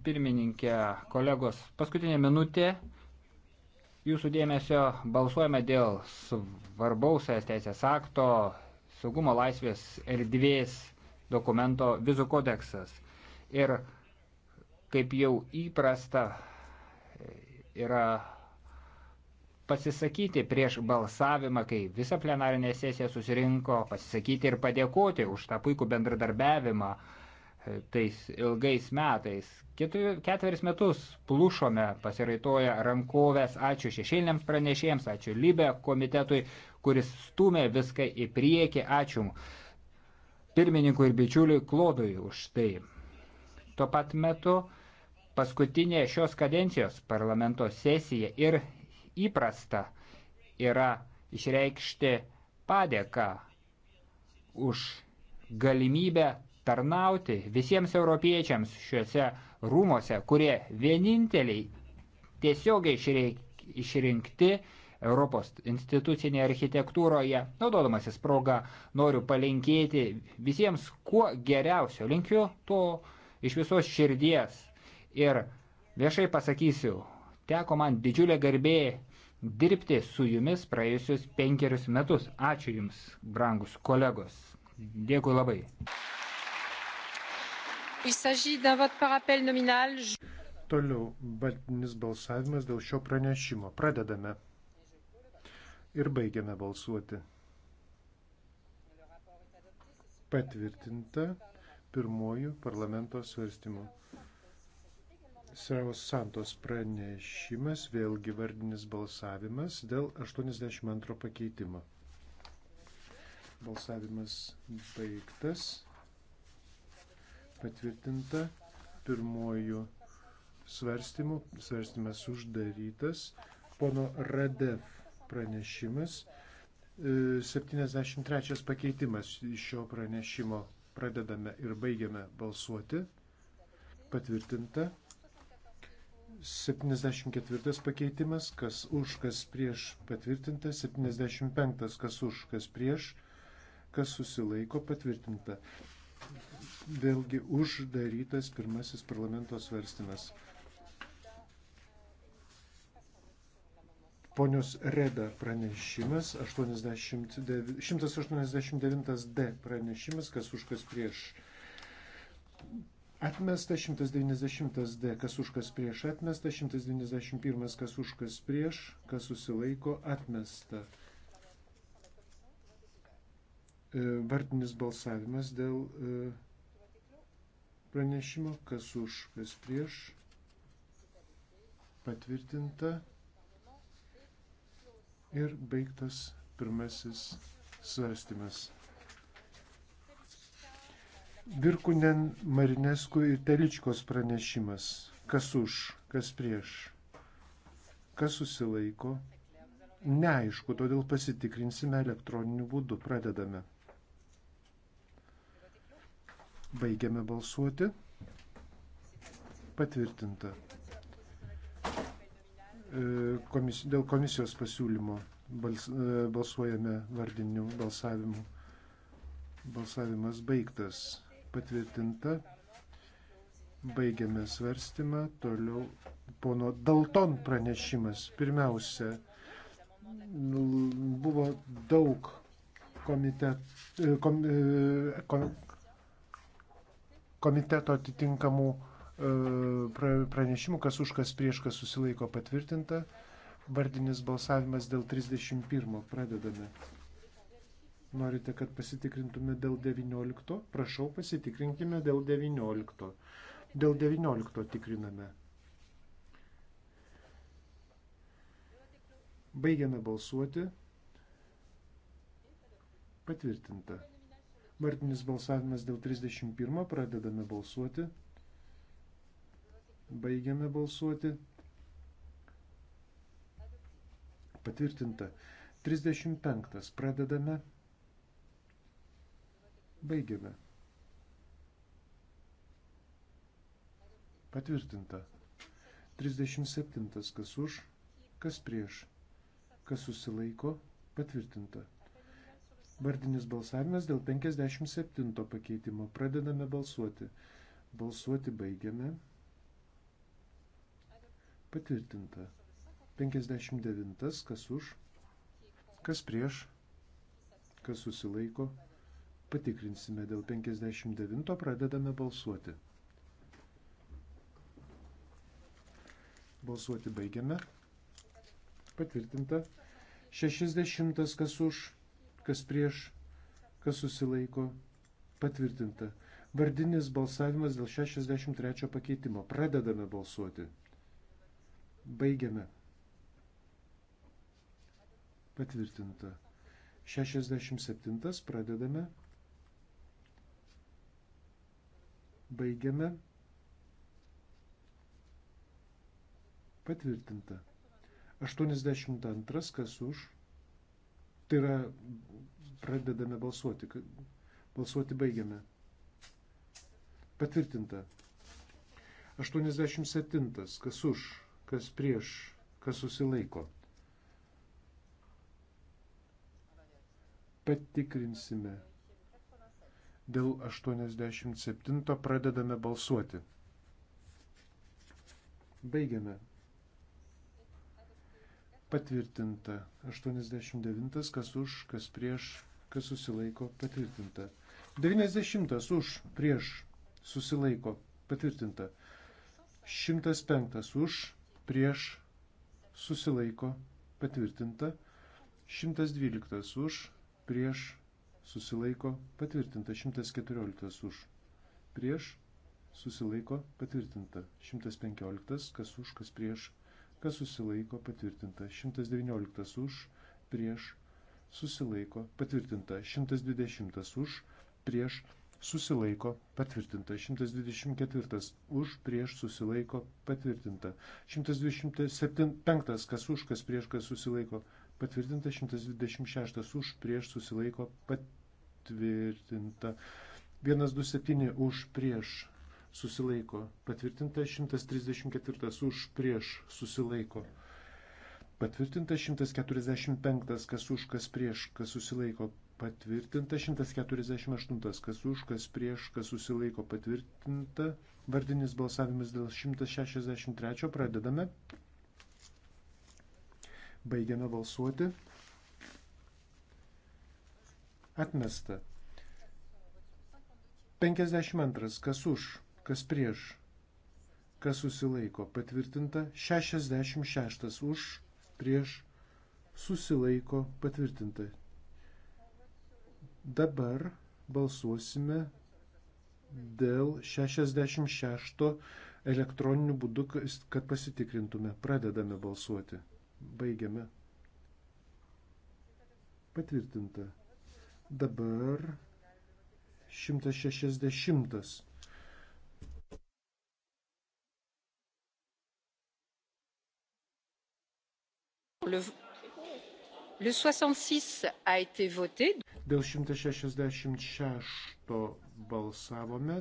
Pirmininkė, kolegos, paskutinė minutė. Jūsų dėmesio balsuojame dėl svarbaus teisės akto, saugumo laisvės erdvės dokumento vizų kodeksas. Ir kaip jau įprasta yra pasisakyti prieš balsavimą, kai visa plenarinė sesija susirinko, pasisakyti ir padėkoti už tą puikų bendradarbiavimą. E, tais ilgais metais. Ketveris metus plušome, pasiraitoja rankovės, ačiū šešėliniams pranešėjams, ačiū Libė komitetui, kuris stumė viską į priekį, ačiū pirmininkui ir bičiuliui Klodui už tai. Tuo pat metu paskutinė šios kadencijos parlamento sesija ir įprasta yra išreikšti padėką už galimybę tarnauti visiems europiečiams šiuose rūmose, kurie vieninteliai tiesiogiai išrinkti Europos institucinėje architektūroje. Naudodamasis proga noriu palinkėti visiems kuo geriausio. Linkiu to iš visos širdies. Ir viešai pasakysiu, teko man didžiulė garbė dirbti su jumis praėjusius penkerius metus. Ačiū Jums, brangus kolegos. Dėkui labai. Toliau baltinis balsavimas dėl šio pranešimo. Pradedame. Ir baigiame balsuoti. Patvirtinta pirmojų parlamento svarstymų. Sraus Santos pranešimas, vėlgi vardinis balsavimas dėl 82 pakeitimo. Balsavimas baigtas patvirtinta pirmojų svarstymų. Svarstymas uždarytas. Pono Radev pranešimas. 73 e, pakeitimas iš šio pranešimo. Pradedame ir baigiame balsuoti. Patvirtinta. 74 pakeitimas, kas už, kas prieš patvirtinta, 75 kas už, kas prieš, kas susilaiko patvirtinta, vėlgi uždarytas pirmasis parlamento svarstymas. Ponios Reda pranešimas, 89, 189D pranešimas, kas už kas prieš. Atmesta 190D, kas už kas prieš, atmesta 191, kas už kas prieš, kas susilaiko, atmesta. E, vardinis balsavimas dėl e, pranešimo, kas už, kas prieš. Patvirtinta. Ir baigtas pirmasis svarstymas. Virkunen Marinesku ir Teličkos pranešimas. Kas už, kas prieš, kas susilaiko. Neaišku, todėl pasitikrinsime elektroniniu būdu. Pradedame. Baigiame balsuoti. Patvirtinta. E, komis, dėl komisijos pasiūlymo bals, e, balsuojame vardiniu balsavimu. Balsavimas baigtas. Patvirtinta. Baigiame svarstymą. Toliau pono Dalton pranešimas. Pirmiausia, buvo daug komitet, e, kom, kom, komiteto atitinkamų e, pranešimų, kas už kas prieš kas susilaiko patvirtinta. Vardinis balsavimas dėl 31. Pradedame. Norite, kad pasitikrintume dėl 19? Prašau, pasitikrinkime dėl 19. Dėl 19 tikriname. Baigiame balsuoti. Patvirtinta. Vardinis balsavimas dėl 31. Pradedame balsuoti. Baigiame balsuoti. Patvirtinta. 35. Pradedame. Baigiame. Patvirtinta. 37. Kas už, kas prieš, kas susilaiko, patvirtinta. Vardinis balsavimas dėl 57 pakeitimo. Pradedame balsuoti. Balsuoti baigiame. Patvirtinta. 59. Kas už? Kas prieš? Kas susilaiko? Patikrinsime dėl 59. Pradedame balsuoti. Balsuoti baigiame. Patvirtinta. 60. Kas už? kas prieš, kas susilaiko, patvirtinta. Vardinis balsavimas dėl 63 pakeitimo. Pradedame balsuoti. Baigiame. Patvirtinta. 67 pradedame. Baigiame. Patvirtinta. 82 kas už Tai yra, pradedame balsuoti. Balsuoti baigiame. Patvirtinta. 87. Kas už, kas prieš, kas susilaiko. Patikrinsime. Dėl 87 pradedame balsuoti. Baigiame patvirtinta. 89 kas už, kas prieš, kas susilaiko patvirtinta. 90 už, prieš, susilaiko patvirtinta. 105 už, prieš, susilaiko patvirtinta. 112 už, prieš, susilaiko patvirtinta. 114 už, prieš, susilaiko patvirtinta. 115 kas už, kas prieš, kas susilaiko patvirtinta 119 už, prieš susilaiko patvirtinta 120 už, prieš susilaiko patvirtinta 124 už, prieš susilaiko patvirtinta 125 kas už, kas prieš, kas susilaiko patvirtinta 126 už, prieš susilaiko patvirtinta 127 už, prieš susilaiko. Patvirtintas 134 už prieš susilaiko. Patvirtintas 145 kas už kas prieš kas susilaiko. Patvirtinta 148 kas už kas prieš kas susilaiko. Patvirtinta vardinis balsavimas dėl 163 pradedame. Baigiame balsuoti. Atmesta. 52. Kas už? kas prieš, kas susilaiko patvirtinta, 66 už, prieš, susilaiko patvirtinta. Dabar balsuosime dėl 66 elektroniniu būdu, kad pasitikrintume. Pradedame balsuoti. Baigiame. Patvirtinta. Dabar 160 Le 66 a été voté. Dėl 166 balsavome,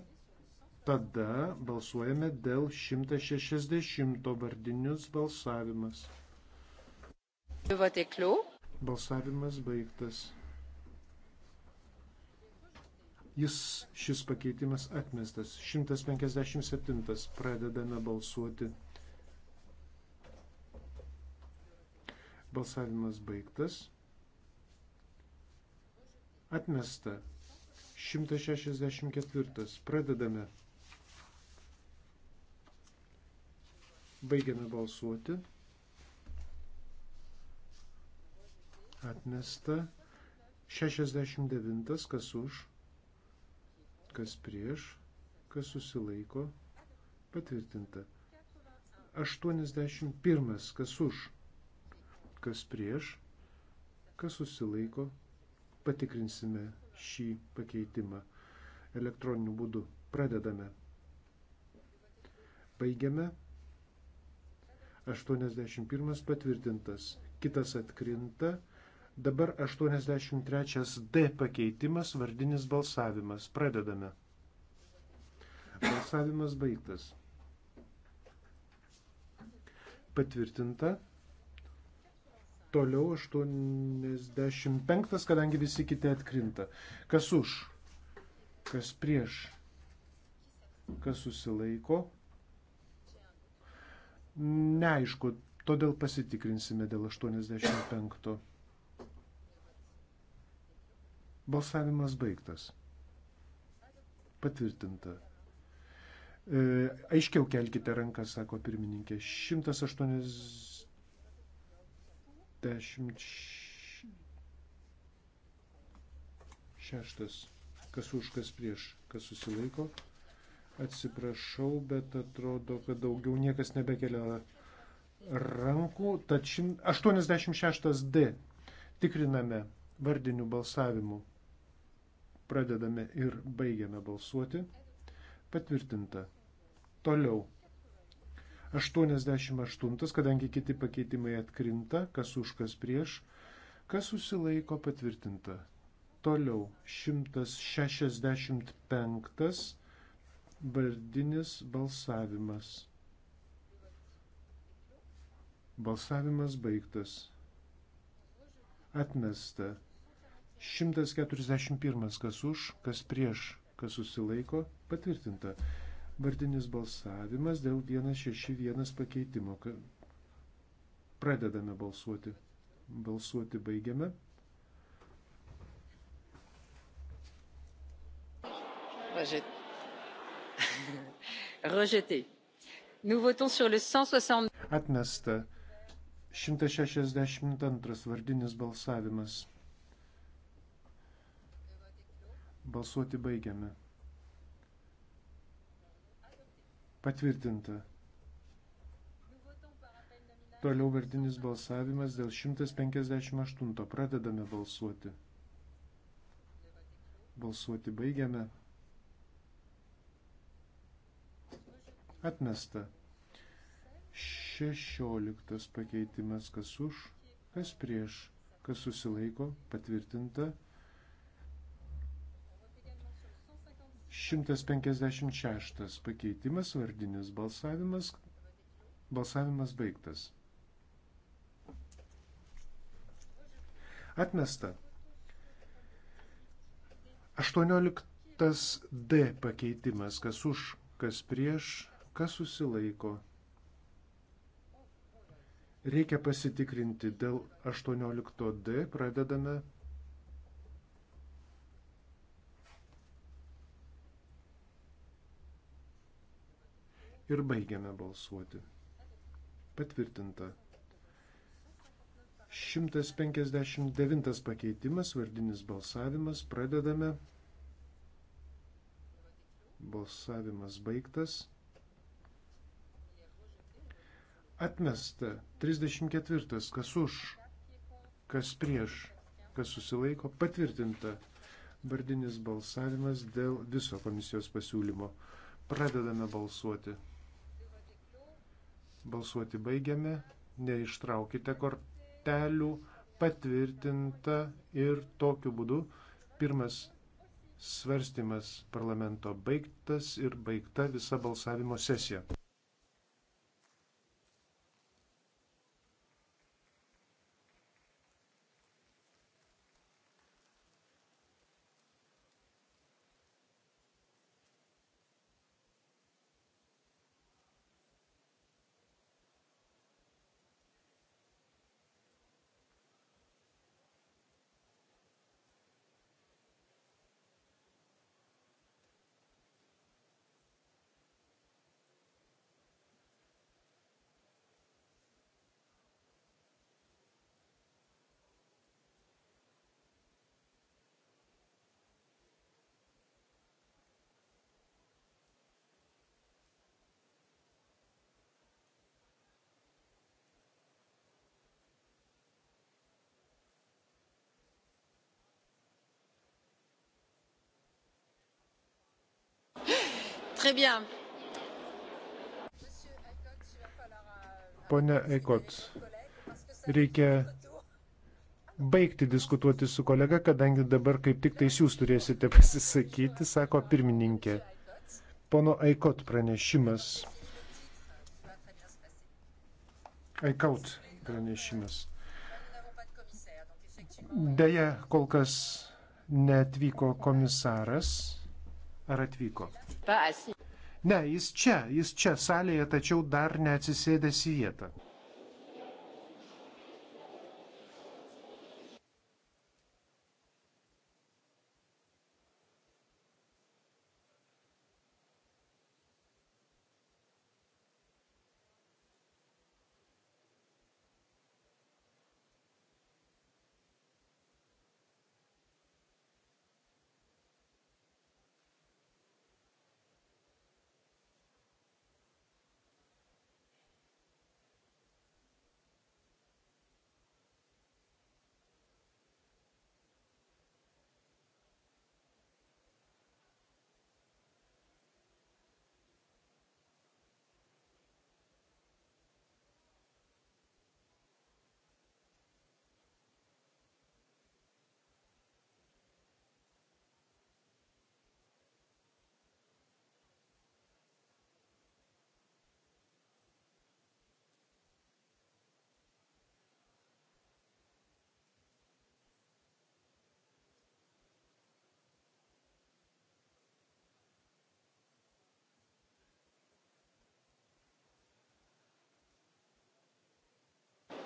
tada balsuojame dėl 160 vardinius balsavimas. Balsavimas baigtas. Jis šis pakeitimas atmestas. 157 pradedame balsuoti. Balsavimas baigtas. Atmesta. 164. Pradedame. Baigiame balsuoti. Atmesta. 69. Kas už, kas prieš, kas susilaiko. Patvirtinta. 81. Kas už kas prieš, kas susilaiko, patikrinsime šį pakeitimą elektroniniu būdu. Pradedame. Baigiame. 81 patvirtintas, kitas atkrinta. Dabar 83 D pakeitimas, vardinis balsavimas. Pradedame. Balsavimas baigtas. Patvirtinta. Toliau 85, kadangi visi kiti atkrinta. Kas už? Kas prieš? Kas susilaiko? Neaišku, todėl pasitikrinsime dėl 85. Balsavimas baigtas. Patvirtinta. E, aiškiau kelkite ranką, sako pirmininkė. 180. 56. Kas už, kas prieš, kas susilaiko. Atsiprašau, bet atrodo, kad daugiau niekas nebekelia rankų. Tad 86D tikriname vardiniu balsavimu. Pradedame ir baigiame balsuoti. Patvirtinta. Toliau. 88, kadangi kiti pakeitimai atkrinta, kas už kas prieš, kas susilaiko patvirtinta. Toliau 165 vardinis balsavimas. Balsavimas baigtas. Atmesta. 141 kas už, kas prieš, kas susilaiko, patvirtinta. Vardinis balsavimas dėl 161 pakeitimo. Pradedame balsuoti. Balsuoti baigiame. Rejeté. Nous votons sur le 160. Atmesta. 162 vardinis balsavimas. Balsuoti baigiame. Patvirtinta. Toliau vardinis balsavimas dėl 158. Pradedame balsuoti. Balsuoti baigiame. Atmesta. 16 pakeitimas kas už, kas prieš, kas susilaiko, patvirtinta. 156 pakeitimas, vardinis balsavimas. Balsavimas baigtas. Atmesta. 18 D pakeitimas, kas už, kas prieš, kas susilaiko. Reikia pasitikrinti dėl 18 D, pradedame balsuoti. ir baigiame balsuoti. Patvirtinta. 159 pakeitimas, vardinis balsavimas, pradedame. Balsavimas baigtas. Atmesta 34, kas už, kas prieš, kas susilaiko, patvirtinta vardinis balsavimas dėl viso komisijos pasiūlymo. Pradedame balsuoti. Balsuoti baigiame. Neištraukite kortelių. Patvirtinta ir tokiu būdu pirmas svarstymas parlamento baigtas ir baigta visa balsavimo sesija. Très bien. Pone Eikot, reikia baigti diskutuoti su kolega, kadangi dabar kaip tik tais jūs turėsite pasisakyti, sako pirmininkė. Pono Eikot pranešimas. Eikaut pranešimas. Deja, kol kas neatvyko komisaras. Ar atvyko? Ne, jis čia, jis čia salėje, tačiau dar neatsisėdęs į vietą.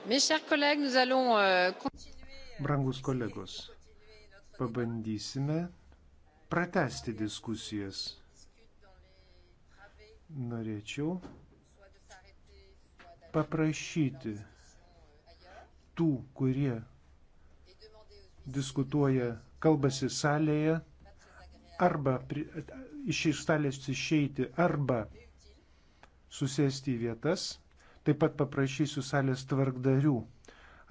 Euh, euh, Brangus kolegos, pabandysime pratesti diskusijas. Norėčiau paprašyti tų, kurie diskutuoja, kalbasi salėje, arba pri, iš salės išeiti, arba susėsti į vietas. Taip pat paprašysiu salės tvarkdarių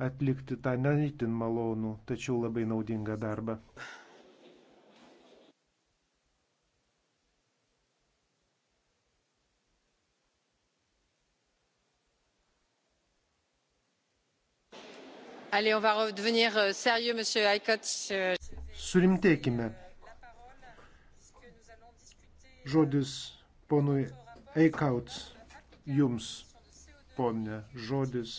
atlikti tą neįtin malonų, tačiau labai naudingą darbą. Allez, on va redevenir euh, sérieux, monsieur Aikot. Euh. Surimtėkime. Žodis ponui Eikauts jums ponė, žodis.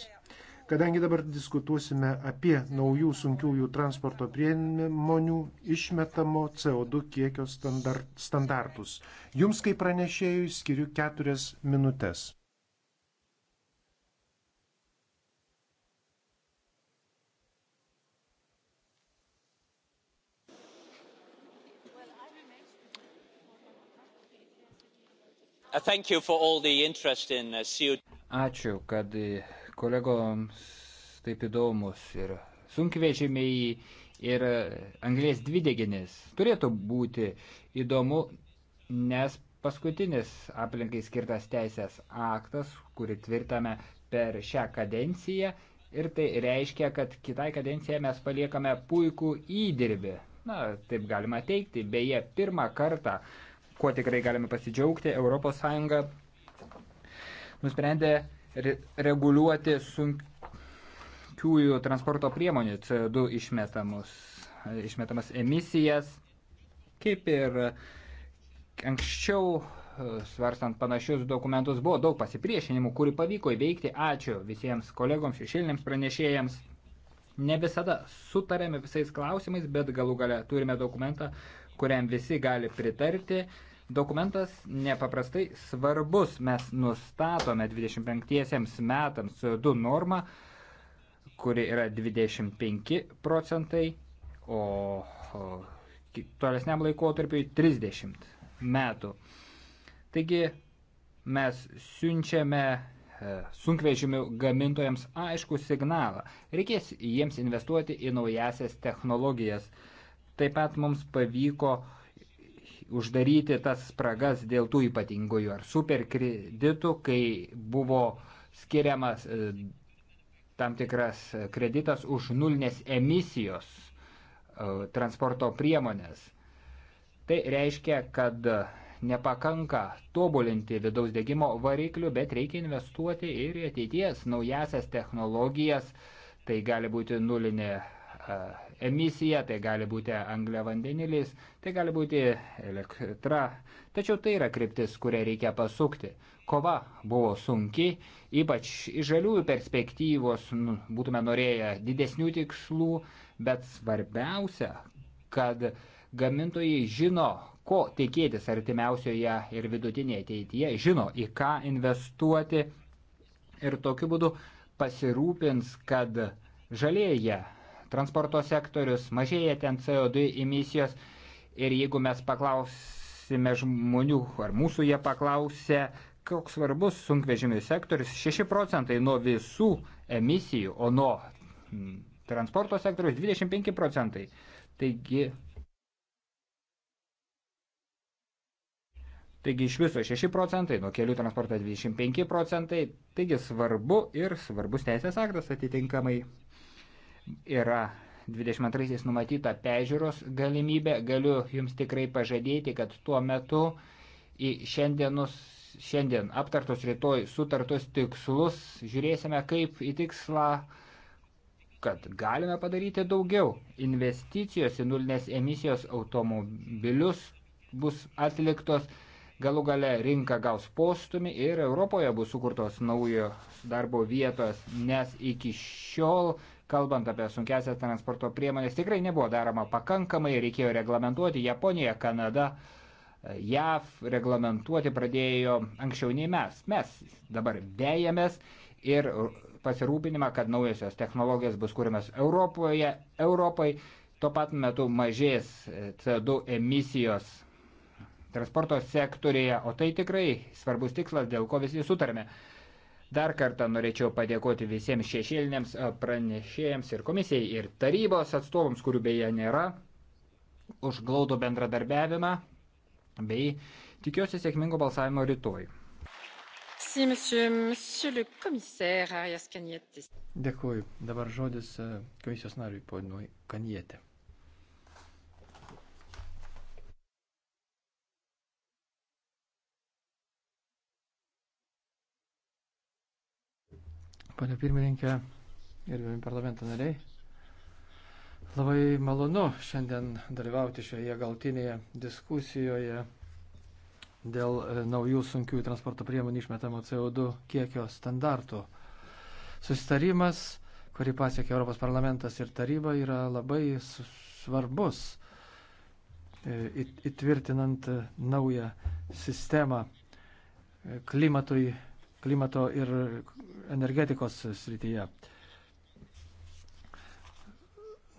Kadangi dabar diskutuosime apie naujų sunkiųjų transporto priemonių išmetamo CO2 kiekio standart, standartus. Jums kaip pranešėjui skiriu keturias minutės. Uh, uh, Ačiū, kad e, kolegoms taip įdomus ir sunkvežimiai ir e, anglės dvideginis turėtų būti įdomu, nes paskutinis aplinkai skirtas teisės aktas, kurį tvirtame per šią kadenciją ir tai reiškia, kad kitai kadencijai mes paliekame puikų įdirbį. Na, taip galima teikti, beje, pirmą kartą kuo tikrai galime pasidžiaugti, ES nusprendė re reguliuoti sunkiųjų transporto priemonių CO2 išmetamus, išmetamas emisijas, kaip ir anksčiau e, svarstant panašius dokumentus buvo daug pasipriešinimų, kurį pavyko įveikti. Ačiū visiems kolegoms, šešėliniams pranešėjams. Ne visada sutarėme visais klausimais, bet galų gale turime dokumentą, kuriam visi gali pritarti. Dokumentas nepaprastai svarbus. Mes nustatome 25 metams CO2 normą, kuri yra 25 procentai, o tolesniam laikotarpiui 30 metų. Taigi mes siunčiame e, sunkvežimių gamintojams aišku signalą. Reikės jiems investuoti į naujasias technologijas. Taip pat mums pavyko uh, uždaryti tas spragas dėl tų ypatingųjų ar superkreditų, kai buvo skiriamas e, tam tikras kreditas už nulinės emisijos e, transporto priemonės. Tai reiškia, kad nepakanka tobulinti vidaus degimo variklių, bet reikia investuoti ir į ateities naujasias technologijas. Tai gali būti nulinė e, emisija, tai gali būti anglė vandenilis, tai gali būti elektra. Tačiau tai yra kryptis, kurią reikia pasukti. Kova buvo sunki, ypač iš žaliųjų perspektyvos nu, būtume norėję didesnių tikslų, bet svarbiausia, kad gamintojai žino, ko tikėtis artimiausioje ir vidutinėje ateityje, žino, į ką investuoti ir tokiu būdu pasirūpins, kad žalėje transporto sektorius, mažėja ten CO2 emisijos ir jeigu mes paklausime žmonių, ar mūsų jie paklausė, koks svarbus sunkvežimių sektorius, 6 procentai nuo visų emisijų, o nuo transporto sektorius 25 procentai. Taigi, taigi iš viso 6 procentai, nuo kelių transporto 25 procentai, taigi svarbu ir svarbus teisės aktas atitinkamai yra 22-aisiais numatyta pežiūros galimybė. Galiu Jums tikrai pažadėti, kad tuo metu į šiandienus, šiandien aptartus rytoj sutartus tikslus žiūrėsime kaip į tikslą kad galime padaryti daugiau. Investicijos į nulinės emisijos automobilius bus atliktos, galų gale rinka gaus postumį ir Europoje bus sukurtos naujos darbo vietos, nes iki šiol uh, Kalbant apie sunkesias transporto priemonės, tikrai nebuvo daroma pakankamai, reikėjo reglamentuoti Japoniją, Kanadą, JAV, reglamentuoti pradėjo anksčiau nei mes. Mes dabar vėjamės ir pasirūpinimą, kad naujosios technologijos bus kūrimas Europoje, Europai, tuo pat metu mažės e, CO2 emisijos transporto sektorėje, o tai tikrai svarbus tikslas, dėl ko visi sutarėme. Dar kartą norėčiau padėkoti visiems šešėliniams pranešėjams ir komisijai ir tarybos atstovams, kurių beje nėra, už glaudų bendradarbiavimą bei tikiuosi sėkmingo balsavimo rytoj. Dėkuoju. Dabar žodis komisijos nariui, ponui Kanietė. Pane pirmininkė, gerbėmi parlamento nariai, labai malonu šiandien dalyvauti šioje galtinėje diskusijoje dėl e, naujų sunkių transporto priemonių išmetamo CO2 kiekio standartų. Susitarimas, kurį pasiekė Europos parlamentas ir taryba, yra labai svarbus e, įtvirtinant e, naują sistemą klimatui klimato ir energetikos srityje.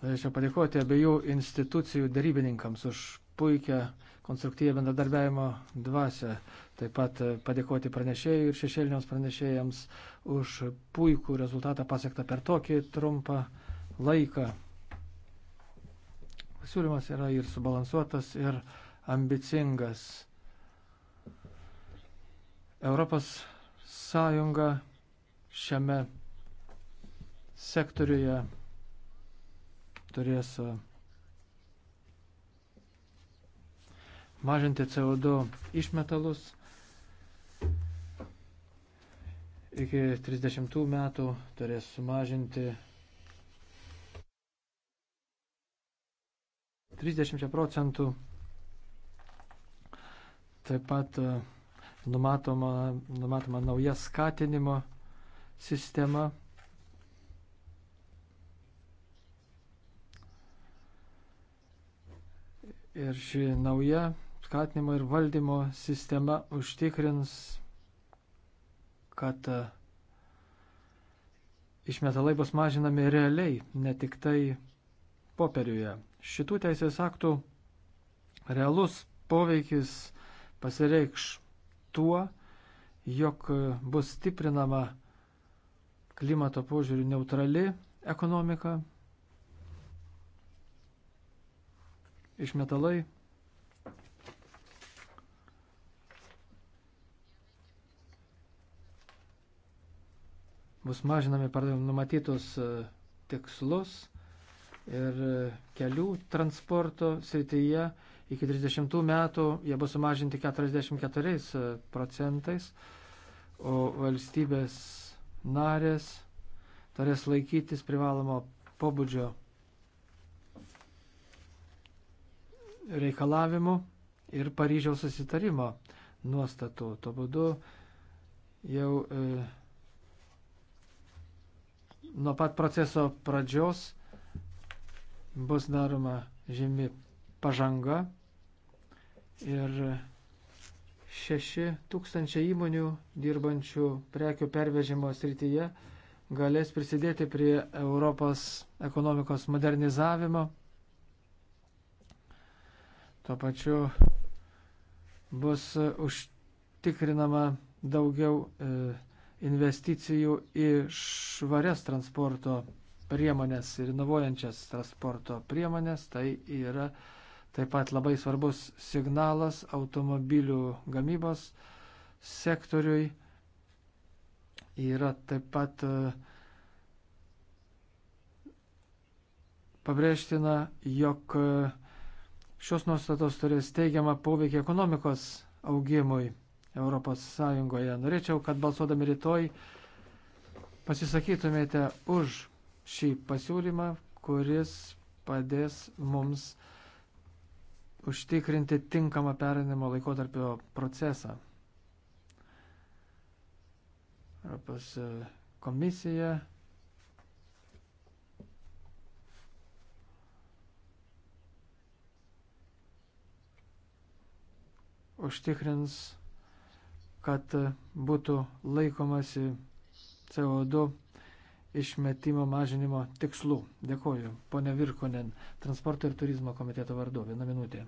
Norėčiau padėkoti abiejų institucijų darybininkams už puikią konstruktyvę bendradarbiavimo dvasę. Taip pat padėkoti pranešėjai ir šešėliniams pranešėjams už puikų rezultatą pasiektą per tokį trumpą laiką. Pasiūlymas yra ir subalansuotas, ir ambicingas. Europos šiame sektoriuje turės uh, mažinti CO2 išmetalus iki 30 metų turės sumažinti 30 procentų. Taip pat uh, numatoma, numatoma nauja skatinimo sistema. Ir ši nauja skatinimo ir valdymo sistema užtikrins, kad e, išmetalai bus mažinami realiai, ne tik tai popieriuje. Šitų teisės aktų realus poveikis pasireikš tuo, jog bus stiprinama klimato požiūrių neutrali ekonomika, išmetalai. Bus mažinami numatytus e, tikslus ir e, kelių transporto srityje Iki 30 metų jie bus sumažinti 44 e, procentais, o valstybės narės turės laikytis privalomo pobūdžio reikalavimų ir Paryžiaus susitarimo nuostatų. Tuo būdu jau e, nuo pat proceso pradžios bus daroma žymi pažanga ir 6 tūkstančiai įmonių dirbančių prekių pervežimo srityje galės prisidėti prie Europos ekonomikos modernizavimo. Tuo pačiu bus užtikrinama daugiau e, investicijų į švarias transporto priemonės ir inovuojančias transporto priemonės. Tai yra uh, Taip pat labai svarbus signalas automobilių gamybos sektoriui yra taip pat e, pabrėžtina, jog e, šios nuostatos turės teigiamą poveikį ekonomikos augimui Europos Sąjungoje. Norėčiau, kad balsuodami rytoj pasisakytumėte už šį pasiūlymą, kuris padės mums užtikrinti tinkamą perinimo laikotarpio procesą. Europos e, komisija užtikrins, kad būtų laikomasi CO2 išmetimo mažinimo tikslų. Dėkoju, ponia Virkonen, transporto ir turizmo komiteto vardu. Viena minutė.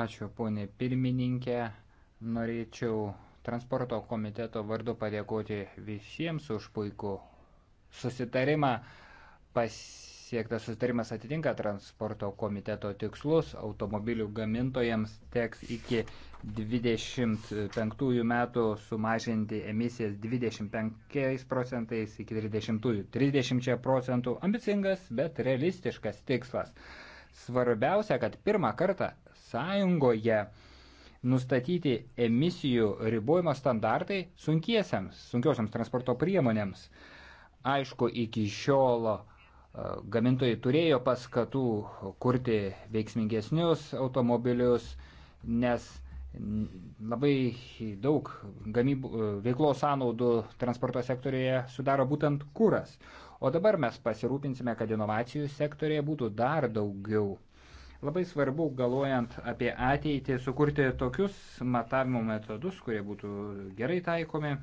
Ačiū, ponė pirmininkė. Norėčiau transporto komiteto vardu padėkoti visiems už puikų susitarimą. Pas pasiektas sustarimas atitinka transporto komiteto tikslus. Automobilių gamintojams teks iki 25 metų sumažinti emisijas 25 procentais iki 30 30 procentų. Ambicingas, bet realistiškas tikslas. Svarbiausia, kad pirmą kartą sąjungoje nustatyti emisijų ribojimo standartai sunkiesiams, sunkiosiams transporto priemonėms. Aišku, iki šiolo gamintojai turėjo paskatų kurti veiksmingesnius automobilius, nes labai daug gamybų, veiklos sąnaudų transporto sektorėje sudaro būtent kuras. O dabar mes pasirūpinsime, kad inovacijų sektorėje būtų dar daugiau. Labai svarbu, galvojant apie ateitį, sukurti tokius matavimo metodus, kurie būtų gerai taikomi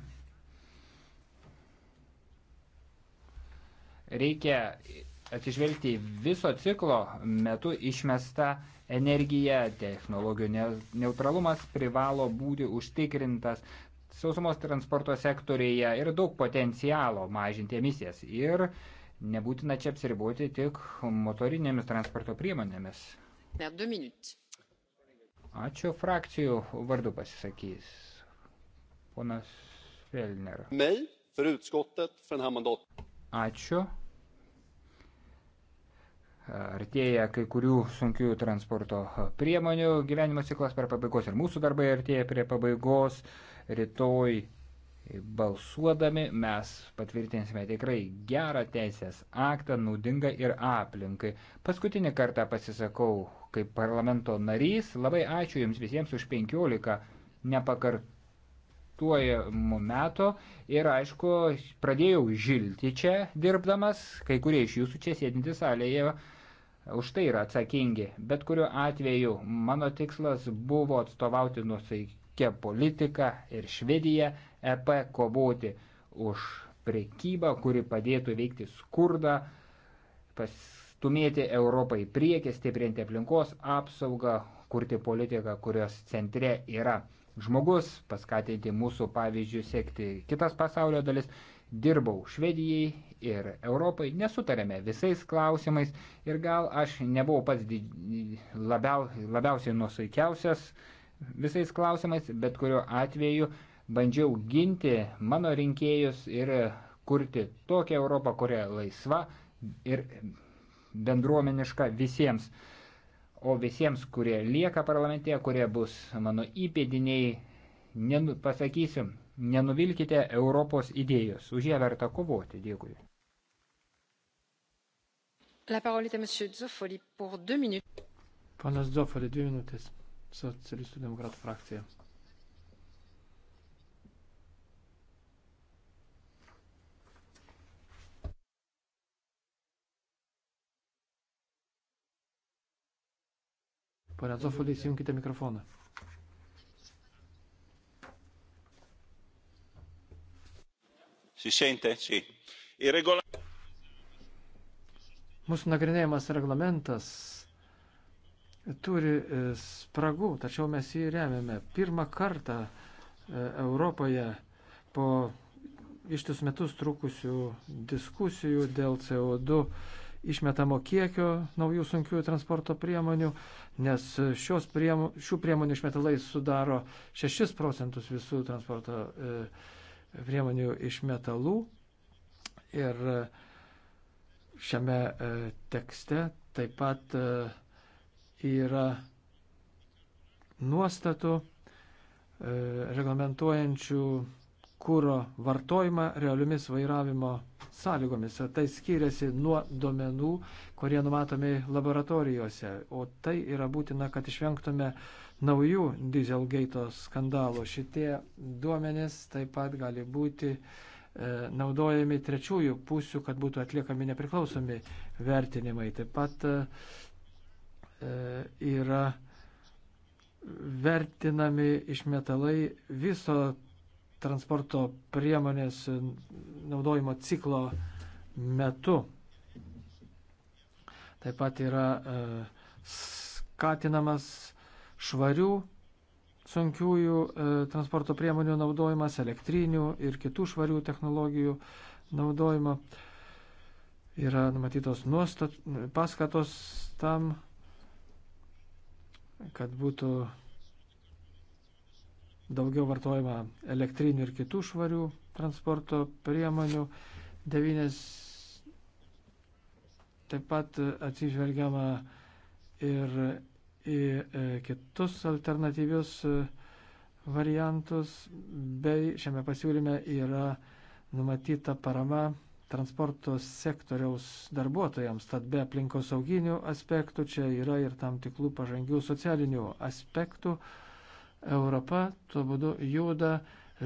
reikia atsižvelgti viso ciklo metu išmestą energiją, technologijų neutralumas privalo būti užtikrintas sausumos transporto sektorėje ir daug potencialo mažinti emisijas. Ir nebūtina čia apsiriboti tik motorinėmis transporto priemonėmis. Ne, du minutės. Ačiū frakcijų vardu pasisakys. Ponas Felner. Ačiū artėja kai kurių sunkių transporto priemonių gyvenimo ciklas per pabaigos ir mūsų darbai artėja prie pabaigos. Rytoj balsuodami mes patvirtinsime tikrai gerą teisės aktą, naudingą ir aplinkai. Paskutinį kartą pasisakau kaip parlamento narys. Labai ačiū Jums visiems už 15 nepakartuojamų metų. Ir aišku, pradėjau žilti čia dirbdamas, kai kurie iš Jūsų čia sėdinti salėje už tai yra atsakingi. Bet kuriuo atveju mano tikslas buvo atstovauti nusaikę politiką ir Švediją, EP kovoti už prekybą, kuri padėtų veikti skurdą, pastumėti Europą į priekį, stiprinti aplinkos apsaugą, kurti politiką, kurios centre yra žmogus, paskatinti mūsų pavyzdžių sekti kitas pasaulio dalis. Dirbau Švedijai, ir Europai nesutarėme visais klausimais ir gal aš nebuvau pats labiau, labiausiai nusaikiausias visais klausimais, bet kuriuo atveju bandžiau ginti mano rinkėjus ir kurti tokią Europą, kuria laisva ir bendruomeniška visiems. O visiems, kurie lieka parlamente, kurie bus mano įpėdiniai, nenu, pasakysiu, nenuvilkite Europos idėjos. Už ją verta kovoti. Dėkui. Panas Zofoli, dvi minutės. Socialistų demokratų frakcija. Pane Zofoli, įsijunkite mikrofoną. Si sente? Sì. Si. Il regolamento Mūsų nagrinėjimas reglamentas turi e, spragų, tačiau mes jį remiame. Pirmą kartą e, Europoje po ištus metus trukusių diskusijų dėl CO2 išmetamo kiekio naujų sunkiųjų transporto priemonių, nes šios priemo, šių priemonių išmetalai sudaro 6 procentus visų transporto e, priemonių išmetalų. Ir šiame e, tekste taip pat e, yra nuostatų e, reglamentuojančių kūro vartojimą realiomis vairavimo sąlygomis. Tai skiriasi nuo duomenų, kurie numatomi laboratorijose. O tai yra būtina, kad išvengtume naujų Dieselgate skandalų. Šitie duomenys taip pat gali būti uh, E, naudojami trečiųjų pusių, kad būtų atliekami nepriklausomi vertinimai. Taip pat e, yra vertinami išmetalai viso transporto priemonės naudojimo ciklo metu. Taip pat yra e, skatinamas švarių sunkiųjų e, transporto priemonių naudojimas, elektrinių ir kitų švarių technologijų naudojimo. Yra numatytos nuostat, paskatos tam, kad būtų daugiau vartojama elektrinių ir kitų švarių transporto priemonių. Devynės taip pat atsižvelgiama ir į e, kitus alternatyvius e, variantus, bei šiame pasiūlyme yra numatyta parama transporto sektoriaus darbuotojams, tad be aplinkosauginių aspektų čia yra ir tam tikrų pažangių socialinių aspektų. Europa tuo būdu juda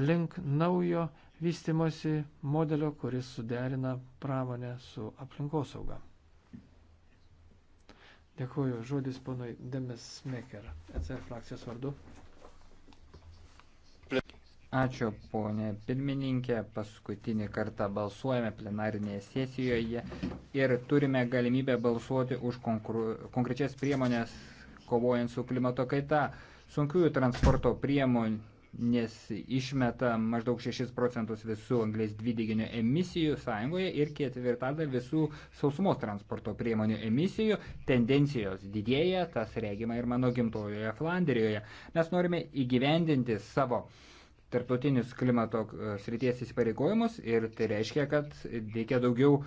link naujo vystimosi modelio, kuris suderina pramonę su aplinkosauga. Dėkuoju. Žodis ponui Demis Meker, ECR frakcijos vardu. Ačiū, ponė pirmininkė. Paskutinį kartą balsuojame plenarinėje sesijoje ir turime galimybę balsuoti už konkrečias priemonės kovojant su klimato kaita. Sunkiųjų transporto priemonių nes išmeta maždaug 6 procentus visų anglės dvideginio emisijų sąjungoje ir ketvirtadalį visų sausumos transporto priemonių emisijų. Tendencijos didėja, tas regima ir mano gimtojoje Flandrijoje. Mes norime įgyvendinti savo tarptautinius klimato e, srities įsipareigojimus ir tai reiškia, kad reikia daugiau e,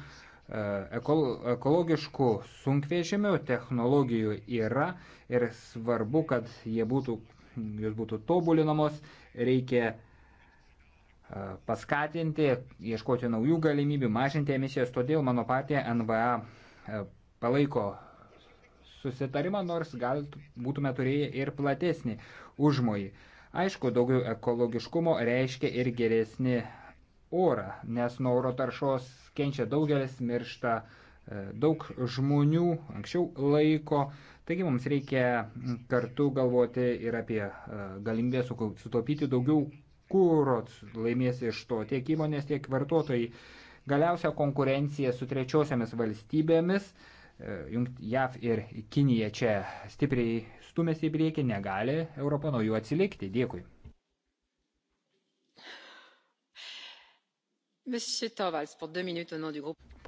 ekologiškų sunkvežimių, technologijų yra ir svarbu, kad jie būtų jos būtų tobulinamos, reikia e, paskatinti, ieškoti naujų galimybių, mažinti emisijas. Todėl mano partija NVA e, palaiko susitarimą, nors gal būtume turėję ir platesnį užmojį. Aišku, daugiau ekologiškumo reiškia ir geresnį orą, nes nuo oro taršos kenčia daugelis, miršta e, daug žmonių anksčiau laiko, Taigi mums reikia mm, kartu galvoti ir apie e, galimybę sutaupyti daugiau kūro, laimės iš to tiek įmonės, tiek vartotojai. Galiausia konkurencija su trečiosiamis valstybėmis, e, JAV ir Kinija čia stipriai stumėsi į priekį, negali Europą nuo jų atsilikti. Dėkui.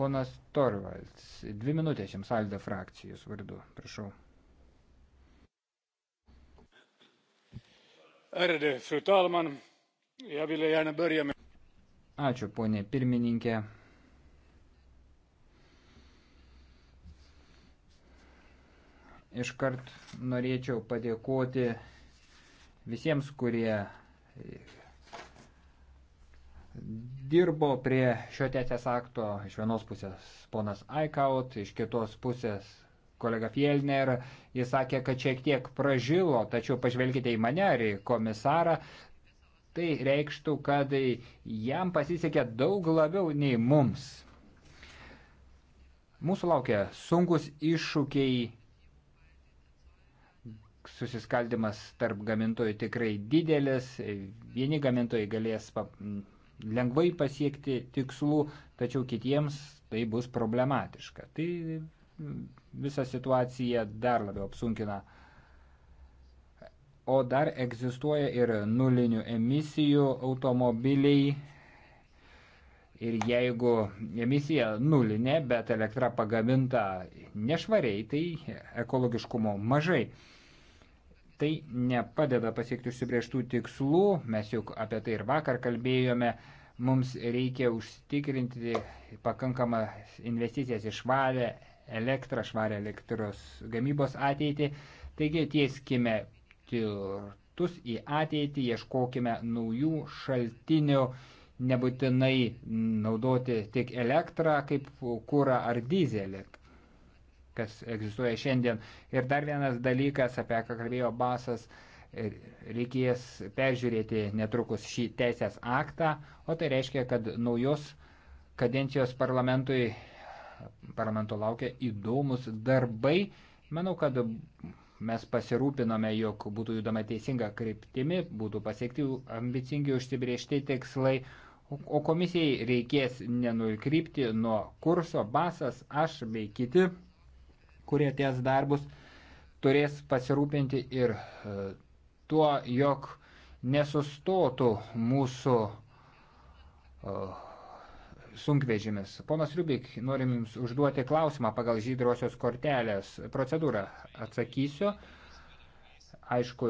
Ponas Torvalds, dvi minutės jums Alde frakcijos vardu, prašau. Ačiū, ponė pirmininkė. Iškart norėčiau padėkoti visiems, kurie dirbo prie šio teisės akto. Iš vienos pusės ponas Aikaut, iš kitos pusės kolega Fielner, jis sakė, kad šiek tiek pražilo, tačiau pažvelkite į mane ar į komisarą, tai reikštų, kad jam pasisekė daug labiau nei mums. Mūsų laukia sunkus iššūkiai, susiskaldimas tarp gamintojų tikrai didelis, vieni gamintojai galės lengvai pasiekti tikslų, tačiau kitiems tai bus problematiška. Tai visą situaciją dar labiau apsunkina. O dar egzistuoja ir nulinių emisijų automobiliai. Ir jeigu emisija nulinė, bet elektra pagaminta nešvariai, tai ekologiškumo mažai tai nepadeda pasiekti užsibrieštų tikslų, mes juk apie tai ir vakar kalbėjome, mums reikia užtikrinti pakankamą investicijas į švalę elektrą, švarę elektros gamybos ateitį. Taigi tieskime turtus į ateitį, ieškokime naujų šaltinių, nebūtinai naudoti tik elektrą kaip kūrą ar dizelį kas egzistuoja šiandien. Ir dar vienas dalykas, apie ką kalbėjo Basas, reikės peržiūrėti netrukus šį teisės aktą, o tai reiškia, kad naujos kadencijos parlamentui parlamento laukia įdomus darbai. Manau, kad mes pasirūpinome, jog būtų judama teisinga kryptimi, būtų pasiekti ambicingi užsibriežti tikslai, o komisijai reikės nenukrypti nuo kurso basas, aš bei kiti, kurie ties darbus turės pasirūpinti ir e, tuo, jog nesustotų mūsų uh, sunkvežimis. Ponas Riubik, norim Jums užduoti klausimą pagal žydrosios kortelės procedūrą. Atsakysiu. Aišku,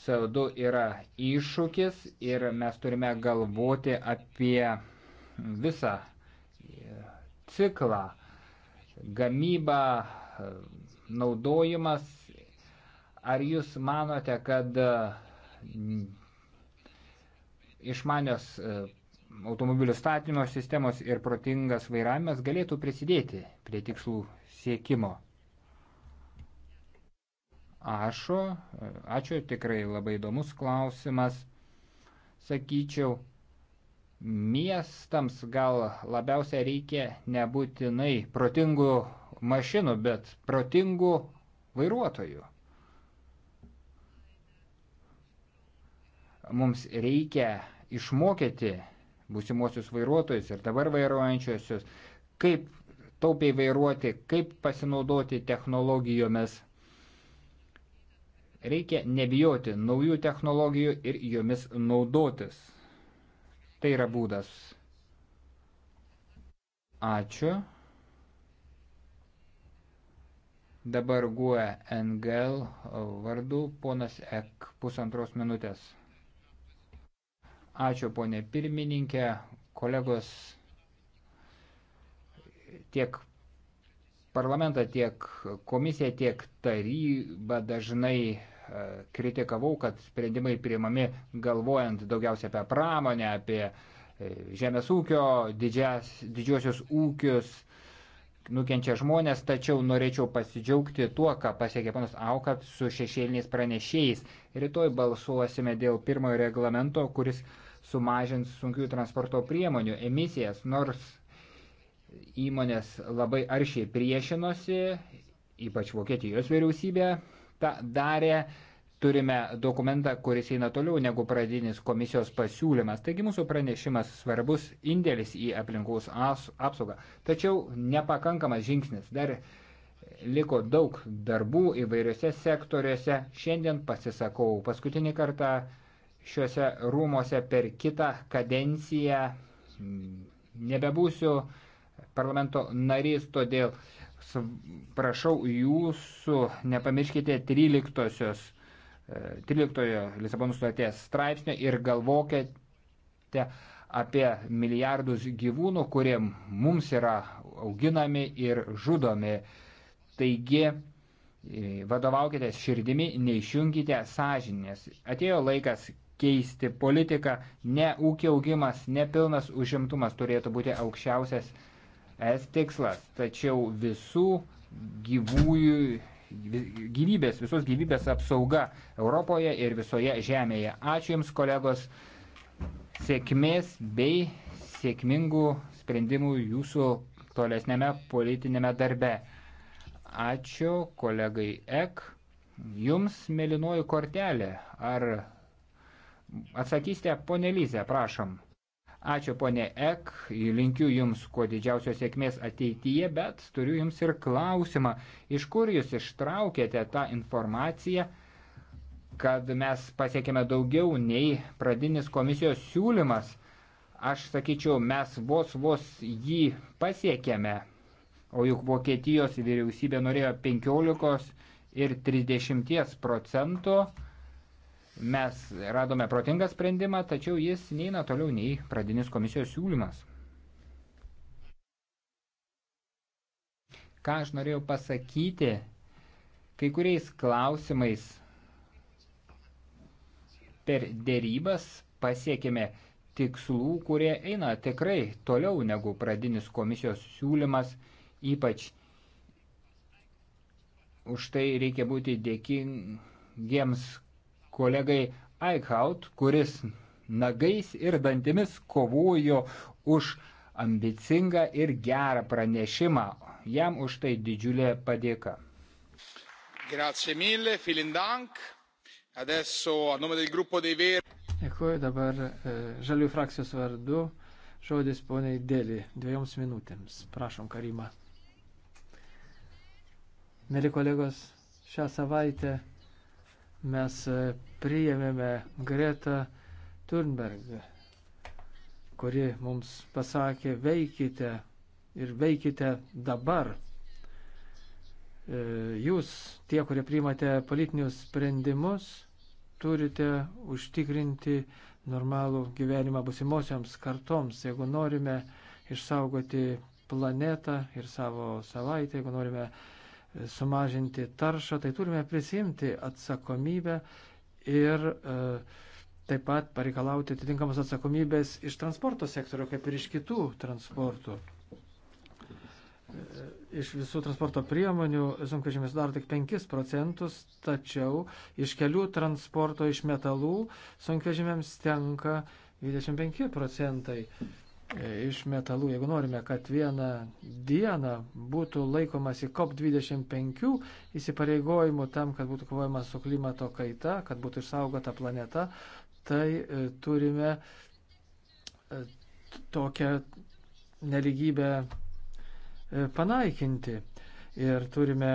CO2 yra iššūkis ir mes turime galvoti apie visą ciklą gamybą, naudojimas. Ar jūs manote, kad išmanios automobilių statymo sistemos ir protingas vairavimas galėtų prisidėti prie tikslų siekimo. Ašo, ačiū, tikrai labai įdomus klausimas. Sakyčiau, miestams gal labiausia reikia nebūtinai protingų mašinų, bet protingų vairuotojų. Mums reikia išmokyti būsimuosius vairuotojus ir dabar vairuojančiosius, kaip taupiai vairuoti, kaip pasinaudoti technologijomis. Reikia nebijoti naujų technologijų ir jomis naudotis. Tai yra būdas. Ačiū. Dabar guoja e NGL vardu ponas Ek pusantros minutės. Ačiū, ponė pirmininkė, kolegos tiek parlamentą, tiek komisiją, tiek tarybą dažnai e, kritikavau, kad sprendimai priimami galvojant daugiausia apie pramonę, apie e, žemės ūkio, didžias, didžiosius ūkius, nukenčia žmonės, tačiau norėčiau pasidžiaugti tuo, ką pasiekė panas Aukat su šešėliniais pranešėjais. Rytoj balsuosime dėl pirmojo reglamento, kuris uh, sumažins sunkių transporto priemonių emisijas, nors įmonės labai aršiai priešinosi, ypač Vokietijos vyriausybė tą darė. Turime dokumentą, kuris eina toliau negu pradinis komisijos pasiūlymas. Taigi mūsų pranešimas svarbus indėlis į aplinkos apsaugą. Tačiau nepakankamas žingsnis. Dar liko daug darbų įvairiose sektoriuose. Šiandien pasisakau paskutinį kartą šiuose rūmose per kitą kadenciją nebebūsiu parlamento narys, todėl prašau jūsų, nepamirškite 13-osios, 13-ojo e, Lisabonų sutarties straipsnio ir galvokite apie milijardus gyvūnų, kurie mums yra auginami ir žudomi. Taigi, e, vadovaukite širdimi, neišjungite sąžinės. Atėjo laikas keisti politiką. Ne ūkio augimas, ne pilnas užimtumas turėtų būti aukščiausias es tikslas, tačiau visų gyvųjų gyvybės, visos gyvybės apsauga Europoje ir visoje žemėje. Ačiū Jums, kolegos, sėkmės bei sėkmingų sprendimų Jūsų tolesnėme politinėme darbe. Ačiū kolegai Ek. Jums mėlynoji kortelė. Ar Atsakysite, ponė Lyze, prašom. Ačiū, ponė Ek, linkiu Jums kuo didžiausios sėkmės ateityje, bet turiu Jums ir klausimą, iš kur Jūs ištraukėte tą informaciją, kad mes pasiekėme daugiau nei pradinis komisijos siūlymas. Aš sakyčiau, mes vos vos jį pasiekėme, o juk Vokietijos vyriausybė norėjo 15 ir 30 procentų Mes radome protingą sprendimą, tačiau jis neina toliau nei pradinis komisijos siūlymas. Ką aš norėjau pasakyti, kai kuriais klausimais per dėrybas pasiekėme tikslų, kurie eina tikrai toliau negu pradinis komisijos siūlymas, ypač už tai reikia būti dėkingiems kolegai Eichhout, kuris nagais ir dantimis kovojo už ambicingą ir gerą pranešimą. Jam už tai didžiulė padėka. Grazie mille, vielen dank. Adesso a nome del gruppo dei Verdi. Dėkuoju dabar e, žalių frakcijos vardu. Žodis poniai Dėlį dviejoms minutėms. Prašom, Karima. Mėly kolegos, šią savaitę mes e, priėmėme Greta Thunberg, kuri mums pasakė, veikite ir veikite dabar. E, jūs, tie, kurie priimate politinius sprendimus, turite užtikrinti normalų gyvenimą busimosioms kartoms, jeigu norime išsaugoti planetą ir savo savaitę, jeigu norime uh, sumažinti taršą, tai turime prisimti atsakomybę ir e, taip pat pareikalauti atitinkamos atsakomybės iš transporto sektorio, kaip ir iš kitų transportų. E, iš visų transporto priemonių sunkvežimis daro tik 5 procentus, tačiau iš kelių transporto iš metalų sunkvežimiams tenka 25 procentai. E, iš metalų. Jeigu norime, kad vieną dieną būtų laikomasi COP25 įsipareigojimų tam, kad būtų kovojama su klimato kaita, kad būtų išsaugota planeta, tai e, turime e, tokią neligybę panaikinti ir turime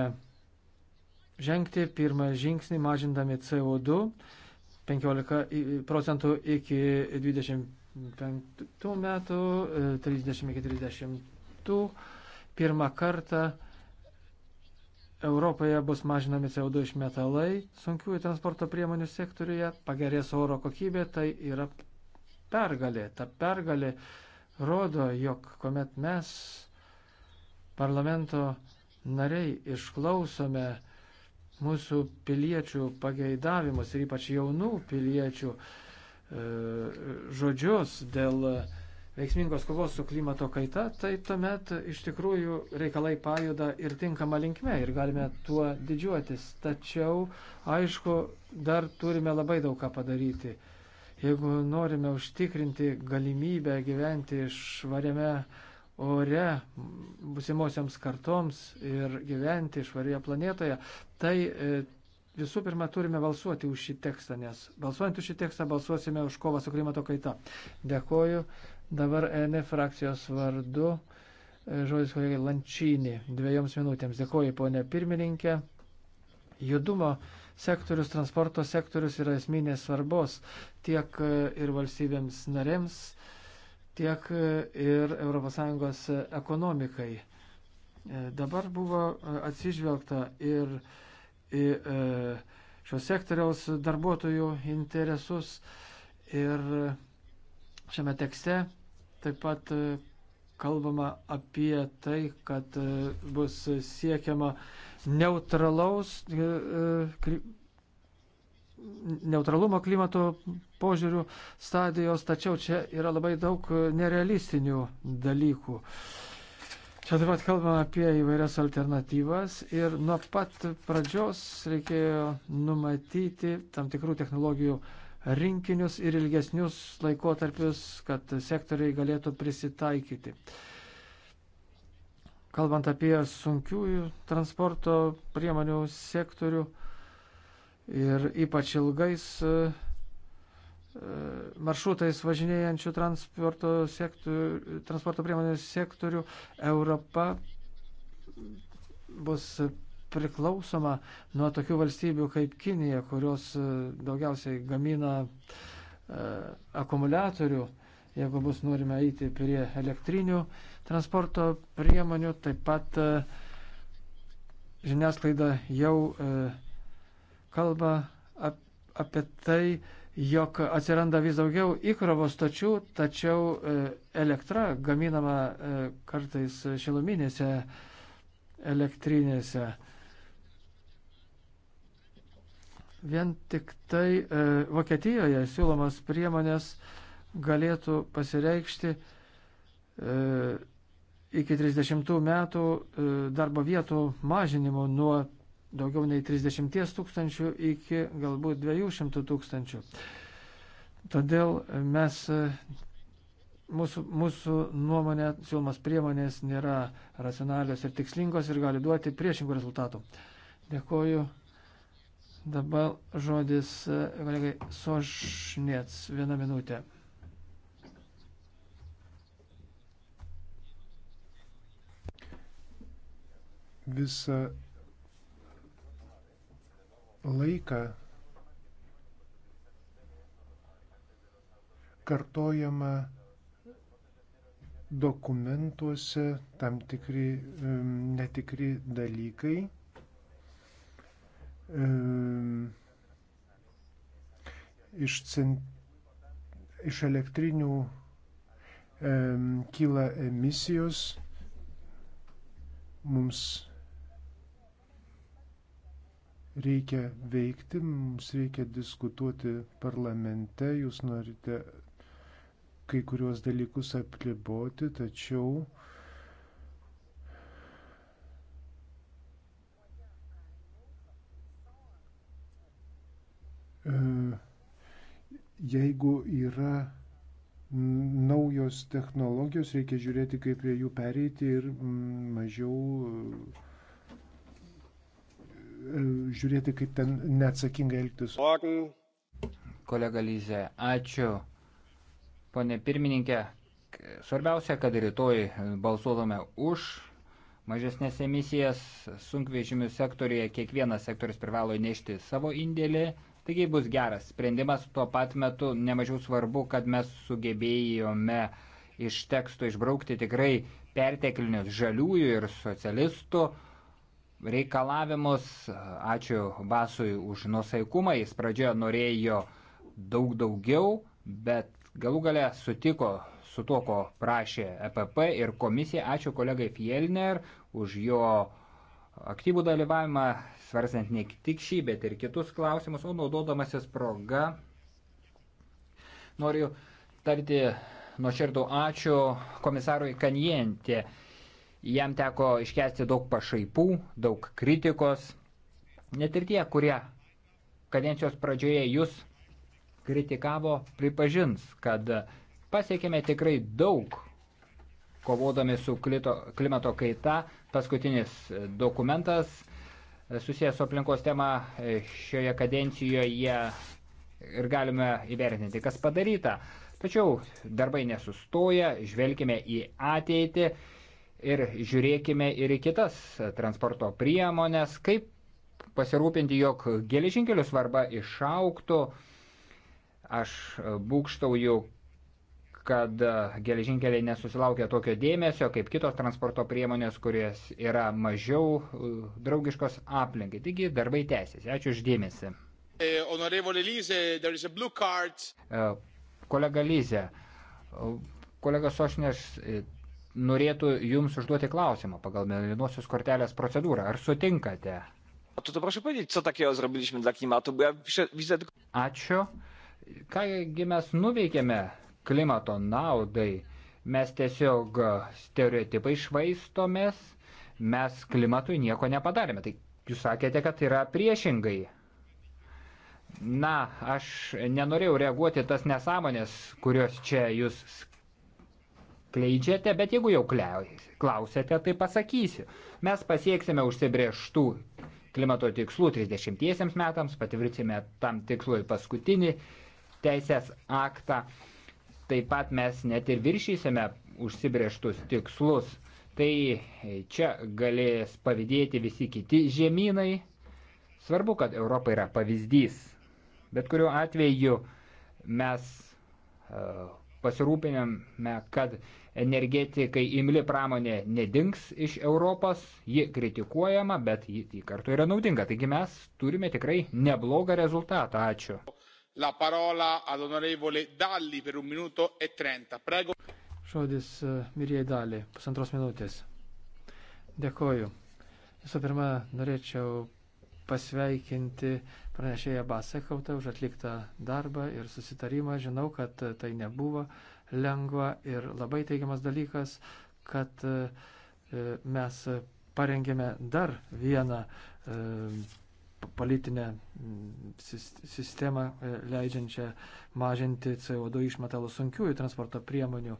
žengti pirmą žingsnį mažindami CO2 15 procentų iki 25 2005 metų, 30-40 e, pirmą kartą Europoje bus mažinami CO2 išmetalai sunkiųjų transporto priemonių sektoriuje, pagerės oro kokybė, tai yra pergalė. Ta pergalė rodo, jog kuomet mes parlamento nariai išklausome mūsų piliečių pageidavimus ir ypač jaunų piliečių, E, žodžius dėl veiksmingos kovos su klimato kaita, tai tuomet iš tikrųjų reikalai pajuda ir tinkama linkme ir galime tuo didžiuotis. Tačiau, aišku, dar turime labai daug ką padaryti. Jeigu norime užtikrinti galimybę gyventi švariame ore busimosiams kartoms ir gyventi švarioje planetoje, tai e, visų pirma turime balsuoti už šį tekstą, nes balsuojant už šį tekstą balsuosime už kovą su klimato kaita. Dėkoju. Dabar ENE frakcijos vardu e, žodis kolegai Lančinį dviejoms minutėms. Dėkoju, ponė pirmininkė. Judumo sektorius, transporto sektorius yra esminės svarbos tiek e, ir valstybėms narėms, tiek e, ir ES ekonomikai. Dabar buvo atsižvelgta ir į e, šios sektoriaus darbuotojų interesus. Ir šiame tekste taip pat e, kalbama apie tai, kad e, bus siekiama neutralaus, neutralumo klimato požiūrių stadijos, tačiau čia yra labai daug nerealistinių dalykų. Čia taip pat kalbame apie įvairias alternatyvas ir nuo pat pradžios reikėjo numatyti tam tikrų technologijų rinkinius ir ilgesnius laikotarpius, kad sektoriai galėtų prisitaikyti. Kalbant apie sunkiųjų transporto priemonių sektorių ir ypač ilgais maršrutais važinėjančių transporto, sektorių, transporto priemonių sektorių Europa bus priklausoma nuo tokių valstybių kaip Kinija, kurios e, daugiausiai gamina e, akumuliatorių, jeigu bus norime eiti prie elektrinių transporto priemonių, taip pat e, žiniasklaida jau kalba apie tai, jog atsiranda vis daugiau įkrovos stočių, tačiau e, elektra gaminama e, kartais šiluminėse elektrinėse. Vien tik tai e, Vokietijoje siūlomas priemonės galėtų pasireikšti e, iki 30 metų e, darbo vietų mažinimu nuo daugiau nei 30 tūkstančių iki galbūt 200 tūkstančių. Todėl mes, e, mūsų, mūsų nuomonė, siūlomas priemonės nėra racionalios ir tikslingos ir gali duoti priešingų rezultatų. Dėkoju. Dabar žodis e, kolegai Sošnėts. Vieną minutę. Visa laiką kartojama dokumentuose tam tikri netikri dalykai. Iš, cent... iš elektrinių kyla emisijos mums reikia veikti, mums reikia diskutuoti parlamente, jūs norite kai kuriuos dalykus apliboti, tačiau e, jeigu yra naujos technologijos, reikia žiūrėti, kaip prie jų pereiti ir mm, mažiau žiūrėti, kaip ten neatsakingai elgtis. Kolega Lyze, ačiū. Pone pirmininkė, svarbiausia, kad rytoj balsuodame už mažesnės emisijas sunkvežimių sektoriuje, kiekvienas sektorius privalo nešti savo indėlį, taigi bus geras sprendimas, tuo pat metu nemažiau svarbu, kad mes sugebėjome iš teksto išbraukti tikrai perteklinius žaliųjų ir socialistų uh, reikalavimus. Ačiū Basui už nusaikumą. Jis pradžioje norėjo daug daugiau, bet galų gale sutiko su tuo, ko prašė EPP ir komisija. Ačiū kolegai Fielner už jo aktyvų dalyvavimą, svarstant ne tik šį, bet ir kitus klausimus, o naudodamasis proga noriu tarti nuoširdų ačiū komisarui Kanjentė. Jam teko iškesti daug pašaipų, daug kritikos. Net ir tie, kurie kadencijos pradžioje jūs kritikavo, pripažins, kad pasiekėme tikrai daug kovodami su klito, klimato kaita. Paskutinis dokumentas susijęs su aplinkos tema šioje kadencijoje ir galime įvertinti, kas padaryta. Tačiau darbai nesustoja, žvelgime į ateitį ir žiūrėkime ir į kitas transporto priemonės, kaip pasirūpinti, jog geležinkelių svarba išauktų. Aš būkštauju, kad geležinkeliai nesusilaukia tokio dėmesio kaip kitos transporto priemonės, kurios yra mažiau uh, draugiškos aplinkai. Taigi darbai tęsiasi. Ačiū uždėmesi. Eh, eh, kolega Lyze, eh, kolega Sošnės norėtų Jums užduoti klausimą pagal mėlynosios kortelės procedūrą. Ar sutinkate? Ačiū. Kągi mes nuveikėme klimato naudai? Mes tiesiog stereotipai švaistomės, mes klimatui nieko nepadarėme. Tai jūs sakėte, kad yra priešingai. Na, aš nenorėjau reaguoti tas nesąmonės, kurios čia jūs skleidžiate, bet jeigu jau klausėte, tai pasakysiu. Mes pasieksime užsibrieštų klimato tikslų 30 metams, patvirtinsime tam tikslui paskutinį teisės aktą. Taip pat mes net ir viršysime užsibrieštus tikslus. Tai čia galės pavydėti visi kiti žemynai. Svarbu, kad Europa yra pavyzdys. Bet kuriuo atveju mes uh, pasirūpinėme, kad energetikai imli pramonė nedings iš Europos, ji kritikuojama, bet ji kartu yra naudinga. Taigi mes turime tikrai neblogą rezultatą. Ačiū. La parola ad onorevole Dalli per un minuto e trenta. Prego. Žodis e, Mirijai Dalį, pusantros minutės. Dėkoju. Visų pirma, norėčiau pasveikinti pranešėją Basekautą už atliktą darbą ir susitarimą. Žinau, kad tai nebuvo lengva ir labai teigiamas dalykas, kad e, mes parengėme dar vieną e, politinę sistemą e, leidžiančią mažinti CO2 išmetalų sunkiųjų transporto priemonių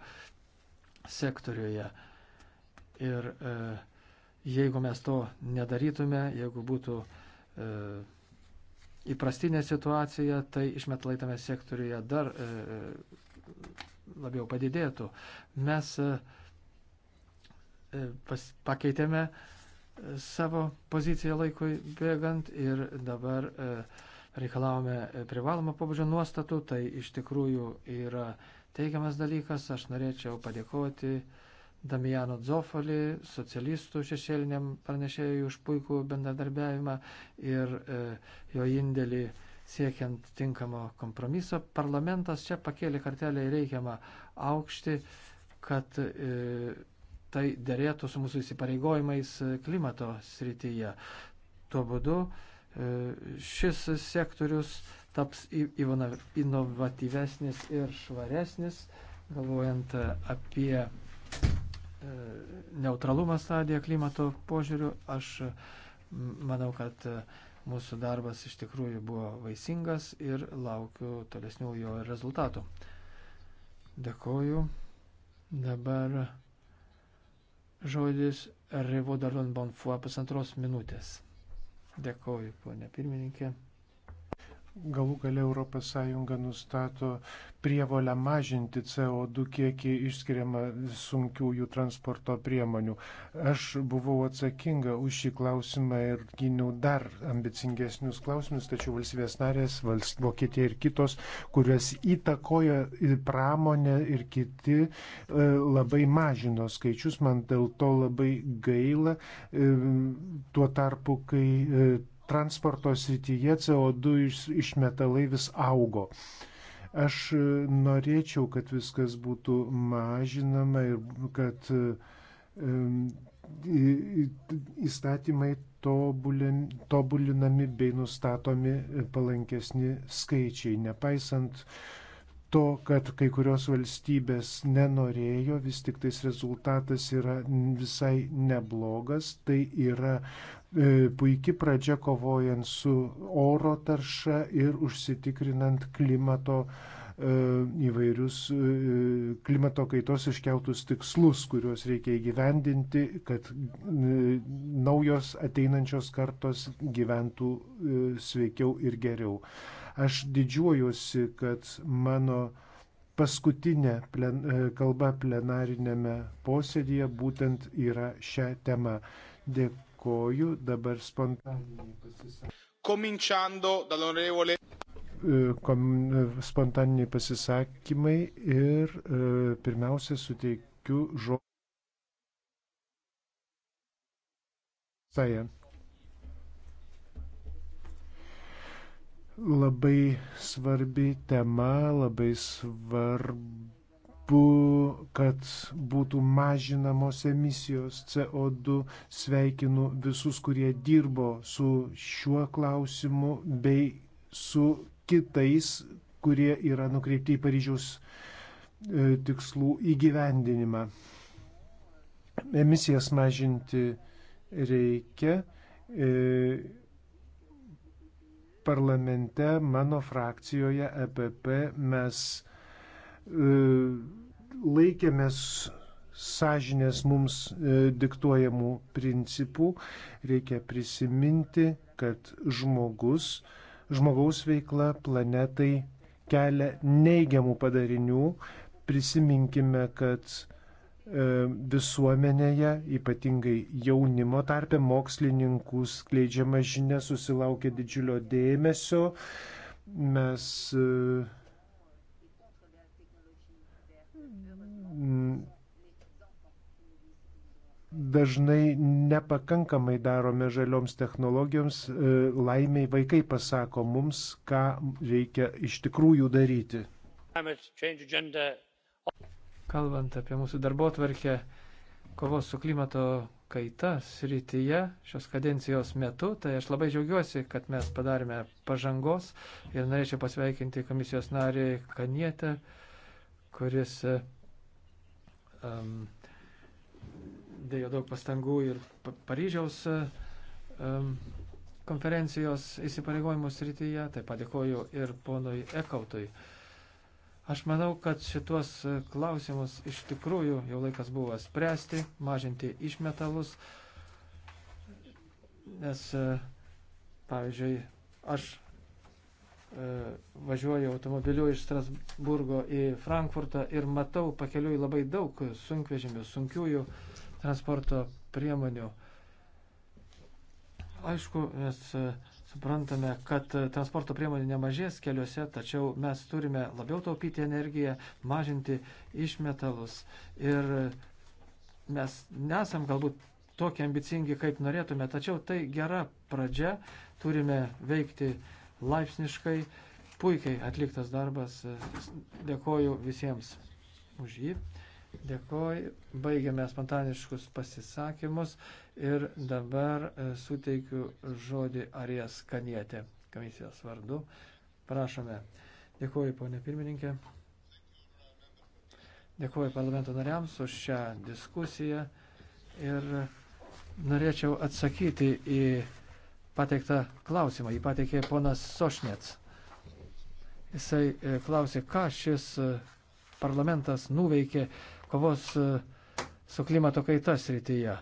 sektoriuje. Ir e, jeigu mes to nedarytume, jeigu būtų e, E, įprastinė situacija, tai išmetlai tame sektoriuje dar e, e labiau padidėtų. Mes e, e pas, pakeitėme savo poziciją laikui bėgant ir dabar e, reikalavome privalomą pobūdžio nuostatų, tai iš tikrųjų yra teigiamas dalykas. Aš norėčiau padėkoti e, Damijano Dzofoli, socialistų šešėliniam pranešėjui už puikų bendradarbiavimą ir e, jo indėlį siekiant tinkamo kompromiso. Parlamentas čia pakėlė kartelę į reikiamą aukštį, kad e, tai dėrėtų su mūsų įsipareigojimais e, klimato srityje. Tuo būdu e, šis sektorius taps inovatyvesnis ir švaresnis, galvojant e, apie E, neutralumą stadiją klimato požiūriu. Aš manau, kad e, mūsų darbas iš tikrųjų buvo vaisingas ir laukiu tolesnių jo rezultatų. Dėkoju. Dabar žodis Revo Darlon Bonfua pusantros minutės. Dėkoju, ponė pirmininkė galų gale ES nustato prievolę mažinti CO2 kiekį išskiriamą sunkiųjų transporto priemonių. Aš buvau atsakinga už šį klausimą ir gyniau dar ambicingesnius klausimus, tačiau valstybės narės, valst, Vokietija ir kitos, kurias įtakoja pramonė ir kiti, e, labai mažino skaičius. Man dėl to labai gaila. E, tuo tarpu, kai e, transporto srityje CO2 išmetalai vis augo. Aš e, norėčiau, kad viskas būtų mažinama ir kad e, įstatymai tobulinami bei nustatomi e, palankesni skaičiai. Nepaisant to, kad kai kurios valstybės nenorėjo, vis tik tais rezultatas yra visai neblogas. Tai yra E, puikia pradžia kovojant su oro tarša ir užsitikrinant klimato e, įvairius e, klimato kaitos iškeltus tikslus, kuriuos reikia įgyvendinti, kad naujos ateinančios kartos gyventų sveikiau ir geriau. Aš didžiuojuosi, kad mano paskutinė plen, kalba plenarinėme posėdėje būtent yra šią temą. Dėkui Dėkoju dabar spontaniniai pasisakymai. Cominciando dall'onorevole. E, e, spontaniniai pasisakymai ir e, pirmiausia suteikiu žodį. Saja. Labai svarbi tema, labai svarbi bu, kad būtų mažinamos emisijos CO2. Sveikinu visus, kurie dirbo su šiuo klausimu bei su kitais, kurie yra nukreipti į Paryžiaus e, tikslų įgyvendinimą. Emisijas mažinti reikia. E, parlamente, mano frakcijoje EPP mes E, laikėmės sąžinės mums e, diktuojamų principų, reikia prisiminti, kad žmogus, žmogaus veikla planetai kelia neigiamų padarinių. Prisiminkime, kad e, visuomenėje, ypatingai jaunimo tarpe, mokslininkų skleidžiama žinia susilaukia didžiulio dėmesio. Mes uh, Mm, dažnai nepakankamai darome žalioms technologijoms, e, laimiai vaikai pasako mums, ką reikia iš tikrųjų daryti. Kalbant apie mūsų darbo tvarkę, kovos su klimato kaita srityje šios kadencijos metu, tai aš labai džiaugiuosi, kad mes padarėme pažangos ir norėčiau pasveikinti komisijos narį Kanietę, kuris um, dėjo daug pastangų ir pa Paryžiaus um, konferencijos įsipareigojimų srityje, tai padėkoju ir ponui Ekautui. Aš manau, kad šitos klausimus iš tikrųjų jau laikas buvo spręsti, mažinti išmetalus, nes, pavyzdžiui, aš E, važiuoju automobiliu iš Strasburgo į Frankfurtą ir matau pakeliui labai daug sunkvežimių, sunkiųjų transporto priemonių. Aišku, mes e, suprantame, kad transporto priemonių nemažės keliuose, tačiau mes turime labiau taupyti energiją, mažinti išmetalus ir mes nesam galbūt tokie ambicingi, kaip norėtume, tačiau tai gera pradžia, turime veikti uh, laipsniškai. Puikiai atliktas darbas. Dėkoju visiems už jį. Dėkoju. Baigiame spontaniškus pasisakymus ir dabar e, suteikiu žodį Arijas Kanietė komisijos vardu. Prašome. Dėkoju, ponė pirmininkė. Dėkoju parlamento nariams už šią diskusiją ir norėčiau atsakyti į pateiktą klausimą. Jį pateikė ponas Sošnets. Jisai e, klausė, ką šis e, parlamentas nuveikė kovos e, su klimato kaita srityje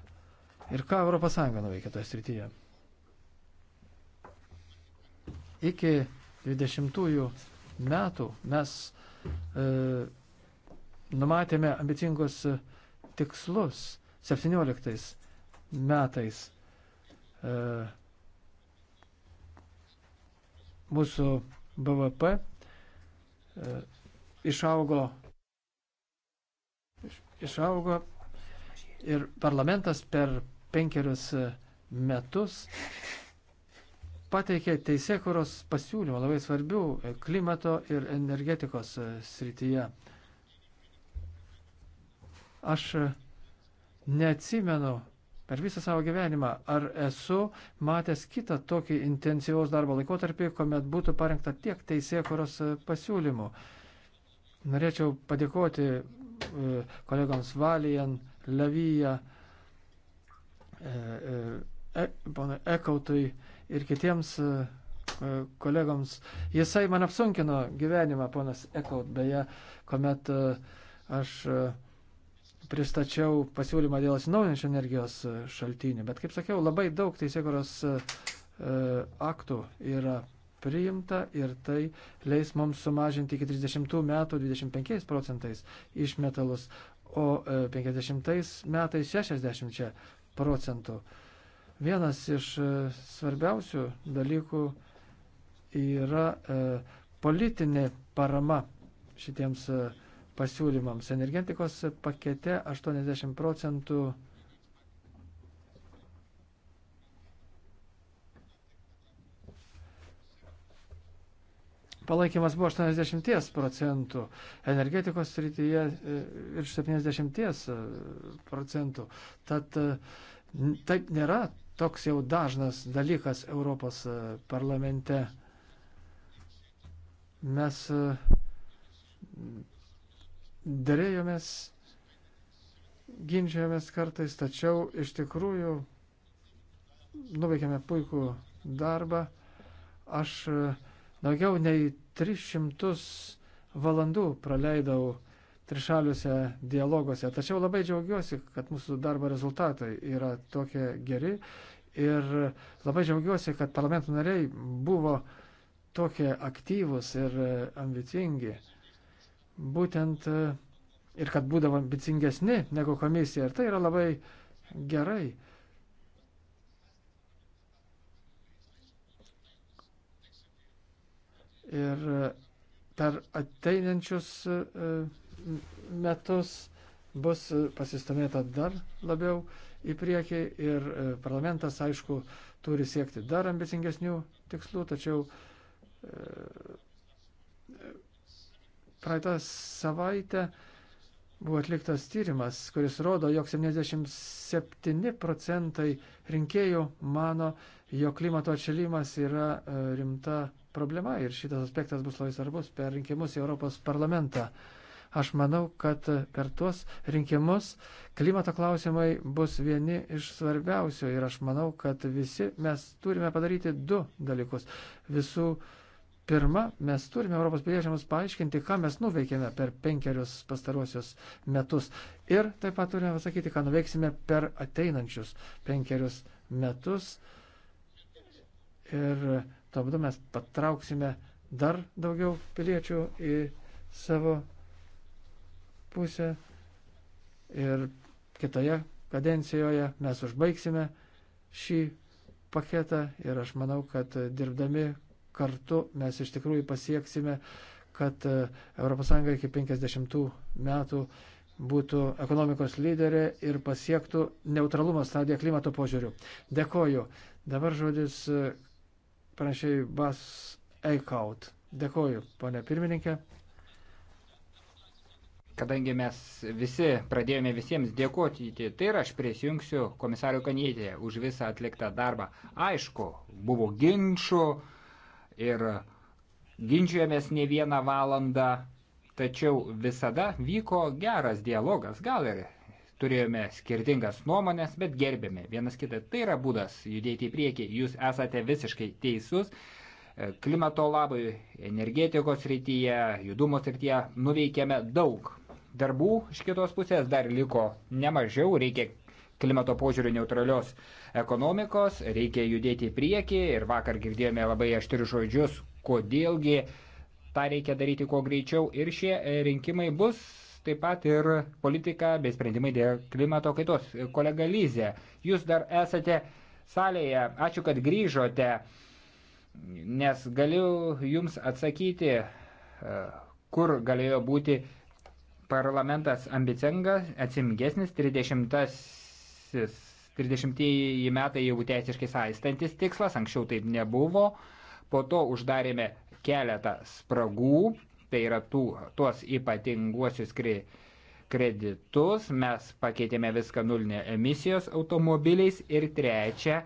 ir ką ES nuveikė toje srityje. Iki 20 metų mes e, numatėme ambicingus tikslus 17 metais. E, Mūsų BVP e, išaugo, išaugo ir parlamentas per penkerius e, metus pateikė teisėkuros pasiūlymą labai svarbių e, klimato ir energetikos srityje. Aš neatsimenu per visą savo gyvenimą, ar esu matęs kitą tokį intensyvaus darbo laikotarpį, kuomet būtų parengta tiek teisėkuros e, pasiūlymų. Norėčiau padėkoti e, kolegoms Valijan, Levyja, Ekautui e, ir kitiems kolegoms. Jisai man apsunkino gyvenimą, ponas Ekaut, beje, kuomet aš pristačiau pasiūlymą dėl atsinaujinančių energijos šaltinių, bet kaip sakiau, labai daug teisėkuros e, aktų yra priimta ir tai leis mums sumažinti iki 30 metų 25 procentais išmetalus, o 50 e, metais 60 procentų. Vienas iš e, svarbiausių dalykų yra politinė parama šitiems uh, pasiūlymams. Energetikos pakete 80 procentų palaikymas buvo 80 procentų, energetikos srityje e, virš 70 e, procentų. Tad e, taip nėra toks jau dažnas dalykas Europos parlamente. Mes dėrėjomės, ginčiamės kartais, tačiau iš tikrųjų nuveikėme puikų darbą. Aš e, daugiau nei 300 valandų praleidau trišaliuose dialoguose, tačiau labai džiaugiuosi, kad mūsų darbo rezultatai yra tokie geri ir labai džiaugiuosi, kad parlamento nariai buvo tokie aktyvus ir e, ambicingi būtent e, ir kad būdavo ambicingesni negu komisija. Ir tai yra labai gerai. Ir e, per ateinančius e, metus bus pasistumėta dar labiau į priekį ir parlamentas, aišku, turi siekti dar ambicingesnių tikslų, tačiau praeitą savaitę buvo atliktas tyrimas, kuris rodo, jog 77 procentai rinkėjų mano, jog klimato atšilimas yra e, rimta problema ir šitas aspektas bus labai svarbus per rinkimus į Europos parlamentą. Aš manau, kad per tuos rinkimus klimato klausimai bus vieni iš svarbiausių ir aš manau, kad visi mes turime padaryti du dalykus. Visų uh, Pirma, mes turime Europos piliečiams paaiškinti, ką mes nuveikėme per penkerius pastaruosius metus. Ir taip pat turime pasakyti, ką nuveiksime per ateinančius penkerius metus. Ir to būdu mes patrauksime dar daugiau piliečių į savo pusę. Ir kitoje kadencijoje mes užbaigsime šį paketą ir aš manau, kad dirbdami kartu mes iš tikrųjų pasieksime, kad ES iki 50 metų būtų ekonomikos lyderė ir pasiektų neutralumo stadiją klimato požiūriu. Dėkoju. Dabar žodis e, panašiai Bas Eikaut. Dėkoju, ponė pirmininkė. Kadangi mes visi pradėjome visiems dėkoti, tai ir aš prisijungsiu komisariu Kanietėje už visą atliktą darbą. Aišku, buvo ginčių, ir ginčiojomės ne vieną valandą, tačiau visada vyko geras dialogas, gal ir turėjome skirtingas nuomonės, bet gerbėme vienas kitą. Tai yra būdas judėti į priekį, jūs esate visiškai teisus. Klimato labai, energetikos rytyje, judumo rytyje nuveikėme daug darbų iš kitos pusės dar liko nemažiau, reikia klimato požiūrių neutralios ekonomikos, reikia judėti į priekį ir vakar girdėjome labai aštrius žodžius, kodėlgi tą reikia daryti kuo greičiau ir šie rinkimai bus taip pat ir politika bei sprendimai dėl klimato kaitos. Kolega Lyzė, jūs dar esate salėje, ačiū, kad grįžote, nes galiu jums atsakyti, e, kur galėjo būti parlamentas ambicingas, atsimgesnis, 30 30-ieji metai jau teisiškai saistantis tikslas, anksčiau taip nebuvo. Po to uždarėme keletą spragų, tai yra tų, tuos ypatinguosius kri, kreditus, mes pakeitėme viską nulinę emisijos automobiliais ir trečia,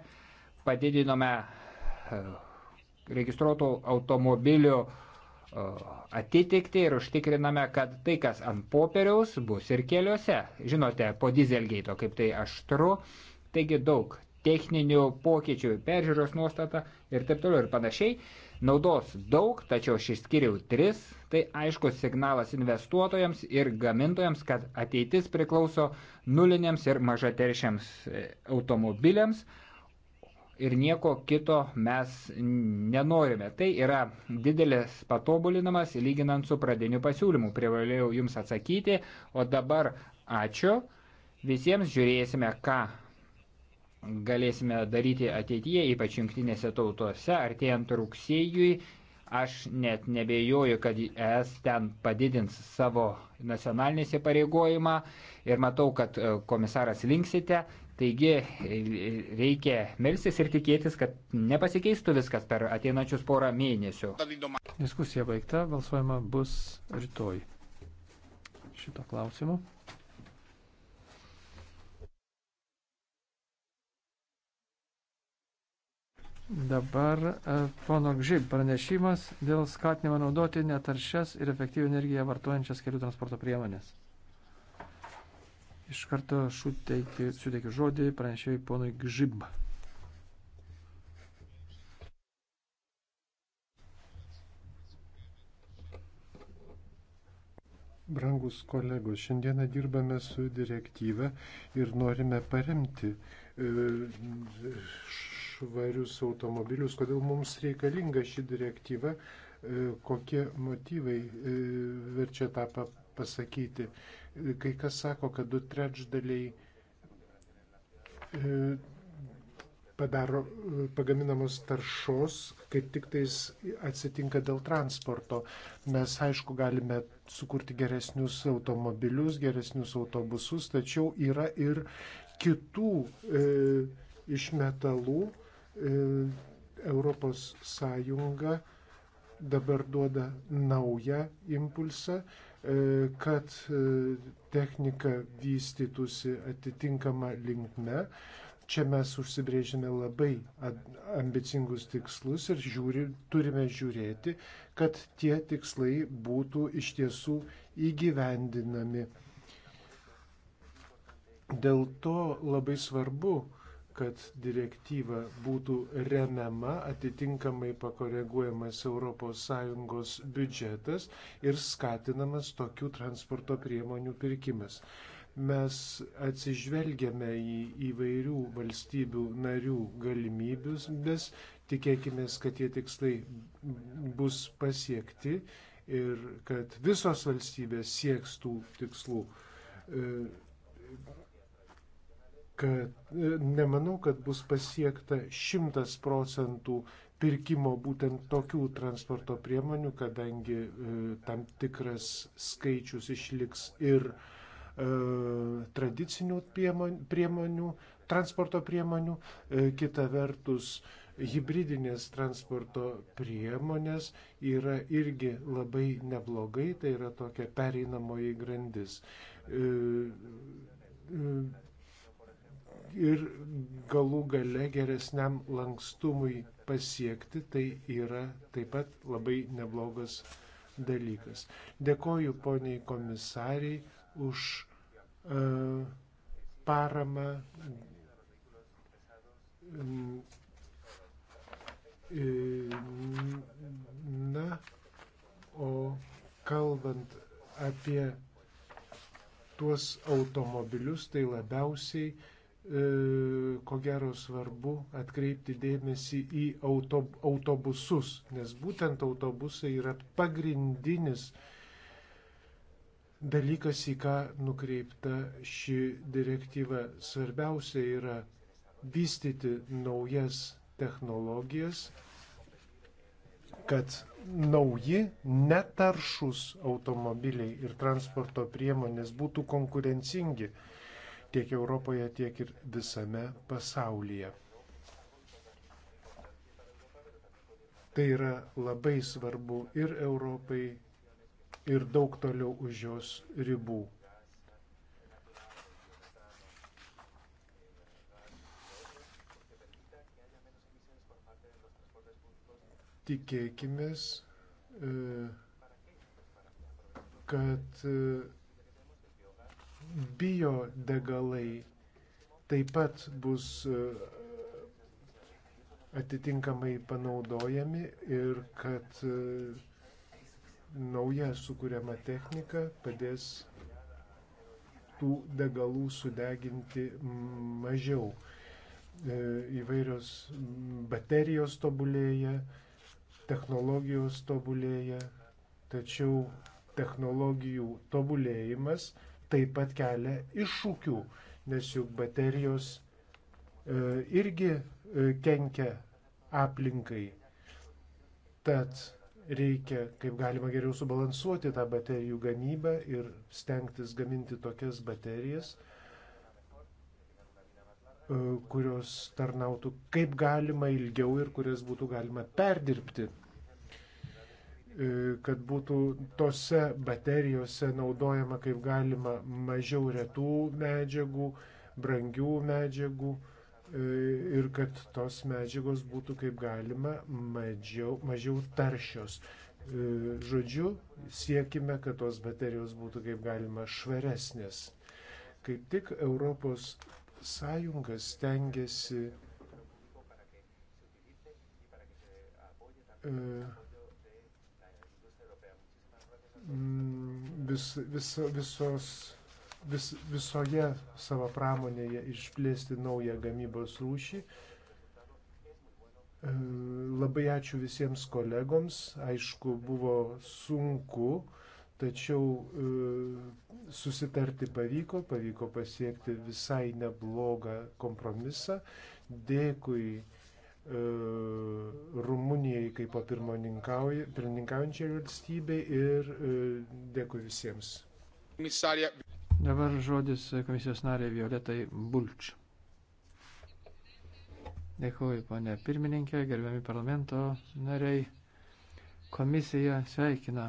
padidinome eh, registruotų automobilių uh, atitikti ir užtikriname, kad tai, kas ant popieriaus, bus ir keliuose. Žinote, po dizelgeito, kaip tai aštru, taigi daug techninių pokyčių, peržiūros nuostata ir taip toliau ir panašiai. Naudos daug, tačiau aš išskiriau tris. Tai aiškus signalas investuotojams ir gamintojams, kad ateitis priklauso nuliniams ir mažateršiams e, automobiliams ir nieko kito mes nenorime. Tai yra didelis patobulinamas lyginant su pradiniu pasiūlymu. Privalėjau Jums atsakyti, o dabar ačiū. Visiems žiūrėsime, ką galėsime daryti ateityje, ypač jungtinėse tautose, artėjant rugsėjui. Aš net nebejoju, kad ES ten padidins savo nacionalinį įsipareigojimą ir matau, kad komisaras linksite. Taigi e, reikia melsis ir tikėtis, kad nepasikeistų viskas per ateinačius porą mėnesių. Diskusija baigta, balsuojama bus rytoj. Šito klausimu. Dabar e, pono Gžyb pranešimas dėl skatinimo naudoti netaršias ir efektyvę energiją vartojančias kelių transporto priemonės. Iš karto suteikti, suteikiu žodį pranešėjai ponui Gžib. Brangus kolegos, šiandieną dirbame su direktyve ir norime paremti e, švarius automobilius. Kodėl mums reikalinga ši direktyva, e, kokie motyvai e, verčia tą pasakyti. Kai kas sako, kad du trečdaliai e, padaro e, pagaminamos taršos, kaip tik tais atsitinka dėl transporto. Mes aišku galime sukurti geresnius automobilius, geresnius autobusus, tačiau yra ir kitų e, iš metalų. E, Europos Sąjunga dabar duoda naują impulsą. E, E, kad e, technika vystytųsi atitinkama linkme. Čia mes užsibrėžėme labai ambicingus tikslus ir žiūri, turime žiūrėti, kad tie tikslai būtų iš tiesų įgyvendinami. Dėl to labai svarbu, kad direktyva būtų remiama, atitinkamai pakoreguojamas ES biudžetas ir skatinamas tokių transporto priemonių pirkimas. Mes atsižvelgiame į įvairių valstybių narių galimybės, bes tikėkime, kad tie tikslai bus pasiekti ir kad visos valstybės sieks tų tikslų kad e, nemanau, kad bus pasiekta 100 procentų pirkimo būtent tokių transporto priemonių, kadangi e, tam tikras skaičius išliks ir e, tradicinių priemonių, priemonių, transporto priemonių, e, kita vertus hybridinės transporto priemonės yra irgi labai neblogai, tai yra tokia pereinamoji grandis. E, e, ir galų gale geresniam lankstumui pasiekti, tai yra taip pat labai neblogas dalykas. Dėkoju poniai komisariai už uh, paramą um, Na, o kalbant apie tuos automobilius, tai labiausiai E, ko gero svarbu atkreipti dėmesį į auto, autobusus, nes būtent autobusai yra pagrindinis dalykas, į ką nukreipta ši direktyva. Svarbiausia yra vystyti naujas technologijas, kad nauji netaršus automobiliai ir transporto priemonės būtų konkurencingi tiek Europoje, tiek ir visame pasaulyje. Tai yra labai svarbu ir Europai, ir daug toliau už jos ribų. Tikėkime, kad e, bio degalai taip pat bus e, atitinkamai panaudojami ir kad e, nauja sukūriama technika padės tų degalų sudeginti mažiau. E, įvairios baterijos tobulėja, technologijos tobulėja, tačiau technologijų tobulėjimas taip pat kelia iššūkių, nes juk baterijos e, irgi e, kenkia aplinkai. Tad reikia, kaip galima geriau subalansuoti tą baterijų gamybą ir stengtis gaminti tokias baterijas, e, kurios tarnautų kaip galima ilgiau ir kurias būtų galima perdirbti E, kad būtų tose baterijose naudojama kaip galima mažiau retų medžiagų, brangių medžiagų e, ir kad tos medžiagos būtų kaip galima mažiau, mažiau taršios. E, žodžiu, siekime, kad tos baterijos būtų kaip galima švaresnės. Kaip tik Europos sąjungas stengiasi uh, Mm, vis, vis, visos, vis, visoje savo pramonėje išplėsti naują gamybos rūšį. E, labai ačiū visiems kolegoms, aišku, buvo sunku, tačiau e, susitarti pavyko, pavyko pasiekti visai neblogą kompromisą. Dėkui E, Rumunijai kaip pirmininkaujančiai valstybei ir e, dėkui visiems. Dabar žodis komisijos narė Violetai Bulč. Dėkuoju, ponė pirmininkė, gerbiami parlamento nariai. Komisija sveikina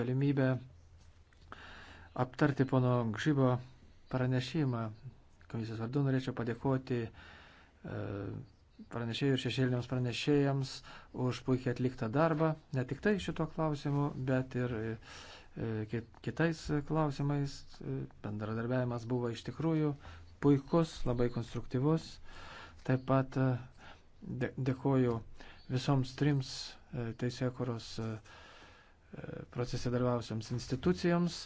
galimybę aptarti pono Gžybo pranešimą. Komisijos vardu norėčiau padėkoti e, pranešėjų ir šešėliniams pranešėjams už puikiai atliktą darbą, ne tik tai šito klausimu, bet ir e, kitais klausimais. E, bendradarbiavimas buvo iš tikrųjų puikus, labai konstruktyvus. Taip pat e, dėkoju visoms trims teisėkuros procese dalyvausiams institucijoms.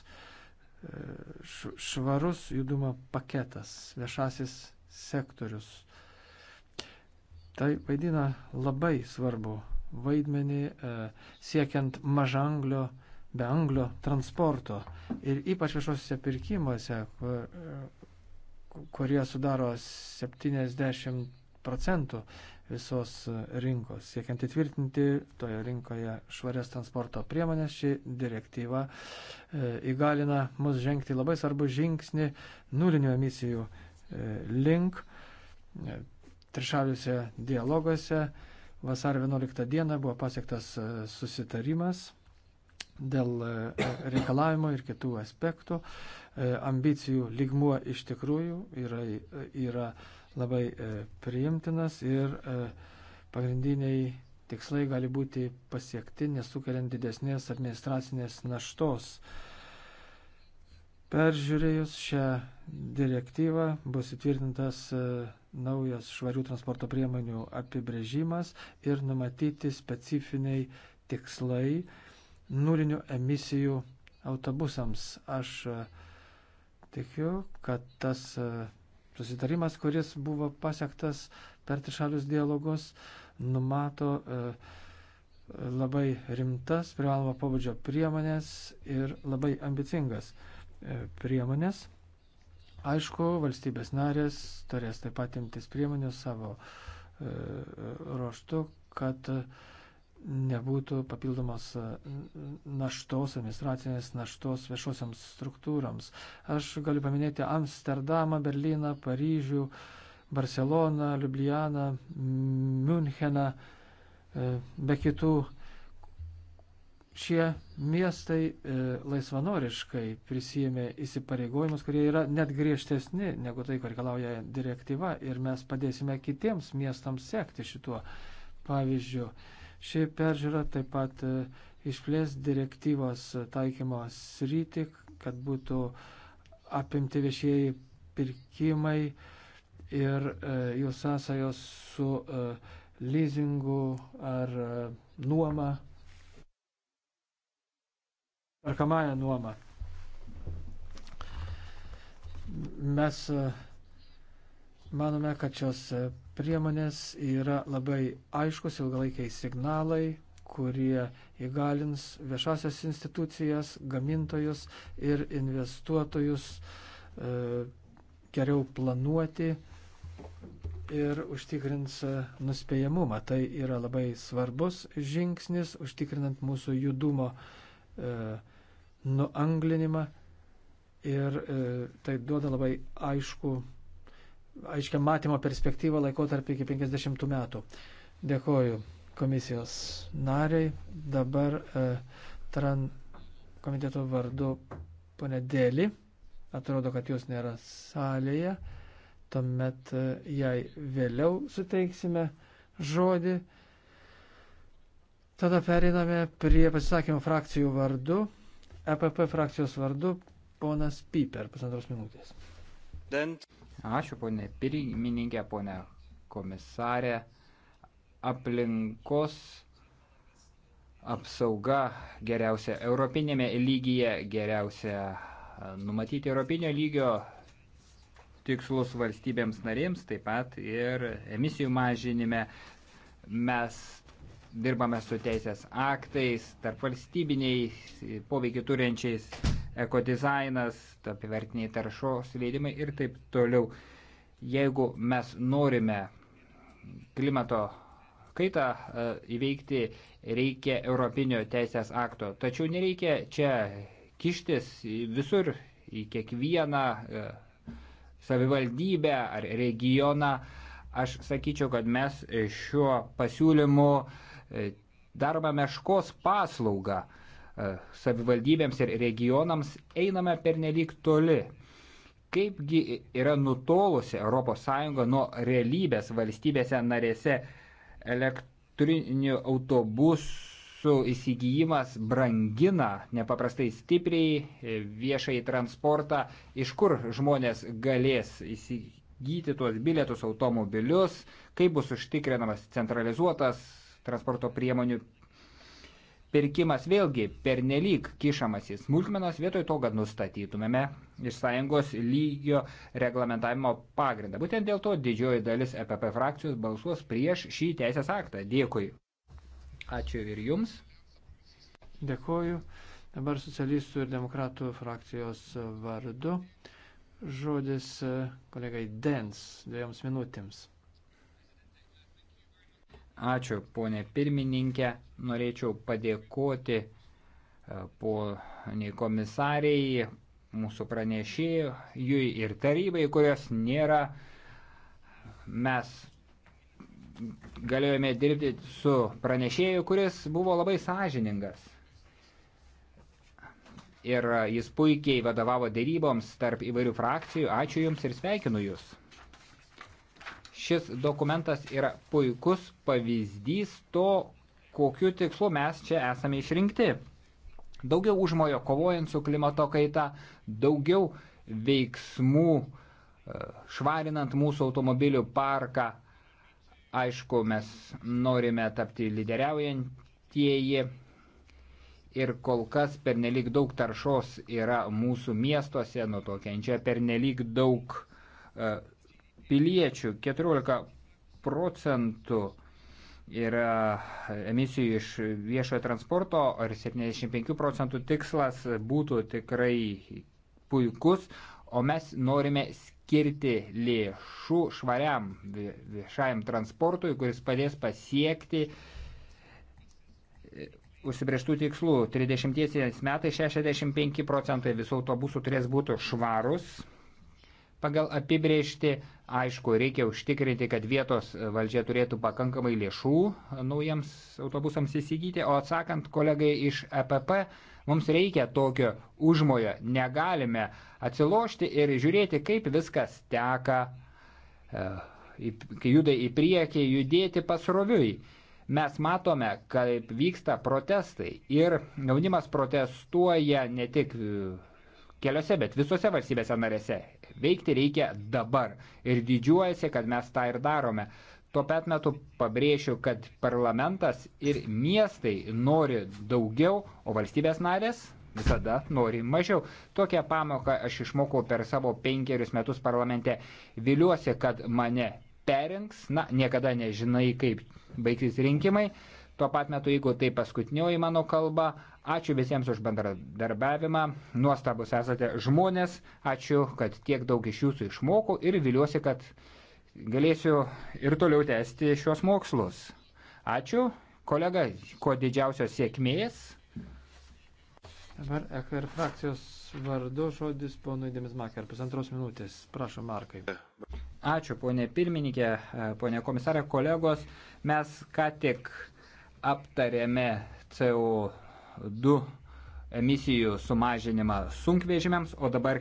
Švarus judumo paketas, viešasis sektorius Tai vaidina labai svarbu vaidmenį e, siekiant mažanglio, beanglio transporto. Ir ypač viešosiuose pirkimuose, kur, e, kurie sudaro 70 procentų visos rinkos. Siekiant įtvirtinti toje rinkoje švarias transporto priemonės, ši direktyva e, įgalina mus žengti labai svarbu žingsnį nulinių emisijų e, link trišaliuose dialoguose vasar 11 dieną buvo pasiektas e, susitarimas dėl e, reikalavimo ir kitų aspektų. E, ambicijų ligmuo iš tikrųjų yra, yra labai priimtinas ir pagrindiniai tikslai gali būti pasiekti, nesukeliant didesnės administracinės naštos Peržiūrėjus šią direktyvą bus įtvirtintas e, naujas švarių transporto priemonių apibrėžimas ir numatyti specifiniai tikslai nulinių emisijų autobusams. Aš e, tikiu, kad tas e, susitarimas, kuris buvo pasiektas per trišalius dialogus, numato labai rimtas privalomo pobūdžio priemonės ir labai ambicingas E, priemonės. Aišku, valstybės narės turės taip pat imtis priemonių savo e, ruoštų, kad nebūtų papildomos naštos, administracinės naštos viešosiams struktūrams. Aš galiu paminėti Amsterdamą, Berliną, Paryžių, Barceloną, Ljubljaną, Müncheną, e, be kitų šie miestai e, laisvanoriškai prisijėmė įsipareigojimus, kurie yra net griežtesni negu tai, ko reikalauja direktyva ir mes padėsime kitiems miestams sekti šituo pavyzdžiu. Ši peržiūra taip pat e, išplės direktyvos taikymo sritį, kad būtų apimti viešieji pirkimai ir e, jų sąsajos su e, leasingu ar e, nuoma perkamąją nuomą. Mes e, manome, kad šios e, priemonės yra labai aiškus ilgalaikiai signalai, kurie įgalins viešasias institucijas, gamintojus ir investuotojus e, geriau planuoti ir užtikrins e, nuspėjamumą. Tai yra labai svarbus žingsnis, užtikrinant mūsų judumo e, nuanglinimą ir e, tai duoda labai aišku, aiškia matymo perspektyvą laikotarpį iki 50 metų. Dėkoju komisijos nariai. Dabar e, TRAN komiteto vardu ponė Dėlį. Atrodo, kad jūs nėra salėje. Tuomet e, jai vėliau suteiksime žodį. Tada periname prie pasisakymų frakcijų vardu. EPP frakcijos vardu ponas Piper, pusantros minutės. Ačiū, ponė pirmininkė, ponė komisarė. Aplinkos apsauga geriausia europinėme lygyje, geriausia e, numatyti europinio lygio tikslus valstybėms narėms, taip pat ir emisijų mažinime. Mes dirbame su teisės aktais, tarp valstybiniai poveikį turinčiais ekodizainas, apivertiniai taršos leidimai ir taip toliau. Jeigu mes norime klimato kaitą e, įveikti, reikia europinio teisės akto. Tačiau nereikia čia kištis visur į kiekvieną e, savivaldybę ar regioną. Aš sakyčiau, kad mes šiuo pasiūlymu uh, E, darome meškos paslaugą e, savivaldybėms ir regionams, einame pernelyg toli. Kaipgi yra nutolusi ES nuo realybės valstybėse narėse elektrinių autobusų įsigijimas brangina nepaprastai stipriai e, viešai transportą, iš kur žmonės galės įsigyti tuos bilietus automobilius, kaip bus užtikrinamas centralizuotas transporto priemonių pirkimas vėlgi pernelyg kišamas į smulkmenas vietoj to, kad nustatytumėme iš sąjungos lygio reglamentavimo pagrindą. Būtent dėl to didžioji dalis EPP frakcijos balsuos prieš šį teisės aktą. Dėkui. Ačiū ir jums. Dėkuoju. Dabar socialistų ir demokratų frakcijos vardu. Žodis e, kolegai Dens dviejoms minutėms. Ačiū, ponė pirmininkė. Norėčiau padėkoti e, poniai komisariai, mūsų pranešėjui ir tarybai, kurios nėra. Mes galėjome dirbti su pranešėju, kuris buvo labai sąžiningas. Ir jis puikiai vadovavo dėryboms tarp įvairių frakcijų. Ačiū Jums ir sveikinu Jūs. Šis dokumentas yra puikus pavyzdys to, kokiu tikslu mes čia esame išrinkti. Daugiau užmojo kovojant su klimato kaita, daugiau veiksmų e, švarinant mūsų automobilių parką. Aišku, mes norime tapti lyderiaujantieji ir kol kas pernelyg daug taršos yra mūsų miestuose, nuo to kenčia pernelyg daug e, piliečių. 14 procentų yra emisijų iš viešojo transporto, ar 75 procentų tikslas būtų tikrai puikus, o mes norime skirti lėšų švariam viešajam transportui, kuris padės pasiekti e, užsibrieštų tikslų. 30 metais 65 procentai visų autobusų turės būti švarus pagal apibriežti Aišku, reikia užtikrinti, kad vietos valdžia turėtų pakankamai lėšų naujiems autobusams įsigyti, o atsakant kolegai iš EPP, mums reikia tokio užmojo, negalime atsilošti ir žiūrėti, kaip viskas teka, e, kai juda į priekį, judėti pasroviui. Mes matome, kaip vyksta protestai ir jaunimas protestuoja ne tik e, keliose, bet visose valstybėse narėse veikti reikia dabar. Ir didžiuojasi, kad mes tą ir darome. Tuo pat metu pabrėšiu, kad parlamentas ir miestai nori daugiau, o valstybės narės visada nori mažiau. Tokią pamoką aš išmokau per savo penkerius metus parlamente. Viliuosi, kad mane perinks, na, niekada nežinai, kaip baigsis rinkimai. Tuo pat metu, jeigu tai paskutinioji mano kalba, ačiū visiems už bendradarbiavimą, nuostabus esate žmonės, ačiū, kad tiek daug iš jūsų išmokau ir viliuosi, kad galėsiu ir toliau tęsti šios mokslus. Ačiū, kolega, kuo didžiausios sėkmės. Dabar EKR frakcijos vardu žodis ponui Demismaker, pusantros minutės. Prašom, Markai. Ačiū, ponė pirmininkė, ponė komisarė, kolegos. Mes ką tik aptarėme CO2 emisijų sumažinimą sunkvežimiams, o dabar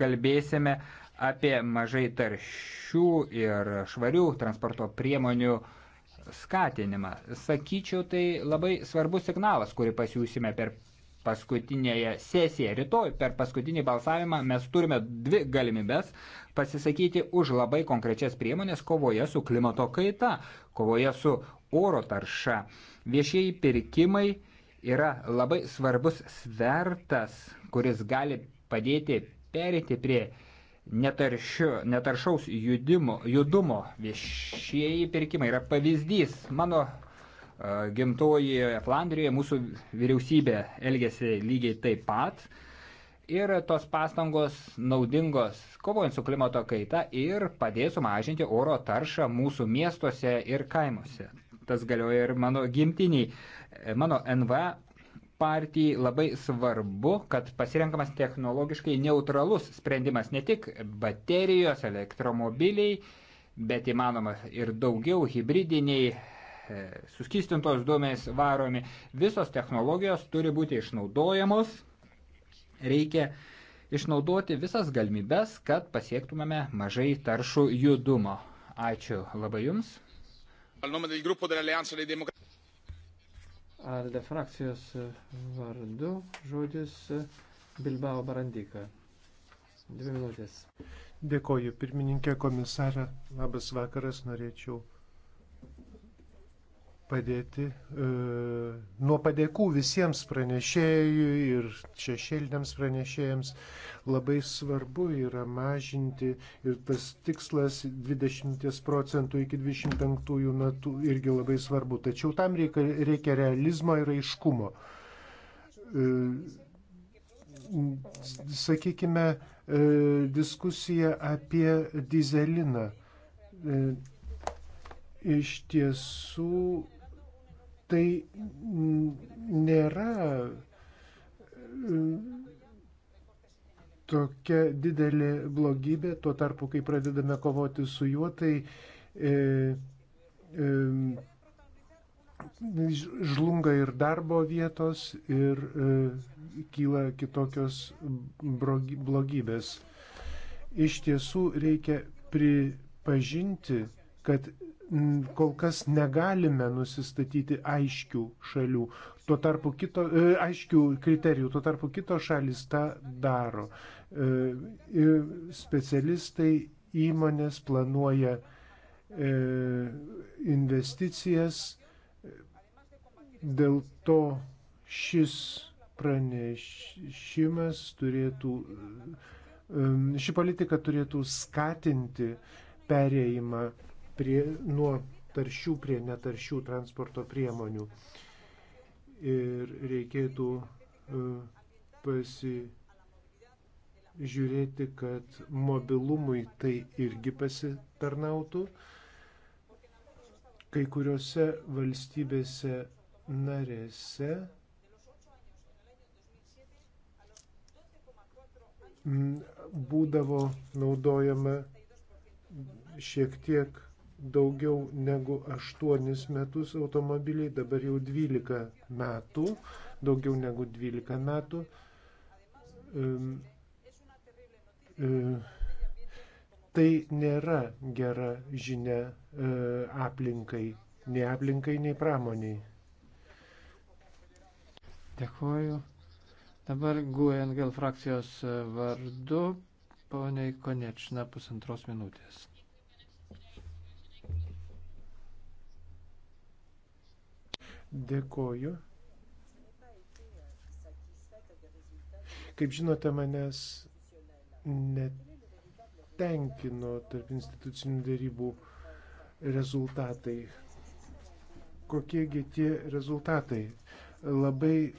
kalbėsime apie mažai taršių ir švarių transporto priemonių skatinimą. Sakyčiau, tai labai svarbus signalas, kurį pasiūsime per paskutinėje sesijoje. Rytoj per paskutinį balsavimą mes turime dvi galimybės pasisakyti už labai konkrečias priemonės kovoje su klimato kaita, kovoje su oro tarša. Viešieji pirkimai yra labai svarbus svertas, kuris gali padėti perėti prie netaršiu, netaršaus judimo, judumo. Viešieji pirkimai yra pavyzdys. Mano gimtojoje Flandrijoje mūsų vyriausybė elgėsi lygiai taip pat. Ir tos pastangos naudingos kovojant su klimato kaita ir padės sumažinti oro taršą mūsų miestuose ir kaimuose. Tas galioja ir mano gimtiniai. Mano NVA partijai labai svarbu, kad pasirenkamas technologiškai neutralus sprendimas ne tik baterijos, elektromobiliai, bet įmanoma ir daugiau hybridiniai E, suskystintos dūmės varomi. Visos technologijos turi būti išnaudojamos. Reikia išnaudoti visas galimybes, kad pasiektumėme mažai taršų judumo. Ačiū labai Jums. Alde frakcijos vardu žodis Bilbao Barandika. Dvi minutės. Dėkoju, pirmininkė komisarė. Labas vakaras, norėčiau padėti e, nuo padėkų visiems pranešėjui ir šešėliniams pranešėjams. Labai svarbu yra mažinti ir tas tikslas 20 procentų iki 25 metų irgi labai svarbu. Tačiau tam reikia, reikia realizmo ir aiškumo. E, sakykime, e, diskusija apie dizeliną. E, iš tiesų tai nėra e, tokia didelė blogybė, tuo tarpu, kai pradedame kovoti su juo, tai e, e, žlunga ir darbo vietos, ir e, kyla kitokios blogybės. Iš tiesų reikia pripažinti, kad kol kas negalime nusistatyti aiškių šalių, tuo tarpu kito, e, aiškių kriterijų, tuo tarpu kitos šalis tą daro. E, specialistai įmonės planuoja e, investicijas, dėl to šis pranešimas turėtų, ši politika turėtų skatinti perėjimą prie, nuo taršių prie netaršių transporto priemonių. Ir reikėtų e, pasižiūrėti, kad mobilumui tai irgi pasitarnautų. Kai kuriuose valstybėse narėse būdavo naudojama šiek tiek daugiau negu 8 metus automobiliai, dabar jau 12 metų, daugiau negu 12 metų. E, tai nėra gera žinia e, aplinkai, nei aplinkai, nei pramoniai. Dėkuoju. Dabar GUNGL frakcijos e, vardu poniai Konečna pusantros minutės. Dėkoju. Kaip žinote, manęs netenkino tarp institucinių dėrybų rezultatai. Kokiegi tie rezultatai? Labai e,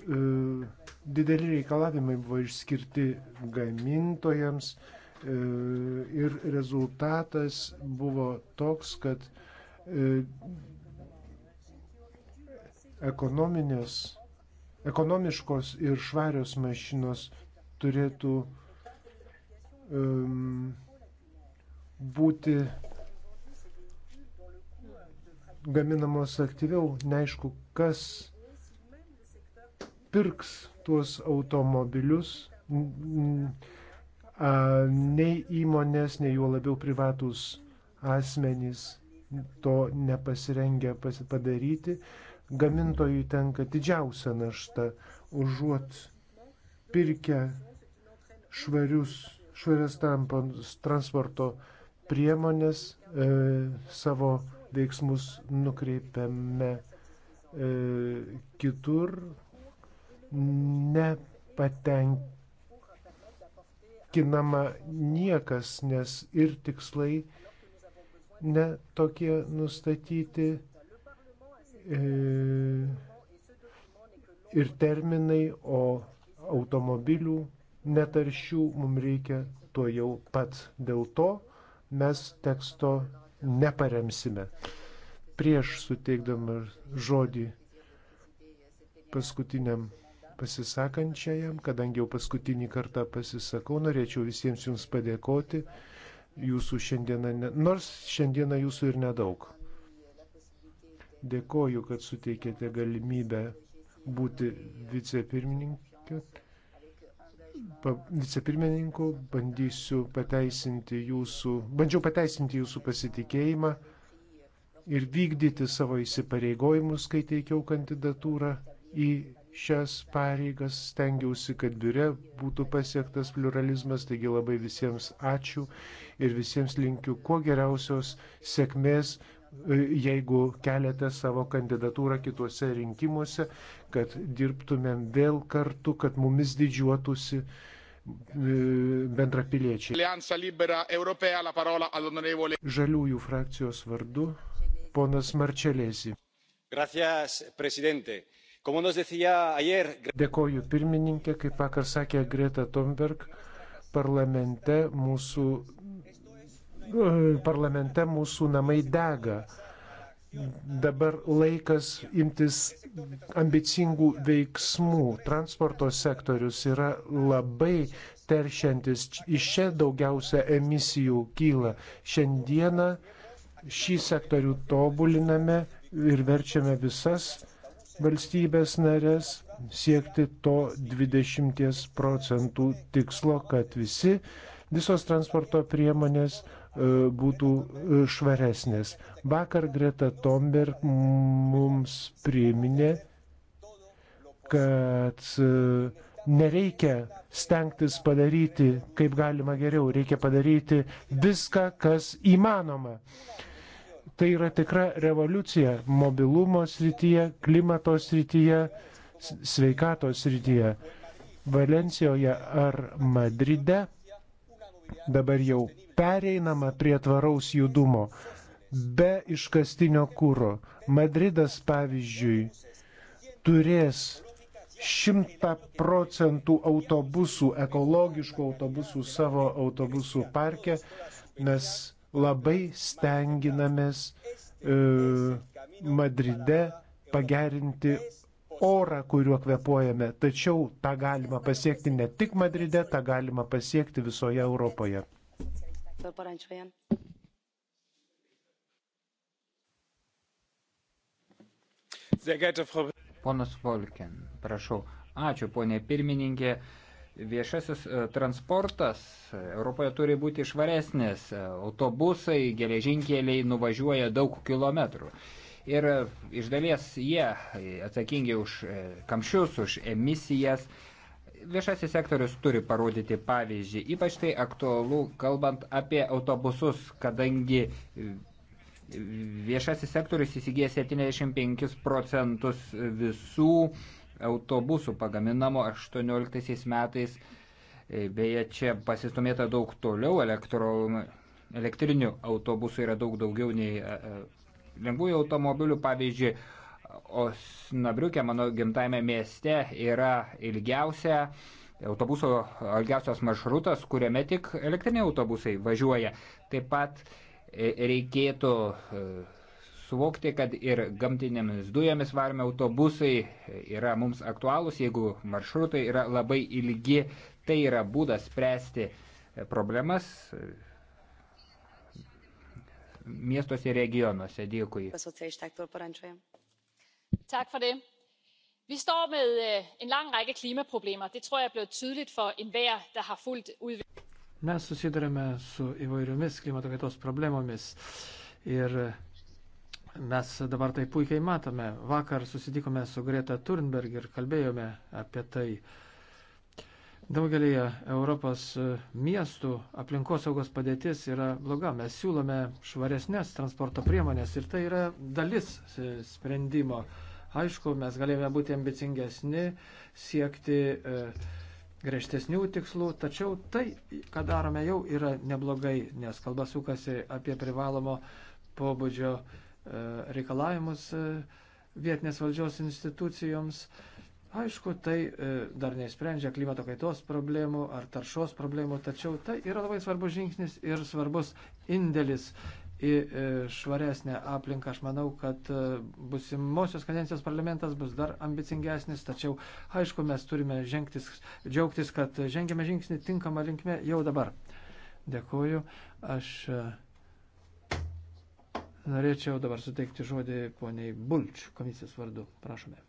dideli reikalavimai buvo išskirti gamintojams, e, ir rezultatas buvo toks, kad e, ekonominės, ekonomiškos ir švarios mašinos turėtų um, būti gaminamos aktyviau, neaišku, kas pirks tuos automobilius, nei įmonės, nei juo labiau privatus asmenys to nepasirengia padaryti gamintojui tenka didžiausia našta, užuot pirkę švarius, švarias tampons transporto priemonės, e, savo veiksmus nukreipiame e, kitur, nepatenkinama niekas, nes ir tikslai netokie nustatyti E, ir terminai, o automobilių netaršių mums reikia tuo jau pat. Dėl to mes teksto neparemsime. Prieš suteikdama žodį paskutiniam pasisakančiajam, kadangi jau paskutinį kartą pasisakau, norėčiau visiems jums padėkoti. Jūsų šiandieną, ne, nors šiandieną jūsų ir nedaug. Dėkoju, kad suteikėte galimybę būti vicepirmininku. Pa, vicepirmininku bandysiu pateisinti jūsų, bandžiau pateisinti jūsų pasitikėjimą ir vykdyti savo įsipareigojimus, kai teikiau kandidatūrą į šias pareigas. Stengiausi, kad biure būtų pasiektas pluralizmas, taigi labai visiems ačiū ir visiems linkiu kuo geriausios sėkmės jeigu keliate savo kandidatūrą kituose rinkimuose, kad dirbtumėm vėl kartu, kad mumis didžiuotųsi e, bendrapiliečiai. Žaliųjų frakcijos vardu ponas Marčelėsi. Dėkoju pirmininkė, kaip vakar sakė Greta Thunberg, parlamente mūsų parlamente mūsų namai dega. Dabar laikas imtis ambicingų veiksmų. Transporto sektorius yra labai teršiantis. Iš čia daugiausia emisijų kyla. Šiandieną šį sektorių tobuliname ir verčiame visas valstybės narės siekti to 20 procentų tikslo, kad visi, visos transporto priemonės E, būtų e, švaresnės. Vakar Greta Thunberg mums priminė, kad e, nereikia stengtis padaryti kaip galima geriau, reikia padaryti viską, kas įmanoma. Tai yra tikra revoliucija mobilumo srityje, klimato srityje, sveikatos srityje. Valencijoje ar Madride dabar jau pereinama prie tvaraus judumo be iškastinio kūro. Madridas, pavyzdžiui, turės šimtą procentų autobusų, ekologiškų autobusų savo autobusų parke. Mes labai stenginamės e, Madride pagerinti orą, kuriuo kvepuojame. Tačiau tą galima pasiekti ne tik Madride, tą galima pasiekti visoje Europoje parancsolja. Ponas Volken, prašau. Ačiū, ponė pirmininkė. Viešasis e, transportas Europoje turi būti švaresnis. E, autobusai, geležinkeliai nuvažiuoja daug kilometrų. Ir e, iš dalies jie atsakingi už kamščius, už emisijas. Viešasis sektorius turi parodyti pavyzdį, ypač tai aktualu kalbant apie autobusus, kadangi e, viešasis sektorius įsigė 75 procentus visų autobusų pagaminamo 18 metais. E, beje, čia pasistumėta daug toliau, elektro, elektrinių autobusų yra daug daugiau nei e, lengvųjų automobilių. Pavyzdžiui, Osnabriukė, mano gimtajame mieste, yra ilgiausia autobuso, ilgiausias maršrutas, kuriame tik elektriniai autobusai važiuoja. Taip pat e, reikėtų e, suvokti, kad ir gamtinėmis dujomis varomi autobusai e, yra mums aktualūs, jeigu maršrutai yra labai ilgi, tai yra būdas spręsti problemas miestuose ir regionuose. Dėkui tak for det. vi står med øh, en lang række klimaproblemer det tror jeg er blevet tydeligt for enhver der har fulgt udviklingen. Mes susidurime su įvairiomis klimato kaitos problemomis ir e, mes dabar tai puikiai matome. Vakar susitikome su Greta Thunberg ir kalbėjome apie tai. Daugelėje Europos e, miestų aplinkosaugos padėtis yra bloga. Mes siūlome švaresnės transporto priemonės ir tai yra dalis e, sprendimo. Aišku, mes galėjome būti ambicingesni, siekti e, griežtesnių tikslų, tačiau tai, ką darome, jau yra neblogai, nes kalba sukasi apie privalomo pobūdžio e, reikalavimus e, vietinės valdžios institucijoms. E, Aišku, tai e, dar neįsprendžia klimato kaitos problemų ar taršos problemų, tačiau tai yra labai svarbus žingsnis ir svarbus indėlis į e, švaresnę aplinką. Aš manau, kad e, busimosios kadencijos parlamentas bus dar ambicingesnis, tačiau aišku, mes turime žengtis, džiaugtis, kad žengėme žingsnį tinkamą linkmę jau dabar. Dėkuoju. Aš norėčiau dabar suteikti žodį poniai Bulč komisijos vardu. Prašome.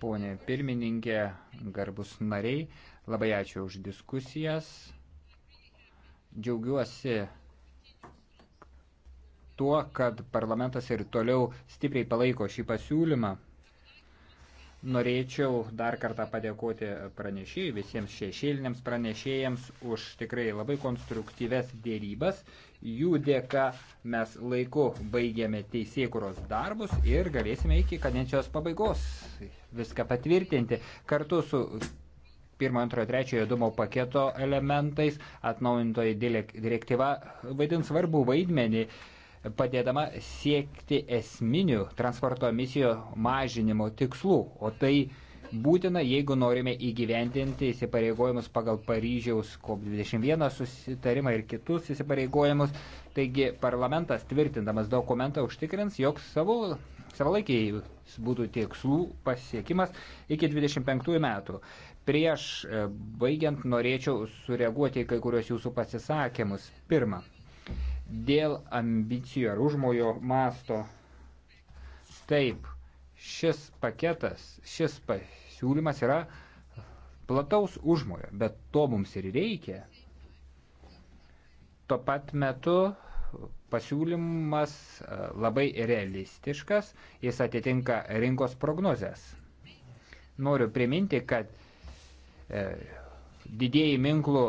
Pone pirmininkė, garbus nariai, labai ačiū už diskusijas. Džiaugiuosi tuo, kad parlamentas ir toliau stipriai palaiko šį pasiūlymą. Norėčiau dar kartą padėkoti pranešėjai, visiems šešėliniams pranešėjams už tikrai labai konstruktyves dėrybas. Jų dėka mes laiku baigėme teisėkuros darbus ir galėsime iki kadencijos pabaigos viską patvirtinti. Kartu su 1.2.3 judumo paketo elementais atnaujintoji direktyva vaidins svarbų vaidmenį padėdama siekti esminių transporto emisijų mažinimo tikslų, o tai būtina, jeigu norime įgyvendinti įsipareigojimus pagal Paryžiaus COP21 susitarimą ir kitus įsipareigojimus. Taigi parlamentas tvirtindamas dokumentą užtikrins, jog savo, savalaikiai būtų tikslų pasiekimas iki 25 metų. Prieš e, baigiant norėčiau sureaguoti į kai kurios jūsų pasisakymus. Pirma, Dėl ambicijų ar užmojo masto. Taip, šis paketas, šis pasiūlymas yra plataus užmojo, bet to mums ir reikia. Tuo pat metu pasiūlymas e, labai realistiškas, jis atitinka rinkos prognozes. Noriu priminti, kad e, didėjai minklų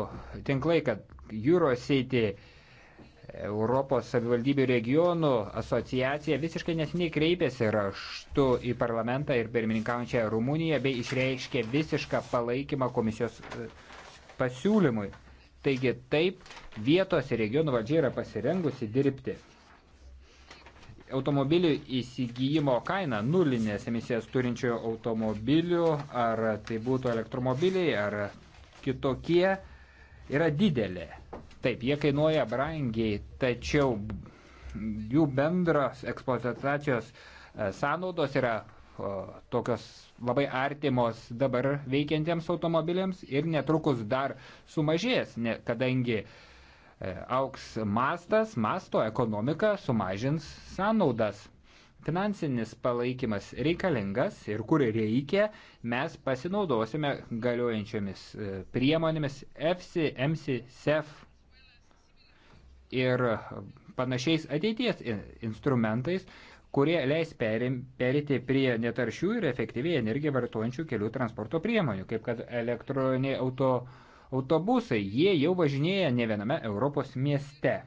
tinklai, kad jūros eiti Europos savivaldybių regionų asociacija visiškai nesiniai kreipėsi raštu į parlamentą ir pirmininkaujančią Rumuniją bei išreiškė visišką palaikymą komisijos e, pasiūlymui. Taigi taip vietos ir regionų valdžia yra pasirengusi dirbti. Automobilių įsigijimo kaina nulinės emisijas turinčių automobilių, ar tai būtų elektromobiliai, ar kitokie, yra didelė Taip, jie kainuoja brangiai, tačiau jų bendros eksploatacijos e, sąnaudos yra e, tokios labai artimos dabar veikiantiems automobiliams ir netrukus dar sumažės, ne, kadangi e, auks mastas, masto ekonomika sumažins sąnaudas. Finansinis palaikymas reikalingas ir kur reikia, mes pasinaudosime galiojančiomis priemonėmis EFSI, EMSI, SEF ir e, panašiais ateities instrumentais, kurie leis perėti prie netaršių ir efektyviai energiją vartuojančių kelių transporto priemonių, kaip kad elektroniniai auto, autobusai. Jie jau važinėja ne viename Europos mieste.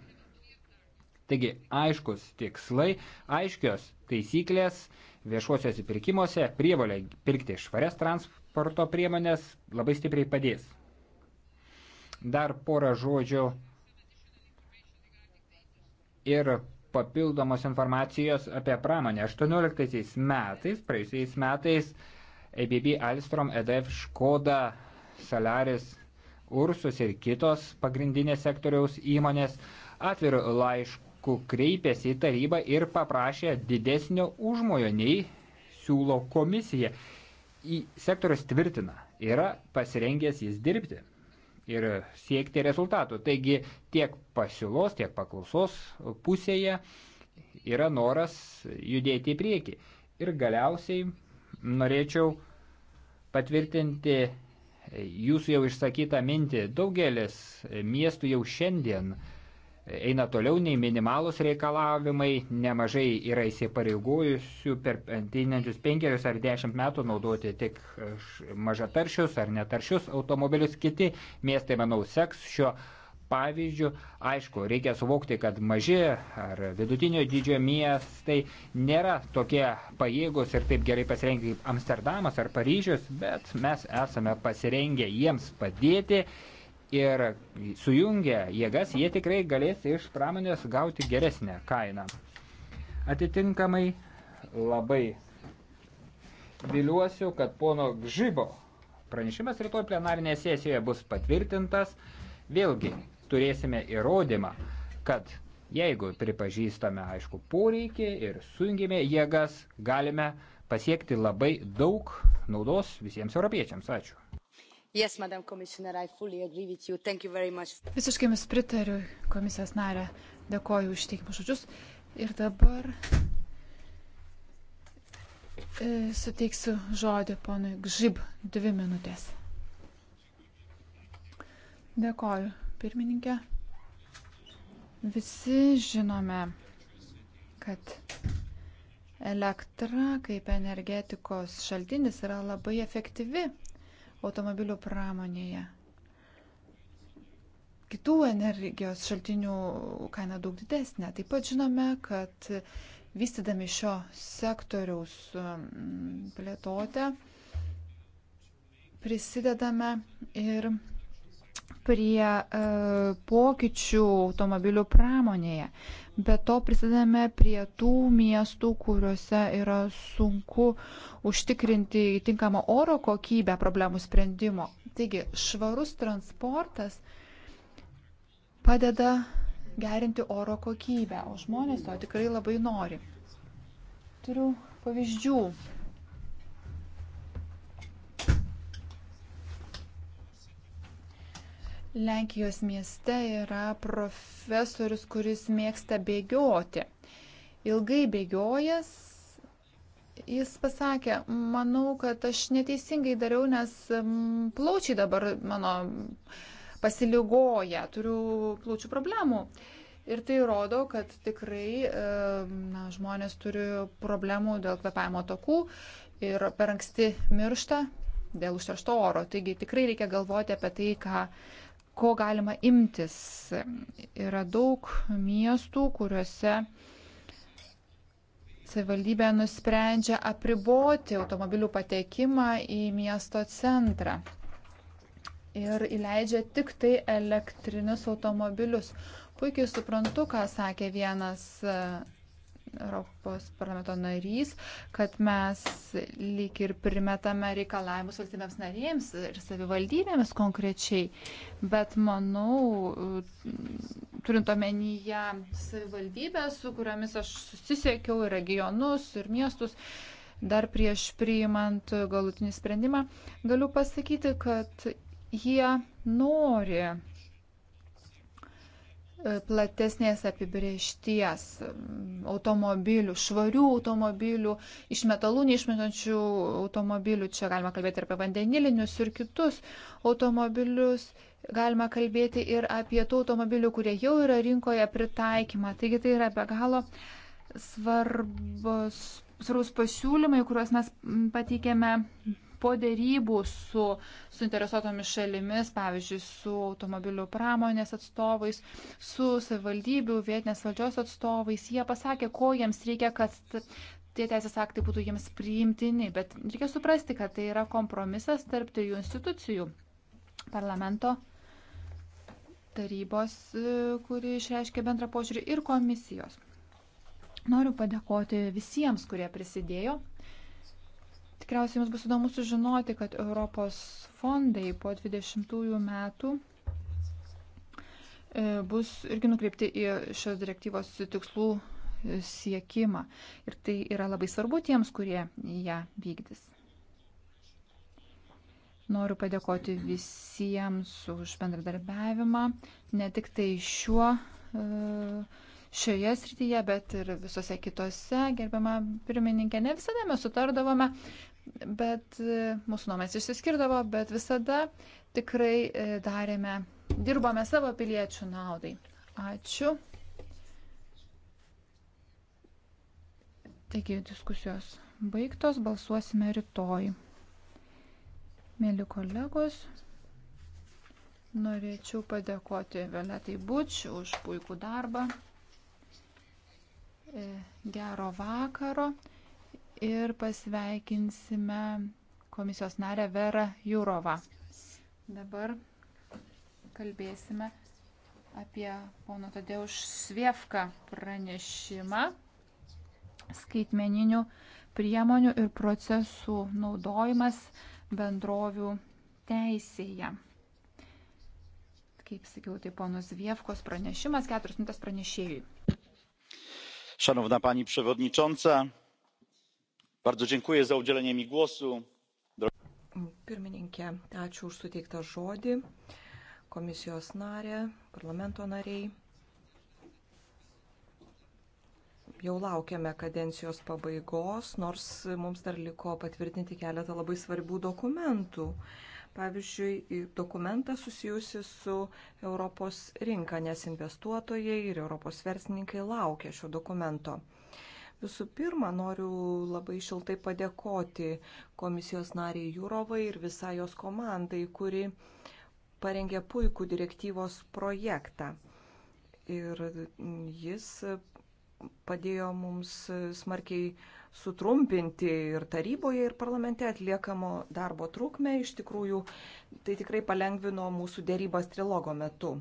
Taigi aiškus tikslai, aiškios taisyklės viešuosiuose pirkimuose, prievalė pirkti švarias transporto priemonės labai stipriai padės. Dar porą žodžių ir papildomos informacijos apie pramonę. 18 metais, praėjusiais metais, ABB, Alstrom, EDF, Škoda, Salaris, Ursus ir kitos pagrindinės sektoriaus įmonės atvirų laiškų kreipėsi į tarybą ir paprašė didesnio užmojo nei siūlo komisija. Į sektorius tvirtina, yra pasirengęs jis dirbti ir siekti rezultatų. Taigi tiek pasiūlos, tiek paklausos pusėje yra noras judėti į priekį. Ir galiausiai norėčiau patvirtinti jūsų jau išsakytą mintį. Daugelis miestų jau šiandien uh, eina toliau nei minimalus reikalavimai, nemažai yra įsipareigojusių per ateinančius penkerius ar dešimt metų naudoti tik mažataršius ar netaršius automobilius. Kiti miestai, manau, seks šio pavyzdžių. Aišku, reikia suvokti, kad maži ar vidutinio dydžio miestai nėra tokie pajėgus ir taip gerai pasirengę kaip Amsterdamas ar Paryžius, bet mes esame pasirengę jiems padėti ir sujungę jėgas jie tikrai galės iš pramonės gauti geresnę kainą. Atitinkamai labai viliuosiu, kad pono Gžybo pranešimas rytoj plenarinėje sesijoje bus patvirtintas. Vėlgi turėsime įrodymą, kad jeigu pripažįstame aišku poreikį ir sujungėme jėgas, galime pasiekti labai daug naudos visiems europiečiams. Ačiū. Yes, Madam Commissioner, I fully agree with you. Thank you very much. Visiškai jums pritariu, komisijos narė. Dėkoju už teikimus žodžius. Ir dabar e, suteiksiu žodį ponui Gžib dvi minutės. Dėkoju, pirmininkė. Visi žinome, kad elektra kaip energetikos šaltinis yra labai efektyvi automobilių pramonėje. Kitų energijos šaltinių kaina daug didesnė. Taip pat žinome, kad vystydami šio sektoriaus um, plėtotę prisidedame ir prie e, pokyčių automobilių pramonėje. Be to prisidame prie tų miestų, kuriuose yra sunku užtikrinti tinkamą oro kokybę problemų sprendimo. Taigi, švarus transportas padeda gerinti oro kokybę, o žmonės to tikrai labai nori. Turiu pavyzdžių Lenkijos mieste yra profesorius, kuris mėgsta bėgioti. Ilgai bėgiojas, jis pasakė, manau, kad aš neteisingai dariau, nes mm, plaučiai dabar mano pasiligoja, turiu plaučių problemų. Ir tai rodo, kad tikrai na, žmonės turi problemų dėl kvepavimo takų ir per anksti miršta dėl užteršto oro. Taigi tikrai reikia galvoti apie tai, ką ko galima imtis. Yra daug miestų, kuriuose savivaldybė nusprendžia apriboti automobilių patekimą į miesto centrą ir įleidžia tik tai elektrinius automobilius. Puikiai suprantu, ką sakė vienas Europos parlamento narys, kad mes lyg ir primetame reikalavimus valstybėms narėms ir savivaldybėms konkrečiai, bet manau, turint omenyje savivaldybės, su kuriomis aš susisiekiau ir regionus, ir miestus, dar prieš priimant galutinį sprendimą, galiu pasakyti, kad jie nori E, platesnės apibriešties automobilių, švarių automobilių, iš metalų neišmetančių automobilių, čia galima kalbėti ir apie vandenilinius ir kitus automobilius, galima kalbėti ir apie tų automobilių, kurie jau yra rinkoje pritaikymą. Taigi tai yra be galo svarbus, svarbus pasiūlymai, kuriuos mes pateikėme po dėrybų su suinteresuotomis šalimis, pavyzdžiui, su automobilių pramonės atstovais, su savivaldybių, vietinės valdžios atstovais, jie pasakė, ko jiems reikia, kad tie teisės aktai būtų jiems priimtini, bet reikia suprasti, kad tai yra kompromisas tarp trijų institucijų - parlamento, tarybos, e, kuri išreiškia bendrą požiūrį, ir komisijos. Noriu padėkoti visiems, kurie prisidėjo Tikriausiai jums bus įdomu sužinoti, kad Europos fondai po 20 metų e, bus irgi nukreipti į šios direktyvos tikslų e, siekimą. Ir tai yra labai svarbu tiems, kurie ją vykdys. Noriu padėkoti visiems už bendradarbiavimą, ne tik tai šiuo, e, šioje srityje, bet ir visose kitose. Gerbiama pirmininkė, ne visada mes sutardavome, bet e, mūsų nuomonės išsiskirdavo, bet visada tikrai e, darėme, dirbome savo piliečių naudai. Ačiū. Taigi diskusijos baigtos, balsuosime rytoj. Mėly kolegos, norėčiau padėkoti Violetai Buč už puikų darbą. E, gero vakaro ir pasveikinsime komisijos narę Verą Jūrovą. Dabar kalbėsime apie pono Tadeuš Svievką pranešimą skaitmeninių priemonių ir procesų naudojimas bendrovių teisėje. Kaip sakiau, tai ponos Vievkos pranešimas, keturios minutės pranešėjui. Szanowna Pani Przewodnicząca, Bardzo dziękuję za udzielenie mi głosu. Pirmininkė, ačiū už suteiktą žodį. Komisijos narė, parlamento nariai. Jau laukiame kadencijos pabaigos, nors mums dar liko patvirtinti keletą labai svarbių dokumentų. Pavyzdžiui, dokumentą susijusi su Europos rinka, nes investuotojai ir Europos verslininkai laukia šio dokumento. Visų pirma, noriu labai šiltai padėkoti komisijos nariai Jūrovai ir visai jos komandai, kuri parengė puikų direktyvos projektą. Ir jis padėjo mums smarkiai sutrumpinti ir taryboje, ir parlamente atliekamo darbo trukmę. Iš tikrųjų, tai tikrai palengvino mūsų dėrybas trilogo metu.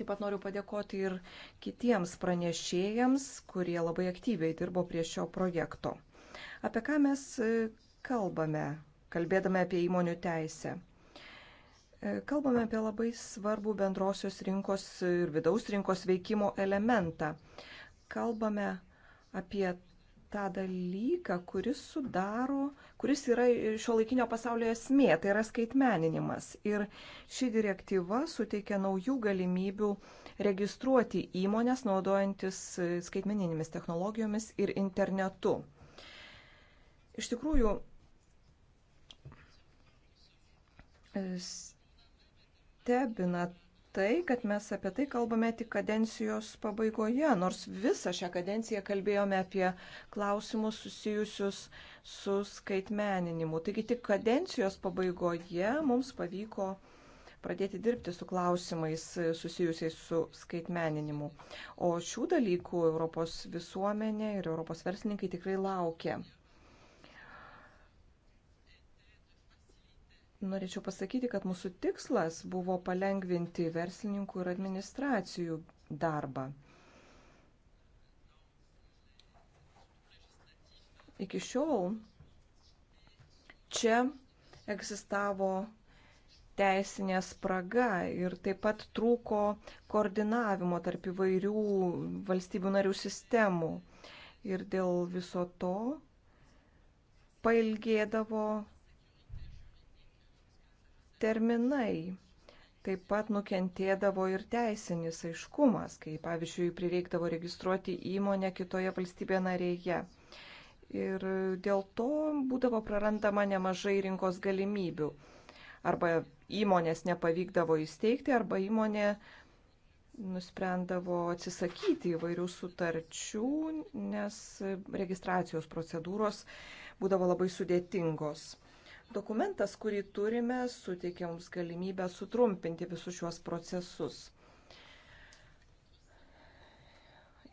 Taip pat noriu padėkoti ir kitiems pranešėjams, kurie labai aktyviai dirbo prie šio projekto. Apie ką mes e, kalbame, kalbėdami apie įmonių teisę? E, kalbame apie labai svarbų bendrosios rinkos ir vidaus rinkos veikimo elementą. Kalbame apie tą dalyką, kuris sudaro, kuris yra šio laikinio pasaulio esmė, tai yra skaitmeninimas. Ir ši direktyva suteikia naujų galimybių registruoti įmonės naudojantis skaitmeninėmis technologijomis ir internetu. Iš tikrųjų, stebina tai, kad mes apie tai kalbame tik kadencijos pabaigoje, nors visą šią kadenciją kalbėjome apie klausimus susijusius su skaitmeninimu. Taigi tik kadencijos pabaigoje mums pavyko pradėti dirbti su klausimais susijusiais su skaitmeninimu. O šių dalykų Europos visuomenė ir Europos verslininkai tikrai laukia. norėčiau pasakyti, kad mūsų tikslas buvo palengvinti verslininkų ir administracijų darbą. Iki šiol čia egzistavo teisinė spraga ir taip pat trūko koordinavimo tarp įvairių valstybių narių sistemų. Ir dėl viso to pailgėdavo terminai. Taip pat nukentėdavo ir teisinis aiškumas, kai, pavyzdžiui, prireikdavo registruoti įmonę kitoje valstybėje narėje. Ir dėl to būdavo prarandama nemažai rinkos galimybių. Arba įmonės nepavykdavo įsteigti, arba įmonė nusprendavo atsisakyti įvairių sutarčių, nes registracijos procedūros būdavo labai sudėtingos. Dokumentas, kurį turime, suteikia mums galimybę sutrumpinti visus šiuos procesus.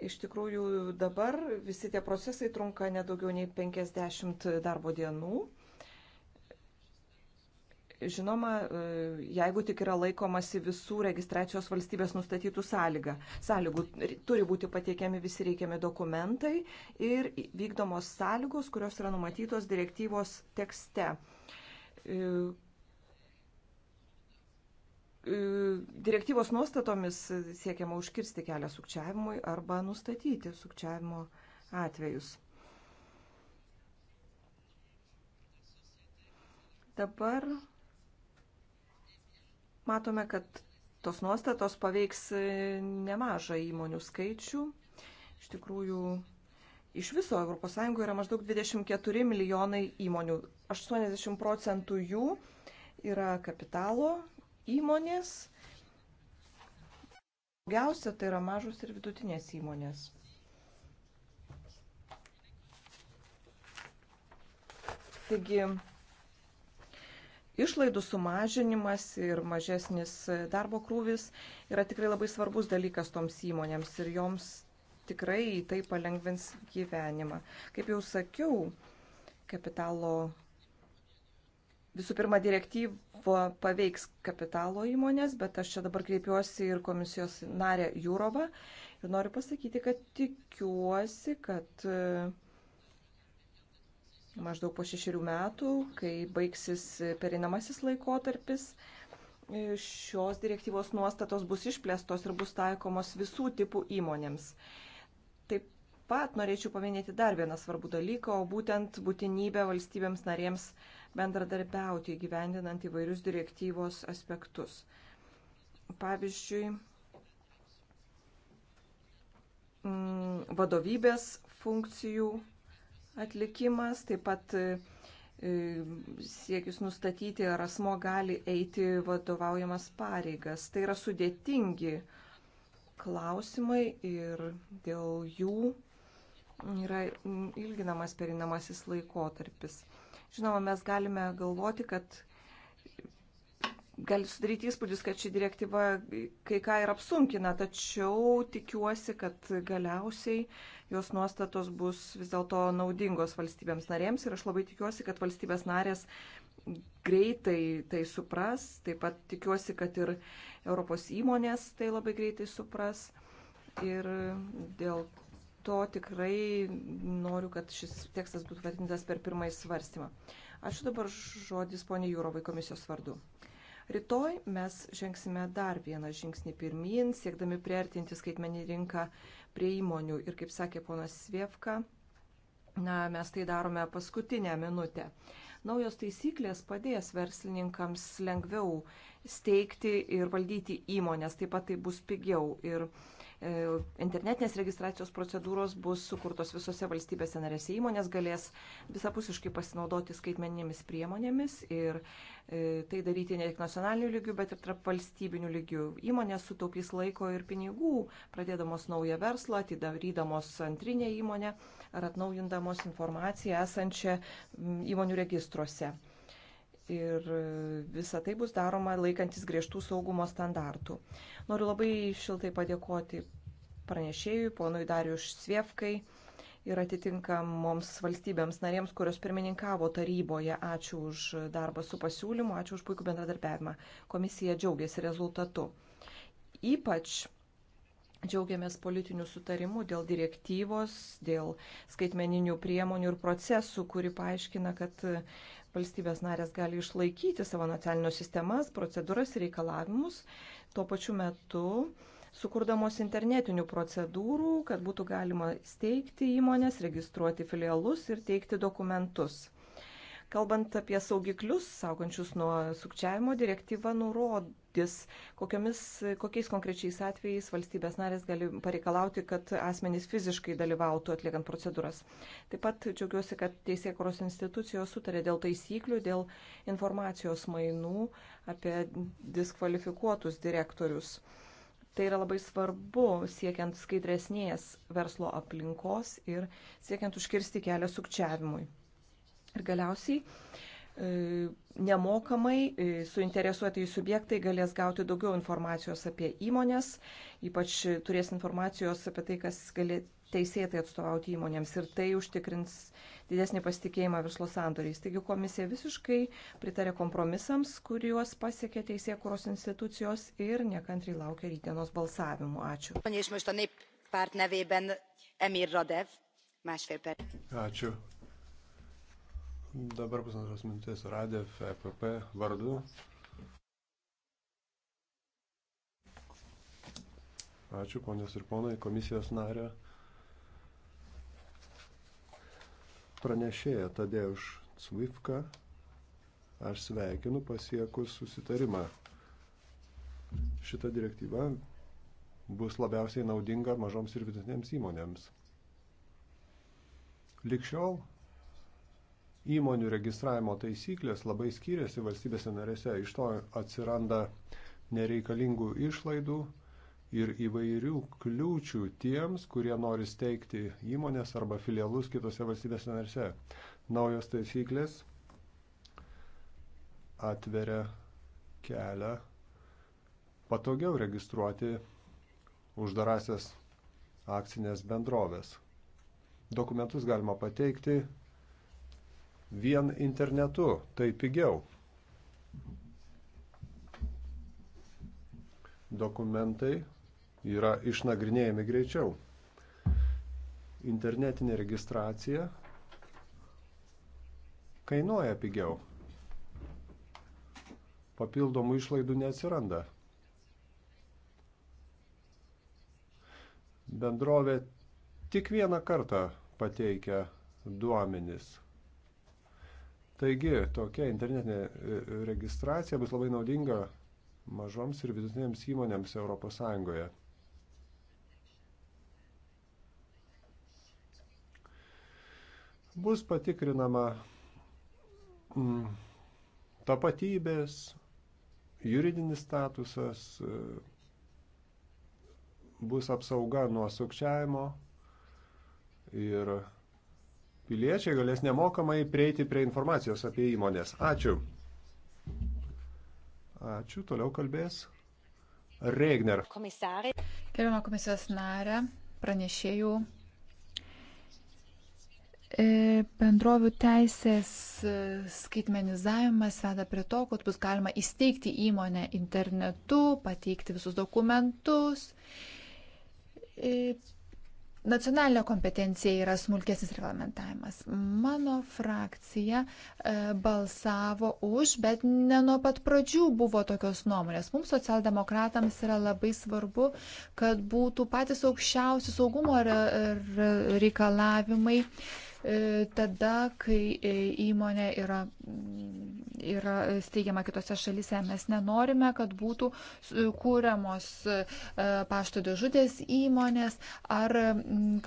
Iš tikrųjų, dabar visi tie procesai trunka nedaugiau nei 50 darbo dienų. Žinoma, jeigu tik yra laikomasi visų registracijos valstybės nustatytų sąlygą, sąlygų, turi būti pateikiami visi reikiami dokumentai ir vykdomos sąlygos, kurios yra numatytos direktyvos tekste direktyvos nuostatomis siekiama užkirsti kelią sukčiavimui arba nustatyti sukčiavimo atvejus. Dabar matome, kad tos nuostatos paveiks nemažą įmonių skaičių. Iš tikrųjų, iš viso ES yra maždaug 24 milijonai įmonių. 80 procentų jų yra kapitalo įmonės. Daugiausia tai yra mažos ir vidutinės įmonės. Taigi išlaidų sumažinimas ir mažesnis darbo krūvis yra tikrai labai svarbus dalykas toms įmonėms ir joms tikrai tai palengvins gyvenimą. Kaip jau sakiau, kapitalo Visų pirma, direktyva paveiks kapitalo įmonės, bet aš čia dabar kreipiuosi ir komisijos narę Jūrovą ir noriu pasakyti, kad tikiuosi, kad e, maždaug po šešerių metų, kai baigsis perinamasis laikotarpis, e, šios direktyvos nuostatos bus išplėstos ir bus taikomos visų tipų įmonėms. Taip pat norėčiau paminėti dar vieną svarbų dalyką, o būtent būtinybę valstybėms narėms uh, bendradarbiauti gyvendinant įvairius direktyvos aspektus. Pavyzdžiui, mm, vadovybės funkcijų atlikimas, taip pat e, siekis nustatyti, ar asmo gali eiti vadovaujamas pareigas. Tai yra sudėtingi klausimai ir dėl jų yra ilginamas perinamasis laikotarpis. Žinoma, mes galime galvoti, kad gali sudaryti įspūdis, kad ši direktyva kai ką ir apsunkina, tačiau tikiuosi, kad galiausiai jos nuostatos bus vis dėlto naudingos valstybėms narėms ir aš labai tikiuosi, kad valstybės narės greitai tai supras, taip pat tikiuosi, kad ir Europos įmonės tai labai greitai supras ir dėl to tikrai noriu, kad šis tekstas būtų vadintas per pirmąjį svarstymą. Ačiū dabar žodis ponė Jūrovai komisijos vardu. Rytoj mes žengsime dar vieną žingsnį pirmin, siekdami priartinti skaitmenį rinką prie įmonių. Ir kaip sakė ponas Svievka, na, mes tai darome paskutinę minutę. Naujos taisyklės padės verslininkams lengviau steigti ir valdyti įmonės, taip pat tai bus pigiau. Ir uh, E, internetinės registracijos procedūros bus sukurtos visose valstybėse narėse. Įmonės galės visapusiškai pasinaudoti skaitmeninėmis priemonėmis ir e, tai daryti ne tik nacionaliniu lygiu, bet ir tarp valstybiniu lygiu. Įmonės sutaupys laiko ir pinigų, pradėdamos naują verslą, atidarydamos antrinę įmonę ar atnaujindamos informaciją esančią įmonių registruose ir visa tai bus daroma laikantis griežtų saugumo standartų. Noriu labai šiltai padėkoti pranešėjui, ponui Dariuš Sviefkai ir atitinkamoms valstybėms narėms, kurios pirmininkavo taryboje. Ačiū už darbą su pasiūlymu, ačiū už puikų bendradarbiavimą. Komisija džiaugiasi rezultatu. Ypač Džiaugiamės politiniu sutarimu dėl direktyvos, dėl skaitmeninių priemonių ir procesų, kuri paaiškina, kad valstybės narės gali išlaikyti savo nacionalinio sistemas, procedūras ir reikalavimus, tuo pačiu metu sukurdamos internetinių procedūrų, kad būtų galima steigti įmonės, registruoti filialus ir teikti dokumentus. Kalbant apie saugiklius, saugančius nuo sukčiavimo, direktyva nurod, kryptis, kokiomis, kokiais konkrečiais atvejais valstybės narės gali pareikalauti, kad asmenys fiziškai dalyvautų atliekant procedūras. Taip pat džiaugiuosi, kad teisėkuros institucijos sutarė dėl taisyklių, dėl informacijos mainų apie diskvalifikuotus direktorius. Tai yra labai svarbu siekiant skaidresnės verslo aplinkos ir siekiant užkirsti kelią sukčiavimui. Ir galiausiai E, nemokamai e, suinteresuotai subjektai galės gauti daugiau informacijos apie įmonės, ypač turės informacijos apie tai, kas gali teisėtai atstovauti įmonėms ir tai užtikrins didesnį pasitikėjimą verslo sandoriais. Taigi komisija visiškai pritarė kompromisams, kuriuos pasiekė teisėkuros institucijos ir nekantriai laukia rytdienos balsavimų. Ačiū. Ačiū. Dabar pusantros minutės radė FPP e vardu. Ačiū, ponios ir ponai, komisijos nario. Pranešėja Tadeuš Cvifka, aš sveikinu pasiekus susitarimą. Šita direktyva bus labiausiai naudinga mažoms ir vidutinėms įmonėms. Likščiol įmonių registravimo taisyklės labai skiriasi valstybėse narėse. Iš to atsiranda nereikalingų išlaidų ir įvairių kliūčių tiems, kurie nori steigti įmonės arba filialus kitose valstybėse narėse. Naujos taisyklės atveria kelią patogiau registruoti uždarasias akcinės bendrovės. Dokumentus galima pateikti vien internetu, tai pigiau. Dokumentai yra išnagrinėjami greičiau. Internetinė registracija kainuoja pigiau. Papildomų išlaidų neatsiranda. Bendrovė tik vieną kartą pateikia duomenis Taigi tokia internetinė e, registracija bus labai naudinga mažoms ir vidutinėms įmonėms ES. Bus patikrinama mm, tapatybės, juridinis statusas, e, bus apsauga nuo sukčiavimo ir piliečiai galės nemokamai prieiti prie informacijos apie įmonės. Ačiū. Ačiū, toliau kalbės Regner. Komisarė. Gerbiamo komisijos narė, pranešėjų e, bendrovių teisės skaitmenizavimas veda prie to, kad bus galima įsteigti įmonę internetu, pateikti visus dokumentus, e, Nacionalinė kompetencija yra smulkesnis reglamentavimas. Mano frakcija e, balsavo už, bet ne nuo pat pradžių buvo tokios nuomonės. Mums socialdemokratams yra labai svarbu, kad būtų patys aukščiausi saugumo re, re, reikalavimai. E, E, tada, kai e, įmonė yra, yra steigiama kitose šalise. Mes nenorime, kad būtų kūriamos e, pašto dėžutės įmonės ar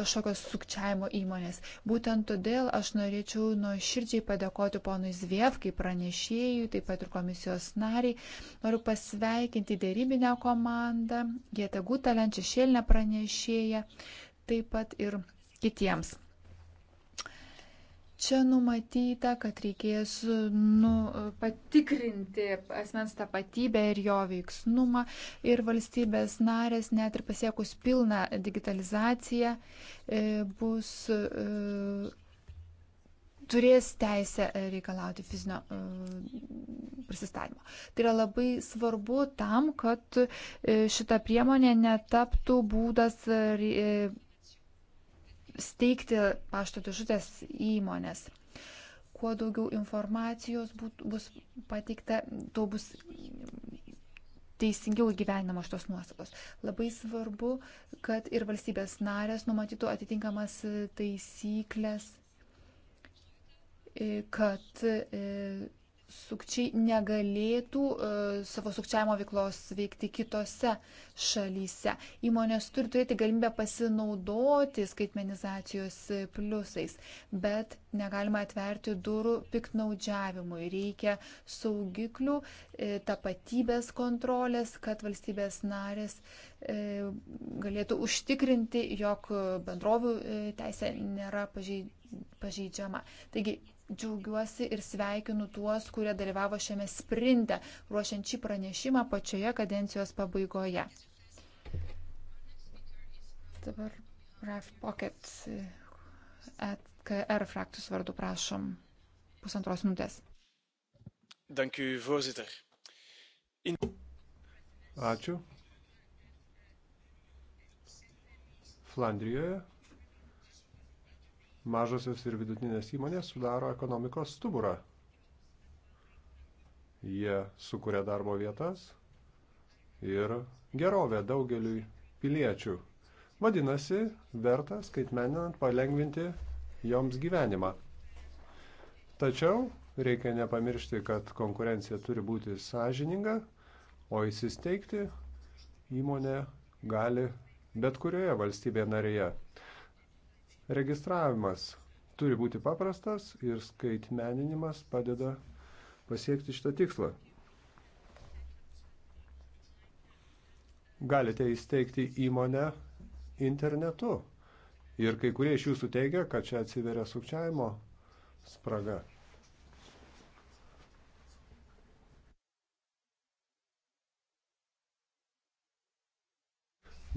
kažkokios sukčiavimo įmonės. Būtent todėl aš norėčiau nuoširdžiai padėkoti ponui Zviev, kaip pranešėjui, taip pat ir komisijos nariai. Noriu pasveikinti dėrybinę komandą, Gėte Gutelent, šešėlinę pranešėją, taip pat ir kitiems. Čia numatyta, kad reikės nu, patikrinti asmens tapatybę ir jo veiksnumą ir valstybės narės, net ir pasiekus pilną digitalizaciją, e, bus e, turės teisę reikalauti fizinio e, prisistatymo. Tai yra labai svarbu tam, kad šita priemonė netaptų būdas steigti pašto dėžutės įmonės. Kuo daugiau informacijos būt, bus pateikta, tuo bus teisingiau gyvenimo šitos nuostatos. Labai svarbu, kad ir valstybės narės numatytų atitinkamas taisyklės, e, kad e, sukčiai negalėtų e, savo sukčiavimo veiklos veikti kitose šalyse. Įmonės turi turėti galimybę pasinaudoti skaitmenizacijos pliusais, bet negalima atverti durų piknaudžiavimui. Reikia saugiklių, e, tapatybės kontrolės, kad valstybės narės e, galėtų užtikrinti, jog bendrovių teisė nėra pažeidžiama. Taigi džiaugiuosi ir sveikinu tuos, kurie dalyvavo šiame sprinte, ruošiant šį pranešimą pačioje kadencijos pabaigoje. Dabar Raf Pocket e KR fraktus vardu prašom pusantros minutės. Dank u, voorzitter. In... Ačiū. Flandrijoje Mažosios ir vidutinės įmonės sudaro ekonomikos stuburą. Jie sukuria darbo vietas ir gerovę daugeliui piliečių. Vadinasi, verta skaitmeninant palengvinti joms gyvenimą. Tačiau reikia nepamiršti, kad konkurencija turi būti sąžininga, o įsisteigti įmonė gali bet kurioje valstybėje narėje. Registravimas turi būti paprastas ir skaitmeninimas padeda pasiekti šitą tikslą. Galite įsteigti įmonę internetu. Ir kai kurie iš jūsų teigia, kad čia atsiveria sukčiavimo spraga.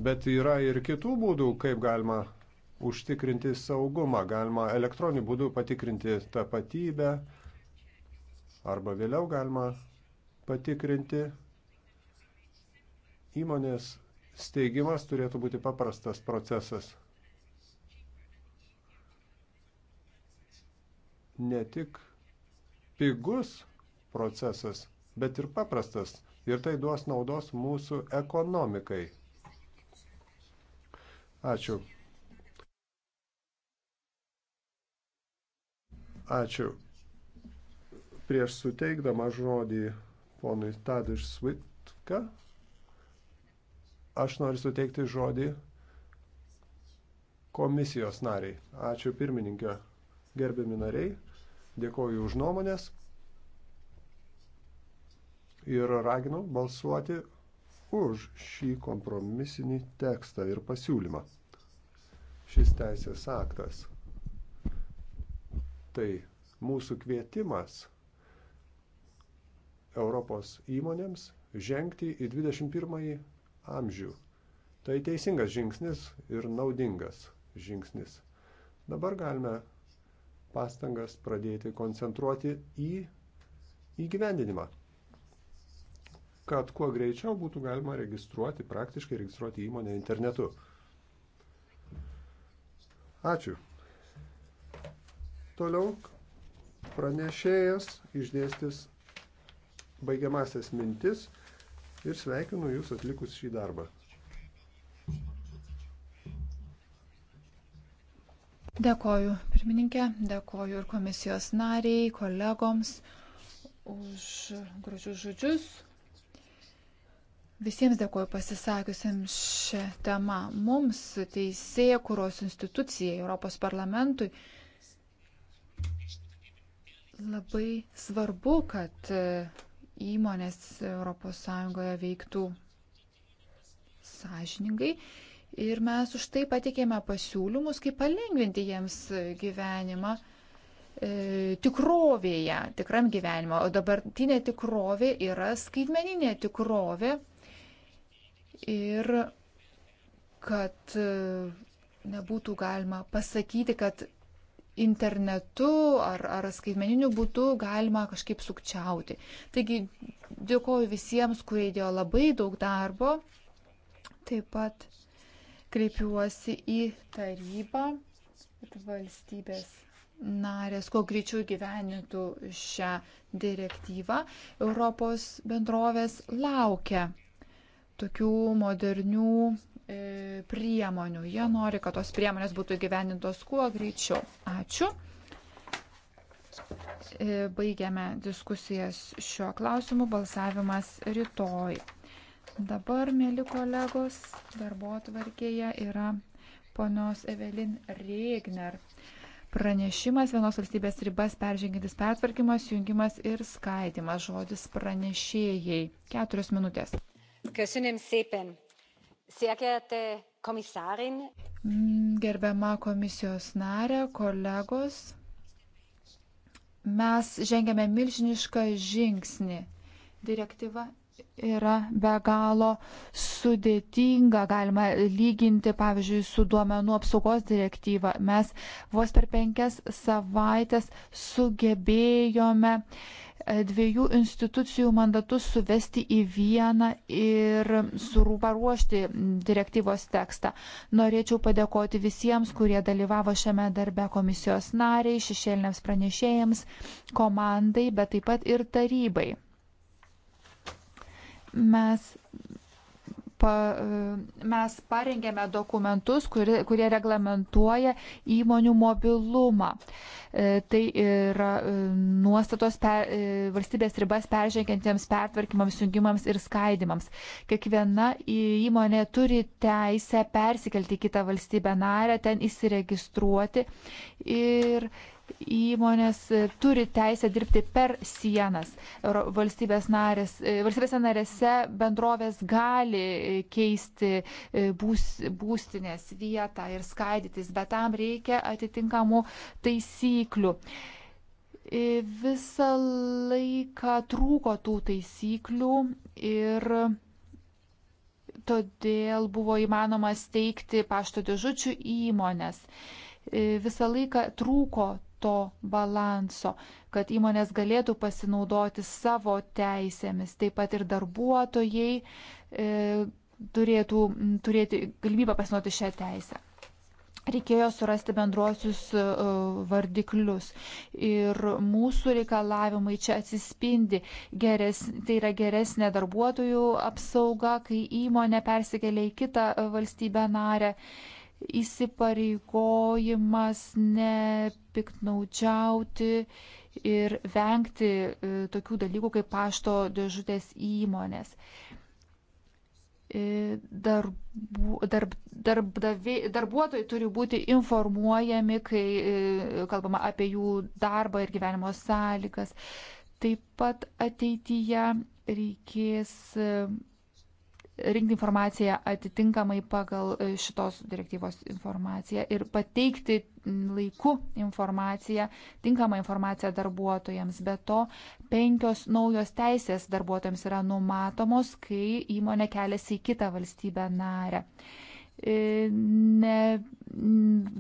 Bet yra ir kitų būdų, kaip galima užtikrinti saugumą. Galima elektroniniu būdu patikrinti tapatybę arba vėliau galima patikrinti. Įmonės steigimas turėtų būti paprastas procesas. Ne tik pigus procesas, bet ir paprastas. Ir tai duos naudos mūsų ekonomikai. Ačiū. Ačiū. Prieš suteikdama žodį ponui Tadiš Svitka, aš noriu suteikti žodį komisijos nariai. Ačiū pirmininkė, gerbiami nariai, dėkoju už nuomonės ir raginu balsuoti už šį kompromisinį tekstą ir pasiūlymą. Šis teisės aktas Tai mūsų kvietimas Europos įmonėms žengti į 21 amžių. Tai teisingas žingsnis ir naudingas žingsnis. Dabar galime pastangas pradėti koncentruoti į įgyvendinimą, kad kuo greičiau būtų galima registruoti, praktiškai registruoti įmonę internetu. Ačiū. Toliau pranešėjas išdėstis baigiamasias mintis ir sveikinu Jūs atlikus šį darbą. Dėkoju pirmininkė, dėkoju ir komisijos nariai, kolegoms už gražius žodžius. Visiems dėkoju pasisakiusiam šią temą. Mums teisėje, kuros institucijai, Europos parlamentui, Labai svarbu, kad e, įmonės ES veiktų sąžiningai ir mes už tai patikėme pasiūlymus, kaip palengvinti jiems gyvenimą e, tikrovėje, tikram gyvenimo. O dabartinė tikrovė yra skaitmeninė tikrovė. Ir kad e, nebūtų galima pasakyti, kad internetu ar, ar skaitmeniniu būdu galima kažkaip sukčiauti. Taigi dėkoju visiems, kurie įdėjo labai daug darbo. Taip pat kreipiuosi į tarybą, kad valstybės narės kuo greičiau gyvenintų šią direktyvą. Europos bendrovės laukia tokių modernių E, priemonių. Jie nori, kad tos priemonės būtų gyvenintos kuo greičiau. Ačiū. E, baigiame diskusijas šiuo klausimu. Balsavimas rytoj. Dabar, mėly kolegos, darbo atvarkėje yra ponios Evelin Regner. Pranešimas vienos valstybės ribas peržengintis pertvarkymas, jungimas ir skaitimas. Žodis pranešėjai. Keturios minutės. Köszönöm szépen! Mm, gerbiama komisijos narė, kolegos, mes žengėme milžinišką žingsnį. Direktyva yra be galo sudėtinga, galima lyginti, pavyzdžiui, su duomenų apsaugos direktyva. Mes vos per penkias savaitės sugebėjome uh, E, dviejų institucijų mandatus suvesti į vieną ir suruparuošti direktyvos tekstą. Norėčiau padėkoti visiems, kurie dalyvavo šiame darbe komisijos nariai, šešėliniams pranešėjams, komandai, bet taip pat ir tarybai. Mes pa, e, mes parengėme dokumentus, kuri, kurie reglamentuoja įmonių mobilumą. E, tai yra e, nuostatos per, valstybės ribas peržengiantiems pertvarkymams, jungimams ir skaidimams. Kiekviena įmonė turi teisę persikelti į kitą valstybę narę, ten įsiregistruoti ir įmonės e, turi teisę dirbti per sienas. Valstybės, narės, e, valstybėse narėse bendrovės gali e, keisti būs, būstinės vietą ir skaidytis, bet tam reikia atitinkamų taisyklių. Visą laiką trūko tų taisyklių ir todėl buvo įmanoma steigti pašto dėžučių įmonės visą laiką trūko to balanso, kad įmonės galėtų pasinaudoti savo teisėmis, taip pat ir darbuotojai e, turėtų turėti galimybę pasinaudoti šią teisę. Reikėjo surasti bendruosius e, vardiklius ir mūsų reikalavimai čia atsispindi. Geres, tai yra geresnė darbuotojų apsauga, kai įmonė persikelia į kitą e, valstybę narę įsipareigojimas nepiknaudžiauti ir vengti e, tokių dalykų kaip pašto dėžutės įmonės. E, darbu, darb, darbdavi, darbuotojai turi būti informuojami, kai e, kalbama apie jų darbą ir gyvenimo sąlygas. Taip pat ateityje reikės rinkti informaciją atitinkamai pagal e, šitos direktyvos informaciją ir pateikti laiku informaciją, tinkamą informaciją darbuotojams. Be to, penkios naujos teisės darbuotojams yra numatomos, kai įmonė keliasi į kitą valstybę narę. E, ne,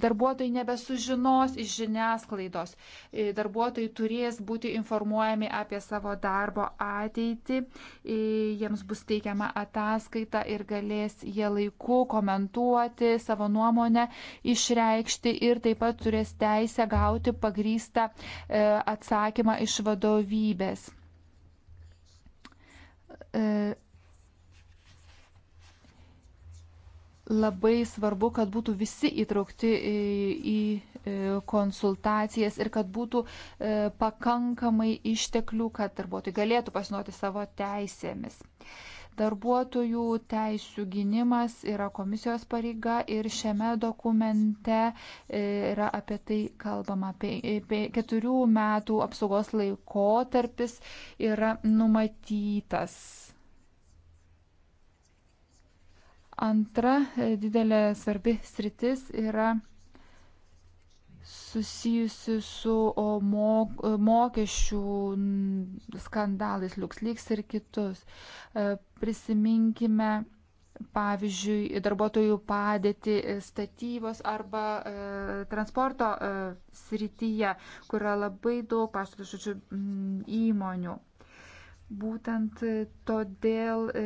darbuotojai nebesužinos iš žiniasklaidos. E, darbuotojai turės būti informuojami apie savo darbo ateitį, e, jiems bus teikiama ataskaita ir galės jie laiku komentuoti savo nuomonę, išreikšti ir taip pat turės teisę gauti pagrystą atsakymą iš vadovybės labai svarbu, kad būtų visi įtraukti į e, konsultacijas ir kad būtų e, pakankamai išteklių, kad darbuotojai galėtų pasinuoti savo teisėmis. Darbuotojų teisų gynimas yra komisijos pareiga ir šiame dokumente e, yra apie tai kalbama. Apie keturių metų apsaugos laikotarpis yra numatytas Antra e, didelė svarbi sritis yra susijusi su mok, e, mokesčių skandalais, liukslyks ir kitus. E, prisiminkime, pavyzdžiui, darbuotojų padėti statybos arba e, transporto e, srityje, kur yra labai daug, pašto žodžiu, įmonių. Būtent e, todėl e,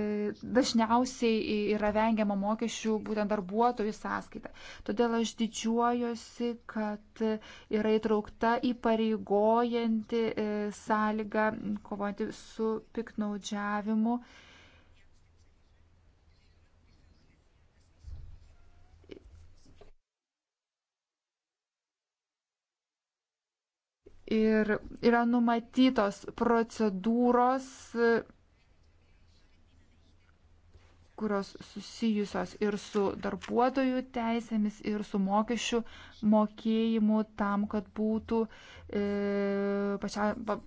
dažniausiai yra vengiama mokesčių būtent darbuotojų sąskaita. Todėl aš didžiuojuosi, kad e, yra įtraukta įpareigojanti sąlyga kovoti su piknaudžiavimu. ir yra numatytos procedūros, kurios susijusios ir su darbuotojų teisėmis, ir su mokesčių mokėjimu tam, kad būtų e, pačia, pa,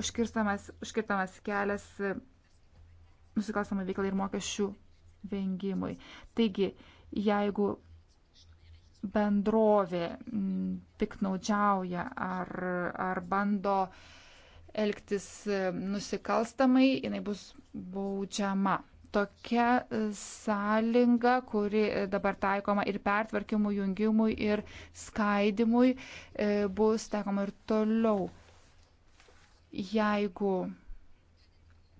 užkirstamas, užkirstamas kelias e, nusikalstamą veiklą ir mokesčių vengimui. Taigi, jeigu bendrovė piknaudžiauja ar, ar bando elgtis e, nusikalstamai, jinai bus baudžiama. Tokia e, sąlyga, kuri e, dabar taikoma ir pertvarkimui, jungimui, ir skaidimui, bus taikoma ir toliau. Jeigu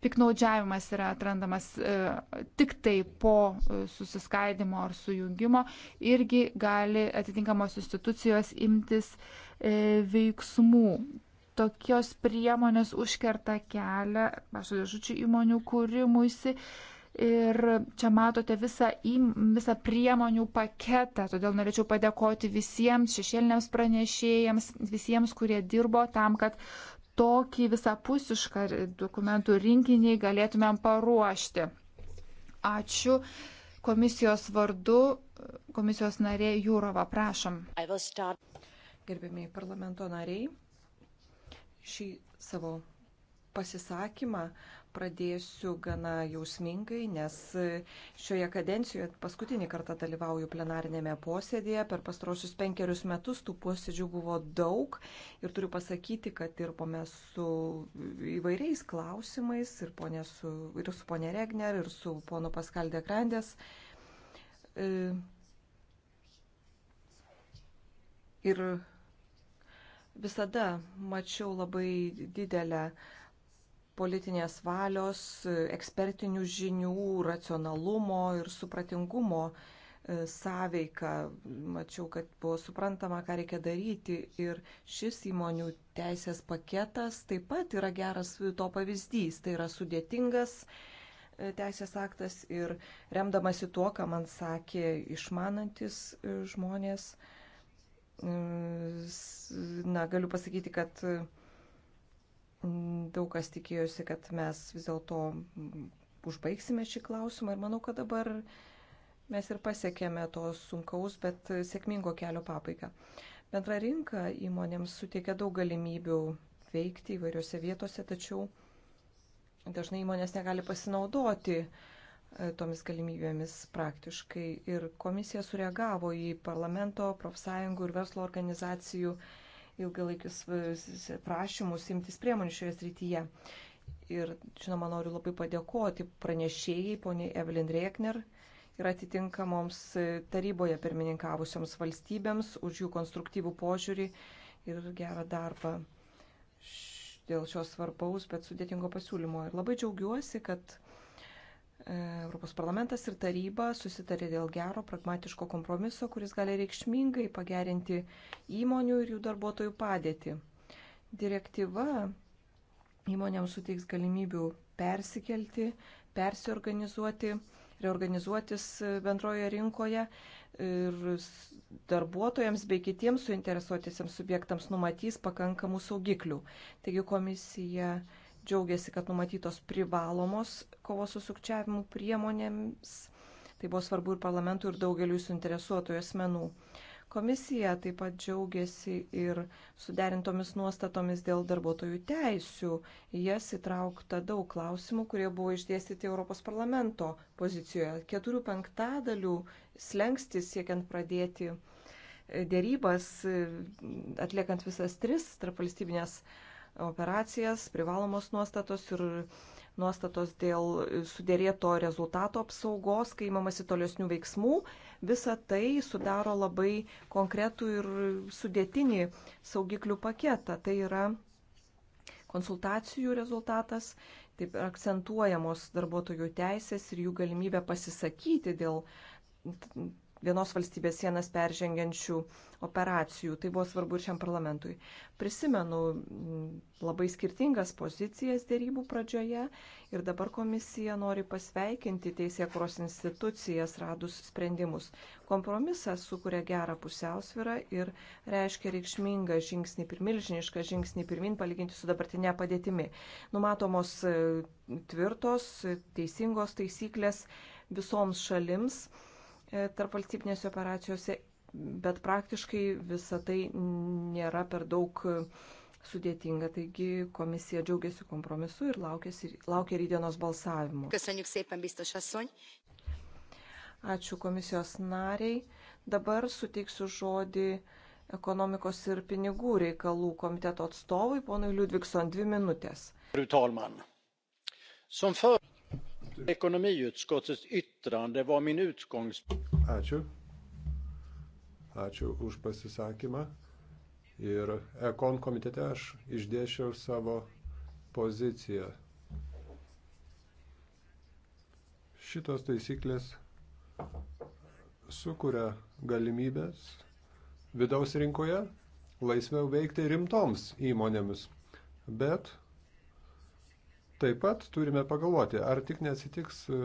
piknaudžiavimas yra atrandamas e, tik tai po e, susiskaidimo ar sujungimo, irgi gali atitinkamos institucijos imtis e, veiksmų. Tokios priemonės užkerta kelią pašalėžučių įmonių kūrimuisi. Ir čia matote visą, į, visą priemonių paketą, todėl norėčiau padėkoti visiems šešėliniams pranešėjams, visiems, kurie dirbo tam, kad uh, tokį visapusišką dokumentų rinkinį galėtumėm paruošti. Ačiū. Komisijos vardu, komisijos narė Jūrova, prašom. Gerbėmiai parlamento nariai, šį savo pasisakymą pradėsiu gana jausmingai, nes šioje kadencijoje paskutinį kartą dalyvauju plenarinėme posėdėje. Per pastrosius penkerius metus tų posėdžių buvo daug ir turiu pasakyti, kad dirbome su įvairiais klausimais ir, ponė su, ir su ponė Regner, ir su ponu Paskaldė Grandės. E, ir visada mačiau labai didelę uh, politinės valios, ekspertinių žinių, racionalumo ir supratingumo e, sąveika. Mačiau, kad buvo suprantama, ką reikia daryti ir šis įmonių teisės paketas taip pat yra geras to pavyzdys. Tai yra sudėtingas e, teisės aktas ir remdamasi tuo, ką man sakė išmanantis e, žmonės, na, galiu pasakyti, kad daug kas tikėjosi, kad mes vis dėlto užbaigsime šį klausimą ir manau, kad dabar mes ir pasiekėme to sunkaus, bet sėkmingo kelio pabaigą. Bendra rinka įmonėms suteikia daug galimybių veikti įvairiose vietose, tačiau dažnai įmonės negali pasinaudoti e, tomis galimybėmis praktiškai. Ir komisija sureagavo į parlamento, profsąjungų ir verslo organizacijų uh, ilgalaikius prašymus imtis priemonių šioje srityje. Ir, žinoma, noriu labai padėkoti pranešėjai, poniai Evelyn Reikner ir atitinkamoms taryboje pirmininkavusioms valstybėms už jų konstruktyvų požiūrį ir gerą darbą dėl šios svarbaus, bet sudėtingo pasiūlymo. Ir labai džiaugiuosi, kad E, Europos parlamentas ir taryba susitarė dėl gero, pragmatiško kompromiso, kuris gali reikšmingai pagerinti įmonių ir jų darbuotojų padėtį. Direktyva įmonėms suteiks galimybių persikelti, persiorganizuoti, reorganizuotis bendroje rinkoje ir darbuotojams bei kitiems suinteresuotisiems subjektams numatys pakankamų saugiklių. Taigi komisija džiaugiasi, kad numatytos privalomos kovos su sukčiavimu priemonėms. Tai buvo svarbu ir parlamentui, ir daugeliu suinteresuotojų asmenų. Komisija taip pat džiaugiasi ir suderintomis nuostatomis dėl darbuotojų teisių. Į jas įtraukta daug klausimų, kurie buvo išdėstyti Europos parlamento pozicijoje. Keturių penktadalių slengstis siekiant pradėti dėrybas, atliekant visas tris tarpvalstybinės operacijas, privalomos nuostatos ir nuostatos dėl sudėrėto rezultato apsaugos, kai įmamasi tolesnių veiksmų, visa tai sudaro labai konkretų ir sudėtinį saugiklių paketą. Tai yra konsultacijų rezultatas, taip akcentuojamos darbuotojų teisės ir jų galimybė pasisakyti dėl vienos valstybės sienas peržengiančių operacijų. Tai buvo svarbu ir šiam parlamentui. Prisimenu labai skirtingas pozicijas dėrybų pradžioje ir dabar komisija nori pasveikinti teisėkuros institucijas radus sprendimus. Kompromisas sukuria gerą pusiausvyrą ir reiškia reikšmingą žingsnį ir milžinišką žingsnį pirmin palyginti su dabartinė padėtimi. Numatomos e, tvirtos, teisingos taisyklės visoms šalims E, tarp valstybinėse operacijose, bet praktiškai visa tai nėra per daug e, sudėtinga, taigi komisija džiaugiasi kompromisu ir laukėsi, laukia rydienos balsavimo. Ačiū komisijos nariai. Dabar suteiksiu žodį ekonomikos ir pinigų reikalų komiteto atstovui, ponui Liudvikson, dvi minutės. Fru talman. Som för... Ačiū. Ačiū už pasisakymą. Ir Ekon komitete aš išdėšiau savo poziciją. Šitos taisyklės sukuria galimybės vidaus rinkoje laisviau veikti rimtoms įmonėmis, bet Taip pat turime pagalvoti, ar tik nesitiks e,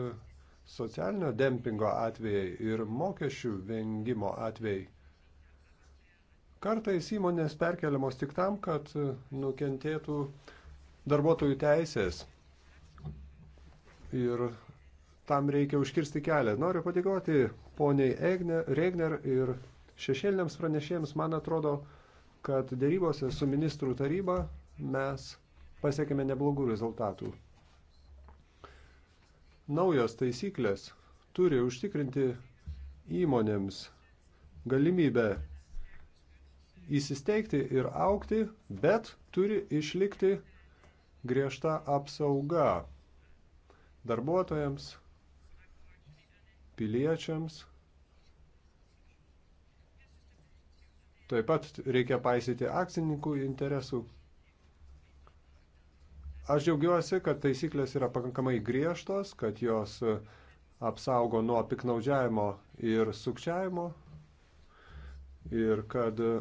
socialinio dempingo atvejai ir mokesčių vengimo atvejai. Kartais įmonės perkeliamos tik tam, kad e, nukentėtų darbuotojų teisės. Ir tam reikia užkirsti kelią. Noriu padėkoti poniai Regner ir šešėliniams pranešėjams. Man atrodo, kad dėrybose su ministrų taryba mes pasiekėme neblogų rezultatų. Naujos taisyklės turi užtikrinti įmonėms galimybę įsisteigti ir aukti, bet turi išlikti griežta apsauga darbuotojams, piliečiams. Taip pat reikia paisyti akcininkų interesų Aš džiaugiuosi, kad taisyklės yra pakankamai griežtos, kad jos e, apsaugo nuo piknaudžiavimo ir sukčiavimo. Ir kad, e,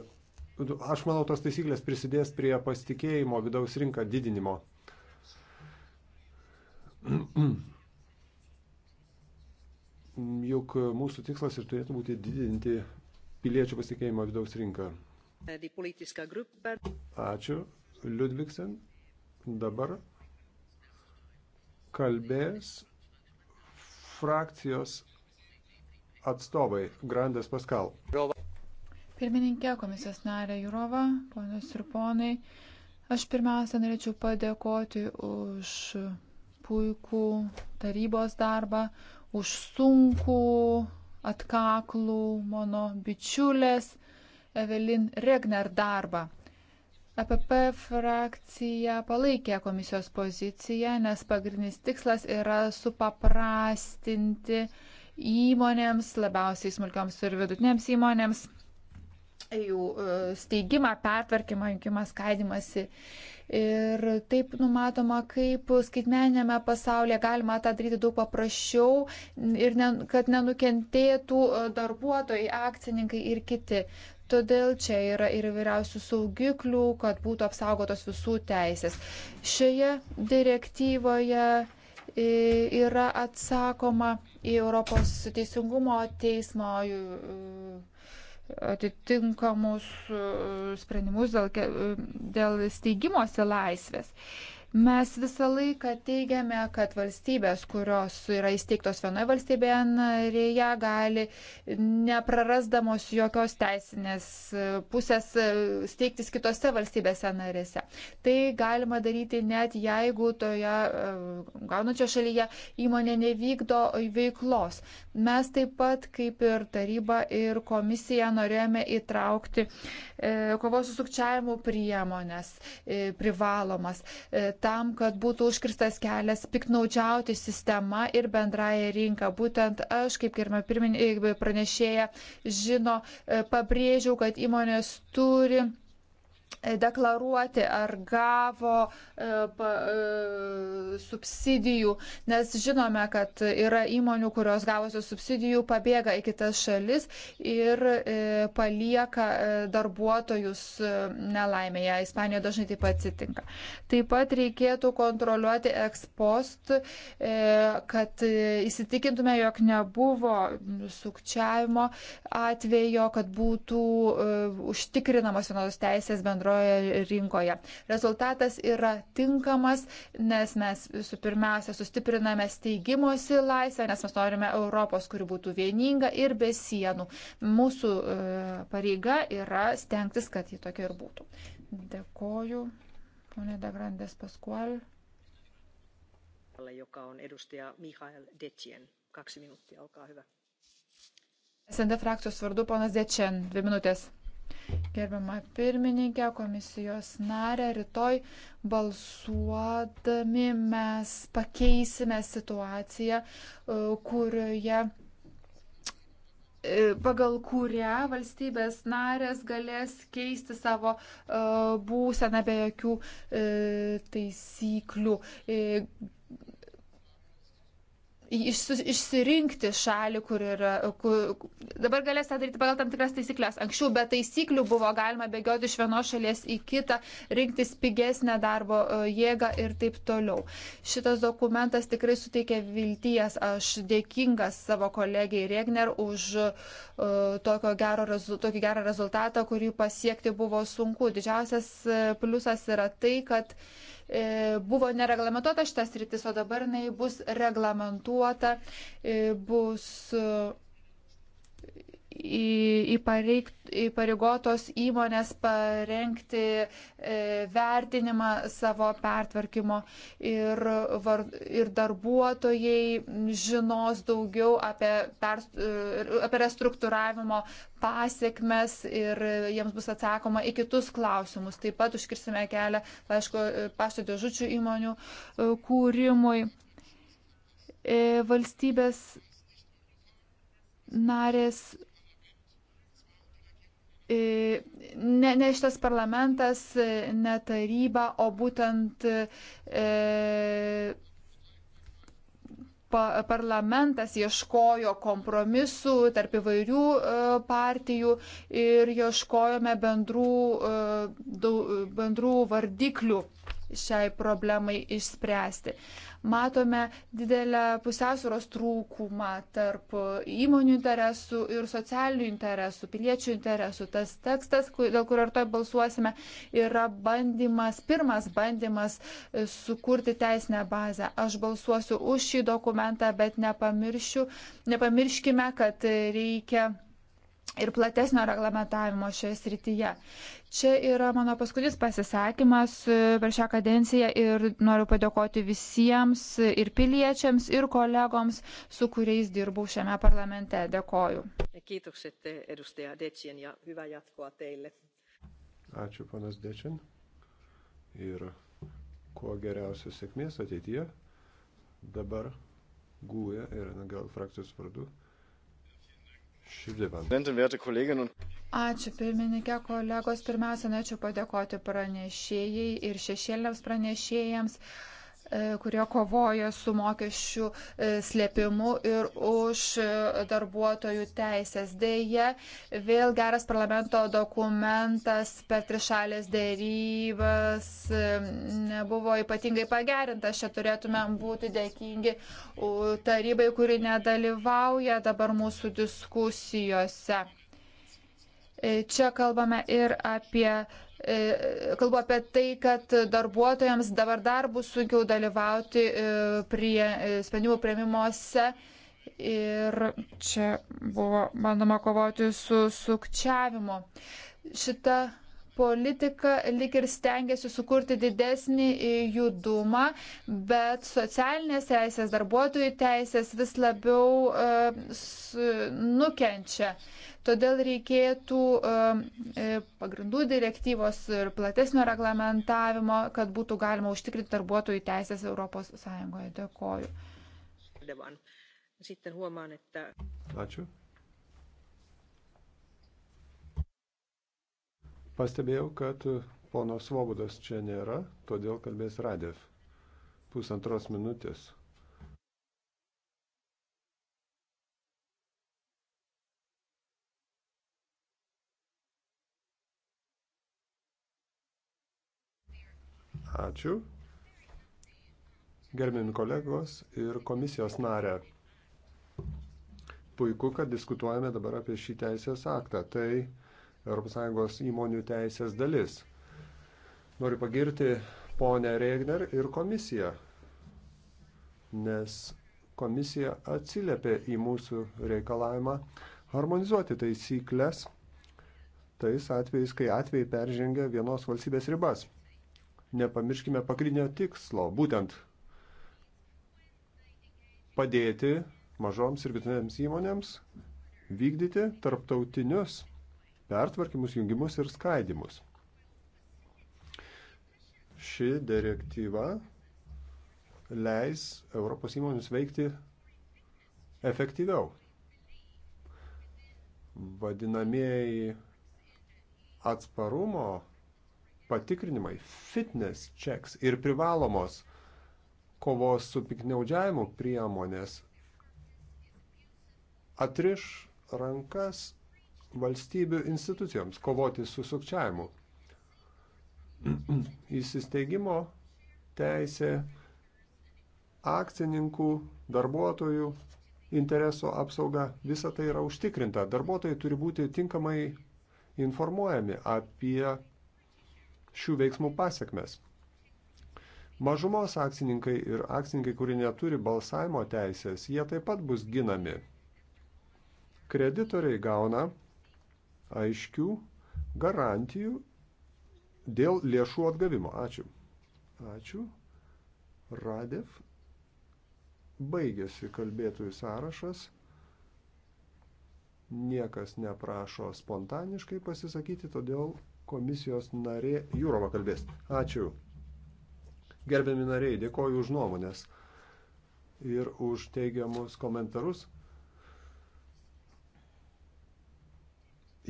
aš manau, tos taisyklės prisidės prie pasitikėjimo vidaus rinką didinimo. Juk mūsų tikslas ir turėtų būti didinti piliečių pasitikėjimą vidaus rinką. Ačiū, Ludvigsen. Dabar kalbės frakcijos atstovai Grandas Paskal. Pirmininkė, komisijos narė Jurova, ponios ir ponai, aš pirmiausia norėčiau padėkoti už puikų tarybos darbą, už sunkų, atkaklų mano bičiulės Evelin Regner darbą. EPP frakcija palaikė komisijos poziciją, nes pagrindinis tikslas yra supaprastinti įmonėms, labiausiai smulkioms ir vidutinėms įmonėms, jų e, steigimą, pertvarkymą, jungimą, skaidimąsi. Ir taip numatoma, kaip skaitmeninėme pasaulyje galima tą daryti daug paprasčiau ir ne, kad nenukentėtų e, darbuotojai, akcininkai ir kiti. Todėl čia yra ir įvairiausių saugiklių, kad būtų apsaugotos visų teisės. Šioje direktyvoje e, yra atsakoma į Europos teisingumo teismo e, atitinkamus e, sprendimus dėl, dėl steigimosi laisvės. Mes visą laiką teigiame, kad valstybės, kurios yra įsteigtos vienoje valstybėje narėje, gali neprarasdamos jokios teisinės pusės e, steigtis kitose valstybėse narėse. Tai galima daryti net jeigu toje e, gaunančio šalyje įmonė nevykdo veiklos. Mes taip pat, kaip ir taryba ir komisija, norėjome įtraukti e, kovos su sukčiavimu priemonės privalomas tam, kad būtų užkirstas kelias piknaudžiauti sistema ir bendrąją rinką. Būtent aš, kaip ir pirmin... E, pranešėja žino, e, pabrėžiau, kad įmonės turi deklaruoti, ar gavo e, pa, e, subsidijų, nes žinome, kad yra įmonių, kurios gavusios subsidijų, pabėga į kitas šalis ir e, palieka e, darbuotojus e, nelaimėje. Ispanijoje dažnai taip atsitinka. Taip pat reikėtų kontroliuoti ekspost, e, kad įsitikintume, jog nebuvo sukčiavimo atvejo, kad būtų e, užtikrinamos vienos teisės bendrovės bendroje rinkoje. Rezultatas yra tinkamas, nes mes visų pirmiausia sustipriname steigimosi laisvę, nes mes norime Europos, kuri būtų vieninga ir be sienų. Mūsų e, pareiga yra stengtis, kad ji tokia ir būtų. Dėkoju, ponė Dagrandės Paskual. joka on edustaja Mihail Detjen. Kaksi minuuttia, olkaa hyvä. SND frakcijos vardu ponas Dečen, dvi minutės. Gerbiama pirmininkė, komisijos narė, rytoj balsuodami mes pakeisime situaciją, e, kurioje e, pagal kurią valstybės narės galės keisti savo e, būseną be jokių taisyklių išsirinkti šalį, kur yra. Kur, dabar galės tą daryti pagal tam tikras taisyklės. Anksčiau be taisyklių buvo galima bėgioti iš vienos šalies į kitą, rinktis pigesnę darbo e, jėgą ir taip toliau. Šitas dokumentas tikrai suteikia vilties. Aš dėkingas savo kolegijai Regner už uh, gero, tokį gerą rezultatą, kurį pasiekti buvo sunku. Didžiausias e, pliusas yra tai, kad uh, E, buvo nereglamentuota šitas rytis, o dabar jinai bus reglamentuota, e, bus įpareigotos įmonės parengti e, vertinimą savo pertvarkymo ir, var, ir darbuotojai žinos daugiau apie, per, e, apie restruktūravimo pasiekmes ir jiems bus atsakoma į kitus klausimus. Taip pat užkirsime kelią, aišku, pašto dėžučių įmonių e, kūrimui. Valstybės narės E, ne, ne šitas parlamentas, e, ne taryba, o būtent e, pa, parlamentas ieškojo kompromisų tarp įvairių e, partijų ir ieškojome bendrų, e, daug, bendrų vardiklių šiai problemai išspręsti matome didelę pusiausvėros trūkumą tarp įmonių interesų ir socialinių interesų, piliečių interesų. Tas tekstas, dėl kurio ir toj balsuosime, yra bandymas, pirmas bandymas e, sukurti teisinę bazę. Aš balsuosiu už šį dokumentą, bet nepamiršiu, nepamirškime, kad reikia ir platesnio reglamentavimo šioje srityje. Čia yra mano paskutinis pasisakymas e, per šią kadenciją ir noriu padėkoti visiems ir piliečiams, ir kolegoms, su kuriais dirbau šiame parlamente. Dėkoju. E, Ačiū, panas Dečin. Ir kuo geriausios sėkmės ateityje. Dabar Gūja ir NGL frakcijos vardu Šildėvan. Ačiū pirmininkė, kolegos. Pirmiausia, norėčiau padėkoti pranešėjai ir šešėliams pranešėjams. Uh, E, kurie kovoja su mokesčių e, slėpimu ir už e, darbuotojų teisės. Deja, vėl geras parlamento dokumentas per trišalės dėrybas nebuvo ypatingai pagerintas. Čia turėtumėm būti dėkingi tarybai, kuri nedalyvauja dabar mūsų diskusijose. Čia kalbame ir apie E, kalbu apie tai, kad darbuotojams dabar dar bus sunkiau dalyvauti e, prie e, sprendimų prieimimuose. Ir čia buvo bandoma kovoti su sukčiavimu. Šita politika lik ir stengiasi sukurti didesnį judumą, bet socialinės teisės, darbuotojų teisės vis labiau e, nukenčia. Todėl reikėtų e, e, pagrindų direktyvos ir platesnio reglamentavimo, kad būtų galima užtikrinti darbuotojų teisės ES. Dėkoju. Ačiū. Pastebėjau, kad pono Svobodas čia nėra, todėl kalbės Radev. Pusantros minutės. Ačiū. Gerbiami kolegos ir komisijos narė. Puiku, kad diskutuojame dabar apie šį teisės aktą. Tai ES įmonių teisės dalis. Noriu pagirti ponę Regner ir komisiją, nes komisija atsiliepė į mūsų reikalavimą harmonizuoti taisyklės tais atvejais, kai atvejai peržengia vienos valstybės ribas. Nepamirškime pagrindinio tikslo, būtent padėti mažoms ir vidutinėms įmonėms vykdyti tarptautinius pertvarkymus, jungimus ir skaidimus. Ši direktyva leis Europos įmonėms veikti efektyviau. Vadinamieji atsparumo patikrinimai, fitness checks ir privalomos kovos su piknaudžiavimu priemonės atriš rankas valstybių institucijoms kovoti su sukčiavimu. Įsisteigimo teisė akcininkų, darbuotojų interesų apsauga, visa tai yra užtikrinta. Darbuotojai turi būti tinkamai informuojami apie šių veiksmų pasiekmes. Mažumos akcininkai ir akcininkai, kurie neturi balsavimo teisės, jie taip pat bus ginami. Kreditoriai gauna aiškių garantijų dėl lėšų atgavimo. Ačiū. Ačiū. Radev. Baigėsi kalbėtojų sąrašas. Niekas neprašo spontaniškai pasisakyti, todėl komisijos narė Jūrova kalbės. Ačiū. Gerbiami nariai, dėkoju už nuomonės ir už teigiamus komentarus.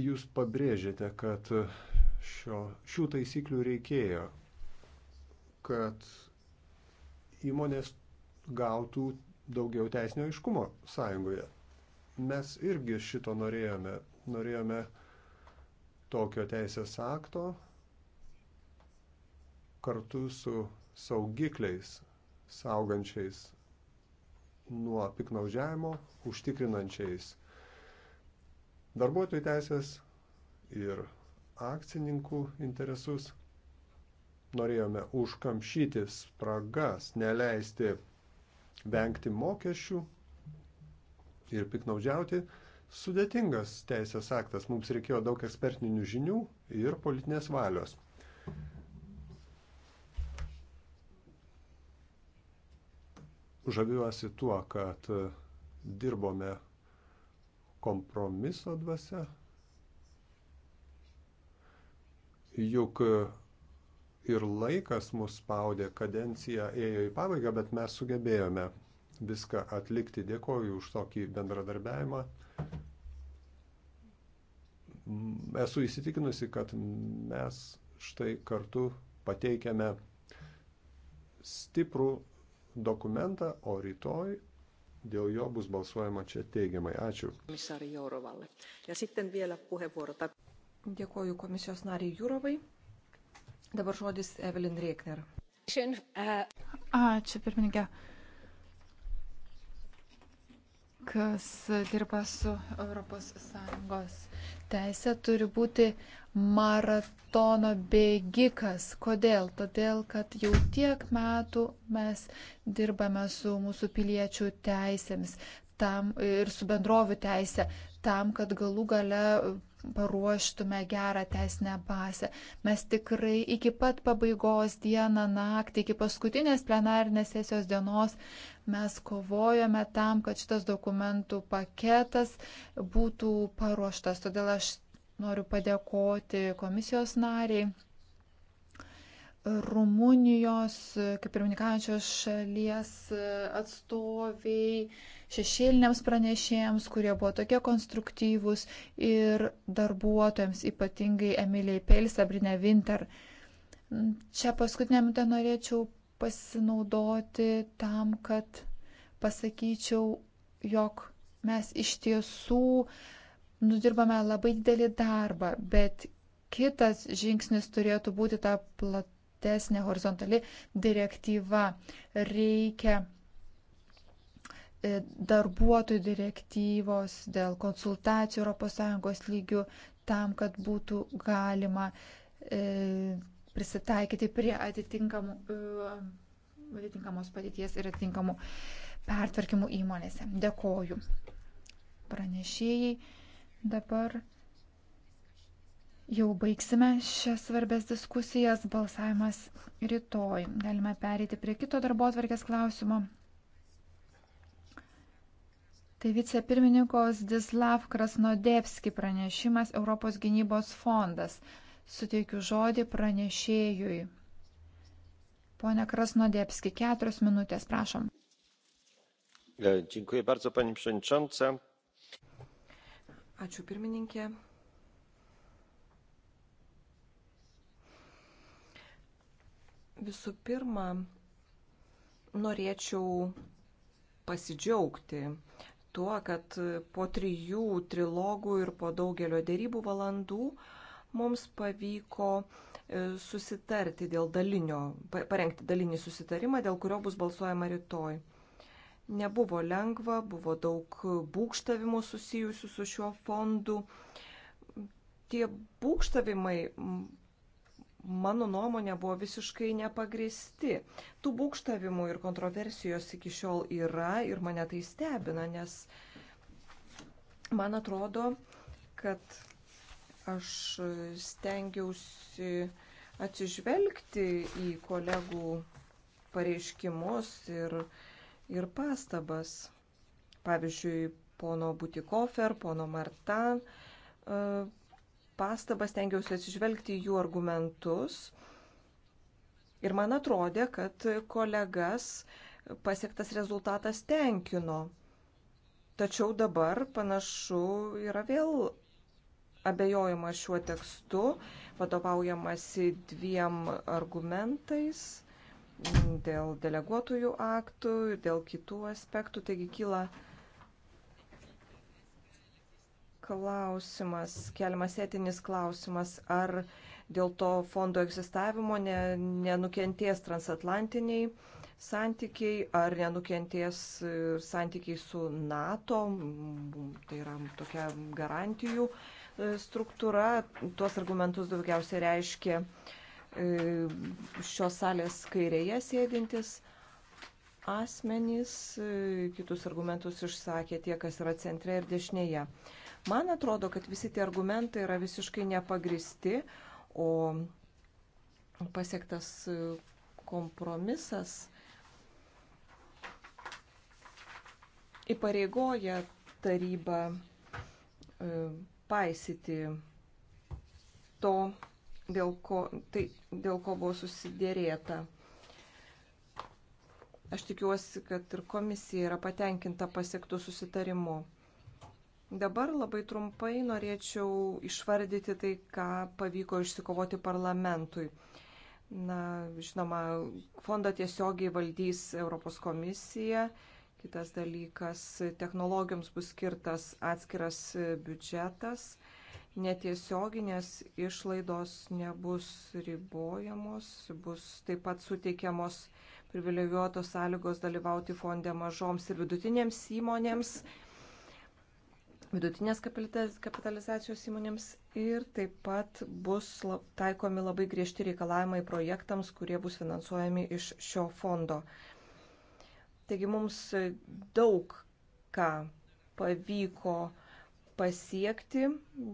Jūs pabrėžėte, kad šio, šių taisyklių reikėjo, kad įmonės gautų daugiau teisinio aiškumo sąjungoje. Mes irgi šito norėjome. Norėjome tokio teisės akto kartu su saugikliais, saugančiais nuo piknaudžiavimo, užtikrinančiais darbuotojų teisės ir akcininkų interesus. Norėjome užkamšyti spragas, neleisti vengti mokesčių ir piknaudžiauti. Sudėtingas teisės aktas, mums reikėjo daug ekspertinių žinių ir politinės valios. Žaviuosi tuo, kad dirbome kompromiso dvasia. Juk ir laikas mus spaudė, kadencija ėjo į pabaigą, bet mes sugebėjome viską atlikti. Dėkoju už tokį bendradarbiavimą. Esu įsitikinusi, kad mes štai kartu pateikėme stiprų dokumentą, o rytoj dėl jo bus balsuojama čia teigiamai. Ačiū. Dėkoju komisijos nariai Jūrovai. Dabar žodis Evelyn Reikner. E- Ačiū, pirmininkė kas dirba su ES teisė, turi būti maratono bėgikas. Kodėl? Todėl, kad jau tiek metų mes dirbame su mūsų piliečių teisėmis tam, ir su bendrovių teisė, tam, kad galų gale paruoštume gerą teisinę bazę. Mes tikrai iki pat pabaigos dieną, naktį, iki paskutinės plenarinės sesijos dienos mes kovojome tam, kad šitas dokumentų paketas būtų paruoštas. Todėl aš noriu padėkoti komisijos nariai Rumunijos, kaip pirmininkaujančios šalies atstoviai, šešėliniams pranešėjams, kurie buvo tokie konstruktyvūs ir darbuotojams, ypatingai Emilijai Pel, Sabrina Winter. Čia paskutinę minutę norėčiau pasinaudoti tam, kad pasakyčiau, jog mes iš tiesų nudirbame labai didelį darbą, bet kitas žingsnis turėtų būti tą plat platesnė horizontali direktyva. Reikia e, darbuotojų direktyvos dėl konsultacijų ES lygių tam, kad būtų galima e, prisitaikyti prie atitinkamų, e, atitinkamos padėties ir atitinkamų pertvarkymų įmonėse. Dėkoju pranešėjai. Dabar Jau baigsime šias svarbės diskusijas, balsavimas rytoj. Galime pereiti prie kito darbo atvarkės klausimo. Tai vicepirmininkos Dislav Krasnodėpski pranešimas Europos gynybos fondas. Suteikiu žodį pranešėjui. Pone Krasnodėpski, keturios minutės, prašom. Dziękuję bardzo, pani przewodnicząca. Ačiū pirmininkė. Visų pirma, norėčiau pasidžiaugti tuo, kad po trijų trilogų ir po daugelio dėrybų valandų mums pavyko e, susitarti dėl dalinio, parengti dalinį susitarimą, dėl kurio bus balsuojama rytoj. Nebuvo lengva, buvo daug būkštavimų susijusių su šiuo fondu. Tie būkštavimai mano nuomonė, buvo visiškai nepagristi. Tų būkštavimų ir kontroversijos iki šiol yra ir mane tai stebina, nes man atrodo, kad aš stengiausi atsižvelgti į kolegų pareiškimus ir, ir pastabas. Pavyzdžiui, pono Butikofer, pono Martan e, pastabas, tengiausi atsižvelgti jų argumentus. Ir man atrodė, kad kolegas pasiektas rezultatas tenkino. Tačiau dabar panašu yra vėl abejojama šiuo tekstu, vadovaujamasi dviem argumentais dėl deleguotųjų aktų ir dėl kitų aspektų. Taigi kyla klausimas, keliamas etinis klausimas, ar dėl to fondo egzistavimo ne, nenukentės transatlantiniai santykiai, ar nenukentės e, santykiai su NATO, tai yra tokia garantijų e, struktūra. Tuos argumentus daugiausiai reiškia e, šios salės kairėje sėdintis asmenys, kitus argumentus išsakė tie, kas yra centre ir dešinėje. Man atrodo, kad visi tie argumentai yra visiškai nepagristi, o pasiektas kompromisas įpareigoja tarybą e, paisyti to, dėl ko, tai, dėl ko buvo susidėrėta. Aš tikiuosi, kad ir komisija yra patenkinta pasiektų susitarimu. Dabar labai trumpai norėčiau išvardyti tai, ką pavyko išsikovoti parlamentui. Na, žinoma, fondą tiesiogiai valdys Europos komisija. Kitas dalykas - technologijoms bus skirtas atskiras biudžetas. Netiesioginės išlaidos nebus ribojamos, bus taip pat suteikiamos privilegijuotos sąlygos dalyvauti fonde mažoms ir vidutinėms įmonėms. Mhm vidutinės kapitalizacijos įmonėms ir taip pat bus taikomi labai griežti reikalavimai projektams, kurie bus finansuojami iš šio fondo. Taigi mums daug ką pavyko pasiekti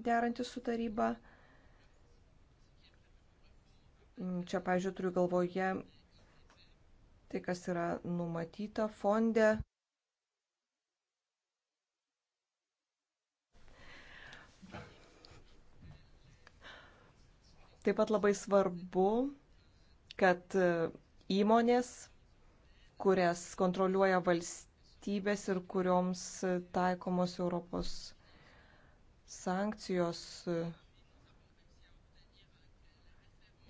derantį su taryba. Mm, čia, pažiūrėjau, turiu galvoje tai, kas yra numatyta fonde. Taip pat labai svarbu, kad e, įmonės, kurias kontroliuoja valstybės ir kurioms e, taikomos Europos sankcijos, e,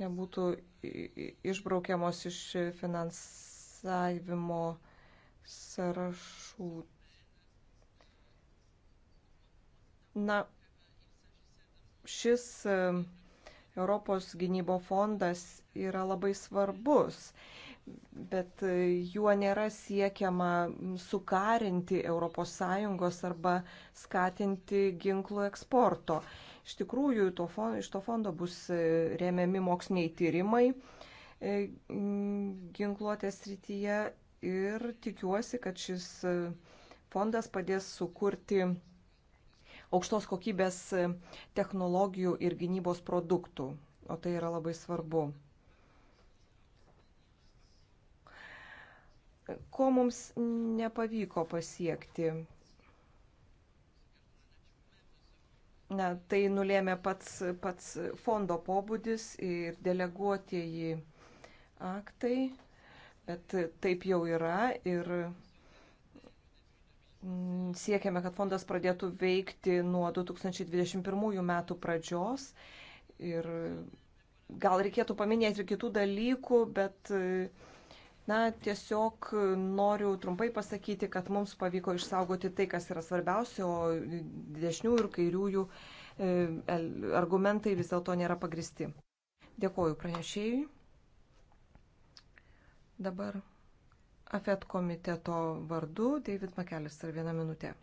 nebūtų išbraukiamos iš finansavimo sąrašų. Na, šis uh, Europos gynybo fondas yra labai svarbus, bet juo nėra siekiama sukarinti ES arba skatinti ginklų eksporto. Iš tikrųjų, to fon, iš to fondo bus remiami moksliniai tyrimai e, ginkluotės rytyje ir tikiuosi, kad šis e, fondas padės sukurti aukštos kokybės e, technologijų ir gynybos produktų, o tai yra labai svarbu. Ko mums nepavyko pasiekti? Na, tai nulėmė pats, pats fondo pobūdis ir deleguotieji aktai, bet taip jau yra ir Mm, siekiame, kad fondas pradėtų veikti nuo 2021 metų pradžios. Ir gal reikėtų paminėti ir kitų dalykų, bet, na, tiesiog noriu trumpai pasakyti, kad mums pavyko išsaugoti tai, kas yra svarbiausia, o dešinių ir kairiųjų e, argumentai vis dėlto nėra pagristi. Dėkoju pranešėjui. Dabar AFET komiteto vardu David Makelis ir vieną minutę.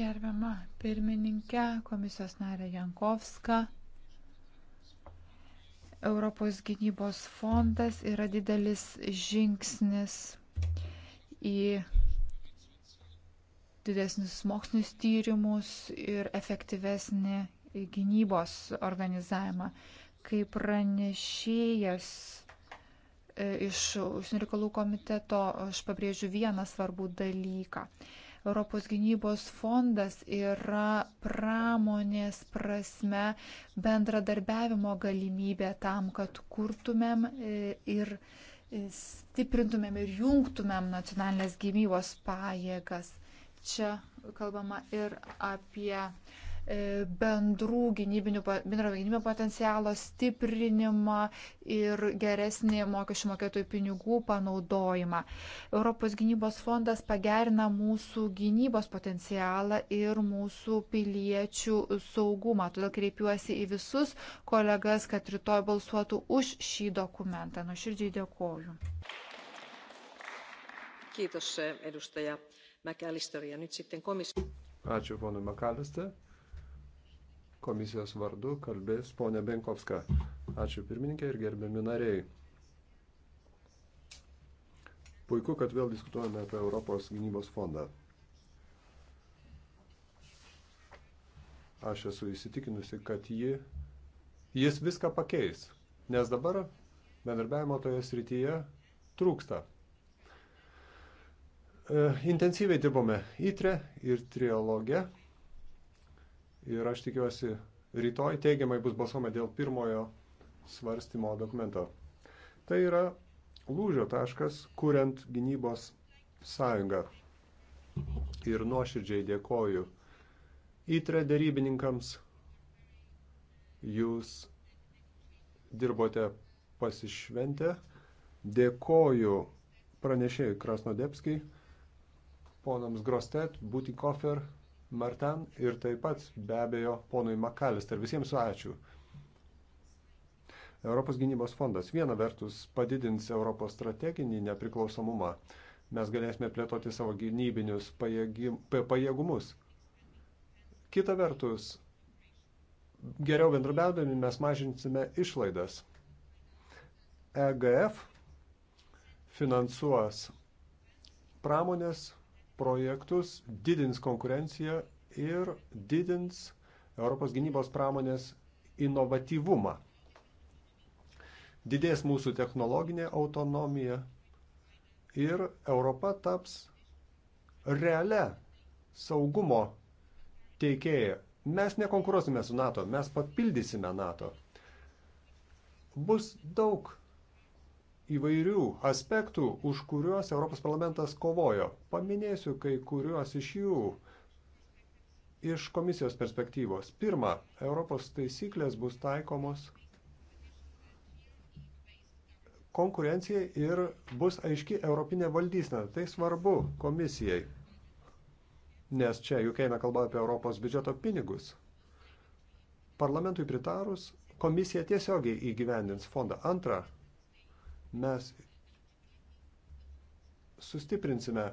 Gerbiama pirmininkė, komisijos narė Jankovska, Europos gynybos fondas yra didelis žingsnis į didesnius mokslinius tyrimus ir efektyvesnį gynybos organizavimą kaip pranešėjas e, iš užsienio reikalų komiteto aš pabrėžiu vieną svarbų dalyką. Europos gynybos fondas yra pramonės prasme bendradarbiavimo galimybė tam, kad kurtumėm e, ir e, stiprintumėm ir jungtumėm nacionalinės gynybos pajėgas. Čia kalbama ir apie uh, E, bendrų gynybinių, bendro gynybinio potencialo stiprinimą ir geresnį mokesčių mokėtojų pinigų panaudojimą. Europos gynybos fondas pagerina mūsų gynybos potencialą ir mūsų piliečių saugumą. Todėl kreipiuosi į visus kolegas, kad rytoj balsuotų už šį dokumentą. Nuširdžiai dėkoju. Kiitos edustaja McAllister ja nyt sitten komissio. Ačiū ponui McAllister. Komisijos vardu kalbės ponė Benkovska. Ačiū pirmininkė ir gerbiami nariai. Puiku, kad vėl diskutuojame apie Europos gynybos fondą. Aš esu įsitikinusi, kad ji, jis viską pakeis, nes dabar bendarbiavimo toje srityje trūksta. E, intensyviai dirbome įtre ir trialoge ir aš tikiuosi rytoj teigiamai bus balsuoma dėl pirmojo svarstymo dokumento. Tai yra lūžio taškas, kuriant gynybos sąjungą. Ir nuoširdžiai dėkoju įtre darybininkams. Jūs dirbote pasišventę. Dėkoju pranešėjui Krasnodepskijai, ponams Grostet, Butikofer, Martan ir taip pat be abejo ponui Makalister. Visiems ačiū. Europos gynybos fondas viena vertus padidins Europos strateginį nepriklausomumą. Mes galėsime plėtoti savo gynybinius pajėgim, pajėgumus. Kita vertus, geriau bendrabiaudami mes mažinsime išlaidas. EGF finansuos pramonės projektus, didins konkurenciją ir didins Europos gynybos pramonės inovatyvumą. Didės mūsų technologinė autonomija ir Europa taps realia saugumo teikėja. Mes nekonkuruosime su NATO, mes papildysime NATO. Bus daug įvairių aspektų, už kuriuos Europos parlamentas kovojo. Paminėsiu kai kuriuos iš jų iš komisijos perspektyvos. Pirma, Europos taisyklės bus taikomos konkurencijai ir bus aiški europinė valdysna. Tai svarbu komisijai, nes čia juk eina kalba apie Europos biudžeto pinigus. Parlamentui pritarus, komisija tiesiogiai įgyvendins fondą. Antra, mes sustiprinsime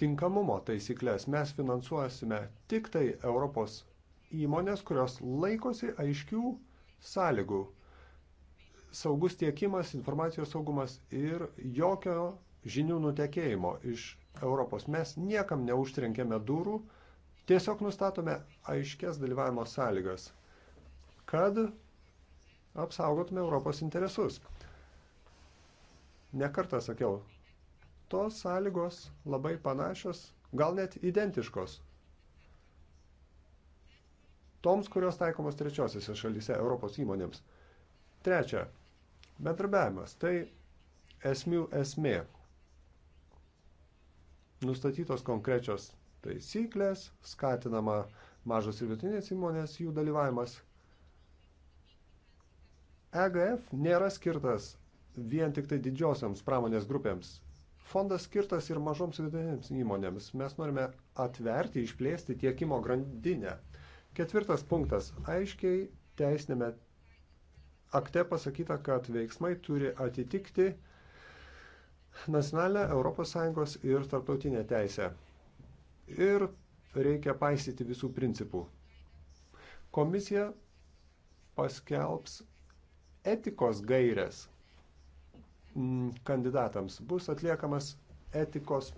tinkamumo taisyklės. Mes finansuosime tik tai Europos įmonės, kurios laikosi aiškių sąlygų. Saugus tiekimas, informacijos saugumas ir jokio žinių nutekėjimo iš Europos. Mes niekam neužtrenkėme durų, tiesiog nustatome aiškias dalyvavimo sąlygas, kad apsaugotume Europos interesus. Nekartą sakiau, tos sąlygos labai panašios, gal net identiškos toms, kurios taikomos trečiosiose šalyse Europos įmonėms. Trečia, bendrabiavimas tai esmių esmė. Nustatytos konkrečios taisyklės, skatinama mažos ir vietinės įmonės jų dalyvavimas. EGF nėra skirtas vien tik tai didžiosiams pramonės grupėms. Fondas skirtas ir mažoms vidutinėms įmonėms. Mes norime atverti, išplėsti tiekimo grandinę. Ketvirtas punktas. Aiškiai teisinėme akte pasakyta, kad veiksmai turi atitikti nacionalinę ES ir tarptautinę teisę. Ir reikia paisyti visų principų. Komisija paskelbs etikos gairės kandidatams bus atliekamas etikos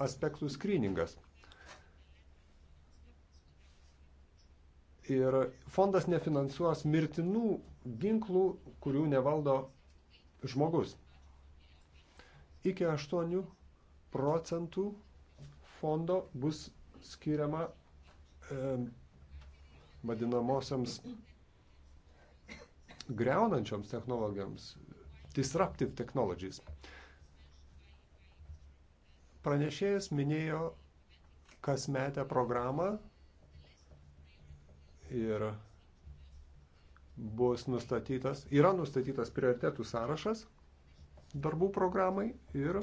aspektų skryningas. Ir fondas nefinansuos mirtinų ginklų, kurių nevaldo žmogus. Iki 8 procentų fondo bus skiriama e, vadinamosiams greunančioms technologijoms, disruptive technologies. Pranešėjas minėjo kasmetę programą ir bus nustatytas, yra nustatytas prioritetų sąrašas darbų programai ir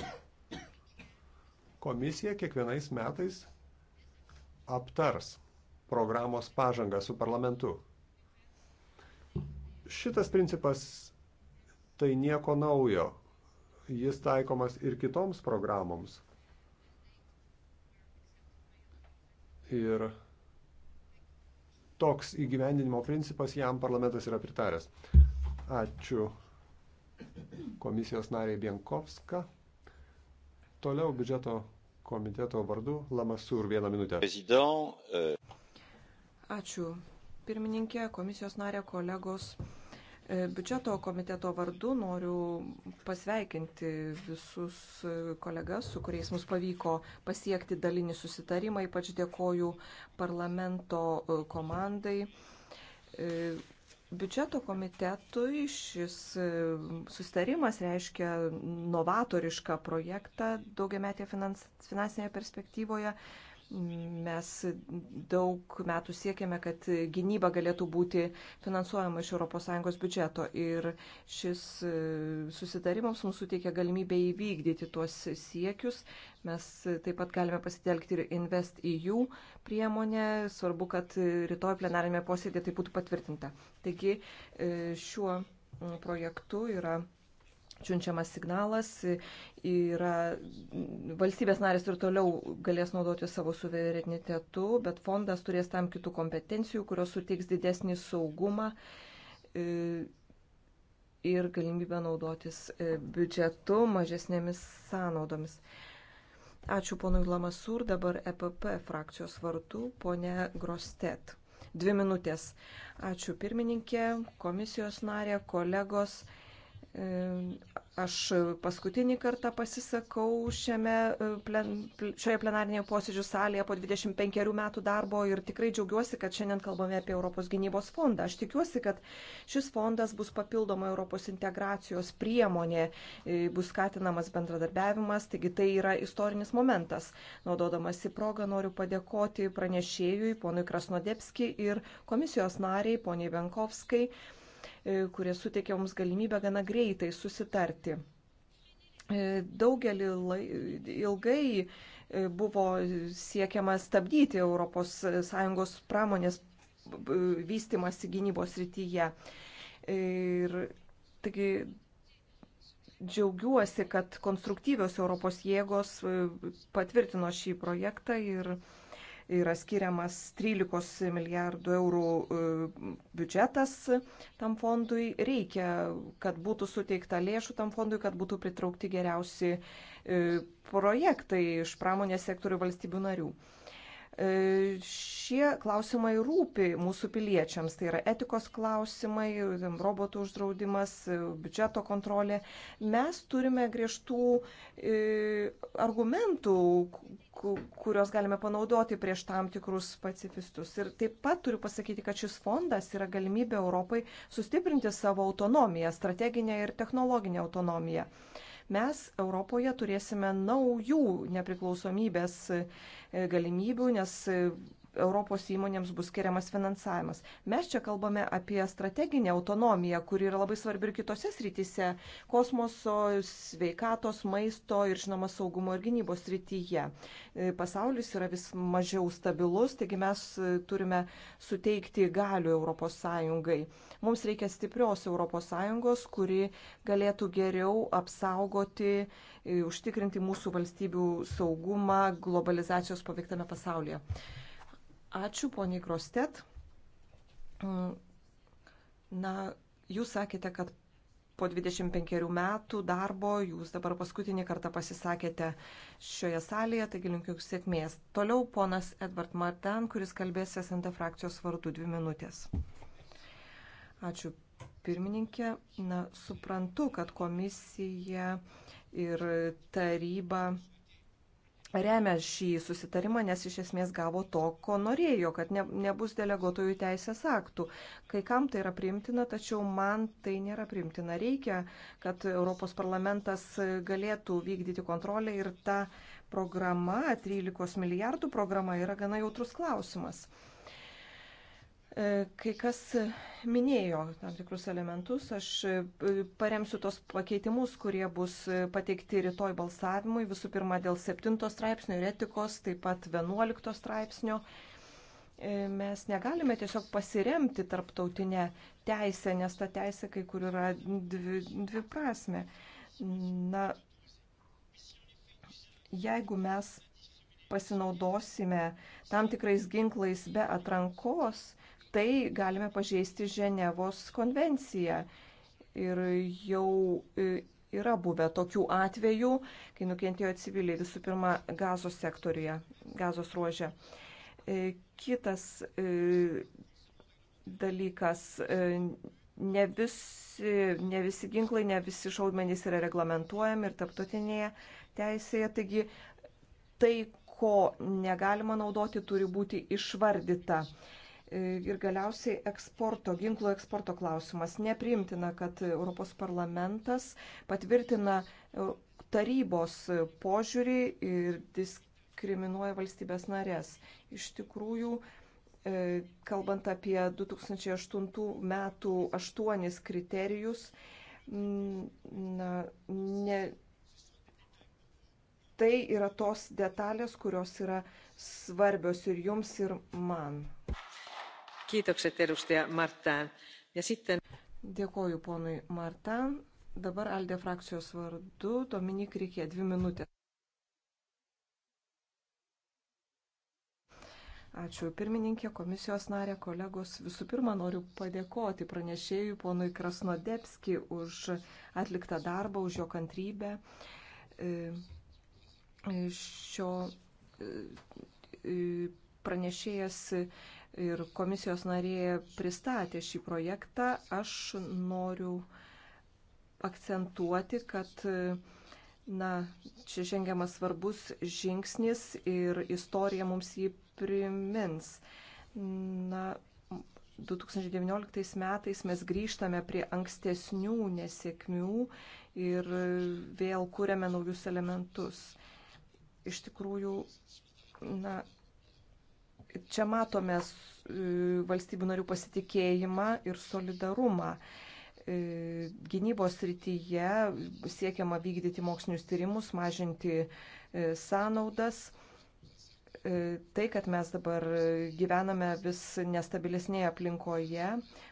komisija kiekvienais metais aptars programos pažangą su parlamentu. Šitas principas tai nieko naujo. Jis taikomas ir kitoms programoms. Ir toks įgyvendinimo principas jam parlamentas yra pritaręs. Ačiū komisijos nariai Bienkovska. Toliau biudžeto komiteto vardu Lamasur vieną minutę. Ačiū. Pirmininkė, komisijos narė, kolegos. Biudžeto komiteto vardu noriu pasveikinti visus kolegas, su kuriais mums pavyko pasiekti dalinį susitarimą. Ypač dėkoju parlamento e, komandai. E, Biudžeto komitetui šis e, susitarimas reiškia novatorišką projektą daugiametėje finansinėje perspektyvoje. Mes daug metų siekėme, kad gynyba galėtų būti finansuojama iš ES biudžeto ir šis e, susitarimams mums suteikia galimybę įvykdyti tuos siekius. Mes taip pat galime pasitelkti ir Invest EU priemonę. Svarbu, kad rytoj plenarinėme posėdėje tai būtų patvirtinta. Taigi e, šiuo projektu yra siunčiamas signalas yra valstybės narės ir toliau galės naudoti savo suverenitetu, bet fondas turės tam kitų kompetencijų, kurios suteiks didesnį saugumą e, ir galimybę naudotis e, biudžetu mažesnėmis sąnaudomis. Ačiū ponui Lamasur, dabar EPP frakcijos vartų, ponė Grostet. Dvi minutės. Ačiū pirmininkė, komisijos narė, kolegos. Aš paskutinį kartą pasisakau šiame, e, plen, šioje plenarinėje posėdžių salėje po 25 metų darbo ir tikrai džiaugiuosi, kad šiandien kalbame apie Europos gynybos fondą. Aš tikiuosi, kad šis fondas bus papildoma Europos integracijos priemonė, e, bus skatinamas bendradarbiavimas, taigi tai yra istorinis momentas. Naudodamas į progą noriu padėkoti pranešėjui, ponui Krasnodepski ir komisijos nariai, poniai Venkovskai E, kurie suteikė mums galimybę gana greitai susitarti. E, daugelį lai, ilgai e, buvo siekiama stabdyti ES pramonės vystimasi gynybos rytyje. Ir taigi džiaugiuosi, kad konstruktyvios Europos jėgos patvirtino šį projektą ir yra skiriamas 13 milijardų eurų e, biudžetas tam fondui. Reikia, kad būtų suteikta lėšų tam fondui, kad būtų pritraukti geriausi e, projektai iš pramonės sektorių valstybių narių. E, šie klausimai rūpi mūsų piliečiams, tai yra etikos klausimai, robotų uždraudimas, e, biudžeto kontrolė. Mes turime griežtų e, argumentų, kuriuos galime panaudoti prieš tam tikrus pacifistus. Ir taip pat turiu pasakyti, kad šis fondas yra galimybė Europai sustiprinti savo autonomiją, strateginę ir technologinę autonomiją. Uh, mes Europoje turėsime naujų nepriklausomybės e, galimybių, nes e, Europos įmonėms bus skiriamas finansavimas. Mes čia kalbame apie strateginę autonomiją, kuri yra labai svarbi ir kitose srityse - kosmoso, sveikatos, maisto ir, žinoma, saugumo ir gynybos srityje. E, pasaulis yra vis mažiau stabilus, taigi mes e, turime suteikti galių Europos Sąjungai. Mums reikia stiprios Europos Sąjungos, kuri galėtų geriau apsaugoti, e, užtikrinti mūsų valstybių saugumą globalizacijos paveiktame pasaulyje. Ačiū, poniai Krostet. Na, jūs sakėte, kad po 25 metų darbo jūs dabar paskutinį kartą pasisakėte šioje salėje, taigi linkiu jums sėkmės. Toliau ponas Edvard Martin, kuris kalbės SNT frakcijos vardu dvi minutės. Ačiū pirmininkė. Na, suprantu, kad komisija ir taryba remia šį susitarimą, nes iš esmės gavo to, ko norėjo, kad ne, nebus deleguotojų teisės aktų. Kai kam tai yra primtina, tačiau man tai nėra primtina. Reikia, kad Europos parlamentas galėtų vykdyti kontrolę ir ta programa, 13 milijardų programa, yra gana jautrus klausimas. E, kai kas minėjo tam tikrus elementus, aš e, paremsiu tos pakeitimus, kurie bus e, pateikti rytoj balsavimui, visų pirma dėl 7 straipsnio ir etikos, taip pat 11 straipsnio. Mes negalime tiesiog pasiremti tarptautinę teisę, nes ta teisė kai kur yra dvi, dvi prasme. Na, jeigu mes pasinaudosime tam tikrais ginklais be atrankos, tai galime pažeisti Ženevos konvenciją. Ir jau e, yra buvę tokių atvejų, kai nukentėjo civiliai visų pirma gazos sektoriuje, gazos ruožė. E, kitas e, dalykas, ne visi, ne visi ginklai, ne visi šaudmenys yra reglamentuojami ir taptotinėje teisėje. Taigi tai, ko negalima naudoti, turi būti išvardyta. Ir galiausiai eksporto, ginklo eksporto klausimas. Nepriimtina, kad Europos parlamentas patvirtina e, tarybos požiūrį ir diskriminuoja valstybės narės. Iš tikrųjų, e, kalbant apie 2008 metų aštuonis kriterijus, na, ne, tai yra tos detalės, kurios yra svarbios ir jums, ir man. Kiitokset edustaja Martään. Ja sitten... Dėkoju ponui Martan. Dabar Aldė frakcijos vardu Dominik Rikė, dvi minutės. Ačiū pirmininkė, komisijos narė, kolegos. Visų pirma, noriu padėkoti pranešėjui ponui Krasnodepski už atliktą darbą, už jo kantrybę. E, e, šio e, pranešėjas ir komisijos narė pristatė šį projektą, aš noriu akcentuoti, kad na, čia žengiamas svarbus žingsnis ir istorija mums jį primins. Na, 2019 metais mes grįžtame prie ankstesnių nesėkmių ir vėl kūrėme naujus elementus. Iš tikrųjų, na, čia matome e, valstybių narių pasitikėjimą ir solidarumą. E, gynybos rytyje siekiama vykdyti mokslinius tyrimus, mažinti e, sąnaudas. Tai, kad mes dabar gyvename vis nestabilesnėje aplinkoje,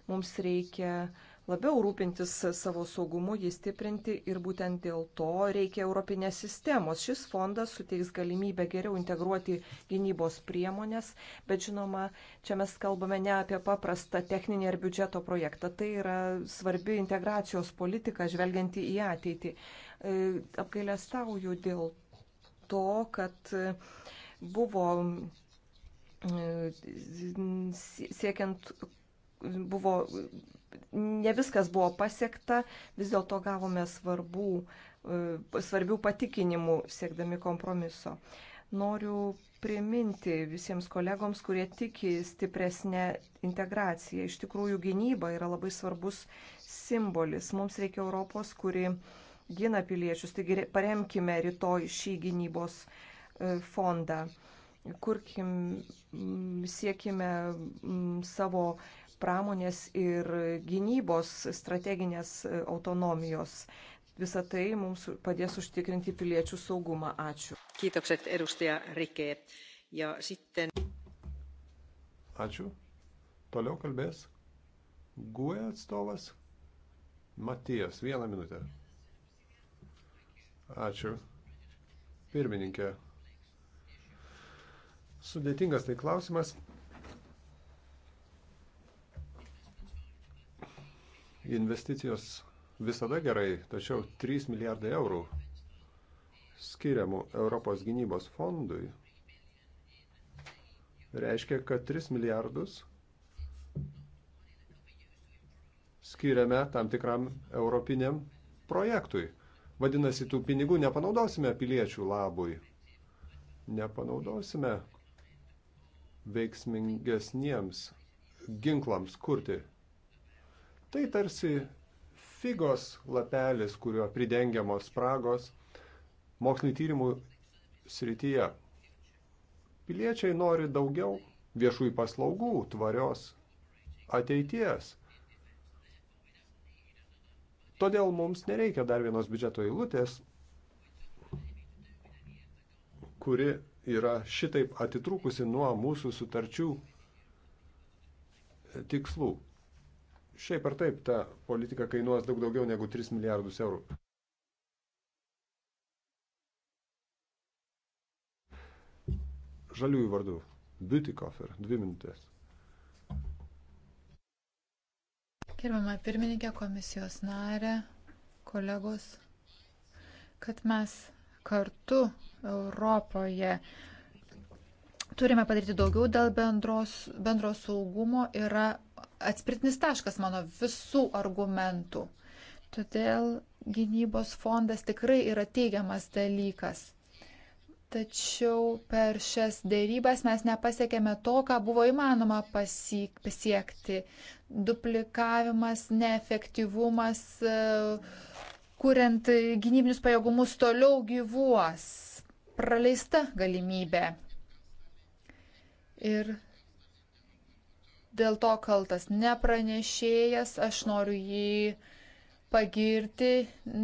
mums reikia uh, labiau rūpintis savo saugumu, jį stiprinti ir būtent dėl to reikia Europinės sistemos. Šis fondas suteiks galimybę geriau integruoti gynybos priemonės, bet žinoma, čia mes kalbame ne apie paprastą techninį ar biudžeto projektą. Tai yra svarbi integracijos politika, žvelgianti į ateitį. E, apgailestauju dėl to, kad buvo e, siekiant buvo ne viskas buvo pasiekta, vis dėlto gavome svarbų, e, svarbių patikinimų siekdami kompromiso. Noriu priminti visiems kolegoms, kurie tiki stipresnę integraciją. Iš tikrųjų, gynyba yra labai svarbus simbolis. Mums reikia Europos, kuri gina piliečius. Taigi paremkime rytoj šį gynybos e, fondą kurkim, siekime savo pramonės ir gynybos strateginės autonomijos. Visą tai mums padės užtikrinti piliečių saugumą. Ačiū. Kiitokset, edustaja Rike. Ja sitten... Ačiū. Toliau kalbės GUE atstovas Matijas. Vieną minutę. Ačiū. Pirmininkė. Sudėtingas tai klausimas. investicijos visada gerai, tačiau 3 milijardai eurų skiriamų Europos gynybos fondui reiškia, kad 3 milijardus skiriame tam tikram europiniam projektui. Vadinasi, tų pinigų nepanaudosime piliečių labui, nepanaudosime veiksmingesniems ginklams kurti Tai tarsi figos lapelis, kuriuo pridengiamos spragos mokslinio tyrimų srityje. Piliečiai nori daugiau viešųjų paslaugų, tvarios ateities. Todėl mums nereikia dar vienos biudžeto eilutės, kuri yra šitaip atitrūkusi nuo mūsų sutarčių tikslų. Šiaip ar taip, ta politika kainuos daug daugiau negu 3 milijardus eurų. Žaliųjų vardų. Bütikofer, dvi minutės. Gerbama pirmininkė, komisijos narė, kolegos, kad mes kartu Europoje uh, turime padaryti daugiau dėl bendros, bendro saugumo yra atspirtinis taškas mano visų argumentų. Todėl gynybos fondas tikrai yra teigiamas dalykas. Tačiau per šias dėrybas mes nepasiekėme to, ką buvo įmanoma pasiekti. Duplikavimas, neefektyvumas, kuriant gynybinius pajėgumus toliau gyvuos. Praleista galimybė. Ir dėl to kaltas ne pranešėjas, aš noriu jį pagirti,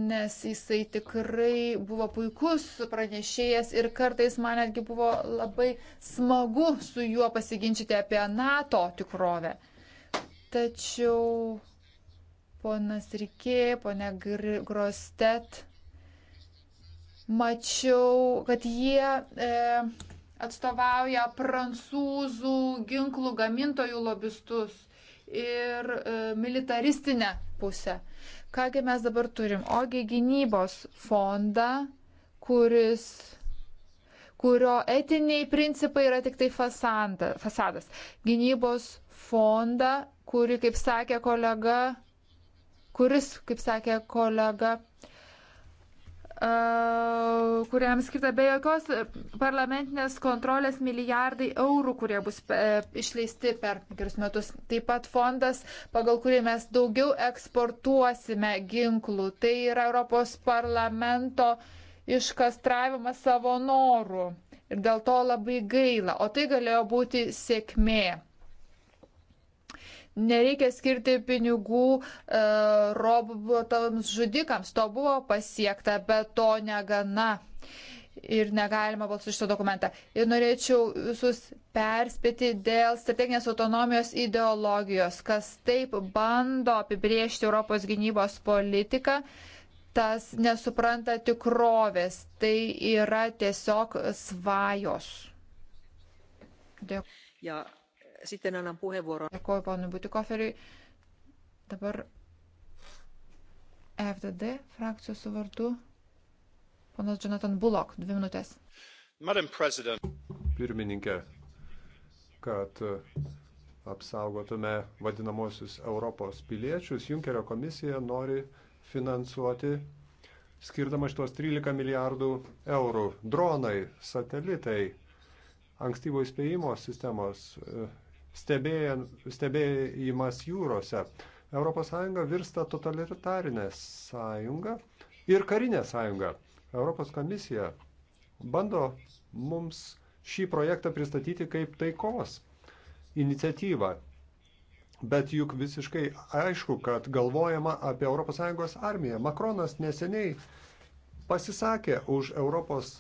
nes jisai tikrai buvo puikus pranešėjas ir kartais man netgi buvo labai smagu su juo pasiginčyti apie NATO tikrovę. Tačiau ponas Rikė, ponė Grostet, mačiau, kad jie e, atstovauja prancūzų ginklų gamintojų lobistus ir e, militaristinę pusę. Kągi mes dabar turim? Ogi gynybos fondą, kuris kurio etiniai principai yra tik tai fasanda, fasadas. Gynybos fondą, kuri, kaip sakė kolega, kuris, kaip sakė kolega, kuriam skirta be jokios parlamentinės kontrolės milijardai eurų, kurie bus e, išleisti per gerus metus. Taip pat fondas, pagal kurį mes daugiau eksportuosime ginklų. Tai yra Europos parlamento iškastravimas savo norų. Ir dėl to labai gaila. O tai galėjo būti sėkmė. Nereikia skirti pinigų e, robotams žudikams. To buvo pasiekta, bet to negana. Ir negalima balsuoti šito dokumentą. Ir norėčiau visus perspėti dėl strateginės autonomijos ideologijos, kas taip bando apibriežti Europos gynybos politiką tas nesupranta tikrovės, tai yra tiesiog svajos. Dėkui. Ja, Sitten annan puheenvuoron. Dėkuoju ponui Butikoferiui. Dabar FDD frakcijos vardu ponas Jonathan Bullock, dvi minutės. Pirmininkė, kad apsaugotume vadinamosius Europos piliečius, Junkerio komisija nori finansuoti, skirdama šitos 13 milijardų eurų, dronai, satelitai, ankstyvo įspėjimo sistemos, stebėjimas jūrose. ES virsta totalitarinę sąjungą ir karinę sąjungą. Europos komisija bando mums šį projektą pristatyti kaip taikos iniciatyvą. Bet juk visiškai aišku, kad galvojama apie ES armiją. Makronas neseniai pasisakė už Europos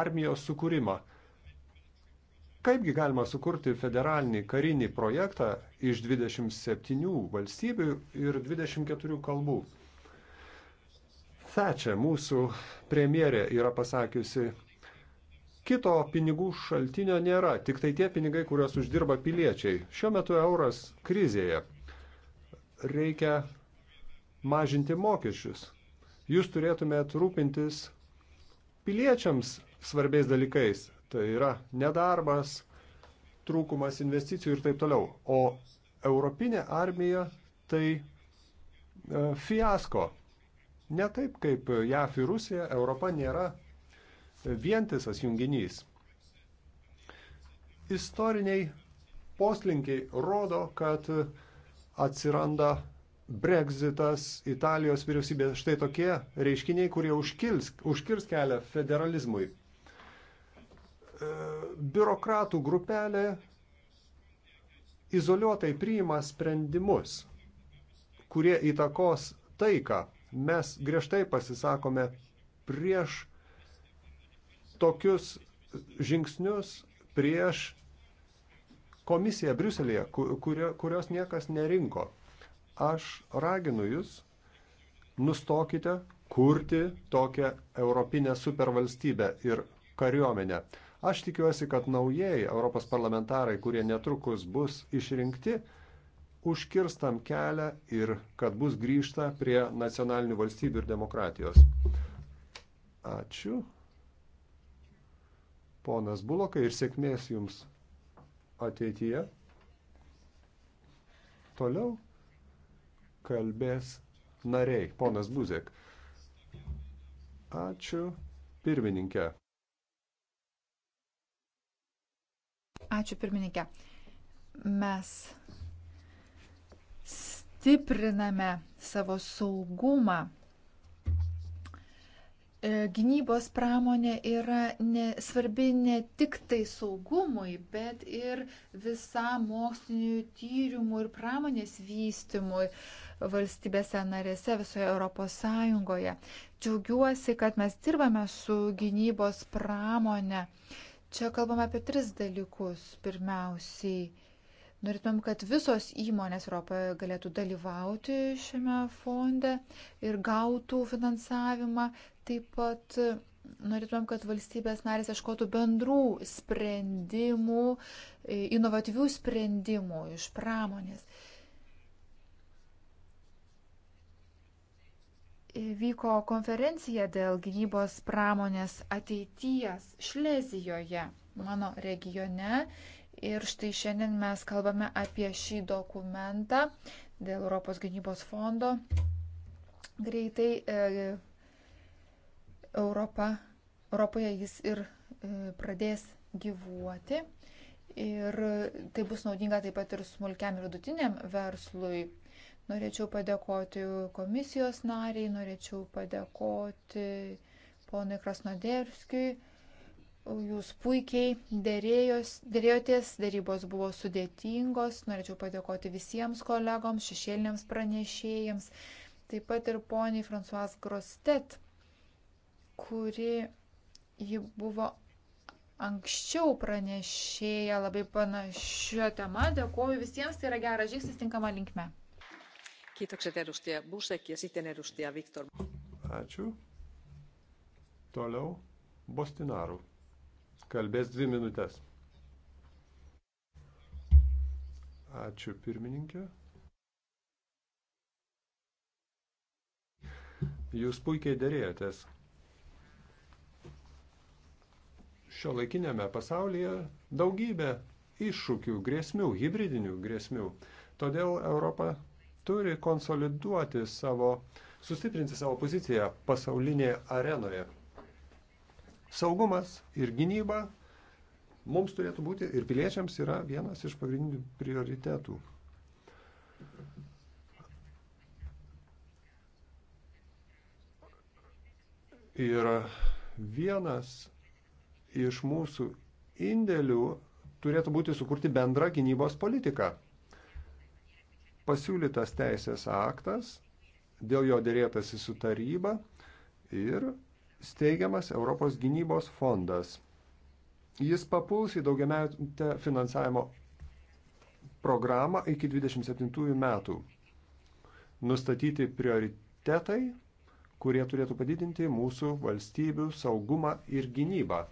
armijos sukūrimą. Kaipgi galima sukurti federalinį karinį projektą iš 27 valstybių ir 24 kalbų? Thečia, mūsų premjerė, yra pasakiusi, kito pinigų šaltinio nėra, tik tai tie pinigai, kuriuos uždirba piliečiai. Šiuo metu euras krizėje. Reikia mažinti mokesčius. Jūs turėtumėt rūpintis piliečiams svarbiais dalykais. Tai yra nedarbas, trūkumas investicijų ir taip toliau. O europinė armija tai e, fiasko. Ne taip kaip JAF ir Rusija, Europa nėra vientisas junginys. Istoriniai poslinkiai rodo, kad atsiranda Brexitas, Italijos vyriausybė, štai tokie reiškiniai, kurie užkils, užkirs kelią federalizmui. E, biurokratų grupelė izoliuotai priima sprendimus, kurie įtakos taiką. Mes griežtai pasisakome prieš tokius žingsnius, prieš komisiją Briuselėje, kurios niekas nerinko. Aš raginu jūs, nustokite kurti tokią Europinę supervalstybę ir kariuomenę. Aš tikiuosi, kad naujieji Europos parlamentarai, kurie netrukus bus išrinkti, užkirstam kelią ir kad bus grįžta prie nacionalinių valstybių ir demokratijos. Ačiū. Ponas Bulokai ir sėkmės jums ateityje. Toliau kalbės nariai, ponas Buzek. Ačiū pirmininkė. Ačiū pirmininkė. Mes stipriname savo saugumą e, Gynybos pramonė yra ne, svarbi ne tik tai saugumui, bet ir visam mokslinių tyrimų ir pramonės vystimui valstybėse narėse visoje Europos Sąjungoje. Džiaugiuosi, kad mes dirbame su gynybos pramonė. Uh, Čia kalbame apie tris dalykus. Pirmiausiai, norėtumėm, kad visos įmonės Europoje galėtų dalyvauti šiame fonde ir gautų finansavimą. Taip pat norėtumėm, kad valstybės narės ieškotų bendrų sprendimų, inovatyvių sprendimų iš pramonės. vyko konferencija dėl gynybos pramonės ateities Šlezijoje, mano regione. Ir štai šiandien mes kalbame apie šį dokumentą dėl Europos gynybos fondo. Greitai e, Europa, Europoje jis ir e, pradės gyvuoti. Ir tai bus naudinga taip pat ir smulkiam ir vidutiniam verslui. Norėčiau padėkoti komisijos nariai, norėčiau padėkoti ponui Krasnoderskiui. Jūs puikiai dėrėjos, dėrėjotės, dėrybos buvo sudėtingos. Norėčiau padėkoti visiems kolegoms, šešėliniams pranešėjams, taip pat ir poniai Fransuas Grostet, kuri ji buvo anksčiau pranešėja labai panašią temą. Dėkuoju visiems, tai yra geras žingsnis tinkama linkme. Kiitokset edustaja Busek ja sitten edustaja Viktor. Ačiū. Toliau Bostinarų. Kalbės dvi minutės. Ačiū pirmininkė. Jūs puikiai dėrėjotės. Šio laikinėme pasaulyje daugybė iššūkių, grėsmių, hybridinių grėsmių. Todėl Europa turi konsoliduoti savo, sustiprinti savo poziciją pasaulinėje arenoje. Saugumas ir gynyba mums turėtų būti ir piliečiams yra vienas iš pagrindinių prioritetų. Ir vienas iš mūsų indėlių turėtų būti sukurti bendrą gynybos politiką pasiūlytas teisės aktas, dėl jo dėrėtasi su taryba ir steigiamas Europos gynybos fondas. Jis papuls į daugiametę finansavimo programą iki 27 metų. Nustatyti prioritetai, kurie turėtų padidinti mūsų valstybių saugumą ir gynybą.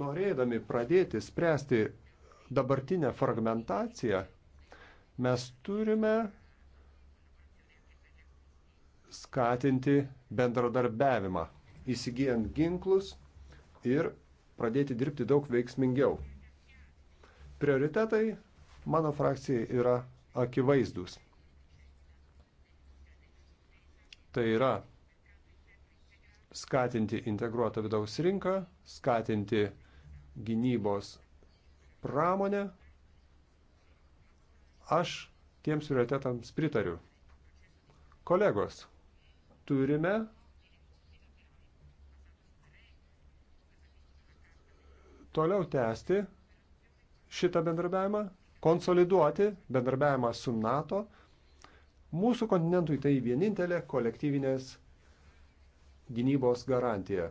Norėdami pradėti spręsti dabartinę fragmentaciją, Mes turime skatinti bendradarbiavimą, įsigijant ginklus ir pradėti dirbti daug veiksmingiau. Prioritetai mano frakcijai yra akivaizdus. Tai yra skatinti integruotą vidaus rinką, skatinti gynybos pramonę, Aš tiems prioritetams pritariu. Kolegos, turime toliau tęsti šitą bendrabiavimą, konsoliduoti bendrabiavimą su NATO. Mūsų kontinentui tai vienintelė kolektyvinės gynybos garantija.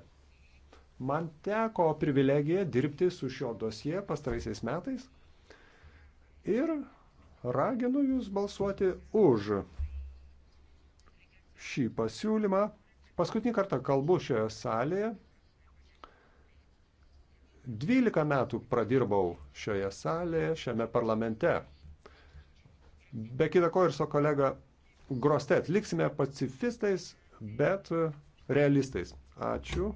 Man teko privilegija dirbti su šio dosie pastaraisiais metais ir Raginu Jūs balsuoti už šį pasiūlymą. Paskutinį kartą kalbu šioje salėje. 12 metų pradirbau šioje salėje, šiame parlamente. Be kita ko ir su kolega Grostet. Liksime pacifistais, bet realistais. Ačiū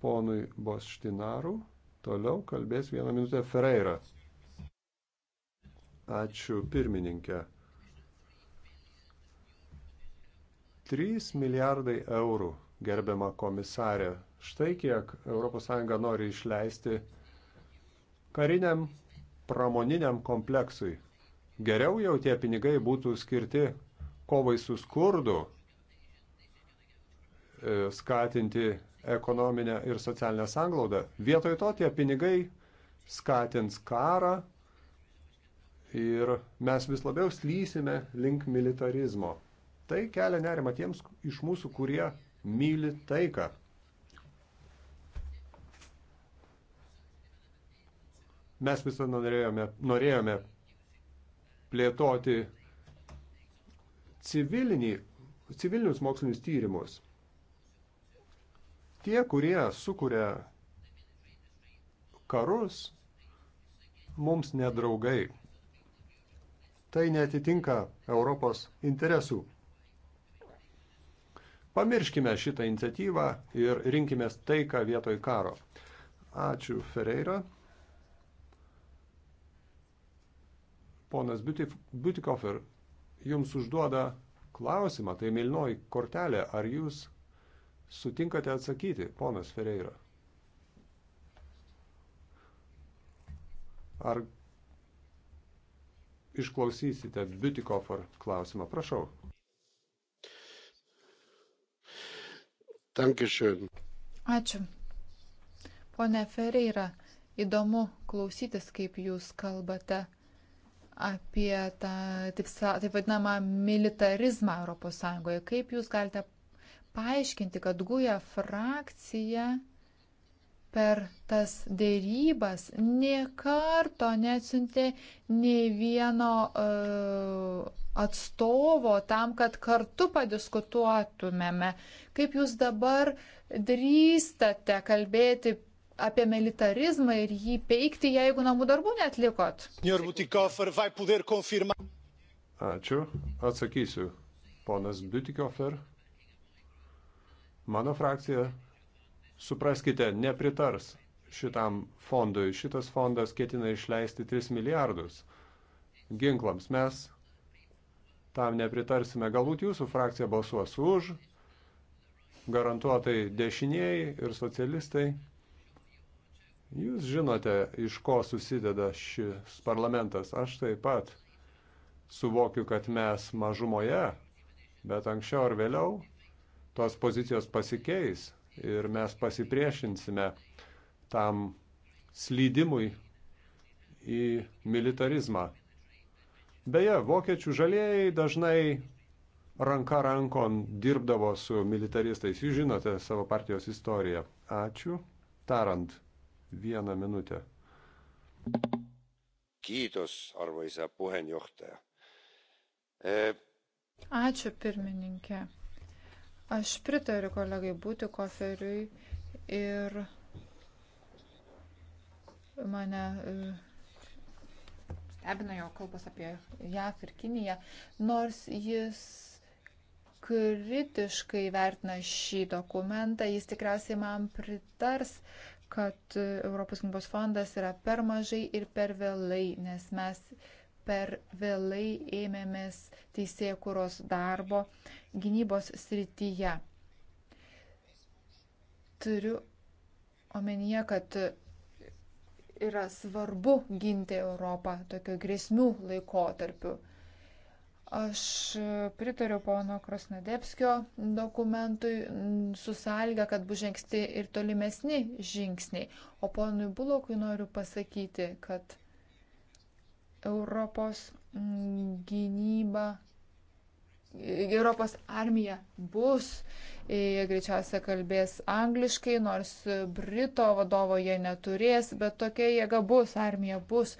ponui Bosštinarų. Toliau kalbės vieną minutę Ferreira. Ačiū pirmininkė. 3 milijardai eurų, gerbiama komisarė. Štai kiek ES nori išleisti kariniam pramoniniam kompleksui. Geriau jau tie pinigai būtų skirti kovai su skurdu, e, skatinti ekonominę ir socialinę sanglaudą. Vietoj to tie pinigai skatins karą ir mes vis labiau slysime link militarizmo. Tai kelia nerima tiems iš mūsų, kurie myli taiką. Mes visą norėjome, norėjome plėtoti civilinį, civilinius mokslinius tyrimus. Tie, kurie sukuria karus, mums nedraugai. Tai netitinka Europos interesų. Pamirškime šitą iniciatyvą ir rinkime taiką vietoj karo. Ačiū Ferreira. Ponas Butikofer, jums užduoda klausimą, tai milnoji kortelė, ar jūs sutinkate atsakyti, ponas Ferreira? Ar išklausysite Bütikofer klausimą. Prašau. Dankeschön. Ačiū. Pone Ferreira, įdomu klausytis, kaip jūs kalbate apie tą taip, taip vadinamą militarizmą ES. Kaip jūs galite paaiškinti, kad guja frakcija per tas dėrybas nė karto neatsiuntė nei vieno uh, atstovo tam, kad kartu padiskutuotumėme. Kaip jūs dabar drįstate kalbėti apie militarizmą ir jį peikti, jeigu namų darbų netlikot? Ačiū, atsakysiu. Ponas Butikofer, mano frakcija Supraskite, nepritars šitam fondui. Šitas fondas ketina išleisti 3 milijardus ginklams. Mes tam nepritarsime. Galbūt jūsų frakcija balsuos už, garantuotai dešiniai ir socialistai. Jūs žinote, iš ko susideda šis parlamentas. Aš taip pat suvokiu, kad mes mažumoje, bet anksčiau ar vėliau tos pozicijos pasikeis ir mes pasipriešinsime tam slydimui į militarizmą. Beje, vokiečių žalieji dažnai ranka rankon dirbdavo su militaristais. Jūs žinote savo partijos istoriją. Ačiū. Tarant vieną minutę. Kiitos, arvoisa puheenjohtaja. E... Ačiū pirmininkė. Aš pritariu kolegai būti koferiui ir mane e, stebina jo kalbas apie JAF ir Kiniją, nors jis kritiškai vertina šį dokumentą, jis tikriausiai man pritars, kad Europos gynybos fondas yra per mažai ir per vėlai, nes mes per vėlai ėmėmės teisėkuros darbo gynybos srityje. Turiu omenyje, kad yra svarbu ginti Europą tokio grėsmių laikotarpiu. Aš pritariu pono Krasnodepskio dokumentui su sąlyga, kad bus žengsti ir tolimesni žingsniai. O ponui Bulokui noriu pasakyti, kad Europos gynyba, Europos armija bus, jie greičiausia kalbės angliškai, nors Brito vadovo jie neturės, bet tokia jėga bus, armija bus.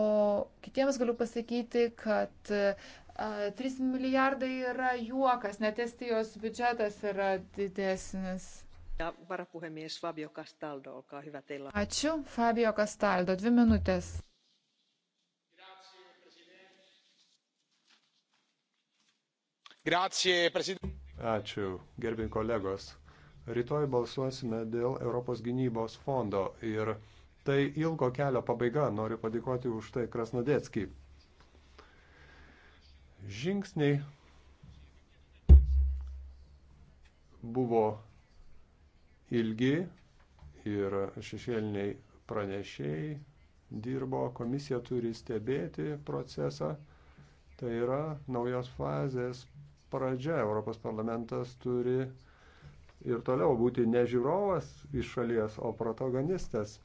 O kitiems galiu pasakyti, kad 3 milijardai yra juokas, net Estijos biudžetas yra didesnis. Ačiū, Fabio Castaldo, dvi minutės. Grazie, prezident. Ačiū, gerbim kolegos. Rytoj balsuosime dėl Europos gynybos fondo ir tai ilgo kelio pabaiga. Noriu padėkoti už tai Krasnodėckį. Žingsniai buvo ilgi ir šešėliniai pranešėjai dirbo, komisija turi stebėti procesą. Tai yra naujos fazės pradžia. Europos parlamentas turi ir toliau būti ne žiūrovas iš šalies, o protagonistas.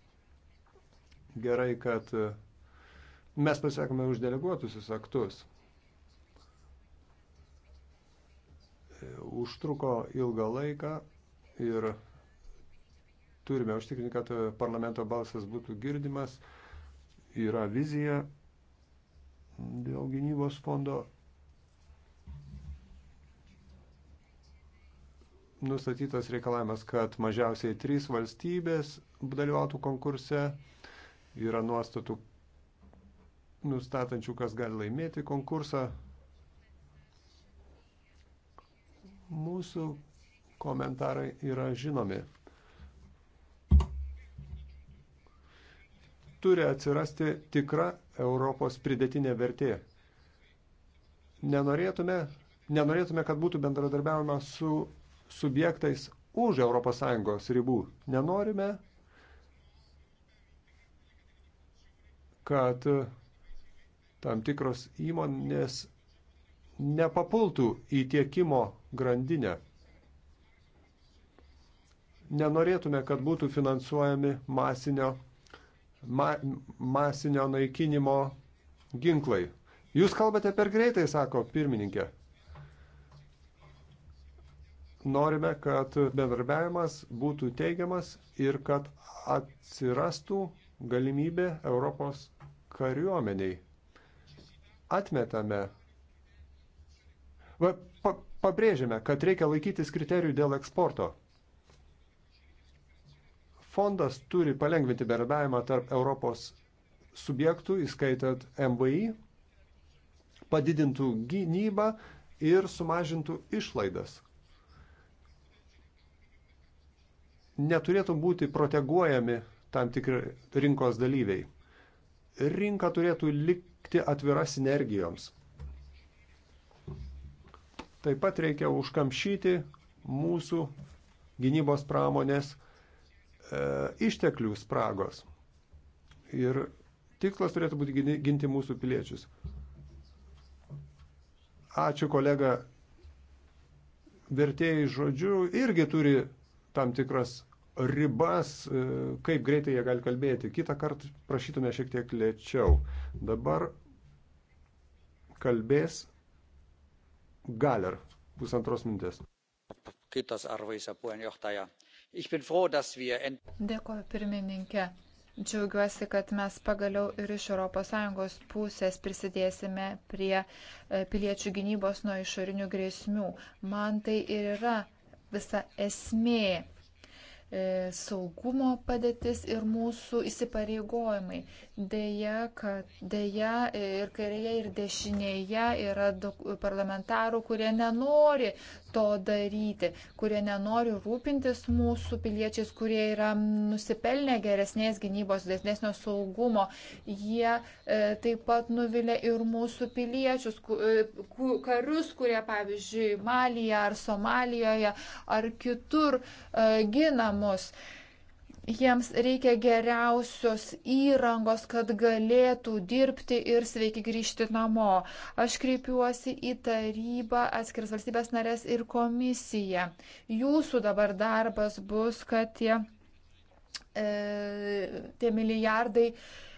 Gerai, kad mes pasiekome už deleguotusius aktus. Užtruko ilgą laiką ir turime užtikrinti, kad parlamento balsas būtų girdimas. Yra vizija dėl gynybos fondo nustatytas reikalavimas, kad mažiausiai trys valstybės dalyvautų konkurse. Yra nuostatų nustatančių, kas gali laimėti konkursą. Mūsų komentarai yra žinomi. Turi atsirasti tikra Europos pridėtinė vertė. Nenorėtume, nenorėtume kad būtų bendradarbiavama su subjektais už ES ribų. Nenorime, kad tam tikros įmonės nepapultų į tiekimo grandinę. Nenorėtume, kad būtų finansuojami masinio, ma, masinio naikinimo ginklai. Jūs kalbate per greitai, sako pirmininkė. Norime, kad bendarbiavimas būtų teigiamas ir kad atsirastų galimybė Europos kariuomeniai. Atmetame. Va, pa, pabrėžiame, kad reikia laikytis kriterijų dėl eksporto. Fondas turi palengvinti bendarbiavimą tarp Europos subjektų, įskaitant MVI, padidintų gynybą ir sumažintų išlaidas. neturėtų būti proteguojami tam tikri rinkos dalyviai. Rinka turėtų likti atvira sinergijoms. Taip pat reikia užkamšyti mūsų gynybos pramonės e, išteklių spragos. Ir tikslas turėtų būti ginti mūsų piliečius. Ačiū kolega, vertėjai žodžiu irgi turi tam tikras ribas, e, kaip greitai jie gali kalbėti. Kita kart prašytume šiek tiek lėčiau. Dabar kalbės Galer pusantros minutės. Kitas arvaisa puheenjohtaja. Ich bin froh, dass wir end... Dėkuoju pirmininkė. Džiaugiuosi, kad mes pagaliau ir iš ES pusės prisidėsime prie e, piliečių gynybos nuo išorinių grėsmių. Man tai ir yra visa esmė E, saugumo padėtis ir mūsų įsipareigojimai. Deja, kad deja ir kairėje, ir dešinėje yra daug parlamentarų, kurie nenori to daryti, kurie nenori rūpintis mūsų piliečiais, kurie yra nusipelnę geresnės gynybos, didesnio saugumo. Jie e, taip pat nuvilia ir mūsų piliečius, ku, e, ku, karius, kurie, pavyzdžiui, Malyje ar Somalijoje ar kitur e, ginamus. E, Jiems reikia geriausios įrangos, kad galėtų dirbti ir sveiki grįžti namo. Aš kreipiuosi į tarybą, atskiras valstybės narės ir komisiją. Jūsų dabar darbas bus, kad tie, e, tie milijardai e,